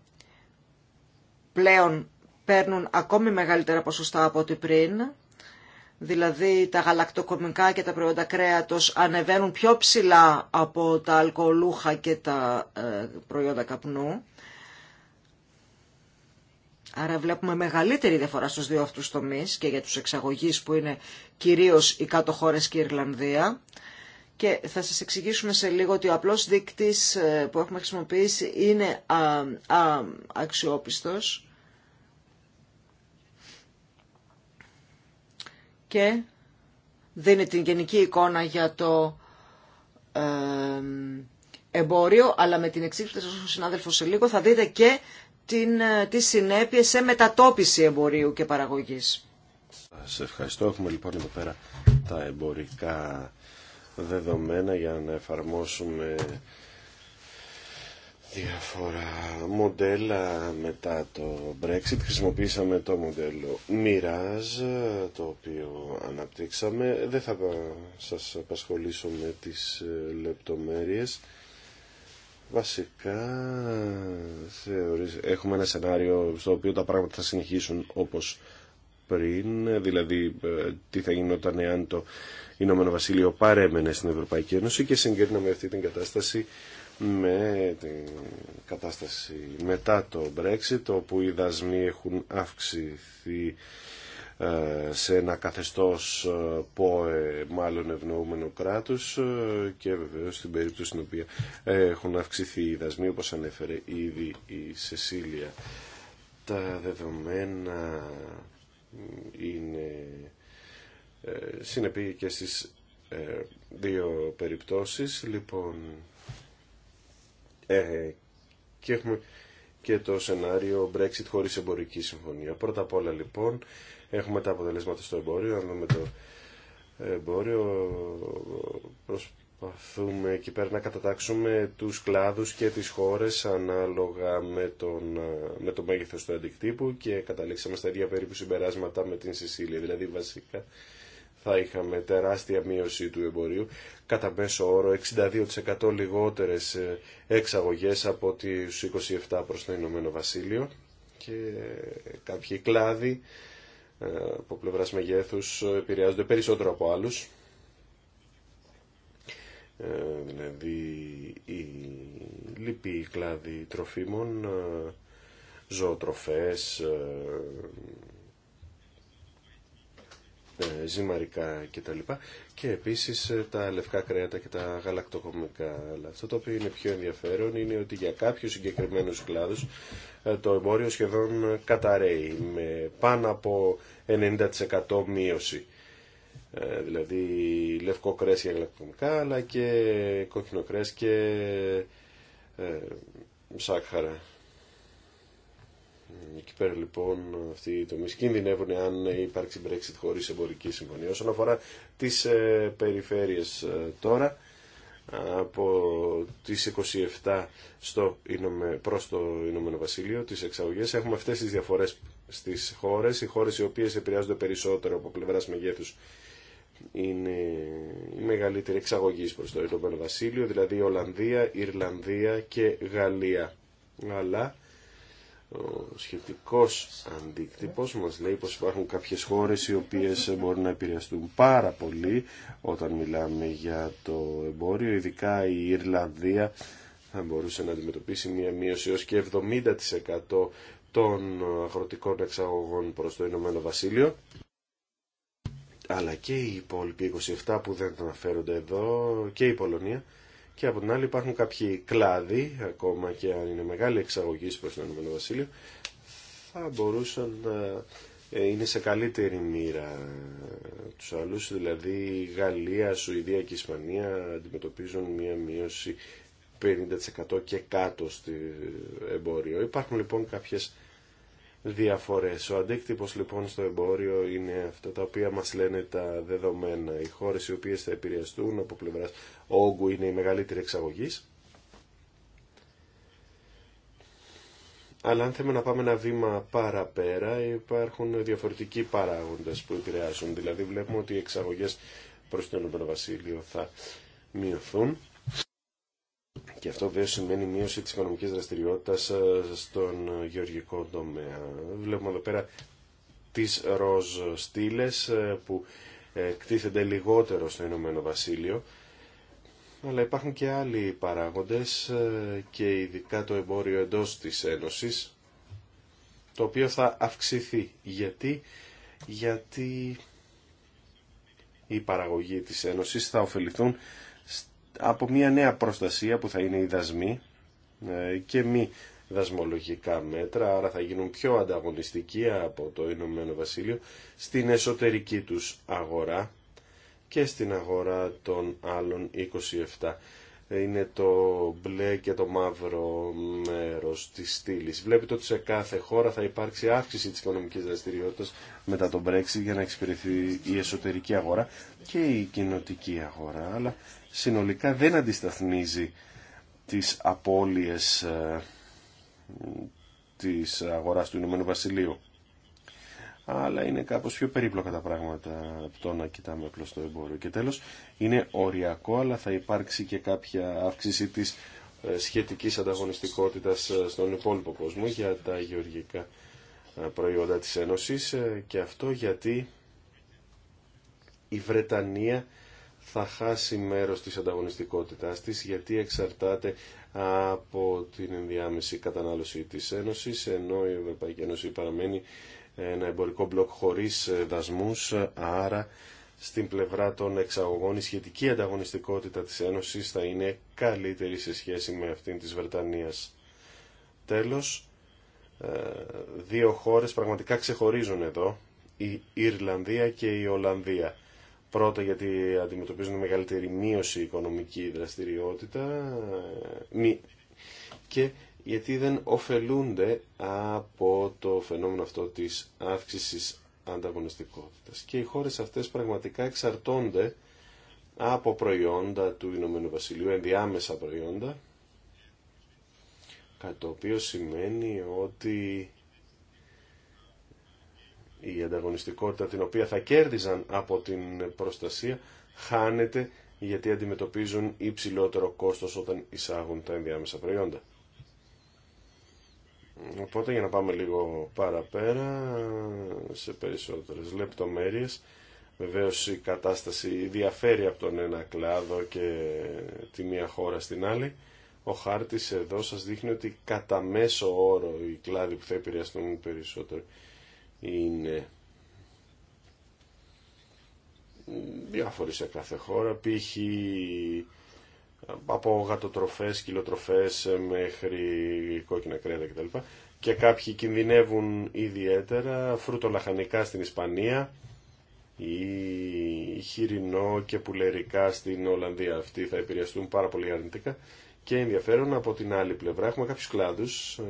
πλέον παίρνουν ακόμη μεγαλύτερα ποσοστά από ό,τι πριν δηλαδή τα γαλακτοκομικά και τα προϊόντα κρέατος ανεβαίνουν πιο ψηλά από τα αλκοολούχα και τα ε, προϊόντα καπνού. Άρα βλέπουμε μεγαλύτερη διαφορά στους δύο αυτούς τομείς και για τους εξαγωγείς που είναι κυρίως οι κάτω χώρες και η Ιρλανδία. Και θα σας εξηγήσουμε σε λίγο ότι ο απλός δείκτης ε, που έχουμε χρησιμοποιήσει είναι α, αξιόπιστος και δίνει την γενική εικόνα για το ε, εμπόριο, αλλά με την εξήγηση που ο συνάδελφος σε λίγο θα δείτε και την, ε, τη συνέπειες σε μετατόπιση εμπορίου και παραγωγής. Σας ευχαριστώ. Έχουμε λοιπόν εδώ πέρα τα εμπορικά δεδομένα για να εφαρμόσουμε διάφορα μοντέλα μετά το Brexit. Χρησιμοποίησαμε το μοντέλο Mirage, το οποίο αναπτύξαμε. Δεν θα σας απασχολήσω με τις ε, λεπτομέρειες. Βασικά έχουμε ένα σενάριο στο οποίο τα πράγματα θα συνεχίσουν όπως πριν, δηλαδή ε, τι θα γινόταν εάν το Ηνωμένο Βασίλειο παρέμενε στην Ευρωπαϊκή Ένωση και συγκέρναμε αυτή την κατάσταση με την κατάσταση μετά το Brexit όπου οι δασμοί έχουν αυξηθεί ε, σε ένα καθεστώς ε, ΠΟΕ μάλλον ευνοούμενο κράτους ε, και βεβαίως στην περίπτωση στην οποία έχουν αυξηθεί οι δασμοί όπως ανέφερε ήδη η Σεσίλια. Τα δεδομένα είναι συνεπή και στις δύο περιπτώσεις. Λοιπόν, ε, και έχουμε και το σενάριο Brexit χωρίς εμπορική συμφωνία. Πρώτα απ' όλα λοιπόν έχουμε τα αποτελέσματα στο εμπόριο, αν δούμε το εμπόριο προσπαθούμε εκεί πέρα να κατατάξουμε τους κλάδους και τις χώρες ανάλογα με, τον, με το μέγεθος του αντικτύπου και καταλήξαμε στα ίδια περίπου συμπεράσματα με την Σicilία, δηλαδή βασικά θα είχαμε τεράστια μείωση του εμπορίου, κατά μέσο όρο 62% λιγότερες ε, εξαγωγές από τις 27 προς το Ηνωμένο Βασίλειο και κάποιοι κλάδοι ε, από πλευρά μεγέθου επηρεάζονται περισσότερο από άλλους. Ε, δηλαδή οι λυπή κλάδοι τροφίμων, ζωοτροφές, ε, ζυμαρικά κτλ. Και επίσης ε, τα λευκά κρέατα και τα γαλακτοκομικά. Αλλά αυτό το οποίο είναι πιο ενδιαφέρον είναι ότι για κάποιους συγκεκριμένους κλάδους ε, το εμπόριο σχεδόν καταραίει με πάνω από 90% μείωση. Δηλαδή λευκό κρέας και γαλακτοκομικά αλλά και κόκκινο κρέας και σάκχαρα Εκεί πέρα λοιπόν αυτοί οι τομείς κινδυνεύουν αν υπάρξει Brexit χωρίς εμπορική συμφωνία. Όσον αφορά τις ε, περιφέρειες ε, τώρα, από τις 27 στο, προς το Ηνωμένο Βασίλειο, τις εξαγωγές, έχουμε αυτές τις διαφορές στις χώρες. Οι χώρες οι οποίες επηρεάζονται περισσότερο από πλευράς μεγέθους είναι η μεγαλύτερη εξαγωγή προς το Ηνωμένο Βασίλειο, δηλαδή Ολλανδία, Ιρλανδία και Γαλλία. Αλλά ο σχετικός αντίκτυπος μας λέει πως υπάρχουν κάποιες χώρες οι οποίες μπορούν να επηρεαστούν πάρα πολύ όταν μιλάμε για το εμπόριο, ειδικά η Ιρλανδία θα μπορούσε να αντιμετωπίσει μια μείωση ως και 70% των αγροτικών εξαγωγών προς το Ηνωμένο Βασίλειο αλλά και οι υπόλοιποι 27 που δεν αναφέρονται εδώ και η Πολωνία και από την άλλη υπάρχουν κάποιοι κλάδοι, ακόμα και αν είναι μεγάλη εξαγωγή προ το Ηνωμένο Βασίλειο, θα μπορούσαν να ε, είναι σε καλύτερη μοίρα τους άλλους, δηλαδή Γαλλία, Σουηδία και Ισπανία αντιμετωπίζουν μία μείωση 50% και κάτω στο εμπόριο. Υπάρχουν λοιπόν κάποιες διαφορές. Ο αντίκτυπος λοιπόν στο εμπόριο είναι αυτά τα οποία μας λένε τα δεδομένα. Οι χώρες οι οποίες θα επηρεαστούν από πλευράς όγκου είναι η μεγαλύτερη εξαγωγή, Αλλά αν θέλουμε να πάμε ένα βήμα παραπέρα υπάρχουν διαφορετικοί παράγοντες που επηρεάζουν. Δηλαδή βλέπουμε ότι οι εξαγωγές προς το Βασίλειο θα μειωθούν και αυτό βέβαια σημαίνει μείωση της οικονομικής δραστηριότητας ε, στον γεωργικό τομέα. Βλέπουμε εδώ πέρα τις ροζ στήλες ε, που ε, κτίθενται λιγότερο στο Ηνωμένο Βασίλειο. Αλλά υπάρχουν και άλλοι παράγοντες και ειδικά το εμπόριο εντός της Ένωσης το οποίο θα αυξηθεί. Γιατί, γιατί η παραγωγή της Ένωσης θα ωφεληθούν από μια νέα προστασία που θα είναι οι δασμοί ε, και μη δασμολογικά μέτρα, άρα θα γίνουν πιο ανταγωνιστικοί από το Ηνωμένο Βασίλειο στην εσωτερική τους αγορά και στην αγορά των άλλων 27. Είναι το μπλε και το μαύρο μέρος της στήλη. Βλέπετε ότι σε κάθε χώρα θα υπάρξει αύξηση της οικονομικής δραστηριότητας μετά τον Brexit για να εξυπηρεθεί η εσωτερική αγορά και η κοινοτική αγορά, αλλά συνολικά δεν αντισταθμίζει τις απώλειες ε, της αγοράς του Ηνωμένου Βασιλείου. Αλλά είναι κάπως πιο περίπλοκα τα πράγματα από το να κοιτάμε απλώ το εμπόριο. Και τέλος, είναι οριακό, αλλά θα υπάρξει και κάποια αύξηση της ε, σχετικής ανταγωνιστικότητας ε, στον υπόλοιπο κόσμο για τα γεωργικά προϊόντα της Ένωσης και αυτό γιατί η Βρετανία θα χάσει μέρος της ανταγωνιστικότητάς της γιατί εξαρτάται από την ενδιάμεση κατανάλωση της Ένωσης ενώ η Ευρωπαϊκή Ένωση παραμένει ένα εμπορικό μπλοκ χωρίς δασμούς άρα στην πλευρά των εξαγωγών η σχετική ανταγωνιστικότητα της Ένωσης θα είναι καλύτερη σε σχέση με αυτήν της Βρετανίας. Τέλος, ε, δύο χώρες πραγματικά ξεχωρίζουν εδώ, η Ιρλανδία και η Ολλανδία. Πρώτα γιατί αντιμετωπίζουν μεγαλύτερη μείωση οικονομική δραστηριότητα ε, και γιατί δεν ωφελούνται από το φαινόμενο αυτό της αύξησης ανταγωνιστικότητας. Και οι χώρες αυτές πραγματικά εξαρτώνται από προϊόντα του Ηνωμένου Βασιλείου, ενδιάμεσα προϊόντα, κατά το οποίο σημαίνει ότι η ανταγωνιστικότητα την οποία θα κέρδιζαν από την προστασία χάνεται γιατί αντιμετωπίζουν υψηλότερο κόστος όταν εισάγουν τα ενδιάμεσα προϊόντα. Οπότε για να πάμε λίγο παραπέρα σε περισσότερες λεπτομέρειες βεβαίως η κατάσταση διαφέρει από τον ένα κλάδο και τη μία χώρα στην άλλη ο χάρτης εδώ σας δείχνει ότι κατά μέσο όρο οι κλάδοι που θα επηρεαστούν περισσότερο είναι διάφοροι σε κάθε χώρα, π.χ. από γατοτροφές, κιλοτροφές μέχρι κόκκινα κρέατα κτλ. Και κάποιοι κινδυνεύουν ιδιαίτερα, φρούτο-λαχανικά στην Ισπανία ή χοιρινό και πουλερικά στην Ολλανδία. Αυτοί θα επηρεαστούν πάρα πολύ αρνητικά και ενδιαφέρον από την άλλη πλευρά έχουμε κάποιους κλάδους, ε,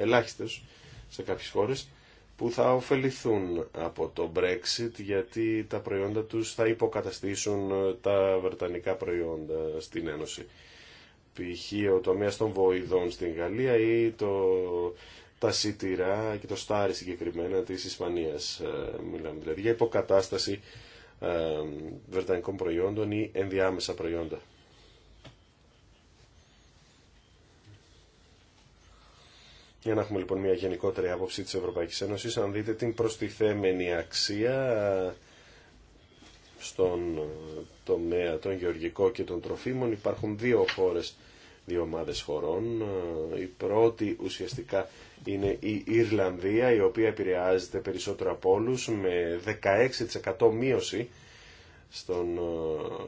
ελάχιστες σε κάποιες χώρες, που θα ωφεληθούν από το Brexit γιατί τα προϊόντα τους θα υποκαταστήσουν ε, τα βρετανικά προϊόντα στην Ένωση. Π.χ. ο τομέα των βοηδών στην Γαλλία ή το, τα σιτηρά και το στάρι συγκεκριμένα της Ισπανίας. Ε, μιλάμε δηλαδή για υποκατάσταση ε, βρετανικών προϊόντων ή ενδιάμεσα προϊόντα. Για να έχουμε λοιπόν μια γενικότερη άποψη της Ευρωπαϊκής Ένωσης, αν δείτε την προστιθέμενη αξία στον τομέα των γεωργικό και των τροφίμων υπάρχουν δύο χώρες, δύο ομάδες χωρών. Η πρώτη ουσιαστικά είναι η Ιρλανδία, η οποία επηρεάζεται περισσότερο από όλους με 16% μείωση στον ε,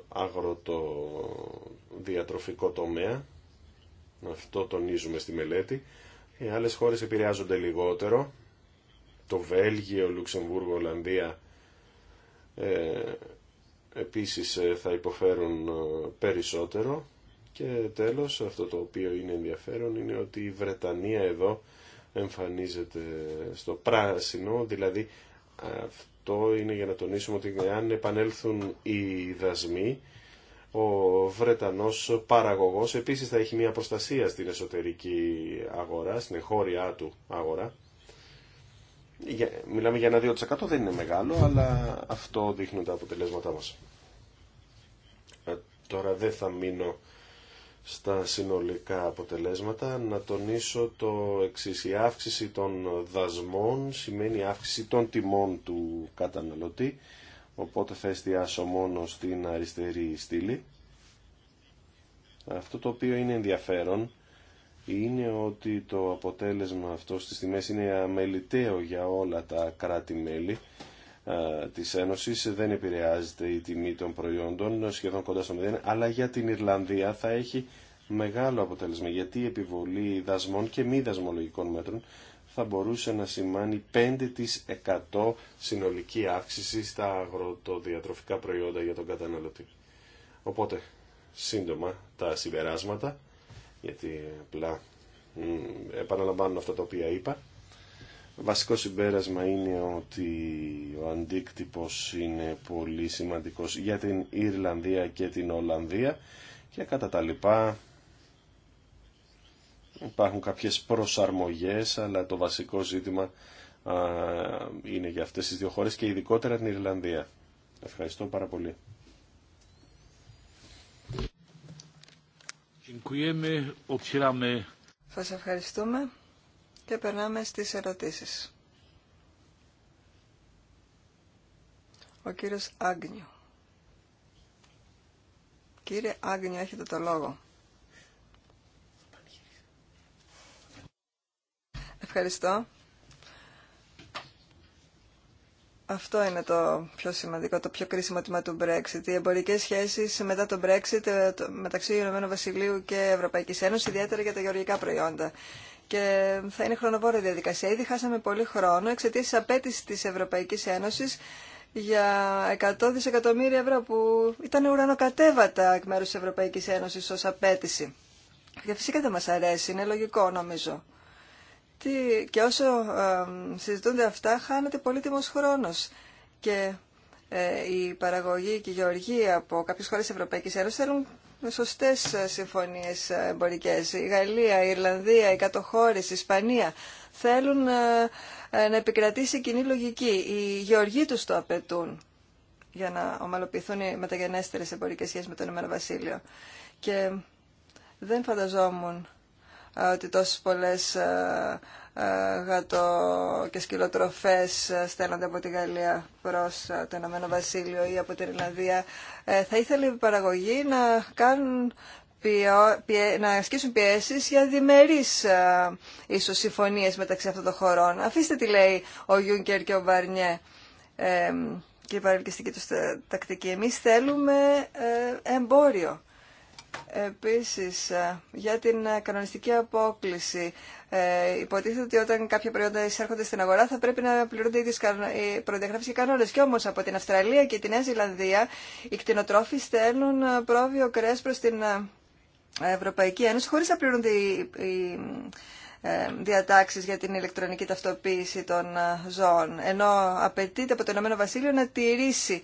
αγροτοδιατροφικό τομέα. Αυτό τονίζουμε στη μελέτη. Οι άλλες χώρες επηρεάζονται λιγότερο. Το Βέλγιο, Λουξεμβούργο, Ολλανδία ε, επίσης ε, θα υποφέρουν ε, περισσότερο. Και τέλος, αυτό το οποίο είναι ενδιαφέρον είναι ότι η Βρετανία εδώ εμφανίζεται στο πράσινο, δηλαδή αυτό είναι για να τονίσουμε ότι αν επανέλθουν οι δασμοί, ο Βρετανός παραγωγός επίσης θα έχει μια προστασία στην εσωτερική αγορά, στην εγχώρια του αγορά. Μιλάμε για ένα 2% δεν είναι μεγάλο, αλλά αυτό δείχνουν τα αποτελέσματά μας. Ε, τώρα δεν θα μείνω στα συνολικά αποτελέσματα. Να τονίσω το εξή. Η αύξηση των δασμών σημαίνει αύξηση των τιμών του καταναλωτή οπότε θα εστιάσω μόνο στην αριστερή στήλη. Αυτό το οποίο είναι ενδιαφέρον είναι ότι το αποτέλεσμα αυτό στις τιμές είναι αμεληταίο για όλα τα κράτη-μέλη της Ένωσης. Δεν επηρεάζεται η τιμή των προϊόντων, σχεδόν κοντά στο μηδέν, αλλά για την Ιρλανδία θα έχει μεγάλο αποτέλεσμα, γιατί η επιβολή δασμών και μη δασμολογικών μέτρων θα μπορούσε να σημάνει 5% συνολική αύξηση στα αγροτοδιατροφικά προϊόντα για τον καταναλωτή. Οπότε, σύντομα τα συμπεράσματα, γιατί απλά επαναλαμβάνω αυτά τα οποία είπα. Βασικό συμπέρασμα είναι ότι ο αντίκτυπος είναι πολύ σημαντικός για την Ιρλανδία και την Ολλανδία και κατά τα λοιπά Υπάρχουν κάποιες προσαρμογές, αλλά το βασικό ζήτημα είναι για αυτές τις δύο χώρες και ειδικότερα την Ιρλανδία. Ευχαριστώ πάρα πολύ. Σας ευχαριστούμε και περνάμε στις ερωτήσεις. Ο κύριος Άγνιο. Κύριε Άγνιο, έχετε το λόγο. Ευχαριστώ. Αυτό είναι το πιο σημαντικό, το πιο κρίσιμο τμήμα του Brexit. Οι εμπορικέ σχέσει μετά το Brexit ε, μεταξύ Ηνωμένου Βασιλείου και Ευρωπαϊκή Ένωση, ιδιαίτερα για τα γεωργικά προϊόντα. Και θα είναι χρονοβόρη διαδικασία. Ήδη χάσαμε πολύ χρόνο εξαιτία τη απέτηση τη Ευρωπαϊκή Ένωση για 100 δισεκατομμύρια ευρώ που ήταν ουρανοκατέβατα εκ μέρου τη Ευρωπαϊκή Ένωση ω απέτηση. Και φυσικά δεν μα αρέσει, είναι λογικό νομίζω και όσο ε, συζητούνται αυτά χάνεται πολύτιμος χρόνος και ε, η παραγωγή και η γεωργία από κάποιες χώρες Ευρωπαϊκής Ένωσης θέλουν σωστές ε, συμφωνίες εμπορικές. Η Γαλλία, η Ιρλανδία, οι κατοχώρες, η Ισπανία θέλουν να επικρατήσει κοινή λογική. Οι γεωργοί τους το απαιτούν για να ομαλοποιηθούν οι μεταγενέστερες εμπορικές σχέσεις με τον Ηνωμένο Βασίλειο. Και δεν φανταζόμουν ε, ότι τόσες πολλές ε, ε, γατό και σκυλοτροφές στέλνονται από τη Γαλλία προς το Ηνωμένο Βασίλειο ή από την Ιρλανδία. Θα ήθελε η παραγωγή να κάνουν να ασκήσουν πιέσεις για διμερείς ίσως συμφωνίες μεταξύ αυτών των χωρών. Αφήστε τι λέει ο Γιούνκερ και ο Μπαρνιέ και η παρελκυστική του τακτική. Εμείς θέλουμε εμπόριο. Επίσης, ε, για την ε, κανονιστική απόκληση, ε, υποτίθεται ότι όταν κάποια προϊόντα εισέρχονται στην αγορά θα πρέπει να πληρούνται οι προδιαγράφεις και κανόνες. Κι όμως από την Αυστραλία και τη Νέα Ζηλανδία οι κτηνοτρόφοι στέλνουν πρόβιο κρέας προς την Ευρωπαϊκή Ένωση χωρίς να πληρούνται οι ε, διατάξεις για την ηλεκτρονική ταυτοποίηση των ε, ζώων, ενώ απαιτείται από το Ηνωμένο Βασίλειο να τηρήσει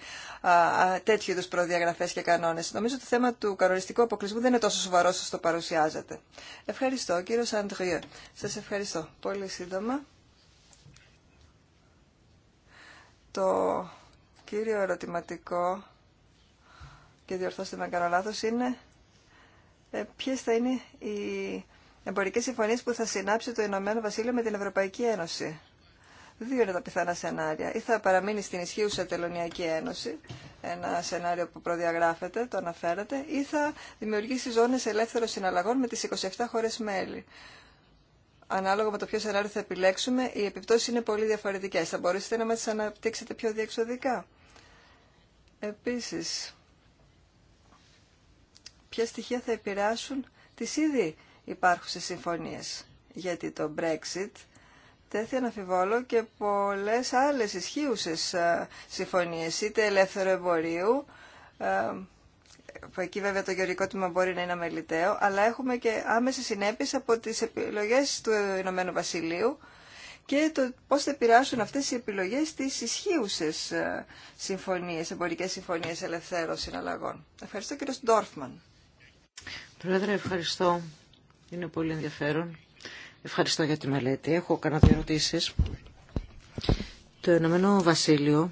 τέτοιου είδους προδιαγραφές και κανόνες. Νομίζω ότι το θέμα του κανονιστικού αποκλεισμού δεν είναι τόσο σοβαρό όσο το παρουσιάζεται. Ευχαριστώ, κύριο Σαντριέ. Σας ευχαριστώ. Πολύ σύντομα. Το κύριο ερωτηματικό, και διορθώστε με κάνω λάθος, είναι ε, ποιες θα είναι οι εμπορικέ συμφωνίε που θα συνάψει το Ηνωμένο Βασίλειο με την Ευρωπαϊκή Ένωση. Δύο είναι τα πιθανά σενάρια. Ή θα παραμείνει στην ισχύουσα Τελωνιακή Ένωση, ένα σενάριο που προδιαγράφεται, το αναφέρατε, ή θα δημιουργήσει ζώνε ελεύθερων συναλλαγών με τι 27 χώρε μέλη. Ανάλογα με το ποιο σενάριο θα επιλέξουμε, οι επιπτώσει είναι πολύ διαφορετικέ. Θα μπορούσατε να μα αναπτύξετε πιο διεξοδικά. Επίση, ποια στοιχεία θα επηρεάσουν τι ήδη Υπάρχουν συμφωνίες. Γιατί το Brexit τέθη αναφιβόλο και πολλές άλλες ισχύουσες ε, συμφωνίες, είτε ελεύθερο εμπορίου, ε, εκεί βέβαια το γεωργικό τμήμα μπορεί να είναι αμεληταίο, αλλά έχουμε και άμεση συνέπειες από τις επιλογές του Ηνωμένου Βασιλείου και το πώς θα επηρεάσουν αυτές οι επιλογές τις ισχύουσες ε, συμφωνίες, εμπορικές συμφωνίες ελευθέρων συναλλαγών. Ευχαριστώ κύριο Ντόρφμαν. Πρόεδρε, ευχαριστώ. Είναι πολύ ενδιαφέρον. Ευχαριστώ για τη μελέτη. Έχω κανένα δύο ερωτήσεις. Το Ενωμένο Βασίλειο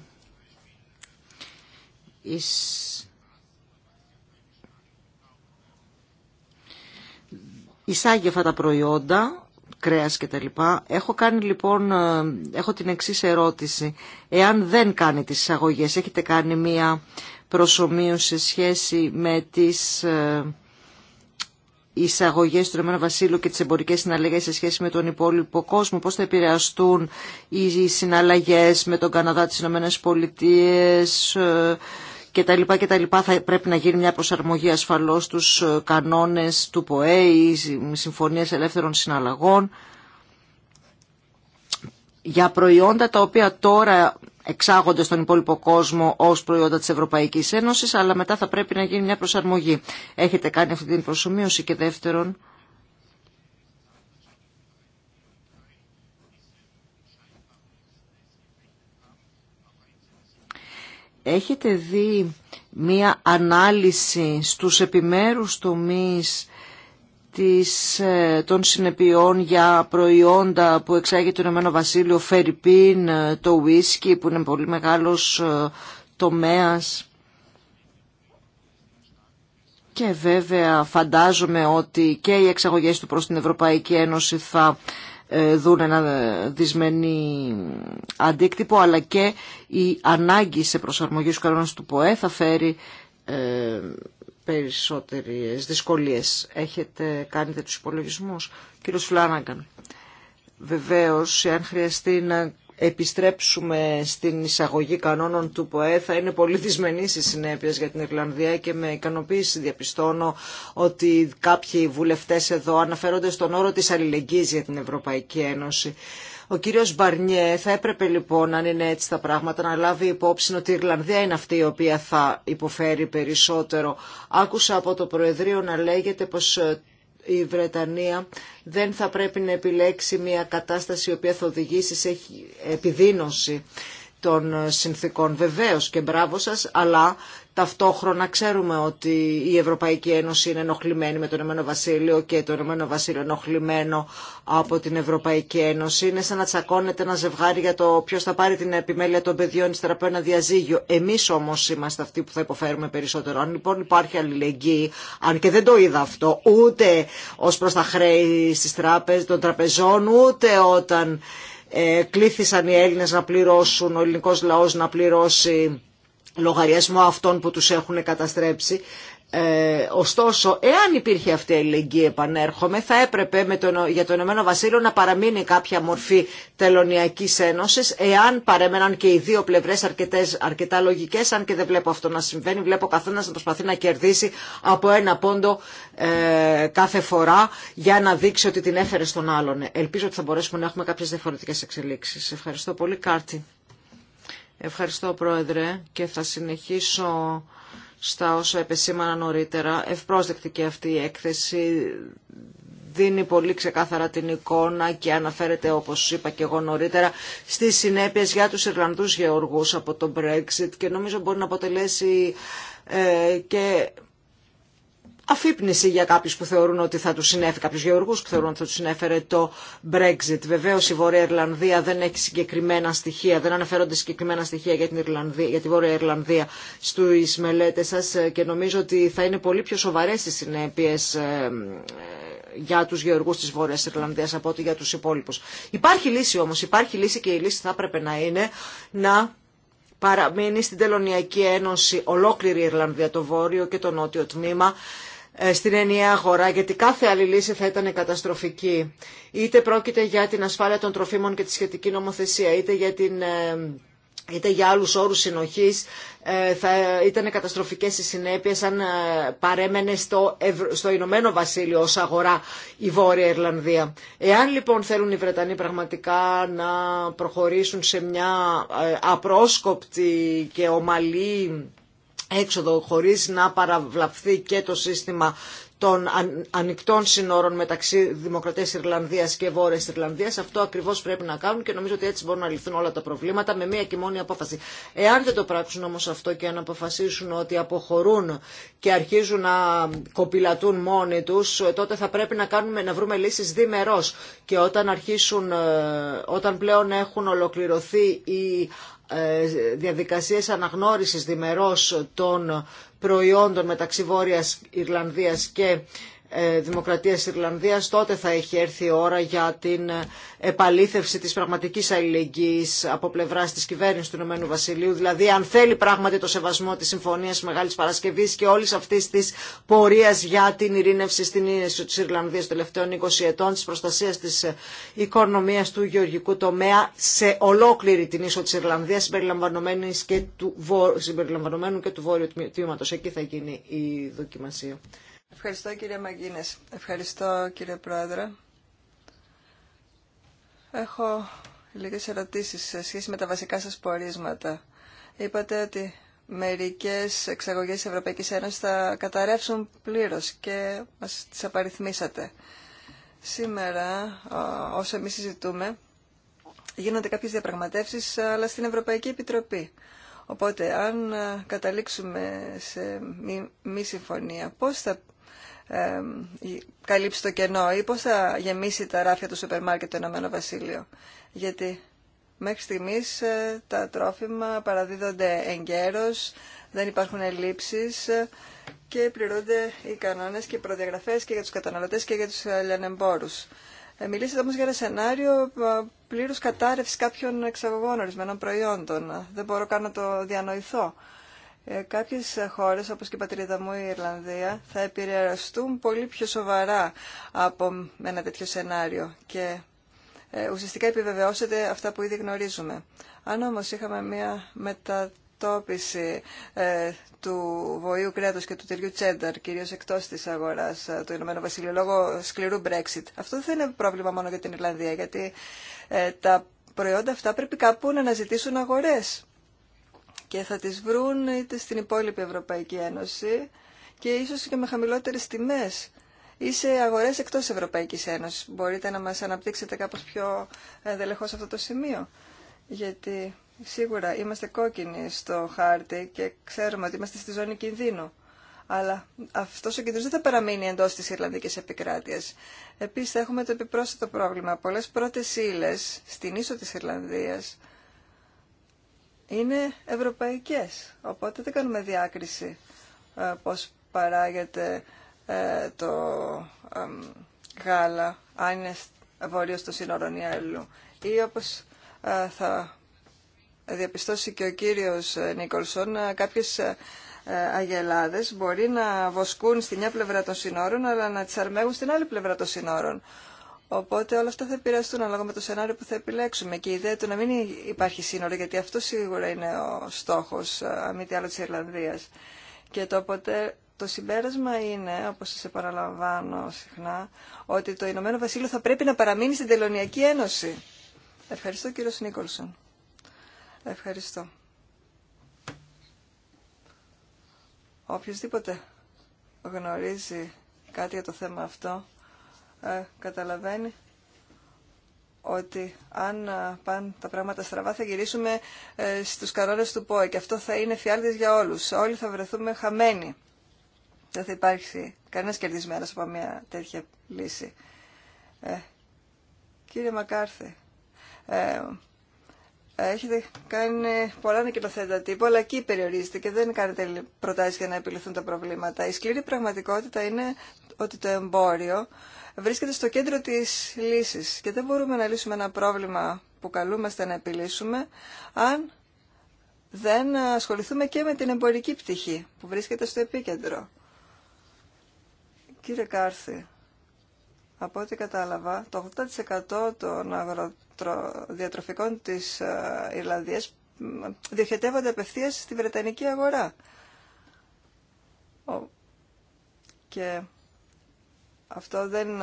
εισάγει αυτά τα προϊόντα, κρέας και τα Έχω κάνει λοιπόν, ε, έχω την εξής ερώτηση. Εάν δεν κάνει τις εισαγωγές, έχετε κάνει μία προσωμείωση σε σχέση με τις ε, εισαγωγέ του Ρωμένου Βασίλου και τι εμπορικέ συναλλαγέ σε σχέση με τον υπόλοιπο κόσμο, πώ θα επηρεαστούν οι συναλλαγέ με τον Καναδά, τι Ηνωμένε Πολιτείε ε, τα λοιπά Θα πρέπει να γίνει μια προσαρμογή ασφαλώ στου ε, κανόνε του ΠΟΕ ή συμφωνίε ελεύθερων συναλλαγών για προϊόντα τα οποία τώρα εξάγονται στον υπόλοιπο κόσμο ως προϊόντα της Ευρωπαϊκής Ένωσης, αλλά μετά θα πρέπει να γίνει μια προσαρμογή. Έχετε κάνει αυτή την προσωμείωση και δεύτερον, Έχετε δει μία ανάλυση στους επιμέρους τομείς της, ε, των συνεπειών για προϊόντα που εξάγει το Ηνωμένο Βασίλειο, Φερρυπίν, ε, το ουίσκι που είναι πολύ μεγάλος ε, τομέας. Και βέβαια φαντάζομαι ότι και οι εξαγωγές του προς την Ευρωπαϊκή Ένωση θα δουν ένα δυσμενή αντίκτυπο αλλά και η ανάγκη σε προσαρμογή του κανόνας του ΠΟΕ θα φέρει περισσότερες δυσκολίες. Έχετε, κάνει τους υπολογισμούς. Κύριος Φλάναγκαν, βεβαίως, αν χρειαστεί να επιστρέψουμε στην εισαγωγή κανόνων του ΠΟΕ θα είναι πολύ δυσμενής η συνέπειες για την Ιρλανδία και με ικανοποίηση διαπιστώνω ότι κάποιοι βουλευτές εδώ αναφέρονται στον όρο της αλληλεγγύης για την Ευρωπαϊκή Ένωση. Ο κύριος Μπαρνιέ θα έπρεπε λοιπόν, αν είναι έτσι τα πράγματα, να λάβει υπόψη ότι η Ιρλανδία είναι αυτή η οποία θα υποφέρει περισσότερο. Άκουσα από το Προεδρείο να λέγεται πως ε, η Βρετανία δεν θα πρέπει να επιλέξει μια κατάσταση η οποία θα οδηγήσει σε επιδείνωση των συνθήκων. Βεβαίως και μπράβο σας, αλλά Ταυτόχρονα ξέρουμε ότι η Ευρωπαϊκή Ένωση είναι ενοχλημένη με τον Ενωμένο Βασίλειο και το Ενωμένο Βασίλειο ενοχλημένο από την Ευρωπαϊκή Ένωση. Είναι σαν να τσακώνεται ένα ζευγάρι για το ποιο θα πάρει την επιμέλεια των παιδιών ύστερα από ένα διαζύγιο. Εμεί όμω είμαστε αυτοί που θα υποφέρουμε περισσότερο. Αν λοιπόν υπάρχει αλληλεγγύη, αν και δεν το είδα αυτό, ούτε ω προ τα χρέη στις τράπεζ, των τραπεζών, ούτε όταν ε, κλήθησαν οι Έλληνε να πληρώσουν, ο ελληνικός λαός να πληρώσει λογαριασμό αυτών που τους έχουν καταστρέψει. Ε, ωστόσο, εάν υπήρχε αυτή η ελεγγύη, επανέρχομαι, θα έπρεπε με τον, για το Ηνωμένο Βασίλειο να παραμείνει κάποια μορφή τελωνιακής ένωσης, εάν παρέμεναν και οι δύο πλευρέ αρκετά λογικέ, αν και δεν βλέπω αυτό να συμβαίνει. Βλέπω καθένα να προσπαθεί να κερδίσει από ένα πόντο ε, κάθε φορά για να δείξει ότι την έφερε στον άλλον. Ελπίζω ότι θα μπορέσουμε να έχουμε κάποιες διαφορετικέ εξελίξει. Ευχαριστώ πολύ, Κάρτη. Ευχαριστώ Πρόεδρε και θα συνεχίσω στα όσα επεσήμανα νωρίτερα. Ευπρόσδεκτη και αυτή η έκθεση δίνει πολύ ξεκάθαρα την εικόνα και αναφέρεται, όπως είπα και εγώ νωρίτερα, στις συνέπειες για τους Ιρλανδούς γεωργούς από το Brexit και νομίζω μπορεί να αποτελέσει ε, και αφύπνιση για κάποιους που θεωρούν ότι θα τους συνέφερε, κάποιους γεωργούς που θεωρούν ότι θα του συνέφερε το Brexit. Βεβαίως η Βόρεια Ιρλανδία δεν έχει συγκεκριμένα στοιχεία, δεν αναφέρονται συγκεκριμένα στοιχεία για, την Ιρλανδία, για τη Βόρεια Ιρλανδία στι μελέτες σας και νομίζω ότι θα είναι πολύ πιο σοβαρές οι συνέπειες ε, ε, για τους γεωργούς της βόρεια Ιρλανδίας από ό,τι για τους υπόλοιπους. Υπάρχει λύση όμως, υπάρχει λύση και η λύση θα έπρεπε να είναι να παραμείνει στην Τελωνιακή Ένωση ολόκληρη η Ιρλανδία το βόρειο και το νότιο τμήμα ε, στην ενιαία αγορά, γιατί κάθε άλλη λύση θα ήταν καταστροφική. Είτε πρόκειται για την ασφάλεια των τροφίμων και τη σχετική νομοθεσία, είτε για την ε, είτε για άλλους όρους συνοχής ε, θα ήταν καταστροφικές οι συνέπειες αν παρέμενε στο, στο Ηνωμένο Βασίλειο ως αγορά η Βόρεια Ιρλανδία. Εάν λοιπόν θέλουν οι Βρετανοί πραγματικά να προχωρήσουν σε μια απρόσκοπτη και ομαλή έξοδο χωρίς να παραβλαφθεί και το σύστημα των ανοιχτών σύνορων μεταξύ Δημοκρατίας Ιρλανδίας και Βόρειας Ιρλανδίας. Αυτό ακριβώς πρέπει να κάνουν και νομίζω ότι έτσι μπορούν να λυθούν όλα τα προβλήματα με μία και μόνη απόφαση. Εάν δεν το πράξουν όμως αυτό και αν αποφασίσουν ότι αποχωρούν και αρχίζουν να κοπηλατούν μόνοι τους, τότε θα πρέπει να, κάνουμε, να βρούμε λύσεις διμερώς. Και όταν, αρχίσουν, ε, όταν πλέον έχουν ολοκληρωθεί οι ε, διαδικασίες αναγνώρισης διμερώς των προϊόντων μεταξύ Βόρειας Ιρλανδίας και ε, Δημοκρατίας Ιρλανδίας, τότε θα έχει έρθει η ώρα για την ε, επαλήθευση της πραγματικής αλληλεγγύης από πλευράς της κυβέρνησης του Ηνωμένου Βασιλείου, δηλαδή αν θέλει πράγματι το σεβασμό της Συμφωνίας Μεγάλης Παρασκευής και όλης αυτής της πορείας για την ειρήνευση στην ίνεση της Ιρλανδίας των τελευταίων 20 ετών, της προστασίας της ε, οικονομίας του γεωργικού τομέα σε ολόκληρη την ίσο της Ιρλανδίας, συμπεριλαμβανομένου και του βόρειου τμήματος. Εκεί θα γίνει η δοκιμασία. Ευχαριστώ κύριε Μαγκίνες. Ευχαριστώ κύριε Πρόεδρε. Έχω λίγες ερωτήσεις σε σχέση με τα βασικά σας πορίσματα. Είπατε ότι μερικές εξαγωγές της Ευρωπαϊκής Ένωσης θα καταρρεύσουν πλήρως και μας τις απαριθμίσατε. Σήμερα, όσο εμείς συζητούμε, γίνονται κάποιες διαπραγματεύσεις, αλλά στην Ευρωπαϊκή Επιτροπή. Οπότε, αν ε, καταλήξουμε σε μη, συμφωνία, πώς θα ε, καλύψει το κενό ή πώς θα γεμίσει τα ράφια του σούπερ μάρκετ το Ηνωμένο Βασίλειο. Γιατί μέχρι στιγμής ε, τα τρόφιμα παραδίδονται εγκαίρως, δεν υπάρχουν ελλείψεις ε, και πληρούνται οι κανόνες και οι προδιαγραφές και για τους καταναλωτές και για τους λιανεμπόρους. Ε, μιλήσατε όμως για ένα σενάριο πλήρους κατάρρευσης κάποιων εξαγωγών ορισμένων προϊόντων. Δεν μπορώ καν να το διανοηθώ. Ε, κάποιες χώρες όπως και η πατρίδα μου η Ιρλανδία θα επηρεαστούν πολύ πιο σοβαρά από ένα τέτοιο σενάριο και ε, ουσιαστικά επιβεβαιώσετε αυτά που ήδη γνωρίζουμε. Αν όμως είχαμε μια μετατόπιση ε, του βοήου κρέατος και του τυριού τσένταρ, κυρίως εκτός της αγοράς του Ηνωμένου Βασιλείου, λόγω σκληρού Brexit, αυτό δεν είναι πρόβλημα μόνο για την Ιρλανδία, γιατί τα προϊόντα αυτά πρέπει κάπου να αναζητήσουν αγορές και θα τις βρουν είτε στην υπόλοιπη Ευρωπαϊκή Ένωση και ίσως και με χαμηλότερες τιμές ή σε αγορές εκτός Ευρωπαϊκής Ένωσης. Μπορείτε να μας αναπτύξετε κάπως πιο δελεχώς αυτό το σημείο. Γιατί σίγουρα είμαστε κόκκινοι στο χάρτη και ξέρουμε ότι είμαστε στη ζώνη κινδύνου. Αλλά αυτό ο κίνδυνο δεν θα παραμείνει εντό τη Ιρλανδική επικράτεια. Επίση, έχουμε το επιπρόσθετο πρόβλημα. Πολλέ πρώτε ύλε στην ίσο τη Ιρλανδία είναι ευρωπαϊκές. Οπότε δεν κάνουμε διάκριση ε, πώς παράγεται ε, το γάλα, αν είναι βόρειο των σύνορων ή αλλού. Ή όπως ε, θα διαπιστώσει και ο κύριος Νίκολσον, κάποιες αγελάδες μπορεί να βοσκούν στην μια πλευρά των σύνορων, αλλά να τις αρμέγουν στην άλλη πλευρά των σύνορων. Οπότε όλα αυτά θα επηρεαστούν ανάλογα με το σενάριο που θα επιλέξουμε. Και η ιδέα του να μην υπάρχει σύνορο, γιατί αυτό σίγουρα είναι ο στόχο, μη τι άλλο, τη Ιρλανδία. Και το, το συμπέρασμα είναι, όπω σα επαναλαμβάνω συχνά, ότι το Ηνωμένο Βασίλειο θα πρέπει να παραμείνει στην Τελωνιακή Ένωση. Ευχαριστώ, κύριο Νίκολσον. Ευχαριστώ. Οποιοδήποτε γνωρίζει κάτι για το θέμα αυτό ε, καταλαβαίνει ότι αν ε, πάνε τα πράγματα στραβά θα γυρίσουμε ε, στους καρόνες του ΠΟΕ και αυτό θα είναι φιάλτης για όλους. Όλοι θα βρεθούμε χαμένοι. Δεν θα υπάρξει κανένας κερδισμένος από μια τέτοια λύση. Ε, κύριε Μακάρθη, ε, έχετε κάνει πολλά ανακοινωθέντα τύπου, αλλά εκεί περιορίζεται και δεν κάνετε προτάσεις για να επιληθούν τα προβλήματα. Η σκληρή πραγματικότητα είναι ότι το εμπόριο βρίσκεται στο κέντρο της λύσης και δεν μπορούμε να λύσουμε ένα πρόβλημα που καλούμαστε να επιλύσουμε αν δεν ασχοληθούμε και με την εμπορική πτυχή που βρίσκεται στο επίκεντρο. Κύριε Κάρθη, από ό,τι κατάλαβα, το 80% των αγροδιατροφικών της ε, Ιρλανδίας διοχετεύονται απευθεία στη Βρετανική αγορά. Και αυτό δεν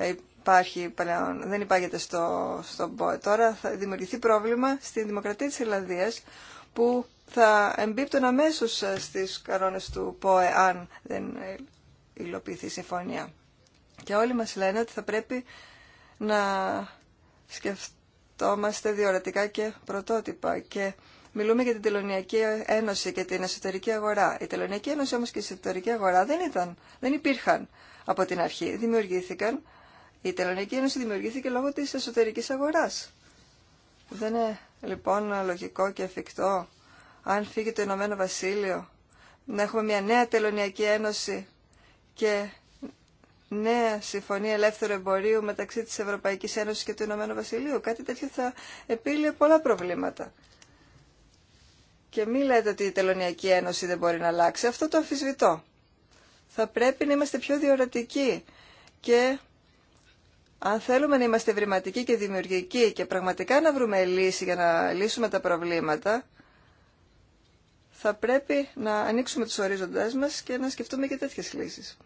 ε, υπάρχει πλέον, δεν υπάγεται στο, στον ΠΟΕ. Τώρα θα δημιουργηθεί πρόβλημα στη δημοκρατία της Ελλαδίας που θα εμπίπτουν αμέσω ε, στις κανόνες του ΠΟΕ αν δεν υλοποιηθεί η συμφωνία. Και όλοι μας λένε ότι θα πρέπει να σκεφτόμαστε διορατικά και πρωτότυπα και Μιλούμε για την Τελωνιακή Ένωση και την εσωτερική αγορά. Η Τελωνιακή Ένωση όμως και η εσωτερική αγορά δεν, ήταν, δεν υπήρχαν από την αρχή. Δημιουργήθηκαν, η Τελωνική Ένωση δημιουργήθηκε λόγω της εσωτερικής αγοράς. Δεν είναι λοιπόν λογικό και εφικτό αν φύγει το Ηνωμένο Βασίλειο να έχουμε μια νέα Τελωνιακή Ένωση και νέα συμφωνία ελεύθερου εμπορίου μεταξύ της Ευρωπαϊκής Ένωσης και του Ηνωμένου Βασιλείου. Κάτι τέτοιο θα επίλυε πολλά προβλήματα. Και μη λέτε ότι η Τελωνιακή Ένωση δεν μπορεί να αλλάξει. Αυτό το αμφισβητώ θα πρέπει να είμαστε πιο διορατικοί και αν θέλουμε να είμαστε ευρηματικοί και δημιουργικοί και πραγματικά να βρούμε λύση για να λύσουμε τα προβλήματα, θα πρέπει να ανοίξουμε τους ορίζοντάς μας και να σκεφτούμε και τέτοιες λύσεις.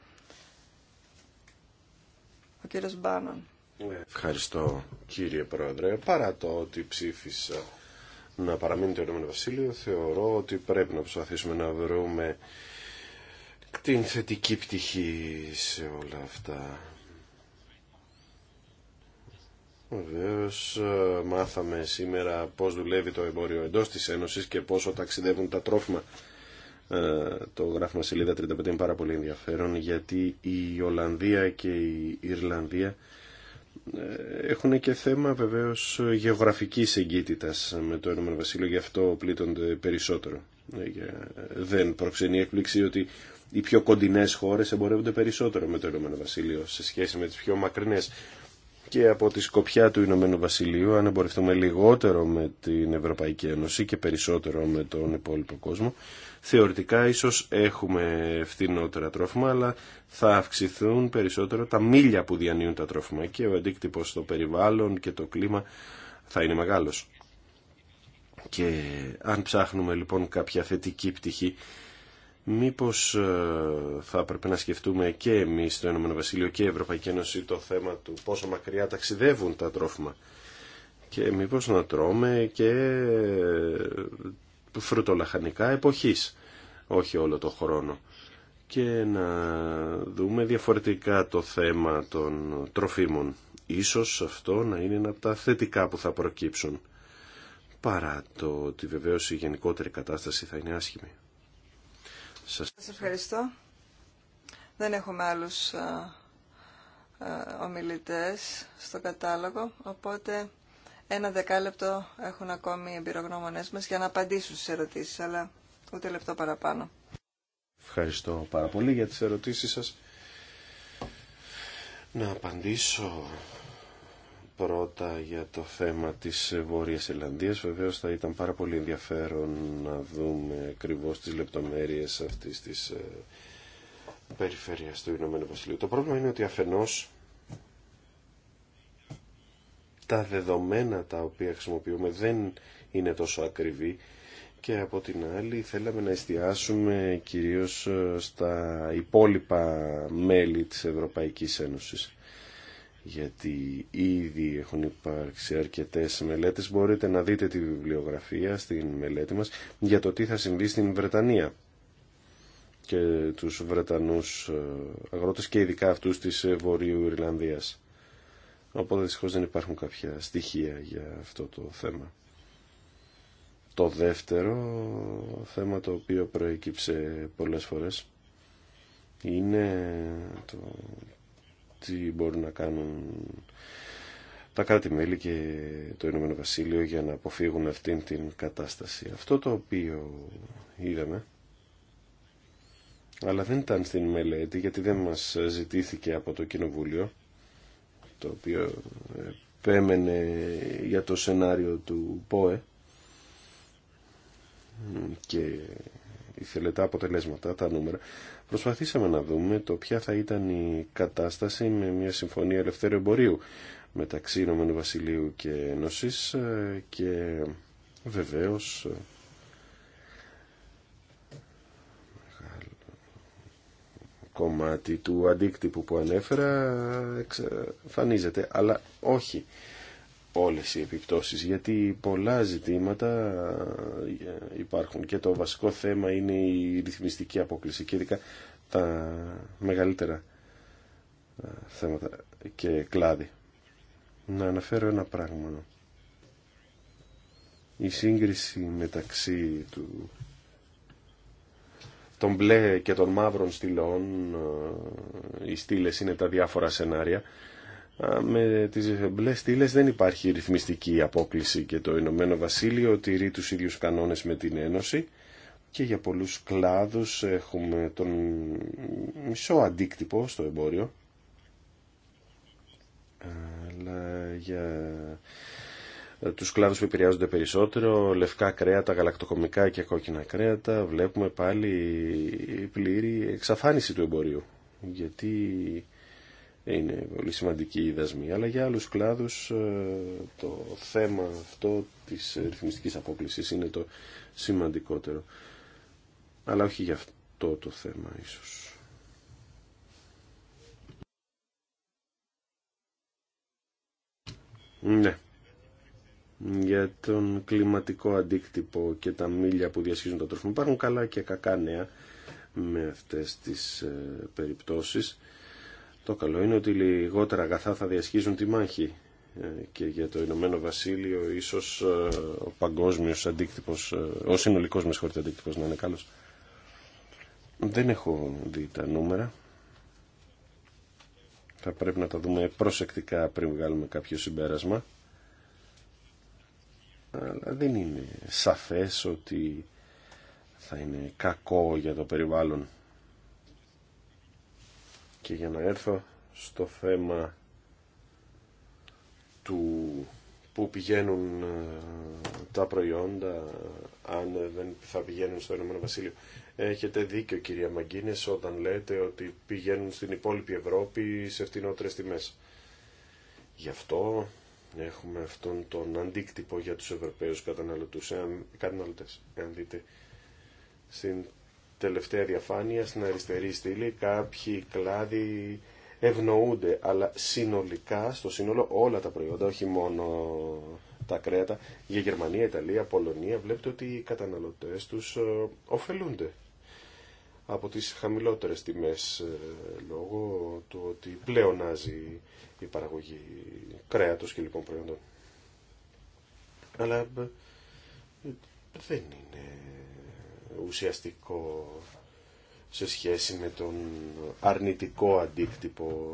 Ο κύριος Μπάνων. Ναι. Ευχαριστώ κύριε Πρόεδρε. Παρά το ότι ψήφισα να παραμείνει το Ηνωμένο Βασίλειο, θεωρώ ότι πρέπει να προσπαθήσουμε να βρούμε την θετική πτυχή σε όλα αυτά. Βεβαίω, ε, μάθαμε σήμερα πώς δουλεύει το εμπόριο εντός της Ένωσης και πόσο ταξιδεύουν τα τρόφιμα. Ε, το γράφημα σελίδα 35 είναι πάρα πολύ ενδιαφέρον γιατί η Ολλανδία και η Ιρλανδία ε, έχουν και θέμα βεβαίως γεωγραφικής εγκύτητας με το Ηνωμένο Βασίλειο, γι' αυτό πλήττονται περισσότερο. Δεν προξενεί εκπλήξη ότι οι πιο κοντινέ χώρε εμπορεύονται περισσότερο με το Ηνωμένο Βασίλειο σε σχέση με τι πιο μακρινέ. Και από τη σκοπιά του Ηνωμένου Βασιλείου, αν εμπορευτούμε λιγότερο με την Ευρωπαϊκή Ένωση και περισσότερο με τον υπόλοιπο κόσμο, θεωρητικά ίσω έχουμε φθηνότερα τρόφιμα, αλλά θα αυξηθούν περισσότερο τα μίλια που διανύουν τα τρόφιμα και ο αντίκτυπο στο περιβάλλον και το κλίμα θα είναι μεγάλο. Και αν ψάχνουμε λοιπόν κάποια θετική πτυχή μήπως ε, θα πρέπει να σκεφτούμε και εμείς το Ηνωμένο Βασίλειο και η Ευρωπαϊκή το θέμα του πόσο μακριά ταξιδεύουν τα τρόφιμα και μήπως να τρώμε και ε, φρουτολαχανικά εποχής όχι όλο το χρόνο και να δούμε διαφορετικά το θέμα των τροφίμων ίσως αυτό να είναι ένα από τα θετικά που θα προκύψουν παρά το ότι βεβαίως η γενικότερη κατάσταση θα είναι άσχημη. Σας ευχαριστώ. Δεν έχουμε άλλους ε, ε, ομιλητές στο κατάλογο, οπότε ένα δεκάλεπτο έχουν ακόμη οι εμπειρογνώμονές μας για να απαντήσουν στις ερωτήσεις, αλλά ούτε λεπτό παραπάνω. Ευχαριστώ πάρα πολύ για τις ερωτήσεις σας. Να απαντήσω πρώτα για το θέμα της Βόρειας Ελλανδίας. Βεβαίως θα ήταν πάρα πολύ ενδιαφέρον να δούμε ακριβώ τις λεπτομέρειες αυτής της ε, περιφέρειας του Ηνωμένου Βασιλείου. Το πρόβλημα είναι ότι αφενός τα δεδομένα τα οποία χρησιμοποιούμε δεν είναι τόσο ακριβή και από την άλλη θέλαμε να εστιάσουμε κυρίως ε, στα υπόλοιπα μέλη της Ευρωπαϊκής Ένωσης γιατί ήδη έχουν υπάρξει αρκετές μελέτες. Μπορείτε να δείτε τη βιβλιογραφία στην μελέτη μας για το τι θα συμβεί στην Βρετανία και τους Βρετανούς ε, αγρότες και ειδικά αυτούς της ε, Βορείου Ιρλανδίας. Οπότε δυστυχώς δεν υπάρχουν κάποια στοιχεία για αυτό το θέμα. Το δεύτερο θέμα το οποίο προέκυψε πολλές φορές είναι το τι μπορούν να κάνουν τα κράτη-μέλη και το Ηνωμένο Βασίλειο για να αποφύγουν αυτήν την κατάσταση. Αυτό το οποίο είδαμε, αλλά δεν ήταν στην μελέτη γιατί δεν μας ζητήθηκε από το Κοινοβούλιο, το οποίο επέμενε για το σενάριο του ΠΟΕ και ήθελε τα αποτελέσματα, τα νούμερα. Προσπαθήσαμε να δούμε το ποια θα ήταν η κατάσταση με μια συμφωνία ελευθέρου εμπορίου μεταξύ Ηνωμένου Βασιλείου και Ένωσης ε, και βεβαίως ε, κομμάτι του αντίκτυπου που ανέφερα ε, εξαφανίζεται, αλλά όχι όλες οι επιπτώσεις γιατί πολλά ζητήματα ε, υπάρχουν και το βασικό θέμα είναι η ρυθμιστική απόκληση και ειδικά τα μεγαλύτερα ε, θέματα και κλάδη. Να αναφέρω ένα πράγμα. Η σύγκριση μεταξύ του των μπλε και των μαύρων στυλών ε, οι στήλε είναι τα διάφορα σενάρια με τις μπλε στήλες δεν υπάρχει ρυθμιστική απόκληση και το Ηνωμένο Βασίλειο τηρεί τους ίδιους κανόνες με την Ένωση και για πολλούς κλάδους έχουμε τον μισό αντίκτυπο στο εμπόριο αλλά για ε, τους κλάδους που επηρεάζονται περισσότερο, λευκά κρέατα, γαλακτοκομικά και κόκκινα κρέατα, βλέπουμε πάλι πλήρη εξαφάνιση του εμπορίου. Γιατί είναι πολύ σημαντική η δασμή, αλλά για άλλους κλάδους ε, το θέμα αυτό της ρυθμιστικής απόκλησης είναι το σημαντικότερο. Αλλά όχι για αυτό το θέμα ίσως. Ναι. Για τον κλιματικό αντίκτυπο και τα μίλια που διασχίζουν τα τρόφιμα υπάρχουν καλά και κακά νέα με αυτές τις ε, περιπτώσεις το καλό είναι ότι λιγότερα αγαθά θα διασχίζουν τη μάχη ε, και για το Ηνωμένο Βασίλειο ίσως ε, ο παγκόσμιος αντίκτυπος, ε, ο συνολικός με συγχωρείτε αντίκτυπος να είναι καλός. Δεν έχω δει τα νούμερα. Θα πρέπει να τα δούμε προσεκτικά πριν βγάλουμε κάποιο συμπέρασμα. Αλλά δεν είναι σαφές ότι θα είναι κακό για το περιβάλλον και για να έρθω στο θέμα του που πηγαίνουν ε, τα προϊόντα αν δεν θα πηγαίνουν στο Ηνωμένο Βασίλειο. Έχετε δίκιο κυρία Μαγκίνες όταν λέτε ότι πηγαίνουν στην υπόλοιπη Ευρώπη σε φτηνότερες τιμές. Γι' αυτό έχουμε αυτόν τον αντίκτυπο για τους Ευρωπαίους καταναλωτές. Εάν, καταναλωτές. δείτε στην τελευταία διαφάνεια στην αριστερή στήλη κάποιοι κλάδοι ευνοούνται, αλλά συνολικά, στο σύνολο όλα τα προϊόντα, όχι μόνο τα κρέατα, για Γερμανία, Ιταλία, Πολωνία, βλέπετε ότι οι καταναλωτές τους ε, ωφελούνται από τις χαμηλότερες τιμές ε, λόγω του ότι πλεονάζει η παραγωγή κρέατος και λοιπόν προϊόντων. Αλλά ε, δεν είναι ουσιαστικό σε σχέση με τον αρνητικό αντίκτυπο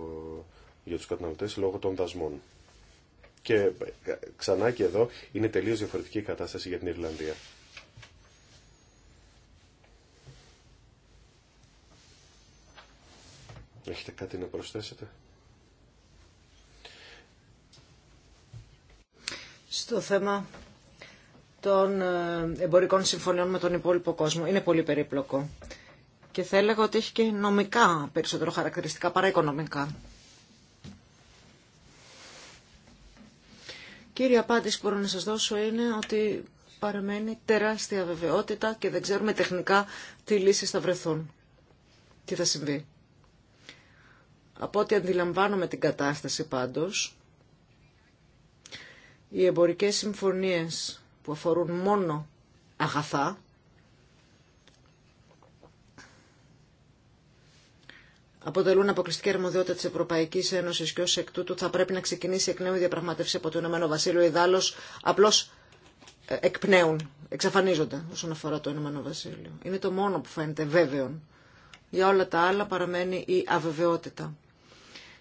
για τους καταναλωτές λόγω των δασμών. Και ε, ξανά και εδώ είναι τελείως διαφορετική η κατάσταση για την Ιρλανδία. Έχετε κάτι να προσθέσετε. Στο θέμα των ε, εμπορικών συμφωνιών με τον υπόλοιπο κόσμο. Είναι πολύ περίπλοκο. Και θα έλεγα ότι έχει και νομικά περισσότερο χαρακτηριστικά παρά οικονομικά. Κύρια απάντηση που μπορώ να σας δώσω είναι ότι παραμένει τεράστια βεβαιότητα και δεν ξέρουμε τεχνικά τι λύσεις θα βρεθούν. Τι θα συμβεί. Από ό,τι αντιλαμβάνομαι την κατάσταση πάντως, οι εμπορικές συμφωνίες που αφορούν μόνο αγαθά, αποτελούν αποκλειστική αρμοδιότητα τη Ευρωπαϊκή Ένωση και ω εκ τούτου θα πρέπει να ξεκινήσει εκ νέου η διαπραγμάτευση από το Ηνωμένο Βασίλειο. Ιδάλω, απλώ ε, εκπνέουν, εξαφανίζονται όσον αφορά το Ηνωμένο Βασίλειο. Είναι το μόνο που φαίνεται βέβαιον. Για όλα τα άλλα παραμένει η αβεβαιότητα.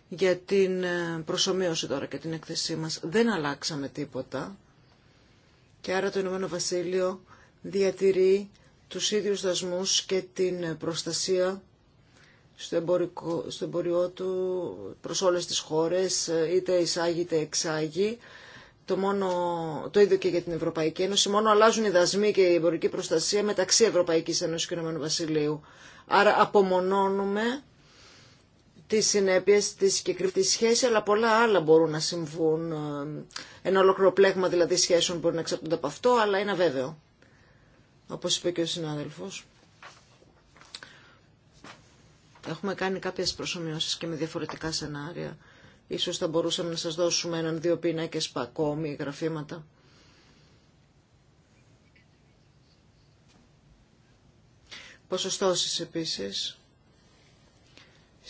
Για την ε, προσωμείωση τώρα και την έκθεσή μα. δεν αλλάξαμε τίποτα και άρα το Ηνωμένο Βασίλειο διατηρεί τους ίδιους δασμούς και την προστασία στο, εμπορικό, στο εμποριό του προς όλες τις χώρες, είτε εισάγει είτε εξάγει. Το, μόνο, το ίδιο και για την Ευρωπαϊκή Ένωση. Μόνο αλλάζουν οι δασμοί και η εμπορική προστασία μεταξύ Ευρωπαϊκής Ένωσης και Ηνωμένου Βασιλείου. Άρα απομονώνουμε τις συνέπειες της και σχέση, αλλά πολλά άλλα μπορούν να συμβούν. Ε, ένα ολόκληρο πλέγμα δηλαδή σχέσεων μπορεί να εξαρτούνται από αυτό, αλλά είναι βέβαιο. Όπως είπε και ο συνάδελφος. Έχουμε κάνει κάποιες προσωμιώσεις και με διαφορετικά σενάρια. Ίσως θα μπορούσαμε να σας δώσουμε έναν-δύο πίνακες ακόμη γραφήματα. Ποσοστώσεις επίσης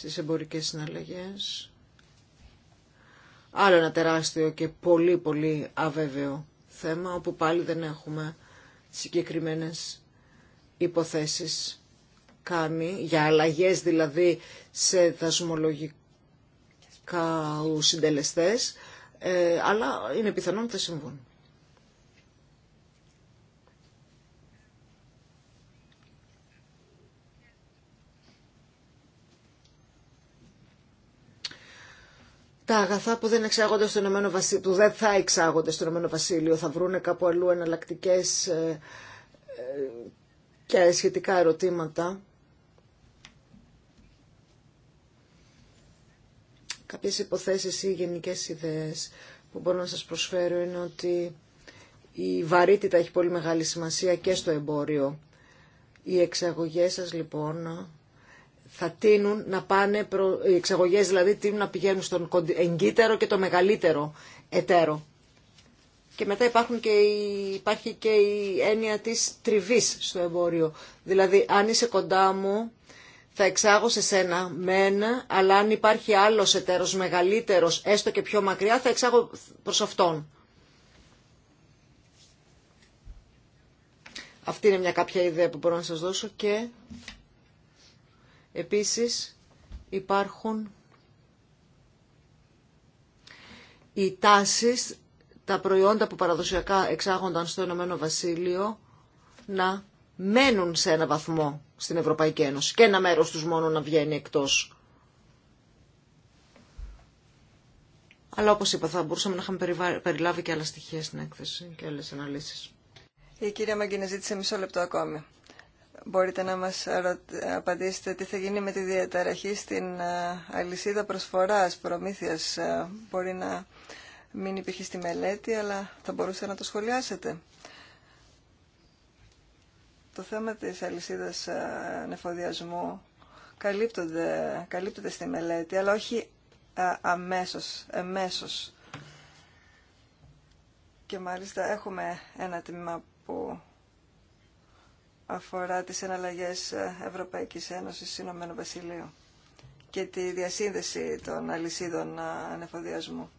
στις εμπορικές συναλλαγές. Άλλο ένα τεράστιο και πολύ πολύ αβέβαιο θέμα, όπου πάλι δεν έχουμε συγκεκριμένες υποθέσεις κάνει, για αλλαγές δηλαδή σε δασμολογικά συντελεστές, ε, αλλά είναι πιθανόν ότι θα συμβούν. τα αγαθά που δεν, εξάγονται στο Ηνωμένο Βασίλειο, που δεν θα εξάγονται στο Ηνωμένο Βασίλειο θα βρούνε κάπου αλλού εναλλακτικέ ε, ε, και σχετικά ερωτήματα. Κάποιες υποθέσεις ή γενικές ιδέες που μπορώ να σας προσφέρω είναι ότι η βαρύτητα έχει πολύ μεγάλη σημασία και στο εμπόριο. Οι εξαγωγές σας λοιπόν θα τίνουν να πάνε, προ... οι εξαγωγές δηλαδή τίνουν να πηγαίνουν στον εγκύτερο και το μεγαλύτερο εταίρο. Και μετά υπάρχουν και υπάρχει και η έννοια της τριβής στο εμπόριο. Δηλαδή αν είσαι κοντά μου θα εξάγω σε σένα μεν, αλλά αν υπάρχει άλλος εταίρος μεγαλύτερος, έστω και πιο μακριά, θα εξάγω προς αυτόν. Αυτή είναι μια κάποια ιδέα που μπορώ να σας δώσω και Επίσης υπάρχουν οι τάσεις, τα προϊόντα που παραδοσιακά εξάγονταν στο Ηνωμένο Βασίλειο να μένουν σε ένα βαθμό στην Ευρωπαϊκή Ένωση και ένα μέρος τους μόνο να βγαίνει εκτός. Αλλά όπως είπα θα μπορούσαμε να είχαμε περιλάβει και άλλα στοιχεία στην έκθεση και άλλες αναλύσεις. Η κυρία Μαγκίνη ζήτησε μισό λεπτό ακόμη μπορείτε να μας απαντήσετε τι θα γίνει με τη διαταραχή στην ε, αλυσίδα προσφοράς, προμήθειας. Ε, μπορεί να μην υπήρχε στη μελέτη, αλλά θα μπορούσατε να το σχολιάσετε. Το θέμα της αλυσίδας ε, νεφοδιασμού καλύπτονται, καλύπτονται στη μελέτη, αλλά όχι αμέσως, εμέσως. Και μάλιστα έχουμε ένα τμήμα που αφορά τις εναλλαγές ε, Ευρωπαϊκής Ένωσης Ηνωμένου Βασιλείου και τη διασύνδεση των αλυσίδων ε, ανεφοδιασμού.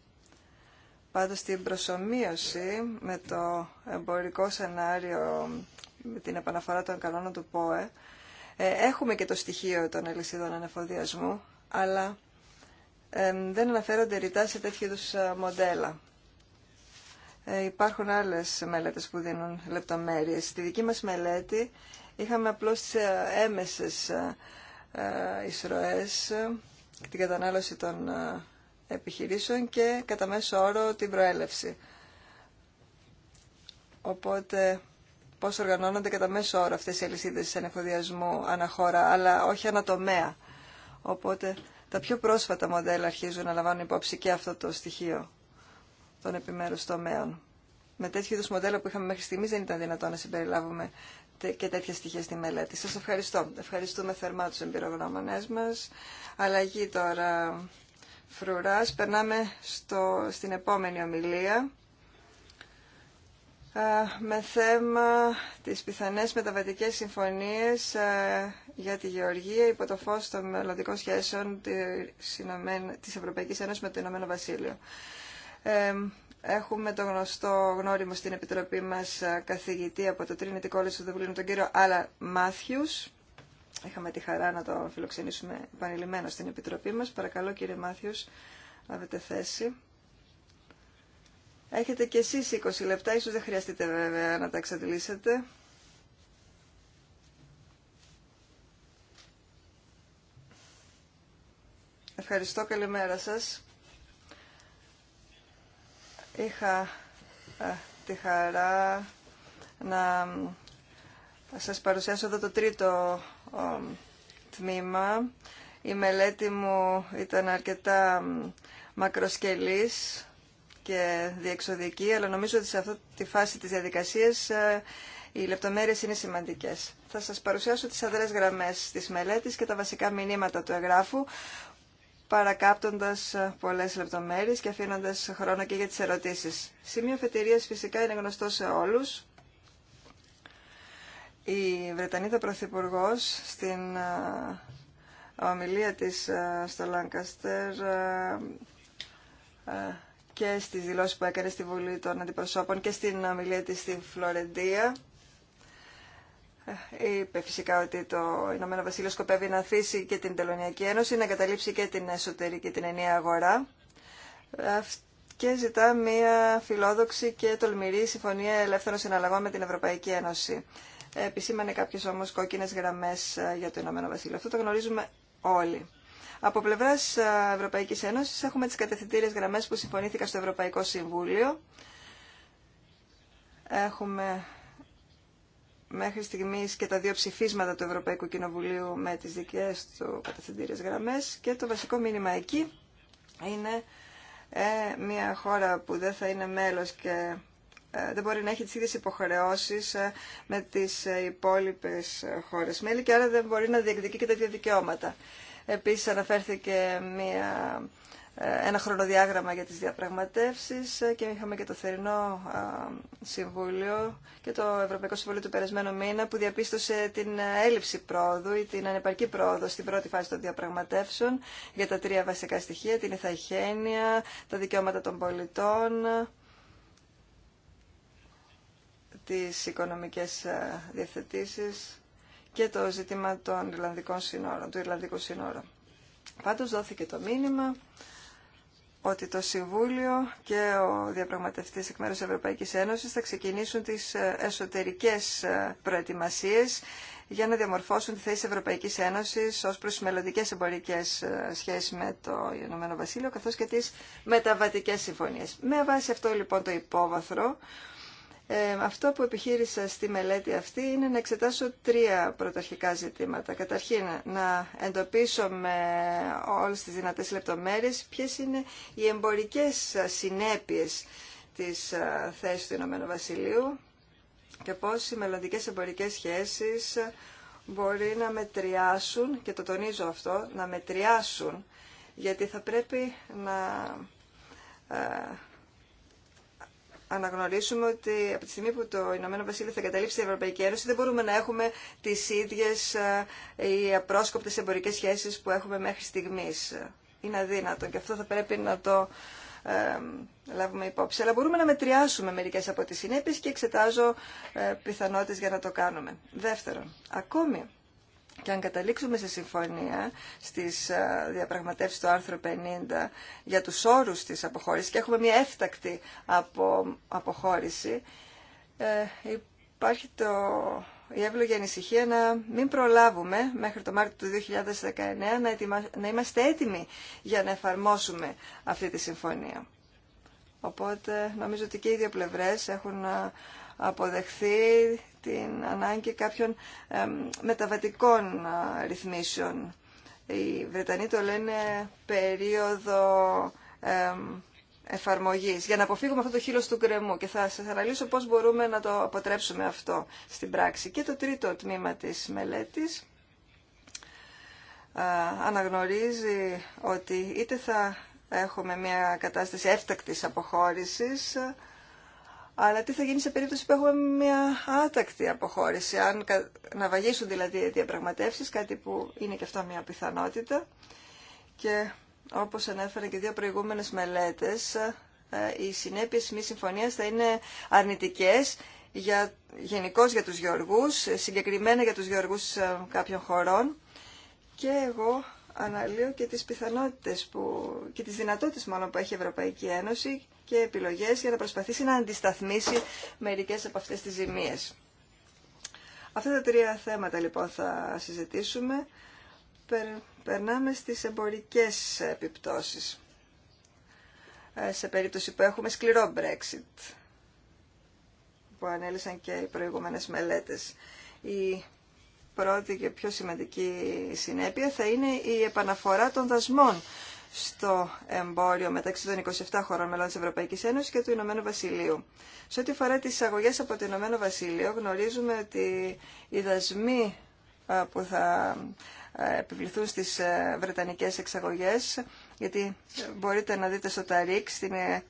Πάντως την προσωμείωση με το εμπορικό σενάριο, με την επαναφορά των κανόνων του ΠΟΕ, ε, έχουμε και το στοιχείο των αλυσίδων ανεφοδιασμού, αλλά δεν αναφέρονται ρητά σε τέτοιου μοντέλα. Ε, υπάρχουν άλλες μελέτες που δίνουν λεπτομέρειες. Στη δική μας μελέτη είχαμε απλώς τις ε, έμεσες ε, εισρωές, την κατανάλωση των επιχειρήσεων και κατά μέσο όρο την προέλευση. Οπότε πώς οργανώνονται κατά μέσο όρο αυτές οι αλυσίδες ανεφοδιασμού αναχώρα, αλλά όχι ανατομέα. Οπότε τα πιο πρόσφατα μοντέλα αρχίζουν να λαμβάνουν υπόψη και αυτό το στοιχείο των επιμέρους τομέων. Με τέτοιου είδου μοντέλα που είχαμε μέχρι στιγμής δεν ήταν δυνατόν να συμπεριλάβουμε και τέτοια στοιχεία στη μελέτη. Σας ευχαριστώ. Ευχαριστούμε θερμά τους εμπειρογνώμονές μας. Αλλαγή τώρα φρουρά. Περνάμε στο, στην επόμενη ομιλία με θέμα τις πιθανές μεταβατικές συμφωνίες για τη Γεωργία υπό το φως των μελλοντικών σχέσεων της Ευρωπαϊκής Ένωσης με το Ηνωμένο Βασίλειο. Έχουμε το γνωστό γνώριμο στην Επιτροπή μας καθηγητή από το Trinity College του Δουβλίνου, τον κύριο Άλα Μάθιους. Είχαμε τη χαρά να τον φιλοξενήσουμε επανειλημμένο στην Επιτροπή μας. Παρακαλώ κύριε Μάθιους, λάβετε θέση. Έχετε και εσείς 20 λεπτά, ίσως δεν χρειαστείτε βέβαια να τα εξαντλήσετε. Ευχαριστώ, καλημέρα σας. Είχα τη χαρά να σας παρουσιάσω εδώ το τρίτο τμήμα. Η μελέτη μου ήταν αρκετά μακροσκελής και διεξοδική, αλλά νομίζω ότι σε αυτή τη φάση της διαδικασίας ε, οι λεπτομέρειες είναι σημαντικές. Θα σας παρουσιάσω τις αδρές γραμμές της μελέτης και τα βασικά μηνύματα του εγγράφου παρακάπτοντας ε, πολλές λεπτομέρειες και αφήνοντας χρόνο και για τις ερωτήσεις. Σημείο φετηρίας φυσικά είναι γνωστό σε όλους. Η Βρετανίδα Πρωθυπουργό στην ε, ομιλία της ε, στο Λάνκαστερ και στις δηλώσεις που έκανε στη Βουλή των Αντιπροσώπων και στην ομιλία της στη Φλωρεντία είπε φυσικά ότι το Ηνωμένο Βασίλειο σκοπεύει να αφήσει και την Τελωνιακή Ένωση, να καταλήψει και την εσωτερική, την ενιαία αγορά και ζητά μια φιλόδοξη και τολμηρή συμφωνία ελεύθερων συναλλαγών με την Ευρωπαϊκή Ένωση. Επισήμανε κάποιε όμω κόκκινε γραμμέ ε, για το Ηνωμένο Βασίλειο. Αυτό το γνωρίζουμε όλοι. Από πλευρά ε, Ευρωπαϊκή Ένωση έχουμε τι κατευθυντήριε γραμμέ που συμφωνήθηκαν στο Ευρωπαϊκό Συμβούλιο. Έχουμε μέχρι στιγμής και τα δύο ψηφίσματα του Ευρωπαϊκού Κοινοβουλίου με τις δικές του κατευθυντήριες γραμμές και το βασικό μήνυμα εκεί είναι ε, μια χώρα που δεν θα είναι μέλος και ε, δεν μπορεί να έχει τις ίδιες υποχρεώσεις ε, με τις ε, υπόλοιπες χώρες μέλη και άρα δεν μπορεί να διεκδικεί και τα ίδια δικαιώματα. Επίσης αναφέρθηκε μια ε, ένα χρονοδιάγραμμα για τις διαπραγματεύσεις ε, και είχαμε και το θερινό ε, συμβούλιο και το Ευρωπαϊκό Συμβούλιο του περασμένου μήνα που διαπίστωσε την έλλειψη πρόοδου ή την ανεπαρκή πρόοδο στην πρώτη φάση των διαπραγματεύσεων για τα τρία βασικά στοιχεία, την ηθαγένεια, τα δικαιώματα των πολιτών, τις οικονομικές διευθετήσεις και το ζήτημα των Ιρλανδικών σύνορων, του Ιρλανδικού σύνορου. Πάντως δόθηκε το μήνυμα ότι το Συμβούλιο και ο διαπραγματευτής εκ μέρους Ευρωπαϊκής Ένωσης θα ξεκινήσουν τις ε, εσωτερικές ε, προετοιμασίες για να διαμορφώσουν τη θέση της Ευρωπαϊκής Ένωσης ως προς τις μελλοντικές εμπορικές ε, σχέσεις με το Ηνωμένο Βασίλειο καθώς και τις μεταβατικές συμφωνίες. Με βάση αυτό λοιπόν το υπόβαθρο ε, αυτό που επιχείρησα στη μελέτη αυτή είναι να εξετάσω τρία πρωταρχικά ζητήματα. Καταρχήν, να εντοπίσω με όλες τις δυνατές λεπτομέρειες ποιες είναι οι εμπορικές συνέπειες της ε, θέσης του Ηνωμένου Βασιλείου και πώς οι μελλοντικές εμπορικές σχέσεις μπορεί να μετριάσουν, και το τονίζω αυτό, να μετριάσουν, γιατί θα πρέπει να ε, αναγνωρίσουμε ότι από τη στιγμή που το Ηνωμένο Βασίλειο θα καταλήψει την Ευρωπαϊκή Ένωση δεν μπορούμε να έχουμε τις ίδιες ε, οι απρόσκοπτες εμπορικές σχέσεις που έχουμε μέχρι στιγμής. Είναι αδύνατο και αυτό θα πρέπει να το ε, λάβουμε υπόψη. Αλλά μπορούμε να μετριάσουμε μερικές από τις συνέπειες και εξετάζω ε, πιθανότητες για να το κάνουμε. Δεύτερον, ακόμη και αν καταλήξουμε σε συμφωνία στις ε, διαπραγματεύσεις του άρθρου 50 για τους όρους της αποχώρησης και έχουμε μια έφτακτη αποχώρηση, ε, υπάρχει το, η εύλογη ανησυχία να μην προλάβουμε μέχρι το Μάρτιο του 2019 να, να είμαστε έτοιμοι για να εφαρμόσουμε αυτή τη συμφωνία. Οπότε νομίζω ότι και οι δύο πλευρές έχουν ε, αποδεχθεί την ανάγκη κάποιων μεταβατικών ρυθμίσεων. Οι Βρετανοί το λένε περίοδο εφαρμογής, για να αποφύγουμε αυτό το χείλο του κρεμού και θα σας αναλύσω πώς μπορούμε να το αποτρέψουμε αυτό στην πράξη. Και το τρίτο τμήμα της μελέτης αναγνωρίζει ότι είτε θα έχουμε μια κατάσταση έφτακτης αποχώρησης, αλλά τι θα γίνει σε περίπτωση που έχουμε μια άτακτη αποχώρηση, αν να βαγίσουν δηλαδή οι διαπραγματεύσεις, κάτι που είναι και αυτό μια πιθανότητα. Και όπως ανέφεραν και δύο προηγούμενες μελέτες, ε, οι συνέπειες μη συμφωνίας θα είναι αρνητικές για, γενικώς για τους γεωργούς, συγκεκριμένα για τους γεωργούς ε, κάποιων χωρών. Και εγώ αναλύω και τις πιθανότητες που, και δυνατότητες μάλλον που έχει η Ευρωπαϊκή Ένωση και επιλογές για να προσπαθήσει να αντισταθμίσει μερικές από αυτές τις ζημίες. Αυτά τα τρία θέματα λοιπόν θα συζητήσουμε. περνάμε στις εμπορικές επιπτώσεις. Ε, σε περίπτωση που έχουμε σκληρό Brexit, που ανέλησαν και οι προηγούμενες μελέτες. Η πρώτη και πιο σημαντική συνέπεια θα είναι η επαναφορά των δασμών στο εμπόριο μεταξύ των 27 χωρών μελών της Ευρωπαϊκής Ένωσης και του Ηνωμένου Βασιλείου. Σε ό,τι αφορά τις εισαγωγές από το Ηνωμένο Βασίλειο, γνωρίζουμε ότι οι δασμοί που θα επιβληθούν στις ε, βρετανικές εξαγωγές, γιατί ε, μπορείτε να δείτε στο ΤΑΡΙΚ, ε,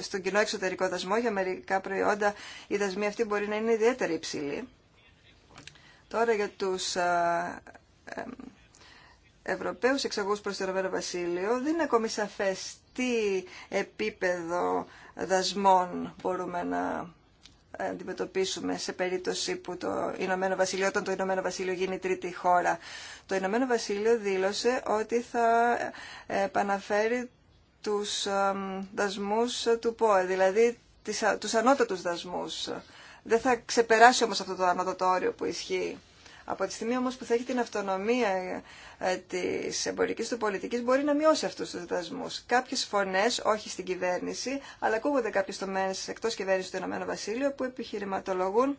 στον κοινό εξωτερικό δασμό, για μερικά προϊόντα οι δασμοί αυτοί μπορεί να είναι ιδιαίτερα υψηλοί. Τώρα για τους Ευρωπαίους εξαγούς προς το Ηνωμένο Βασίλειο δεν είναι ακόμη σαφέ τι επίπεδο δασμών μπορούμε να αντιμετωπίσουμε σε περίπτωση που το Ηνωμένο Βασίλειο, όταν το Ηνωμένο Βασίλειο γίνει τρίτη χώρα. Το Ηνωμένο Βασίλειο δήλωσε ότι θα επαναφέρει τους δασμούς του ΠΟΕ, δηλαδή τους ανώτατους δασμούς. Δεν θα ξεπεράσει όμως αυτό το ανώτατο όριο που ισχύει. Από τη στιγμή όμως που θα έχει την αυτονομία ε, της εμπορικής του πολιτικής μπορεί να μειώσει αυτούς τους δασμούς. Κάποιες φωνές, όχι στην κυβέρνηση, αλλά ακούγονται κάποιες τομέ εκτός κυβέρνησης του ΕΒ που επιχειρηματολογούν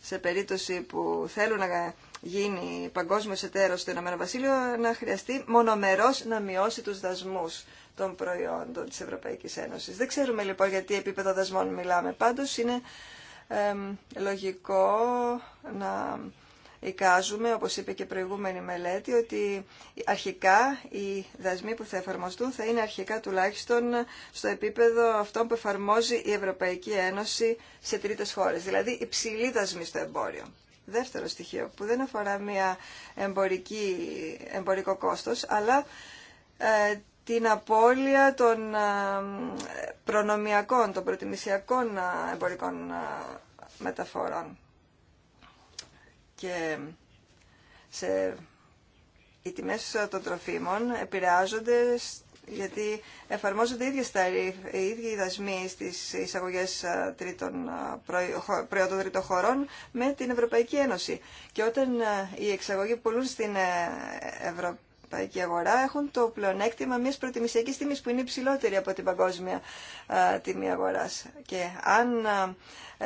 σε περίπτωση που θέλουν να γίνει παγκόσμιο εταίρο του ΕΒ Βασίλειο, να χρειαστεί μονομερό να μειώσει του δασμού των προϊόντων τη Ευρωπαϊκή Ένωση. Δεν ξέρουμε λοιπόν γιατί επίπεδο δασμών μιλάμε. Πάντω είναι λογικό να εικάζουμε, όπως είπε και προηγούμενη μελέτη, ότι αρχικά οι δασμοί που θα εφαρμοστούν θα είναι αρχικά τουλάχιστον στο επίπεδο αυτό που εφαρμόζει η Ευρωπαϊκή Ένωση σε τρίτες χώρες, δηλαδή υψηλή δασμή στο εμπόριο. Δεύτερο στοιχείο που δεν αφορά μια εμπορική, εμπορικό κόστος, αλλά ε, την απώλεια των ε, προνομιακών, των προτιμησιακών ε, εμπορικών ε, μεταφορών. Και σε... οι τιμές των τροφίμων επηρεάζονται γιατί εφαρμόζονται οι ίδιες ταρίφ, οι ίδιοι δασμοί στις εισαγωγές τρίτων, προϊόντων τρίτων χωρών με την Ευρωπαϊκή Ένωση. Και όταν οι εξαγωγοί πουλούν στην Ευρωπαϊκή ευρωπαϊκή αγορά έχουν το πλεονέκτημα μιας προτιμησιακής τιμής που είναι υψηλότερη από την παγκόσμια τιμή αγοράς. Και αν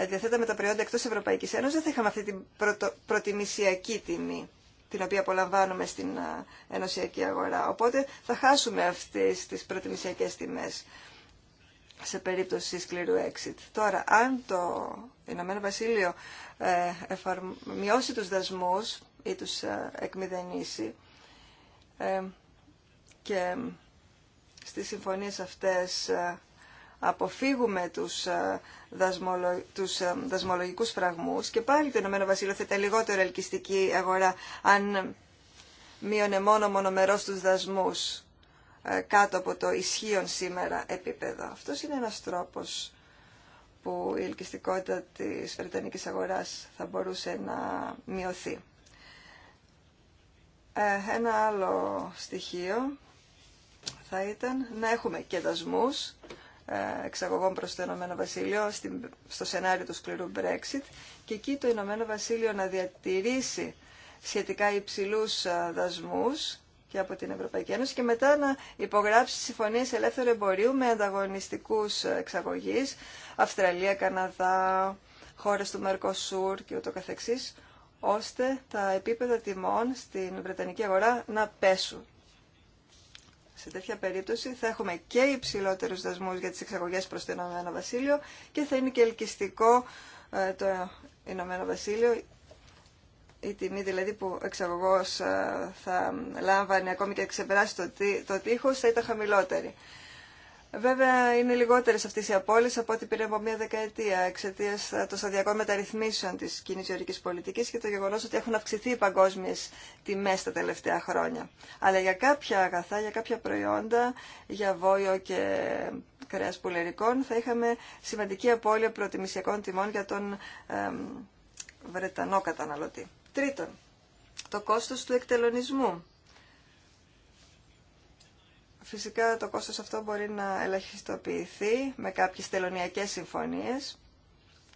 διαθέταμε τα προϊόντα εκτός Ευρωπαϊκής Ένωσης δεν θα είχαμε αυτή την προτιμησιακή τιμή την οποία απολαμβάνουμε στην ενωσιακή αγορά. Οπότε θα χάσουμε αυτές τις προτιμησιακές τιμές σε περίπτωση σκληρού exit. Τώρα, αν το Ηνωμένο Βασίλειο ε, μειώσει τους δασμούς ή τους εκμηδενήσει, ε, και στις συμφωνίες αυτές ε, αποφύγουμε τους, ε, δασμολογικού τους δασμολογικούς φραγμούς και πάλι το Ηνωμένο Βασίλειο θα ήταν λιγότερο ελκυστική αγορά αν μείωνε μόνο μονομερός τους δασμούς κάτω από το ισχύον σήμερα επίπεδο. Αυτός είναι ένας τρόπος που η ελκυστικότητα της Βρετανικής αγοράς θα μπορούσε να μειωθεί. Ε, ένα άλλο στοιχείο θα ήταν να έχουμε και δασμούς ε, εξαγωγών προς το Ηνωμένο Βασίλειο στο σενάριο του σκληρού Brexit και εκεί το Ηνωμένο Βασίλειο να διατηρήσει σχετικά υψηλούς ε, δασμούς και από την Ευρωπαϊκή Ένωση και μετά να υπογράψει συμφωνίες ελεύθερου εμπορίου με ανταγωνιστικούς εξαγωγείς Αυστραλία, Καναδά, χώρες του Μερκοσούρ και ούτω καθεξής ώστε τα επίπεδα τιμών στην Βρετανική αγορά να πέσουν. Σε τέτοια περίπτωση θα έχουμε και υψηλότερου δασμούς για τις εξαγωγές προς το Ηνωμένο Βασίλειο και θα είναι και ελκυστικό ε, το Ηνωμένο Βασίλειο η τιμή δηλαδή που ο εξαγωγός ε, θα λάμβανε ακόμη και ξεπεράσει το τείχος θα ήταν χαμηλότερη. Βέβαια είναι λιγότερε αυτέ οι απώλειε από ό,τι πήρε από μία δεκαετία εξαιτία ε, των σταδιακών μεταρρυθμίσεων τη κοινή γεωρική πολιτική και το γεγονό ότι έχουν αυξηθεί οι παγκόσμιε τιμέ τα τελευταία χρόνια. Αλλά για κάποια αγαθά, για κάποια προϊόντα, για βόλιο και κρέα πουλερικών, θα είχαμε σημαντική απώλεια προτιμησιακών τιμών για τον Βρετανό καταναλωτή. Τρίτον, το κόστο του εκτελονισμού Φυσικά το κόστος αυτό μπορεί να ελαχιστοποιηθεί με κάποιες τελωνιακές συμφωνίες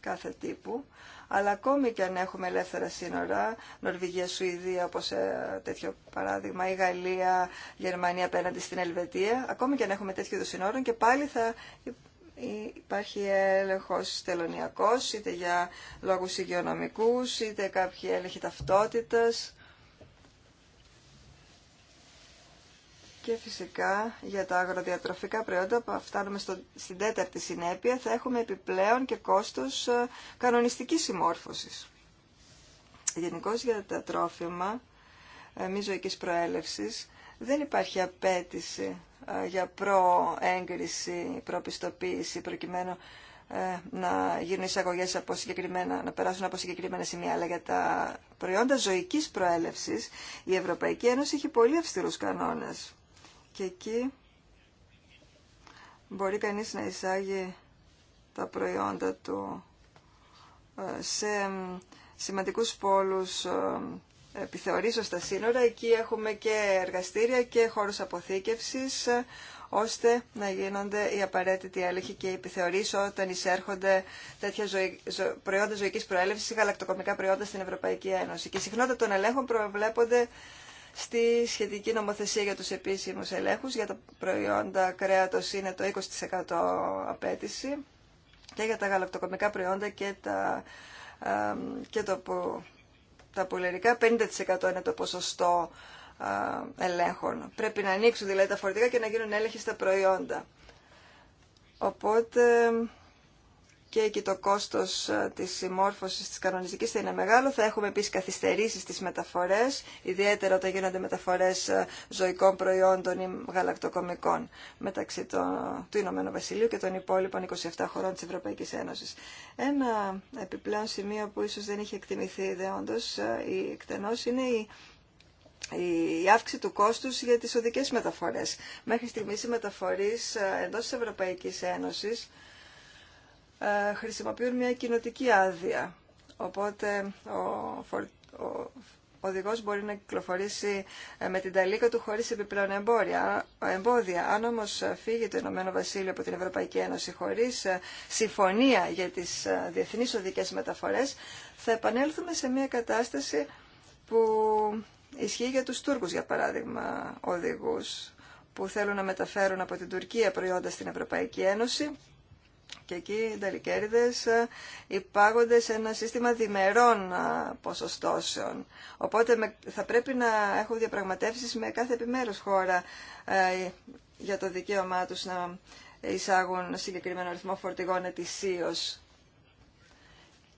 κάθε τύπου, αλλά ακόμη και αν έχουμε ελεύθερα σύνορα, Νορβηγία, Σουηδία, όπως ε, τέτοιο παράδειγμα, ή Γαλλία, Γερμανία απέναντι στην Ελβετία, ακόμη και αν έχουμε τέτοιου είδους σύνορων και πάλι θα υπάρχει έλεγχος τελωνιακός, είτε για λόγους υγειονομικούς, είτε κάποιοι έλεγχοι ταυτότητας Και φυσικά για τα αγροδιατροφικά προϊόντα που φτάνουμε στο, στην τέταρτη συνέπεια θα έχουμε επιπλέον και κόστος ε, κανονιστικής συμμόρφωσης. Γενικώ για τα τρόφιμα ε, μη ζωικής προέλευσης δεν υπάρχει απέτηση ε, για προέγκριση, προπιστοποίηση προκειμένου να γίνουν εισαγωγέ από συγκεκριμένα, να περάσουν από συγκεκριμένα σημεία. Αλλά για τα προϊόντα ζωική προέλευση η Ευρωπαϊκή Ένωση έχει πολύ αυστηρού κανόνε και εκεί μπορεί κανείς να εισάγει τα προϊόντα του ε, σε σημαντικούς πόλους ε, επιθεωρήσω στα σύνορα. Εκεί έχουμε και εργαστήρια και χώρους αποθήκευσης, ε, ώστε να γίνονται οι απαραίτητοι έλεγχοι και οι επιθεωρήσεις όταν εισέρχονται τέτοια προϊόντα ζωικής προέλευσης ή γαλακτοκομικά προϊόντα στην Ευρωπαϊκή Ένωση. Και συχνότητα των ελέγχων προβλέπονται στη σχετική νομοθεσία για τους επίσημους ελέγχους. Για τα προϊόντα κρέατος είναι το 20% απέτηση και για τα γαλακτοκομικά προϊόντα και τα, και το, τα πουλερικά 50% είναι το ποσοστό ελέγχων. Πρέπει να ανοίξουν δηλαδή τα φορτικά και να γίνουν έλεγχοι στα προϊόντα. Οπότε και εκεί το κόστος ε, της συμμόρφωσης της κανονιστικής θα είναι μεγάλο. Θα έχουμε επίσης καθυστερήσεις στις μεταφορές, ιδιαίτερα όταν γίνονται μεταφορές ε, ζωικών προϊόντων ή γαλακτοκομικών μεταξύ του Ηνωμένου Βασιλείου και των υπόλοιπων 27 χωρών της Ευρωπαϊκής Ένωσης. Ένα επιπλέον σημείο που ίσως δεν είχε εκτιμηθεί ιδεόντως ή ε, είναι η η αύξηση του κόστους για τις οδικές μεταφορές. Μέχρι στιγμής οι εντό της Ευρωπαϊκής Ένωσης ε, χρησιμοποιούν μια κοινοτική άδεια. Οπότε ο, ο οδηγός μπορεί να κυκλοφορήσει ε, με την ταλίκα του χωρίς επιπλέον εμπόδια. Αν όμως ε, φύγει το Ηνωμένο Βασίλειο από την Ευρωπαϊκή Ένωση χωρίς συμφωνία για τις διεθνείς οδικές μεταφορές, θα επανέλθουμε σε μια κατάσταση που ισχύει για τους Τούρκους, για παράδειγμα, οδηγούς που θέλουν να μεταφέρουν από την Τουρκία προϊόντα στην Ευρωπαϊκή Ένωση και εκεί οι δαλικέριδες ε, υπάγονται σε ένα σύστημα διμερών ε, ποσοστώσεων. Οπότε θα πρέπει να έχουν διαπραγματεύσεις με κάθε επιμέρους χώρα ε, για το δικαίωμά τους να εισάγουν συγκεκριμένο αριθμό φορτηγών ετησίω.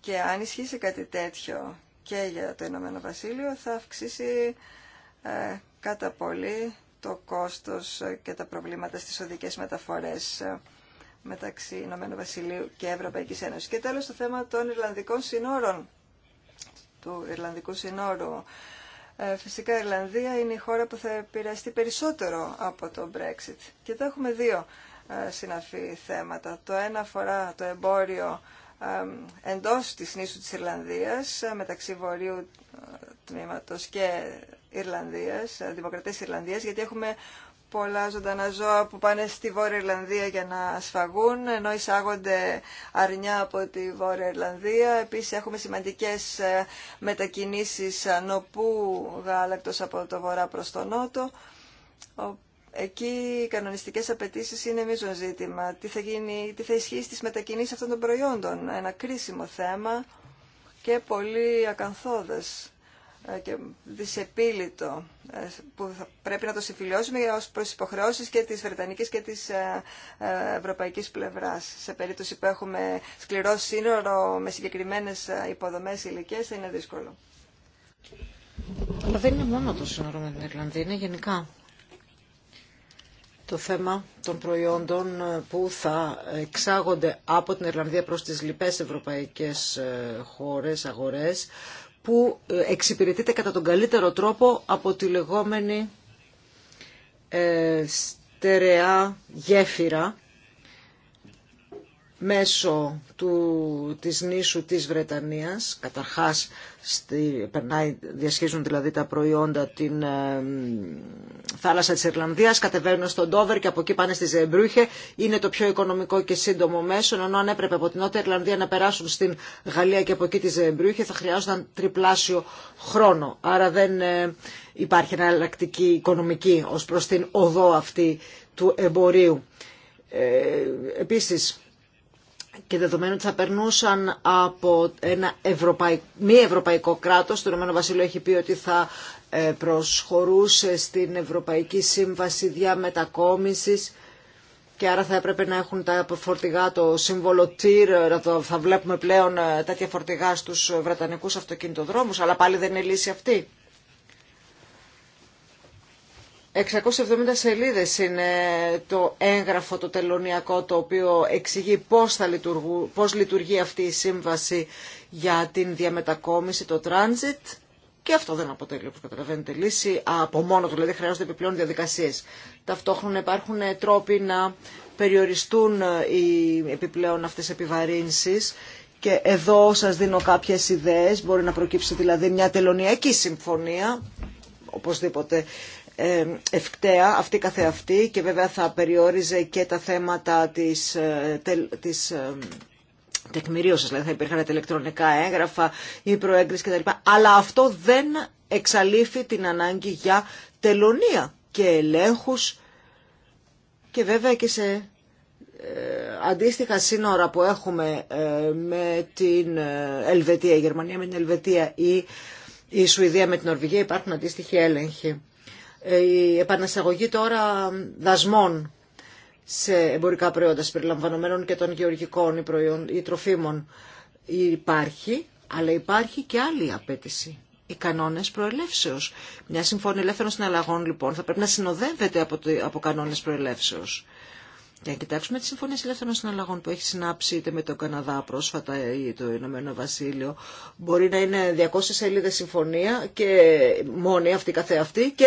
Και αν ισχύσει κάτι τέτοιο και για το Ηνωμένο Βασίλειο θα αυξήσει κατά πολύ το κόστος και τα προβλήματα στις οδικές μεταφορές μεταξύ Ηνωμένου Βασιλείου και Ευρωπαϊκή Ένωση. Και τέλος το θέμα των Ιρλανδικών συνόρων, του Ιρλανδικού συνόρου. Ε, φυσικά η Ιρλανδία είναι η χώρα που θα επηρεαστεί περισσότερο από το Brexit. Και εδώ έχουμε δύο ε, συναφή θέματα. Το ένα αφορά το εμπόριο εντός της νήσου της Ιρλανδίας, ε, μεταξύ Βορείου Τμήματο και Ιρλανδίας, Δημοκρατία Ιρλανδίας, γιατί έχουμε πολλά ζωντανά ζώα που πάνε στη Βόρεια Ιρλανδία για να σφαγούν, ενώ εισάγονται αρνιά από τη Βόρεια Ιρλανδία. Επίσης έχουμε σημαντικές ε, μετακινήσεις νοπού γάλακτος από το βορρά προς το νότο. Εκεί οι κανονιστικέ απαιτήσει είναι μείζον ζήτημα. Τι θα, γίνει, τι θα ισχύει στις μετακινήσεις αυτών των προϊόντων. Ένα κρίσιμο θέμα και πολύ ακαθόδες. Ε, και δυσεπίλητο ε, που θα πρέπει να το συμφιλιώσουμε ως προς υποχρεώσεις και της Βρετανικής και της ε, Ευρωπαϊκής πλευράς. Σε περίπτωση που έχουμε σκληρό σύνορο με συγκεκριμένες υποδομές ηλικίες θα είναι δύσκολο. Αλλά δεν είναι μόνο το σύνορο με την Ιρλανδία, είναι γενικά το θέμα των προϊόντων που θα εξάγονται από την Ιρλανδία προς τις λοιπές ευρωπαϊκές χώρες, αγορές, που ε, εξυπηρετείται κατά τον καλύτερο τρόπο από τη λεγόμενη ε, στερεά γέφυρα μέσω του, της νήσου της Βρετανίας. Καταρχάς στη, διασχίζουν δηλαδή τα προϊόντα την ε, θάλασσα της Ιρλανδίας, κατεβαίνουν στον Ντόβερ και από εκεί πάνε στη Ζεμπρούχε. Είναι το πιο οικονομικό και σύντομο μέσο, ενώ αν έπρεπε από την Νότια Ιρλανδία να περάσουν στην Γαλλία και από εκεί τη Ζεμπρούχε θα χρειάζονταν τριπλάσιο χρόνο. Άρα δεν ε, υπάρχει εναλλακτική οικονομική ως προς την οδό αυτή του εμπορίου. Ε, επίσης, και δεδομένου ότι θα περνούσαν από ένα ευρωπαϊκό μη ευρωπαϊκό κράτος, το Ηνωμένο Βασίλειο έχει πει ότι θα ε, προσχωρούσε στην Ευρωπαϊκή Σύμβαση Διαμετακόμισης και άρα θα έπρεπε να έχουν τα φορτηγά το σύμβολο TIR, θα βλέπουμε πλέον ε, τέτοια φορτηγά στους ε, βρετανικούς αυτοκινητοδρόμους, αλλά πάλι δεν είναι λύση αυτή. 670 σελίδες είναι το έγγραφο το τελωνιακό το οποίο εξηγεί πώς, λειτουργεί αυτή η σύμβαση για την διαμετακόμιση, το transit και αυτό δεν αποτελεί όπως καταλαβαίνετε λύση από μόνο του, δηλαδή χρειάζονται επιπλέον διαδικασίες. Ταυτόχρονα υπάρχουν τρόποι να περιοριστούν ε, οι επιπλέον αυτές επιβαρύνσεις και εδώ σας δίνω κάποιες ιδέες, μπορεί να προκύψει δηλαδή μια τελωνιακή συμφωνία, οπωσδήποτε ευκταία αυτή καθεαυτή και βέβαια θα περιόριζε και τα θέματα της, ε, της τεκμηρίωσης, δηλαδή θα υπήρχαν τα ηλεκτρονικά έγγραφα, η προέγκριση κτλ. Αλλά αυτό δεν εξαλείφει την ανάγκη για τελωνία και ελέγχους και βέβαια και σε ε, αντίστοιχα σύνορα που έχουμε ε, με την Ελβετία, η Γερμανία με την Ελβετία ή η Σουηδία με την Νορβηγία υπάρχουν αντίστοιχοι έλεγχοι. Ε, η επανασαγωγή τώρα δασμών σε εμπορικά προϊόντα συμπεριλαμβανομένων και των γεωργικών ή, προϊόν, ή τροφίμων υπάρχει, αλλά υπάρχει και άλλη απέτηση. Οι κανόνε προελεύσεω. Μια συμφωνία ελεύθερων συναλλαγών λοιπόν θα πρέπει να συνοδεύεται από, από κανόνε προελεύσεω. Για να κοιτάξουμε τι συμφωνίε ελεύθερων συναλλαγών που έχει συνάψει είτε με τον Καναδά πρόσφατα ή το Ηνωμένο Βασίλειο, μπορεί να είναι 200 σελίδε συμφωνία και μόνη αυτή καθεαυτή και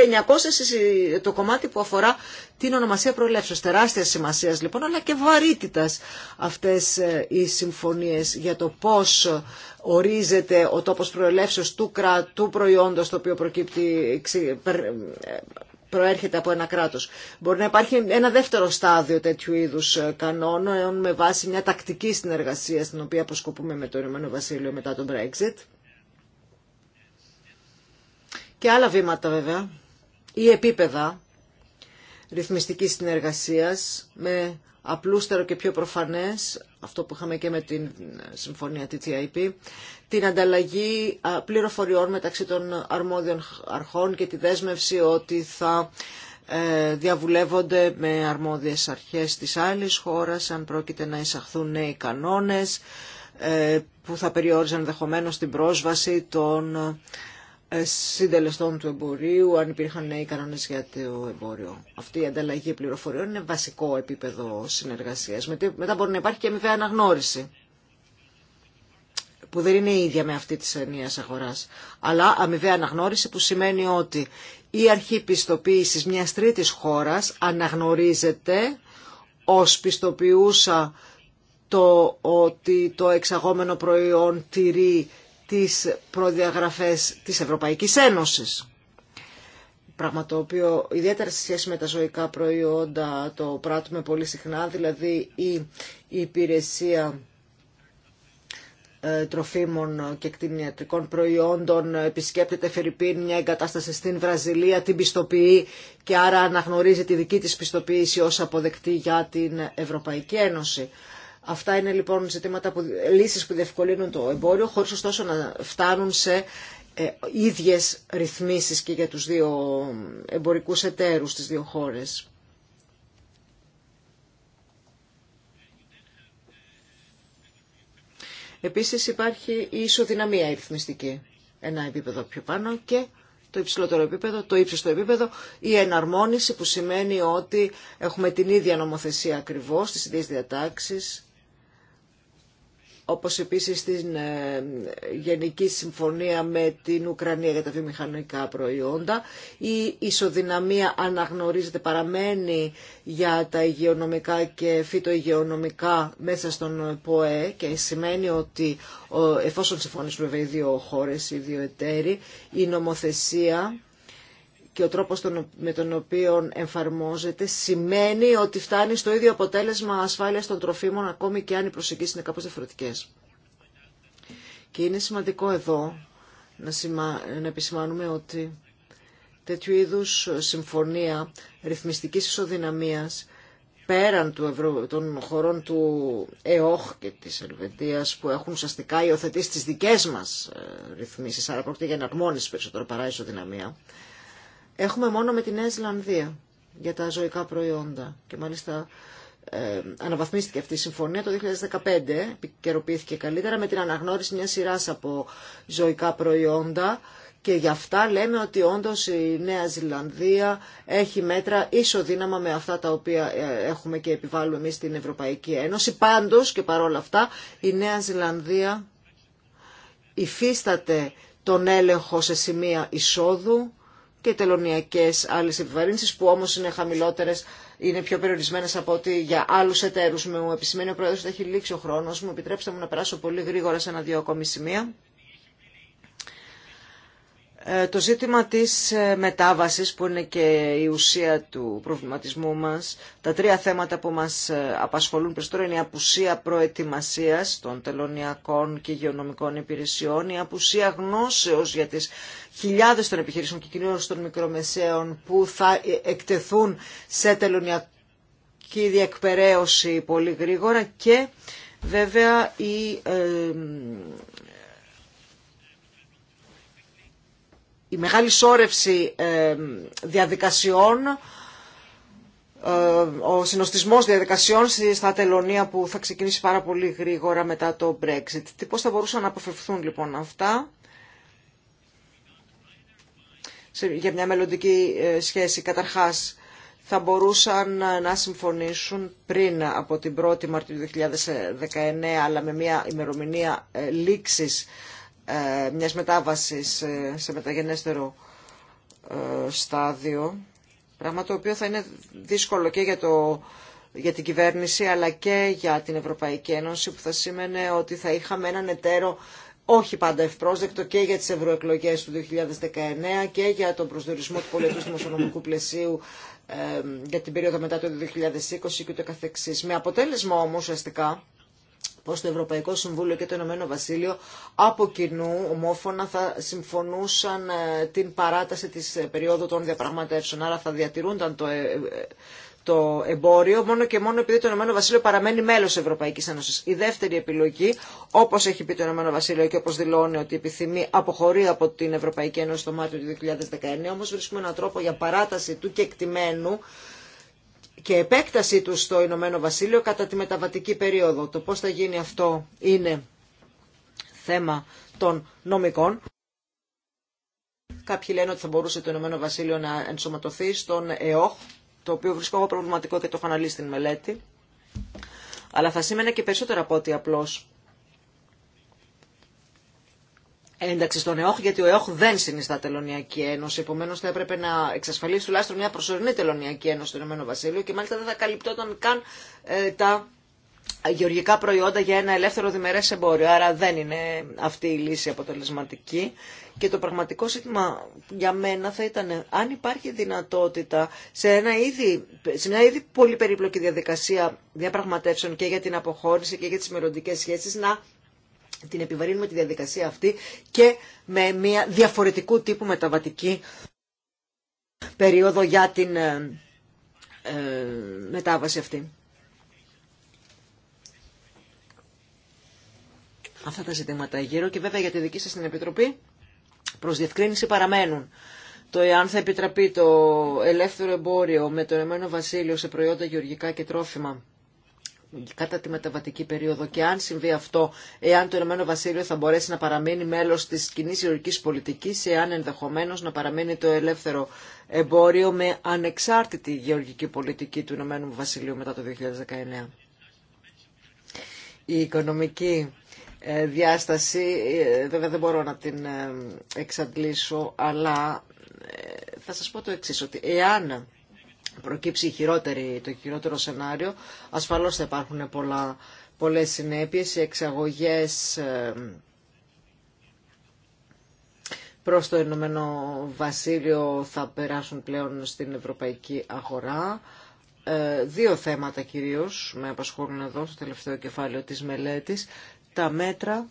900 το κομμάτι που αφορά την ονομασία προελεύσεω. Τεράστια σημασία λοιπόν, αλλά και βαρύτητα αυτέ ε, οι συμφωνίε για το πώ ορίζεται ο τόπο προελεύσεω του, του προϊόντο το οποίο προκύπτει ε, προέρχεται από ένα κράτος. Μπορεί να υπάρχει ένα δεύτερο στάδιο τέτοιου είδους ε, κανόνων με βάση μια τακτική συνεργασία στην οποία αποσκοπούμε με το Ηνωμένο Βασίλειο μετά τον Brexit. Και άλλα βήματα βέβαια ή επίπεδα ρυθμιστικής συνεργασίας με απλούστερο και πιο προφανές αυτό που είχαμε και με την ε, συμφωνία TTIP, την ανταλλαγή πληροφοριών μεταξύ των αρμόδιων αρχών και τη δέσμευση ότι θα ε, διαβουλεύονται με αρμόδιες αρχές της άλλης χώρας αν πρόκειται να εισαχθούν νέοι κανόνες ε, που θα περιόριζαν ενδεχομένω την πρόσβαση των συντελεστών του εμπορίου, αν υπήρχαν νέοι κανόνες για το εμπόριο. Αυτή η ανταλλαγή πληροφοριών είναι βασικό επίπεδο συνεργασία. Μετά μπορεί να υπάρχει και αμοιβαία αναγνώριση που δεν είναι η ίδια με αυτή τη ενία αγορά. Αλλά αμοιβαία αναγνώριση που σημαίνει ότι η αρχή πιστοποίηση μιας τρίτης χώρα αναγνωρίζεται ω πιστοποιούσα το ότι το εξαγόμενο προϊόν τηρεί τις προδιαγραφές της Ευρωπαϊκής Ένωσης. Πράγμα το οποίο ιδιαίτερα σε σχέση με τα ζωικά προϊόντα το πράττουμε πολύ συχνά, δηλαδή η υπηρεσία ε, τροφίμων και κτηνιατρικών προϊόντων επισκέπτεται Φερρυπίν μια εγκατάσταση στην Βραζιλία, την πιστοποιεί και άρα αναγνωρίζει τη δική της πιστοποίηση ως αποδεκτή για την Ευρωπαϊκή Ένωση. Αυτά είναι λοιπόν ζητήματα που, λύσεις που διευκολύνουν το εμπόριο, χωρίς ωστόσο να φτάνουν σε ε, ίδιες ρυθμίσεις και για τους δύο εμπορικούς εταίρους στις δύο χώρες. Επίσης υπάρχει η ισοδυναμία ρυθμιστική. Ένα επίπεδο πιο πάνω και το υψηλότερο επίπεδο, το ύψιστο επίπεδο, η εναρμόνιση που σημαίνει ότι έχουμε την ίδια νομοθεσία ακριβώς, τις ίδιες διατάξεις, όπως επίσης την ε, Γενική Συμφωνία με την Ουκρανία για τα βιομηχανικά προϊόντα. Η ισοδυναμία αναγνωρίζεται, παραμένει για τα υγειονομικά και φυτοϊγειονομικά μέσα στον ΠΟΕ και σημαίνει ότι εφόσον συμφωνήσουν οι δύο χώρες, οι δύο εταίροι, η νομοθεσία και ο τρόπος με τον οποίο εμφαρμόζεται σημαίνει ότι φτάνει στο ίδιο αποτέλεσμα ασφάλειας των τροφίμων ακόμη και αν οι προσεγγίσεις είναι κάπως διαφορετικές. Και είναι σημαντικό εδώ να, σημα... να επισημάνουμε ότι τέτοιου είδους συμφωνία ρυθμιστικής ισοδυναμίας πέραν του Ευρω... των χωρών του ΕΟΧ και της Ελβετίας που έχουν ουσιαστικά υιοθετήσει τις δικές μας ε, ρυθμίσεις, άρα πρόκειται για εναρμόνιση περισσότερο παρά ισοδυναμία, έχουμε μόνο με τη Νέα Ζηλανδία για τα ζωικά προϊόντα. Και μάλιστα ε, αναβαθμίστηκε αυτή η συμφωνία το 2015, επικαιροποιήθηκε καλύτερα με την αναγνώριση μιας σειρά από ζωικά προϊόντα και γι' αυτά λέμε ότι όντως η Νέα Ζηλανδία έχει μέτρα δύναμα με αυτά τα οποία ε, έχουμε και επιβάλλουμε εμείς στην Ευρωπαϊκή Ένωση. Πάντως και παρόλα αυτά η Νέα Ζηλανδία υφίσταται τον έλεγχο σε σημεία εισόδου και τελωνιακές άλλε επιβαρύνσει που όμω είναι χαμηλότερε, είναι πιο περιορισμένε από ότι για άλλους εταίρους. Μου επισημαίνει ο πρόεδρο ότι έχει λήξει ο χρόνος μου, επιτρέψτε μου να περάσω πολύ γρήγορα σε ένα-δύο ακόμη σημεία. Ε, το ζήτημα της ε, μετάβασης που είναι και η ουσία του προβληματισμού μας, τα τρία θέματα που μας ε, απασχολούν περισσότερο είναι η απουσία προετοιμασίας των τελωνιακών και υγειονομικών υπηρεσιών, η απουσία γνώσεως για τις χιλιάδες των επιχειρήσεων και κυρίως των μικρομεσαίων που θα εκτεθούν σε τελωνιακή διεκπαιρέωση πολύ γρήγορα και βέβαια η η μεγάλη σώρευση ε, διαδικασιών, ε, ο συνοστισμός διαδικασιών στα τελωνία που θα ξεκινήσει πάρα πολύ γρήγορα μετά το Brexit. Τι πώς θα μπορούσαν να αποφευθούν λοιπόν αυτά για μια μελλοντική ε, σχέση. Καταρχάς, θα μπορούσαν να συμφωνήσουν πριν από την 1η Μαρτίου 2019, αλλά με μια ημερομηνία λήξης ε, μιας μετάβασης ε, σε μεταγενέστερο ε, στάδιο, πράγμα το οποίο θα είναι δύσκολο και για, το, για την κυβέρνηση αλλά και για την Ευρωπαϊκή Ένωση που θα σήμαινε ότι θα είχαμε έναν εταίρο όχι πάντα ευπρόσδεκτο και για τις ευρωεκλογέ του 2019 και για τον προσδιορισμό του πολιτικού δημοσιονομικού πλαισίου για την περίοδο μετά το 2020 και ούτε καθεξής. Με αποτέλεσμα όμως ουσιαστικά πως το Ευρωπαϊκό Συμβούλιο και το Ηνωμένο Βασίλειο από κοινού ομόφωνα θα συμφωνούσαν ε, την παράταση της ε, περίοδου των διαπραγματεύσεων. Άρα θα διατηρούνταν το, ε, το εμπόριο μόνο και μόνο επειδή το Ηνωμένο Βασίλειο παραμένει μέλο τη Ευρωπαϊκή Ένωση. Η δεύτερη επιλογή, όπω έχει πει το Ηνωμένο Βασίλειο και όπω δηλώνει ότι επιθυμεί, αποχωρεί από την Ευρωπαϊκή Ένωση το Μάρτιο του 2019, όμω βρίσκουμε έναν τρόπο για παράταση του κεκτημένου και επέκτασή του στο Ηνωμένο Βασίλειο κατά τη μεταβατική περίοδο. Το πώς θα γίνει αυτό είναι θέμα των νομικών. Κάποιοι λένε ότι θα μπορούσε το Ηνωμένο Βασίλειο να ενσωματωθεί στον ΕΟΧ, το οποίο βρίσκω εγώ προβληματικό και το έχω αναλύσει στην μελέτη. Αλλά θα σήμαινε και περισσότερα από ότι απλώς ένταξη στον ΕΟΧ, γιατί ο ΕΟΧ δεν συνιστά τελωνιακή ένωση. Επομένω, θα έπρεπε να εξασφαλίσει τουλάχιστον μια προσωρινή τελωνιακή ένωση στο Ηνωμένο Βασίλειο και μάλιστα δεν θα καλυπτόταν καν ε, τα γεωργικά προϊόντα για ένα ελεύθερο διμερές εμπόριο. Άρα δεν είναι αυτή η λύση αποτελεσματική. Και το πραγματικό ζήτημα για μένα θα ήταν αν υπάρχει δυνατότητα σε, ένα ήδη, σε μια ήδη πολύ περίπλοκη διαδικασία διαπραγματεύσεων και για την αποχώρηση και για τις μελλοντικέ σχέσεις να την επιβαρύνουμε τη διαδικασία αυτή και με μια διαφορετικού τύπου μεταβατική περίοδο για την ε, ε, μετάβαση αυτή. Αυτά τα ζητήματα γύρω και βέβαια για τη δική σας την Επιτροπή προς διευκρίνηση παραμένουν. Το εάν θα επιτραπεί το ελεύθερο εμπόριο με το Ενωμένο Βασίλειο σε προϊόντα γεωργικά και τρόφιμα κατά τη μεταβατική περίοδο και αν συμβεί αυτό, εάν το Ηνωμένο Βασίλειο θα μπορέσει να παραμείνει μέλος της κοινή γεωργικής πολιτικής, εάν ενδεχομένως να παραμείνει το ελεύθερο εμπόριο με ανεξάρτητη γεωργική πολιτική του Ηνωμένου Βασιλείου μετά το 2019. Η οικονομική ε, διάσταση ε, βέβαια δεν μπορώ να την ε, εξαντλήσω, αλλά θα σας πω το εξής, ότι εάν προκύψει χειρότερη, το χειρότερο σενάριο, ασφαλώς θα υπάρχουν πολλά, πολλές συνέπειες, οι εξαγωγές ε, προς το Ηνωμένο Βασίλειο θα περάσουν πλέον στην ευρωπαϊκή αγορά. Ε, δύο θέματα κυρίως με απασχολούν εδώ στο τελευταίο κεφάλαιο της μελέτης. Τα μέτρα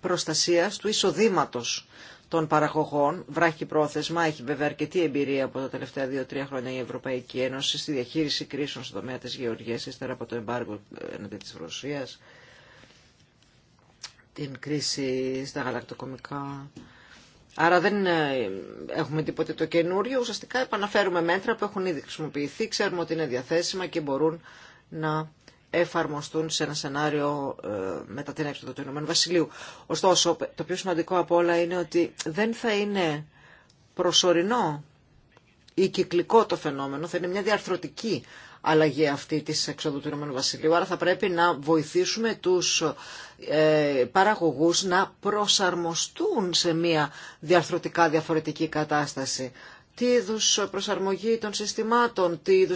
προστασίας του εισοδήματος των παραγωγών, βράχει πρόθεσμα, έχει βέβαια αρκετή εμπειρία από τα τελευταία δύο-τρία χρόνια η Ευρωπαϊκή Ένωση στη διαχείριση κρίσεων στον τομέα τη γεωργίας, ύστερα από το εμπάργο εναντί τη Ρωσία, την κρίση στα γαλακτοκομικά. Άρα δεν ε, έχουμε τίποτε το καινούριο, ουσιαστικά επαναφέρουμε μέτρα που έχουν ήδη χρησιμοποιηθεί, ξέρουμε ότι είναι διαθέσιμα και μπορούν να εφαρμοστούν σε ένα σενάριο ε, μετά την έξοδο του Ηνωμένου Βασιλείου. Ωστόσο, το πιο σημαντικό από όλα είναι ότι δεν θα είναι προσωρινό ή κυκλικό το φαινόμενο, θα είναι μια διαρθρωτική αλλαγή αυτή της εξόδου του Ηνωμένου Βασιλείου. Άρα θα πρέπει να βοηθήσουμε τους ε, παραγωγούς να προσαρμοστούν σε μια διαρθρωτικά διαφορετική κατάσταση τι είδου προσαρμογή των συστημάτων, τι είδου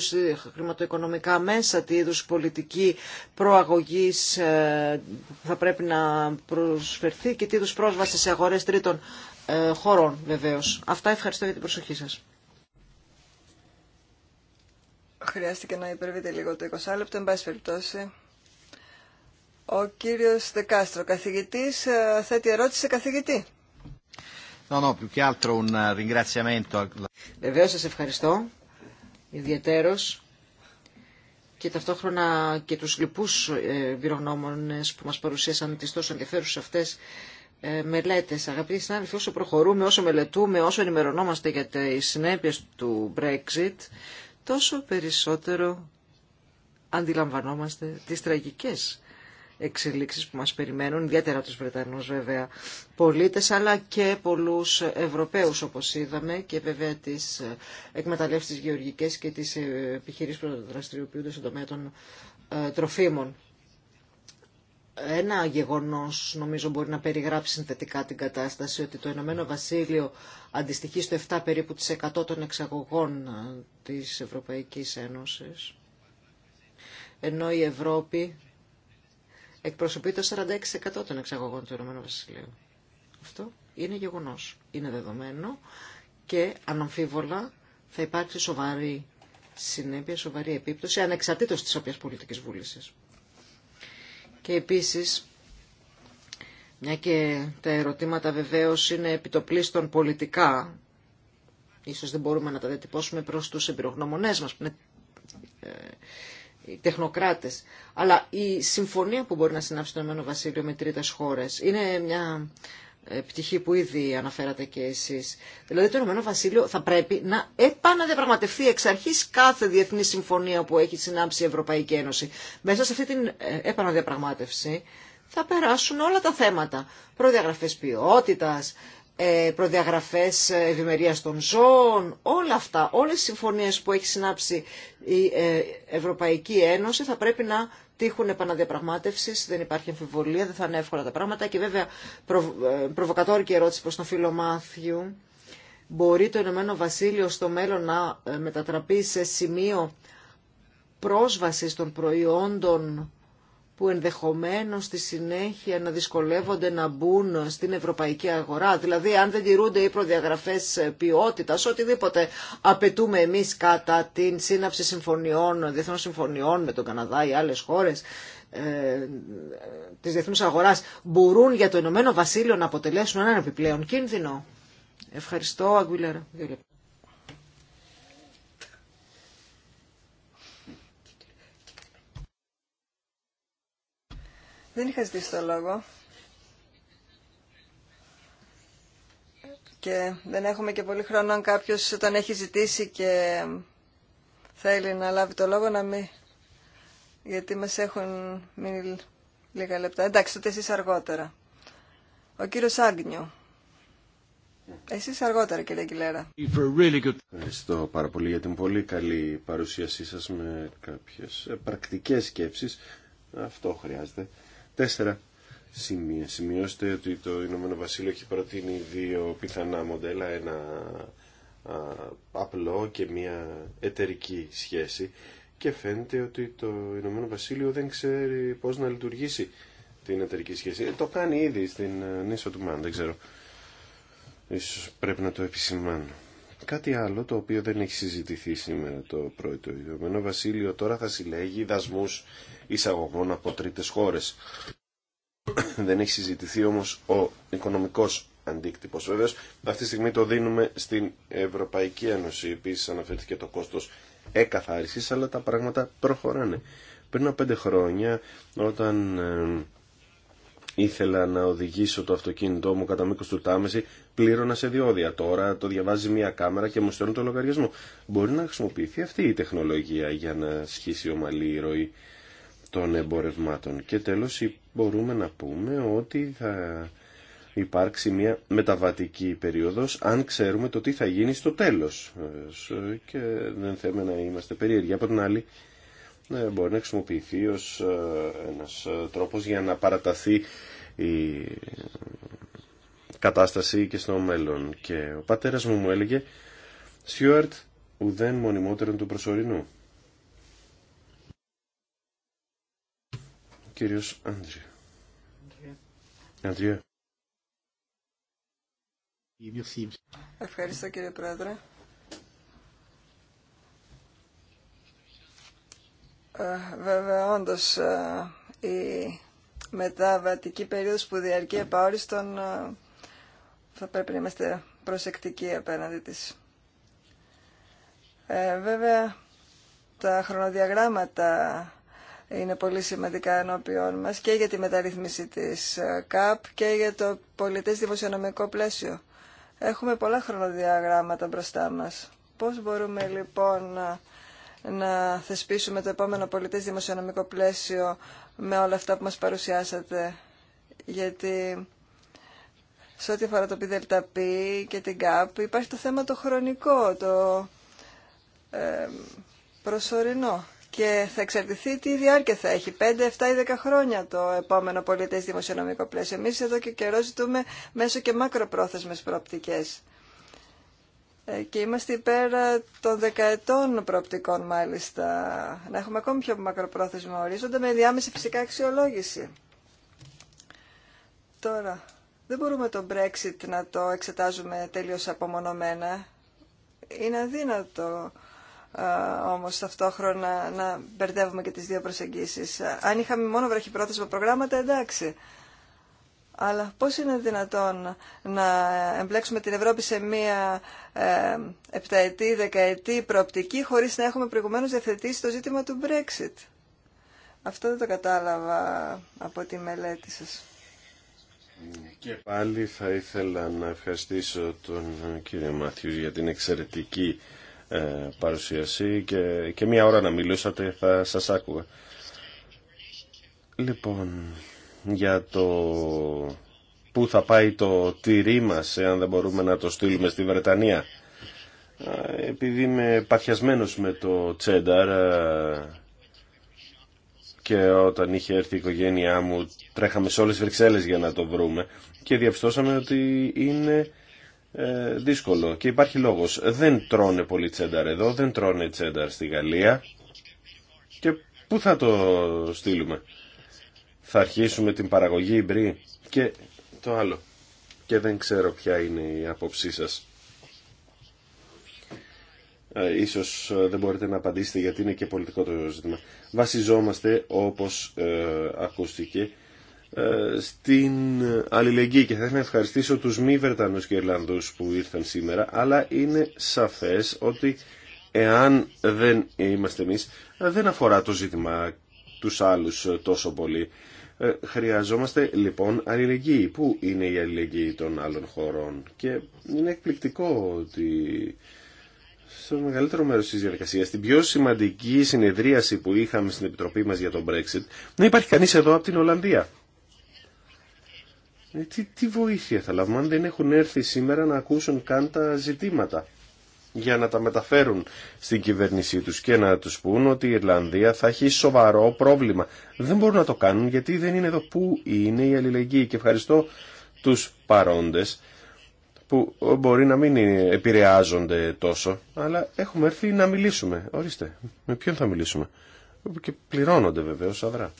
χρηματοοικονομικά μέσα, τι είδου πολιτική προαγωγή ε, θα πρέπει να προσφερθεί και τι είδου πρόσβαση σε αγορέ τρίτων ε, χωρών βεβαίω. Αυτά ευχαριστώ για την προσοχή σα. Χρειάστηκε να υπερβείτε λίγο το 20 λεπτό, εν πάση περιπτώσει. Ο κύριος Δεκάστρο, καθηγητής, ε, θέτει ερώτηση σε καθηγητή. Eh, Βεβαίω σας ευχαριστώ ιδιαίτερος και ταυτόχρονα και τους λοιπούς ε, πυρογνώμονες που μας παρουσίασαν τις τόσο ενδιαφέρουσες αυτές ε, μελέτες. Αγαπητοί συνάδελφοι, όσο προχωρούμε, όσο μελετούμε, όσο ενημερωνόμαστε για τις συνέπειες του Brexit, τόσο περισσότερο αντιλαμβανόμαστε τις τραγικές εξελίξεις που μας περιμένουν, ιδιαίτερα τους Βρετανούς βέβαια πολίτες, αλλά και πολλούς Ευρωπαίους όπως είδαμε και βέβαια τις εκμεταλλεύσεις γεωργικές και τις επιχειρήσεις που δραστηριοποιούνται στον τομέα των ε, τροφίμων. Ένα γεγονός νομίζω μπορεί να περιγράψει συνθετικά την κατάσταση ότι το Ηνωμένο Βασίλειο αντιστοιχεί στο 7 περίπου της 100 των εξαγωγών ε, της Ευρωπαϊκής Ένωσης ενώ η Ευρώπη εκπροσωπεί το 46% των εξαγωγών του Ηνωμένου Βασιλείου. Αυτό είναι γεγονός, είναι δεδομένο και αναμφίβολα θα υπάρξει σοβαρή συνέπεια, σοβαρή επίπτωση, ανεξαρτήτως της όποιας πολιτικής βούλησης. Και επίσης, μια και τα ερωτήματα βεβαίως είναι επιτοπλίστων πολιτικά, ίσως δεν μπορούμε να τα διατυπώσουμε προς τους εμπειρογνωμονές μας, ε, οι τεχνοκράτες. Αλλά η συμφωνία που μπορεί να συνάψει το Ηνωμένο Βασίλειο με τρίτε χώρε είναι μια ε, πτυχή που ήδη αναφέρατε και εσείς. Δηλαδή το Ηνωμένο Βασίλειο θα πρέπει να επαναδιαπραγματευτεί εξ αρχή κάθε διεθνή συμφωνία που έχει συνάψει η Ευρωπαϊκή Ένωση. Μέσα σε αυτή την ε, επαναδιαπραγμάτευση θα περάσουν όλα τα θέματα. Προδιαγραφές ποιότητας, ε, προδιαγραφές ε, ευημερίας των ζώων, όλα αυτά, όλες οι συμφωνίες που έχει συνάψει η ε, Ευρωπαϊκή Ένωση θα πρέπει να τύχουν επαναδιαπραγμάτευσης, δεν υπάρχει εμφιβολία, δεν θα είναι εύκολα τα πράγματα και βέβαια προβοκατόρικη ερώτηση προς τον φίλο Μάθιου. Μπορεί το Ηνωμένο Βασίλειο στο μέλλον να μετατραπεί σε σημείο πρόσβασης των προϊόντων που ενδεχομένως στη συνέχεια να δυσκολεύονται να μπουν στην ευρωπαϊκή αγορά. Δηλαδή αν δεν τηρούνται οι προδιαγραφές ποιότητας, οτιδήποτε απαιτούμε εμείς κατά την σύναψη συμφωνιών, διεθνών συμφωνιών με τον Καναδά ή άλλες χώρες, ε, της διεθνούς αγοράς μπορούν για το Ηνωμένο Βασίλειο να αποτελέσουν έναν επιπλέον κίνδυνο. Ευχαριστώ, Αγγουλέρα. Δεν είχα ζητήσει το λόγο. Και δεν έχουμε και πολύ χρόνο αν κάποιος τον έχει ζητήσει και θέλει να λάβει το λόγο να μην... Γιατί μας έχουν μείνει λίγα λεπτά. Εντάξει, τότε εσείς αργότερα. Ο κύριος Άγνιο. Εσείς αργότερα κύριε Κιλέρα. Ευχαριστώ πάρα πολύ για την πολύ καλή παρουσίασή σας με κάποιες πρακτικές σκέψεις. Αυτό χρειάζεται τέσσερα σημεία. Σημειώστε ότι το Ηνωμένο Βασίλειο έχει προτείνει δύο πιθανά μοντέλα, ένα απλό και μια εταιρική σχέση και φαίνεται ότι το Ηνωμένο Βασίλειο δεν ξέρει πώς να λειτουργήσει την εταιρική σχέση. Ε, το κάνει ήδη στην ε, νήσο του Μάν, δεν ξέρω. Ίσως πρέπει να το επισημάνω. Κάτι άλλο το οποίο δεν έχει συζητηθεί σήμερα το πρωί το Βασίλειο τώρα θα συλλέγει δασμού εισαγωγών από τρίτε χώρε. δεν έχει συζητηθεί όμως ο οικονομικός αντίκτυπος. Βεβαίως αυτή τη στιγμή το δίνουμε στην Ευρωπαϊκή Ένωση. Επίση αναφέρθηκε το κόστος εκαθάρισης αλλά τα πράγματα προχωράνε. Πριν από πέντε χρόνια όταν ε, ήθελα να οδηγήσω το αυτοκίνητό μου κατά μήκος του τάμεση, πλήρωνα σε διόδια. Τώρα το διαβάζει μια κάμερα και μου στέλνει το λογαριασμό. Μπορεί να χρησιμοποιηθεί αυτή η τεχνολογία για να σχίσει ομαλή η ροή των εμπορευμάτων. Και τέλος μπορούμε να πούμε ότι θα υπάρξει μια μεταβατική περίοδος αν ξέρουμε το τι θα γίνει στο τέλος. Ε, και δεν θέλουμε να είμαστε περίεργοι. Από την άλλη ναι, μπορεί να χρησιμοποιηθεί ως ε, ένας ε, τρόπος για να παραταθεί η κατάσταση και στο μέλλον. Και ο πατέρας μου μου έλεγε «Σιουαρτ, ουδέν μονιμότερον του προσωρινού». Κύριος Άντρια. Άντρια. Ευχαριστώ κύριε Πρόεδρε. Ε, βέβαια, όντως, ε, η μεταβατική περίοδος που διαρκεί επαόριστον ε, θα πρέπει να είμαστε προσεκτικοί απέναντι της. βέβαια, τα χρονοδιαγράμματα είναι πολύ σημαντικά ενώπιόν μας και για τη μεταρρύθμιση της ΚΑΠ και για το πολιτές δημοσιονομικό πλαίσιο. Έχουμε πολλά χρονοδιαγράμματα μπροστά μας. Πώς μπορούμε λοιπόν να να θεσπίσουμε το επόμενο πολιτές δημοσιονομικό πλαίσιο με όλα αυτά που μας παρουσιάσατε. Γιατί σε ό,τι αφορά το ΠΔΠ και την ΚΑΠ υπάρχει το θέμα το χρονικό, το προσωρινό. Και θα εξαρτηθεί τι διάρκεια θα έχει, 5, 7 ή 10 χρόνια το επόμενο πολιτές δημοσιονομικό πλαίσιο. Εμείς εδώ και καιρό ζητούμε μέσω και μακροπρόθεσμες προοπτικές. Ε, και είμαστε υπέρ ε, των δεκαετών προοπτικών μάλιστα. Να έχουμε ακόμη πιο μακροπρόθεσμα ορίζοντα με διάμεση φυσικά αξιολόγηση. Τώρα, δεν μπορούμε το Brexit να το εξετάζουμε τελείως απομονωμένα. Είναι αδύνατο ε, όμως ταυτόχρονα να μπερδεύουμε και τις δύο προσεγγίσεις. Αν είχαμε μόνο βραχυπρόθεσμα προγράμματα, εντάξει. Αλλά πώς είναι δυνατόν να εμπλέξουμε την Ευρώπη σε μία ε, επταετή, δεκαετή προοπτική χωρίς να έχουμε προηγουμένως διευθετήσει το ζήτημα του Brexit. Αυτό δεν το κατάλαβα από τη μελέτη σας. Και πάλι θα ήθελα να ευχαριστήσω τον κύριο Μαθιού για την εξαιρετική ε, παρουσίαση και, και μία ώρα να μιλούσατε θα σας άκουγα. Λοιπόν, για το πού θα πάει το τυρί μας εάν δεν μπορούμε να το στείλουμε στη Βρετανία. Επειδή είμαι παθιασμένος με το τσένταρ και όταν είχε έρθει η οικογένειά μου τρέχαμε σε όλες τις Βρυξέλλες για να το βρούμε και διαπιστώσαμε ότι είναι ε, δύσκολο και υπάρχει λόγος. Δεν τρώνε πολύ τσένταρ εδώ, δεν τρώνε τσένταρ στη Γαλλία και πού θα το στείλουμε θα αρχίσουμε την παραγωγή μπρι και το άλλο. Και δεν ξέρω ποια είναι η άποψή σας. Ε, ίσως ε, δεν μπορείτε να απαντήσετε γιατί είναι και πολιτικό το ζήτημα. Βασιζόμαστε, όπως ε, ακούστηκε, ε, στην αλληλεγγύη και θα ήθελα να ευχαριστήσω τους μη και Ιρλανδούς που ήρθαν σήμερα, αλλά είναι σαφές ότι εάν δεν είμαστε εμείς, δεν αφορά το ζήτημα τους άλλους τόσο πολύ. Ε, χρειαζόμαστε λοιπόν αλληλεγγύη. Πού είναι η αλληλεγγύη των άλλων χωρών και είναι εκπληκτικό ότι στο μεγαλύτερο μέρος της διαδικασίας, στην πιο σημαντική συνεδρίαση που είχαμε στην Επιτροπή μας για τον Brexit, να υπάρχει κανείς εδώ από την Ολλανδία. Ε, τι, τι βοήθεια θα λάβουμε αν δεν έχουν έρθει σήμερα να ακούσουν καν τα ζητήματα για να τα μεταφέρουν στην κυβέρνησή τους και να τους πούν ότι η Ιρλανδία θα έχει σοβαρό πρόβλημα. Δεν μπορούν να το κάνουν γιατί δεν είναι εδώ που είναι η αλληλεγγύη και ευχαριστώ τους παρόντες που μπορεί να μην επηρεάζονται τόσο, αλλά έχουμε έρθει να μιλήσουμε. Ορίστε, με ποιον θα μιλήσουμε. Και πληρώνονται βεβαίως αδρά.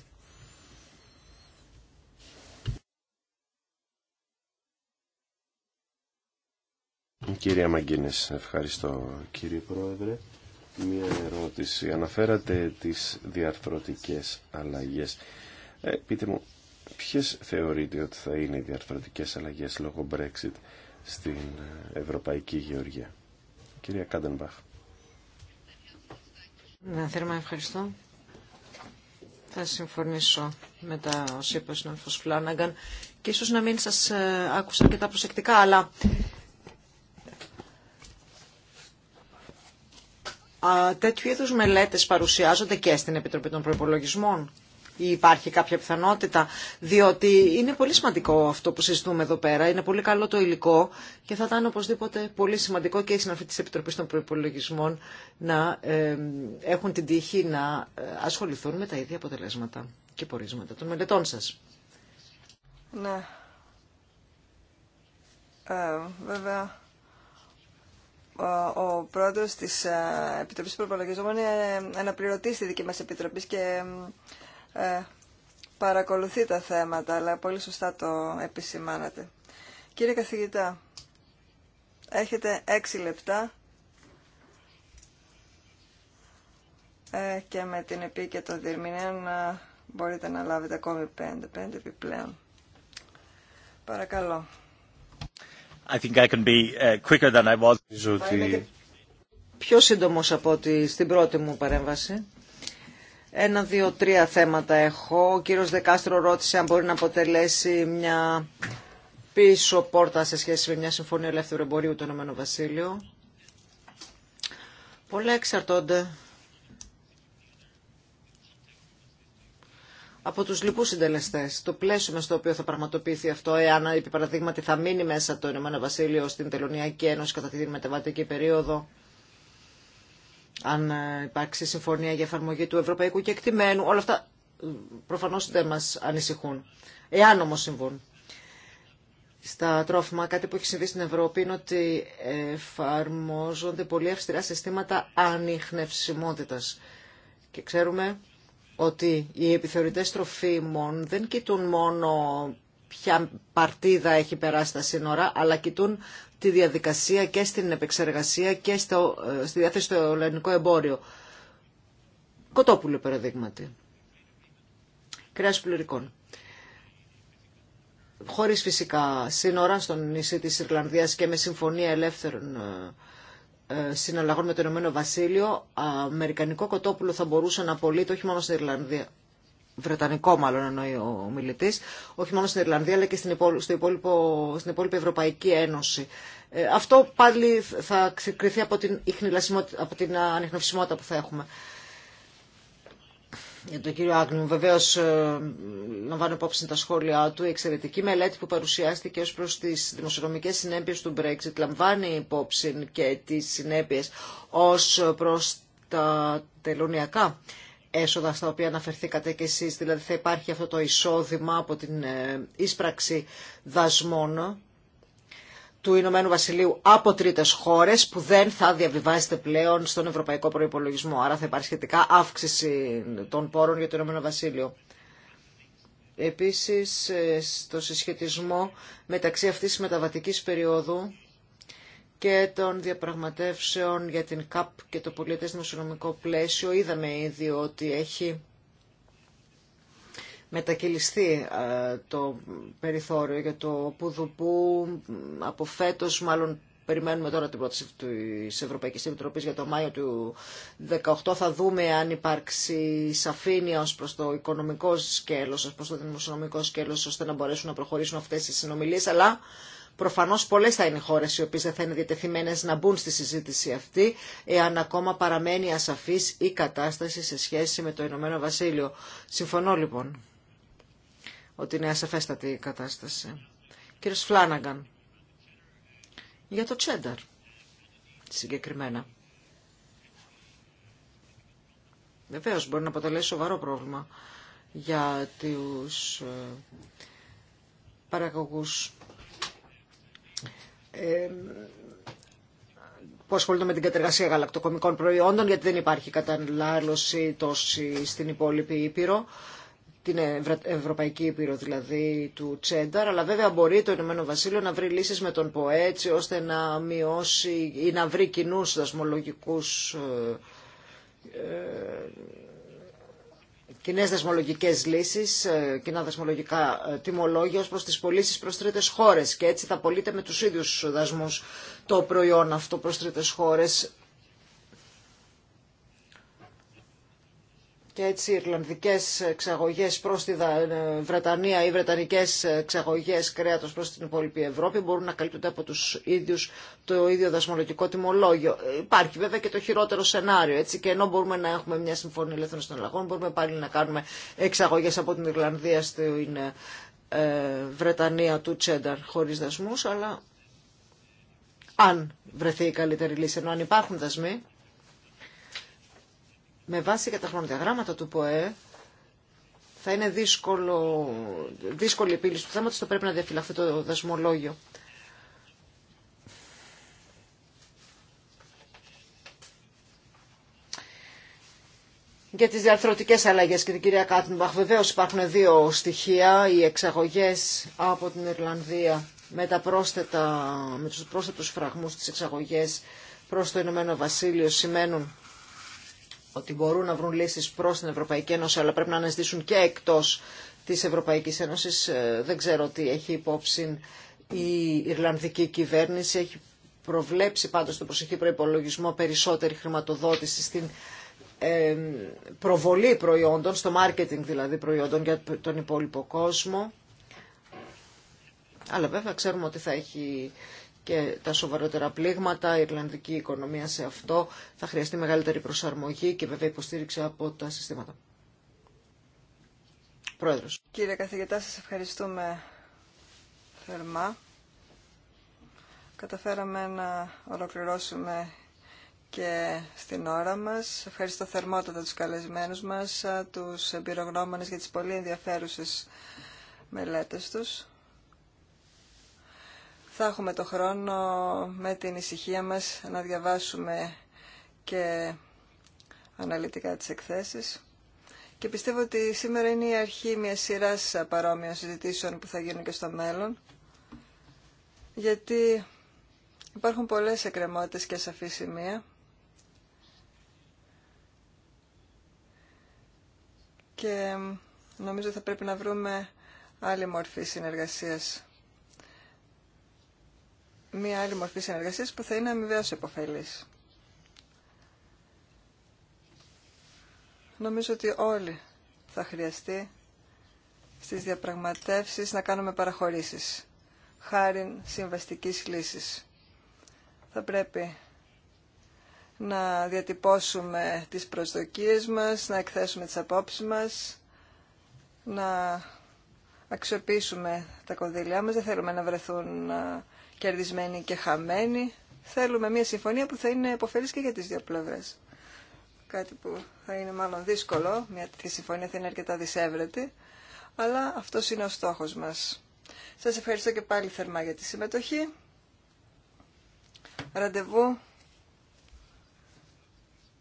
Κύριε Μαγκίνες, ευχαριστώ κύριε Πρόεδρε. Μία ερώτηση. Αναφέρατε τις διαρθρωτικές αλλαγές. Ε, πείτε μου, ποιες θεωρείτε ότι θα είναι οι διαρθρωτικές αλλαγές λόγω Brexit στην ε, Ευρωπαϊκή Γεωργία. Κυρία Κάντενμπαχ. Να θερμά ευχαριστώ. Θα συμφωνήσω με τα όσοι είπε ο και ίσως να μην σας ε, άκουσα και τα προσεκτικά, αλλά τέτοιου είδου μελέτες παρουσιάζονται και στην Επιτροπή των Προπολογισμών ή υπάρχει κάποια πιθανότητα, διότι είναι πολύ σημαντικό αυτό που συζητούμε εδώ πέρα, είναι πολύ καλό το υλικό και θα ήταν οπωσδήποτε πολύ σημαντικό και οι συναφή της Επιτροπή των Προϋπολογισμών να έχουν την τύχη να ε, ασχοληθούν με τα ίδια αποτελέσματα και πορίσματα των μελετών σας. Ναι. Ε, βέβαια, ο πρόεδρος της ε, Επιτροπής Προπολογισμού είναι αναπληρωτής στη δική μας Επιτροπή και ε, παρακολουθεί τα θέματα, αλλά πολύ σωστά το επισημάνατε. Κύριε καθηγητά, έχετε έξι λεπτά ε, και με την επίκαια των διερμηνέων μπορείτε να λάβετε ακόμη πέντε, πέντε επιπλέον. Παρακαλώ. I think I can be uh, quicker than I was. Πιο σύντομος από ότι στην πρώτη μου παρέμβαση. Ένα, δύο, τρία θέματα έχω. Ο κύριος Δεκάστρο ρώτησε αν μπορεί να αποτελέσει μια πίσω πόρτα σε σχέση με μια συμφωνία ελεύθερου εμπορίου του ΕΒ. Πολλά εξαρτώνται από τους λοιπούς συντελεστές. Το πλαίσιο στο οποίο θα πραγματοποιηθεί αυτό, εάν επί παραδείγματι θα μείνει μέσα το Ηνωμένο Βασίλειο στην Τελωνιακή Ένωση κατά τη μεταβατική περίοδο, αν ε, υπάρξει συμφωνία για εφαρμογή του ευρωπαϊκού κεκτημένου, όλα αυτά ε, προφανώς δεν μας ανησυχούν. Εάν όμως συμβούν στα τρόφιμα, κάτι που έχει συμβεί στην Ευρώπη είναι ότι εφαρμόζονται πολύ αυστηρά συστήματα ανιχνευσιμότητας. Και ξέρουμε ότι οι επιθεωρητές τροφίμων δεν κοιτούν μόνο ποια παρτίδα έχει περάσει τα σύνορα, αλλά κοιτούν τη διαδικασία και στην επεξεργασία και στο, ε, στη διάθεση στο ελληνικό εμπόριο. Κοτόπουλο, παραδείγματι. Κρέας πληρικών. Χωρίς φυσικά σύνορα στον νησί της Ιρλανδίας και με συμφωνία ελεύθερων ε, ε, συναλλαγών με το Ηνωμένο Βασίλειο, αμερικανικό κοτόπουλο θα μπορούσε να απολύεται όχι μόνο στην Ιρλανδία, βρετανικό μάλλον εννοεί ο μιλητή, όχι μόνο στην Ιρλανδία αλλά και στην, στο υπόλοιπο, στην υπόλοιπη Ευρωπαϊκή Ένωση. Ε, αυτό πάλι θα ξεκριθεί από την, από την ανιχνευσιμότητα που θα έχουμε για ε, τον κύριο Άγνου. Βεβαίω, ε, λαμβάνω υπόψη τα σχόλιά του. Η εξαιρετική μελέτη που παρουσιάστηκε ω προ τι δημοσιονομικέ συνέπειε του Brexit λαμβάνει υπόψη και τι συνέπειε ω προ τα τελωνιακά έσοδα στα οποία αναφερθήκατε κι εσείς, δηλαδή θα υπάρχει αυτό το εισόδημα από την ε, ίσπραξη δασμών του Ηνωμένου Βασιλείου από τρίτες χώρες που δεν θα διαβιβάζεται πλέον στον Ευρωπαϊκό Προϋπολογισμό. Άρα θα υπάρχει σχετικά αύξηση των πόρων για το Ηνωμένο Βασίλειο. Επίσης, ε, στο συσχετισμό μεταξύ αυτής της μεταβατικής περίοδου και των διαπραγματεύσεων για την ΚΑΠ και το πολιτεύσιμο οικονομικό πλαίσιο, είδαμε ήδη ότι έχει μετακυλιστεί ε, το περιθώριο για το πουδουπού από φέτος μάλλον Περιμένουμε τώρα την πρόταση της Ευρωπαϊκής Επιτροπής για το Μάιο του 2018. Θα δούμε αν υπάρξει σαφήνεια ως προς το οικονομικό σκέλος, ως προς το δημοσιονομικό σκέλος, ώστε να μπορέσουν να προχωρήσουν αυτές οι συνομιλίες. Αλλά προφανώς πολλές θα είναι οι χώρες οι οποίες δεν θα είναι διατεθειμένες να μπουν στη συζήτηση αυτή, εάν ακόμα παραμένει ασαφής η κατάσταση σε σχέση με το Ηνωμένο Βασίλειο. Συμφωνώ λοιπόν ότι είναι ασαφέστατη η κατάσταση. Κύριος Φλάναγκαν, για το Τσένταρ συγκεκριμένα. Βεβαίω μπορεί να αποτελέσει σοβαρό πρόβλημα για τους ε, παραγωγούς ε, που ασχολούνται με την κατεργασία γαλακτοκομικών προϊόντων, γιατί δεν υπάρχει κατανάλωση τόση στην υπόλοιπη Ήπειρο την Ευρωπαϊκή Ήπειρο δηλαδή του Τσένταρ, αλλά βέβαια μπορεί το Ηνωμένο Βασίλειο να βρει λύσεις με τον ΠΟΕ ώστε να μειώσει ή να βρει κοινού δασμολογικούς ε, ε, κοινέ δασμολογικέ λύσει, ε, κοινά δασμολογικά τιμολόγια ω προ τι πωλήσει προ τρίτε χώρε. Και έτσι θα πωλείται με του ίδιου δασμού το προϊόν αυτό προ τρίτε χώρε και έτσι οι Ιρλανδικές εξαγωγές προς τη ε, Βρετανία ή οι Βρετανικές εξαγωγές κρέατος προς την υπόλοιπη Ευρώπη μπορούν να καλύπτονται από τους ίδιους το ίδιο δασμολογικό τιμολόγιο. Υπάρχει βέβαια και το χειρότερο σενάριο, έτσι, και ενώ μπορούμε να έχουμε μια συμφωνία ελεύθερων συναλλαγών, μπορούμε πάλι να κάνουμε εξαγωγές από την Ιρλανδία στην ε, ε, Βρετανία του Τσένταρ χωρίς δασμούς, αλλά αν βρεθεί η καλύτερη λύση, ενώ αν υπάρχουν δασμοί, με βάση και τα χρονοδιαγράμματα του ΠΟΕ θα είναι δύσκολο, δύσκολη η επίλυση του θέματος, θα πρέπει να διαφυλαχθεί το δασμολόγιο. Για τις διαρθρωτικές αλλαγές και την κυρία Κάτνμπαχ βεβαίως υπάρχουν δύο στοιχεία, οι εξαγωγές από την Ιρλανδία με, τα πρόσθετα, με τους πρόσθετους φραγμούς της εξαγωγές προς το Ηνωμένο Βασίλειο σημαίνουν ότι μπορούν να βρουν λύσεις προς την Ευρωπαϊκή Ένωση, αλλά πρέπει να αναζητήσουν και εκτός της Ευρωπαϊκής Ένωσης. Ε, δεν ξέρω τι έχει υπόψη η Ιρλανδική κυβέρνηση. Έχει προβλέψει πάντως το προσεχή προϋπολογισμό περισσότερη χρηματοδότηση στην προβολή προϊόντων, στο μάρκετινγκ δηλαδή προϊόντων για τον υπόλοιπο κόσμο. Αλλά βέβαια ξέρουμε ότι θα έχει και τα σοβαρότερα πλήγματα, η Ιρλανδική οικονομία σε αυτό θα χρειαστεί μεγαλύτερη προσαρμογή και βέβαια υποστήριξη από τα συστήματα. Πρόεδρος. Κύριε καθηγητά, σας ευχαριστούμε θερμά. Καταφέραμε να ολοκληρώσουμε και στην ώρα μας. Ευχαριστώ θερμότατα τους καλεσμένους μας, τους εμπειρογνώμονες για τις πολύ ενδιαφέρουσες μελέτες τους θα έχουμε το χρόνο με την ησυχία μας να διαβάσουμε και αναλυτικά τις εκθέσεις. Και πιστεύω ότι σήμερα είναι η αρχή μιας σειράς παρόμοιων συζητήσεων που θα γίνουν και στο μέλλον, γιατί υπάρχουν πολλές εκκρεμότητες και σαφή σημεία. Και νομίζω θα πρέπει να βρούμε άλλη μορφή συνεργασίας μία άλλη μορφή συνεργασία που θα είναι αμοιβαίω επωφελή. Νομίζω ότι όλοι θα χρειαστεί στις διαπραγματεύσεις να κάνουμε παραχωρήσεις, χάρη συμβαστικής λύσης. Θα πρέπει να διατυπώσουμε τις προσδοκίες μας, να εκθέσουμε τις απόψεις μας, να αξιοποιήσουμε τα κονδύλια μας. Δεν θέλουμε να βρεθούν κερδισμένοι και χαμένοι. Θέλουμε μια συμφωνία που θα είναι επωφελής και για τις δύο πλευρές. Κάτι που θα είναι μάλλον δύσκολο, μια τέτοια συμφωνία θα είναι αρκετά δυσέβρετη, αλλά αυτό είναι ο στόχος μας. Σας ευχαριστώ και πάλι θερμά για τη συμμετοχή. Ραντεβού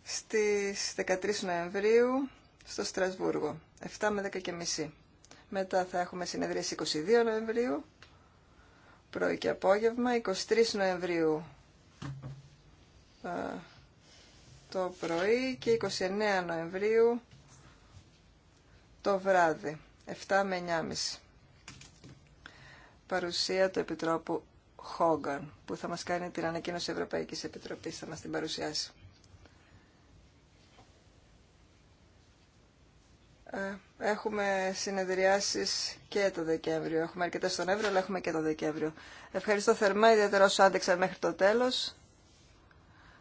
στις 13 Νοεμβρίου στο Στρασβούργο, 7 με 10 και μισή. Μετά θα έχουμε συνεδρίες 22 Νοεμβρίου πρωί και απόγευμα, 23 Νοεμβρίου ε, το πρωί και 29 Νοεμβρίου το βράδυ, 7 με 9.30. Παρουσία του Επιτρόπου Χόγκαν, που θα μας κάνει την ανακοίνωση Ευρωπαϊκής Επιτροπής, θα μας την παρουσιάσει. Ε, έχουμε συνεδριάσεις και το Δεκέμβριο. Έχουμε αρκετέ τον Εύρο, αλλά έχουμε και το Δεκέμβριο. Ευχαριστώ θερμά, ιδιαίτερα όσου άντεξαν μέχρι το τέλος.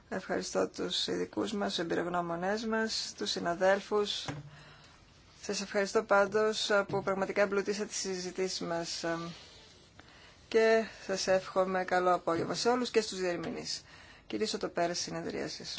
Ευχαριστώ τους ειδικού μας, τους εμπειρογνώμονές μας, τους συναδέλφους. Σας ευχαριστώ πάντως που πραγματικά εμπλουτίσατε τις συζητήσεις μας και σας εύχομαι καλό απόγευμα σε όλους και στους διερμηνείς. Κυρίσω το πέρας συνεδρίασης.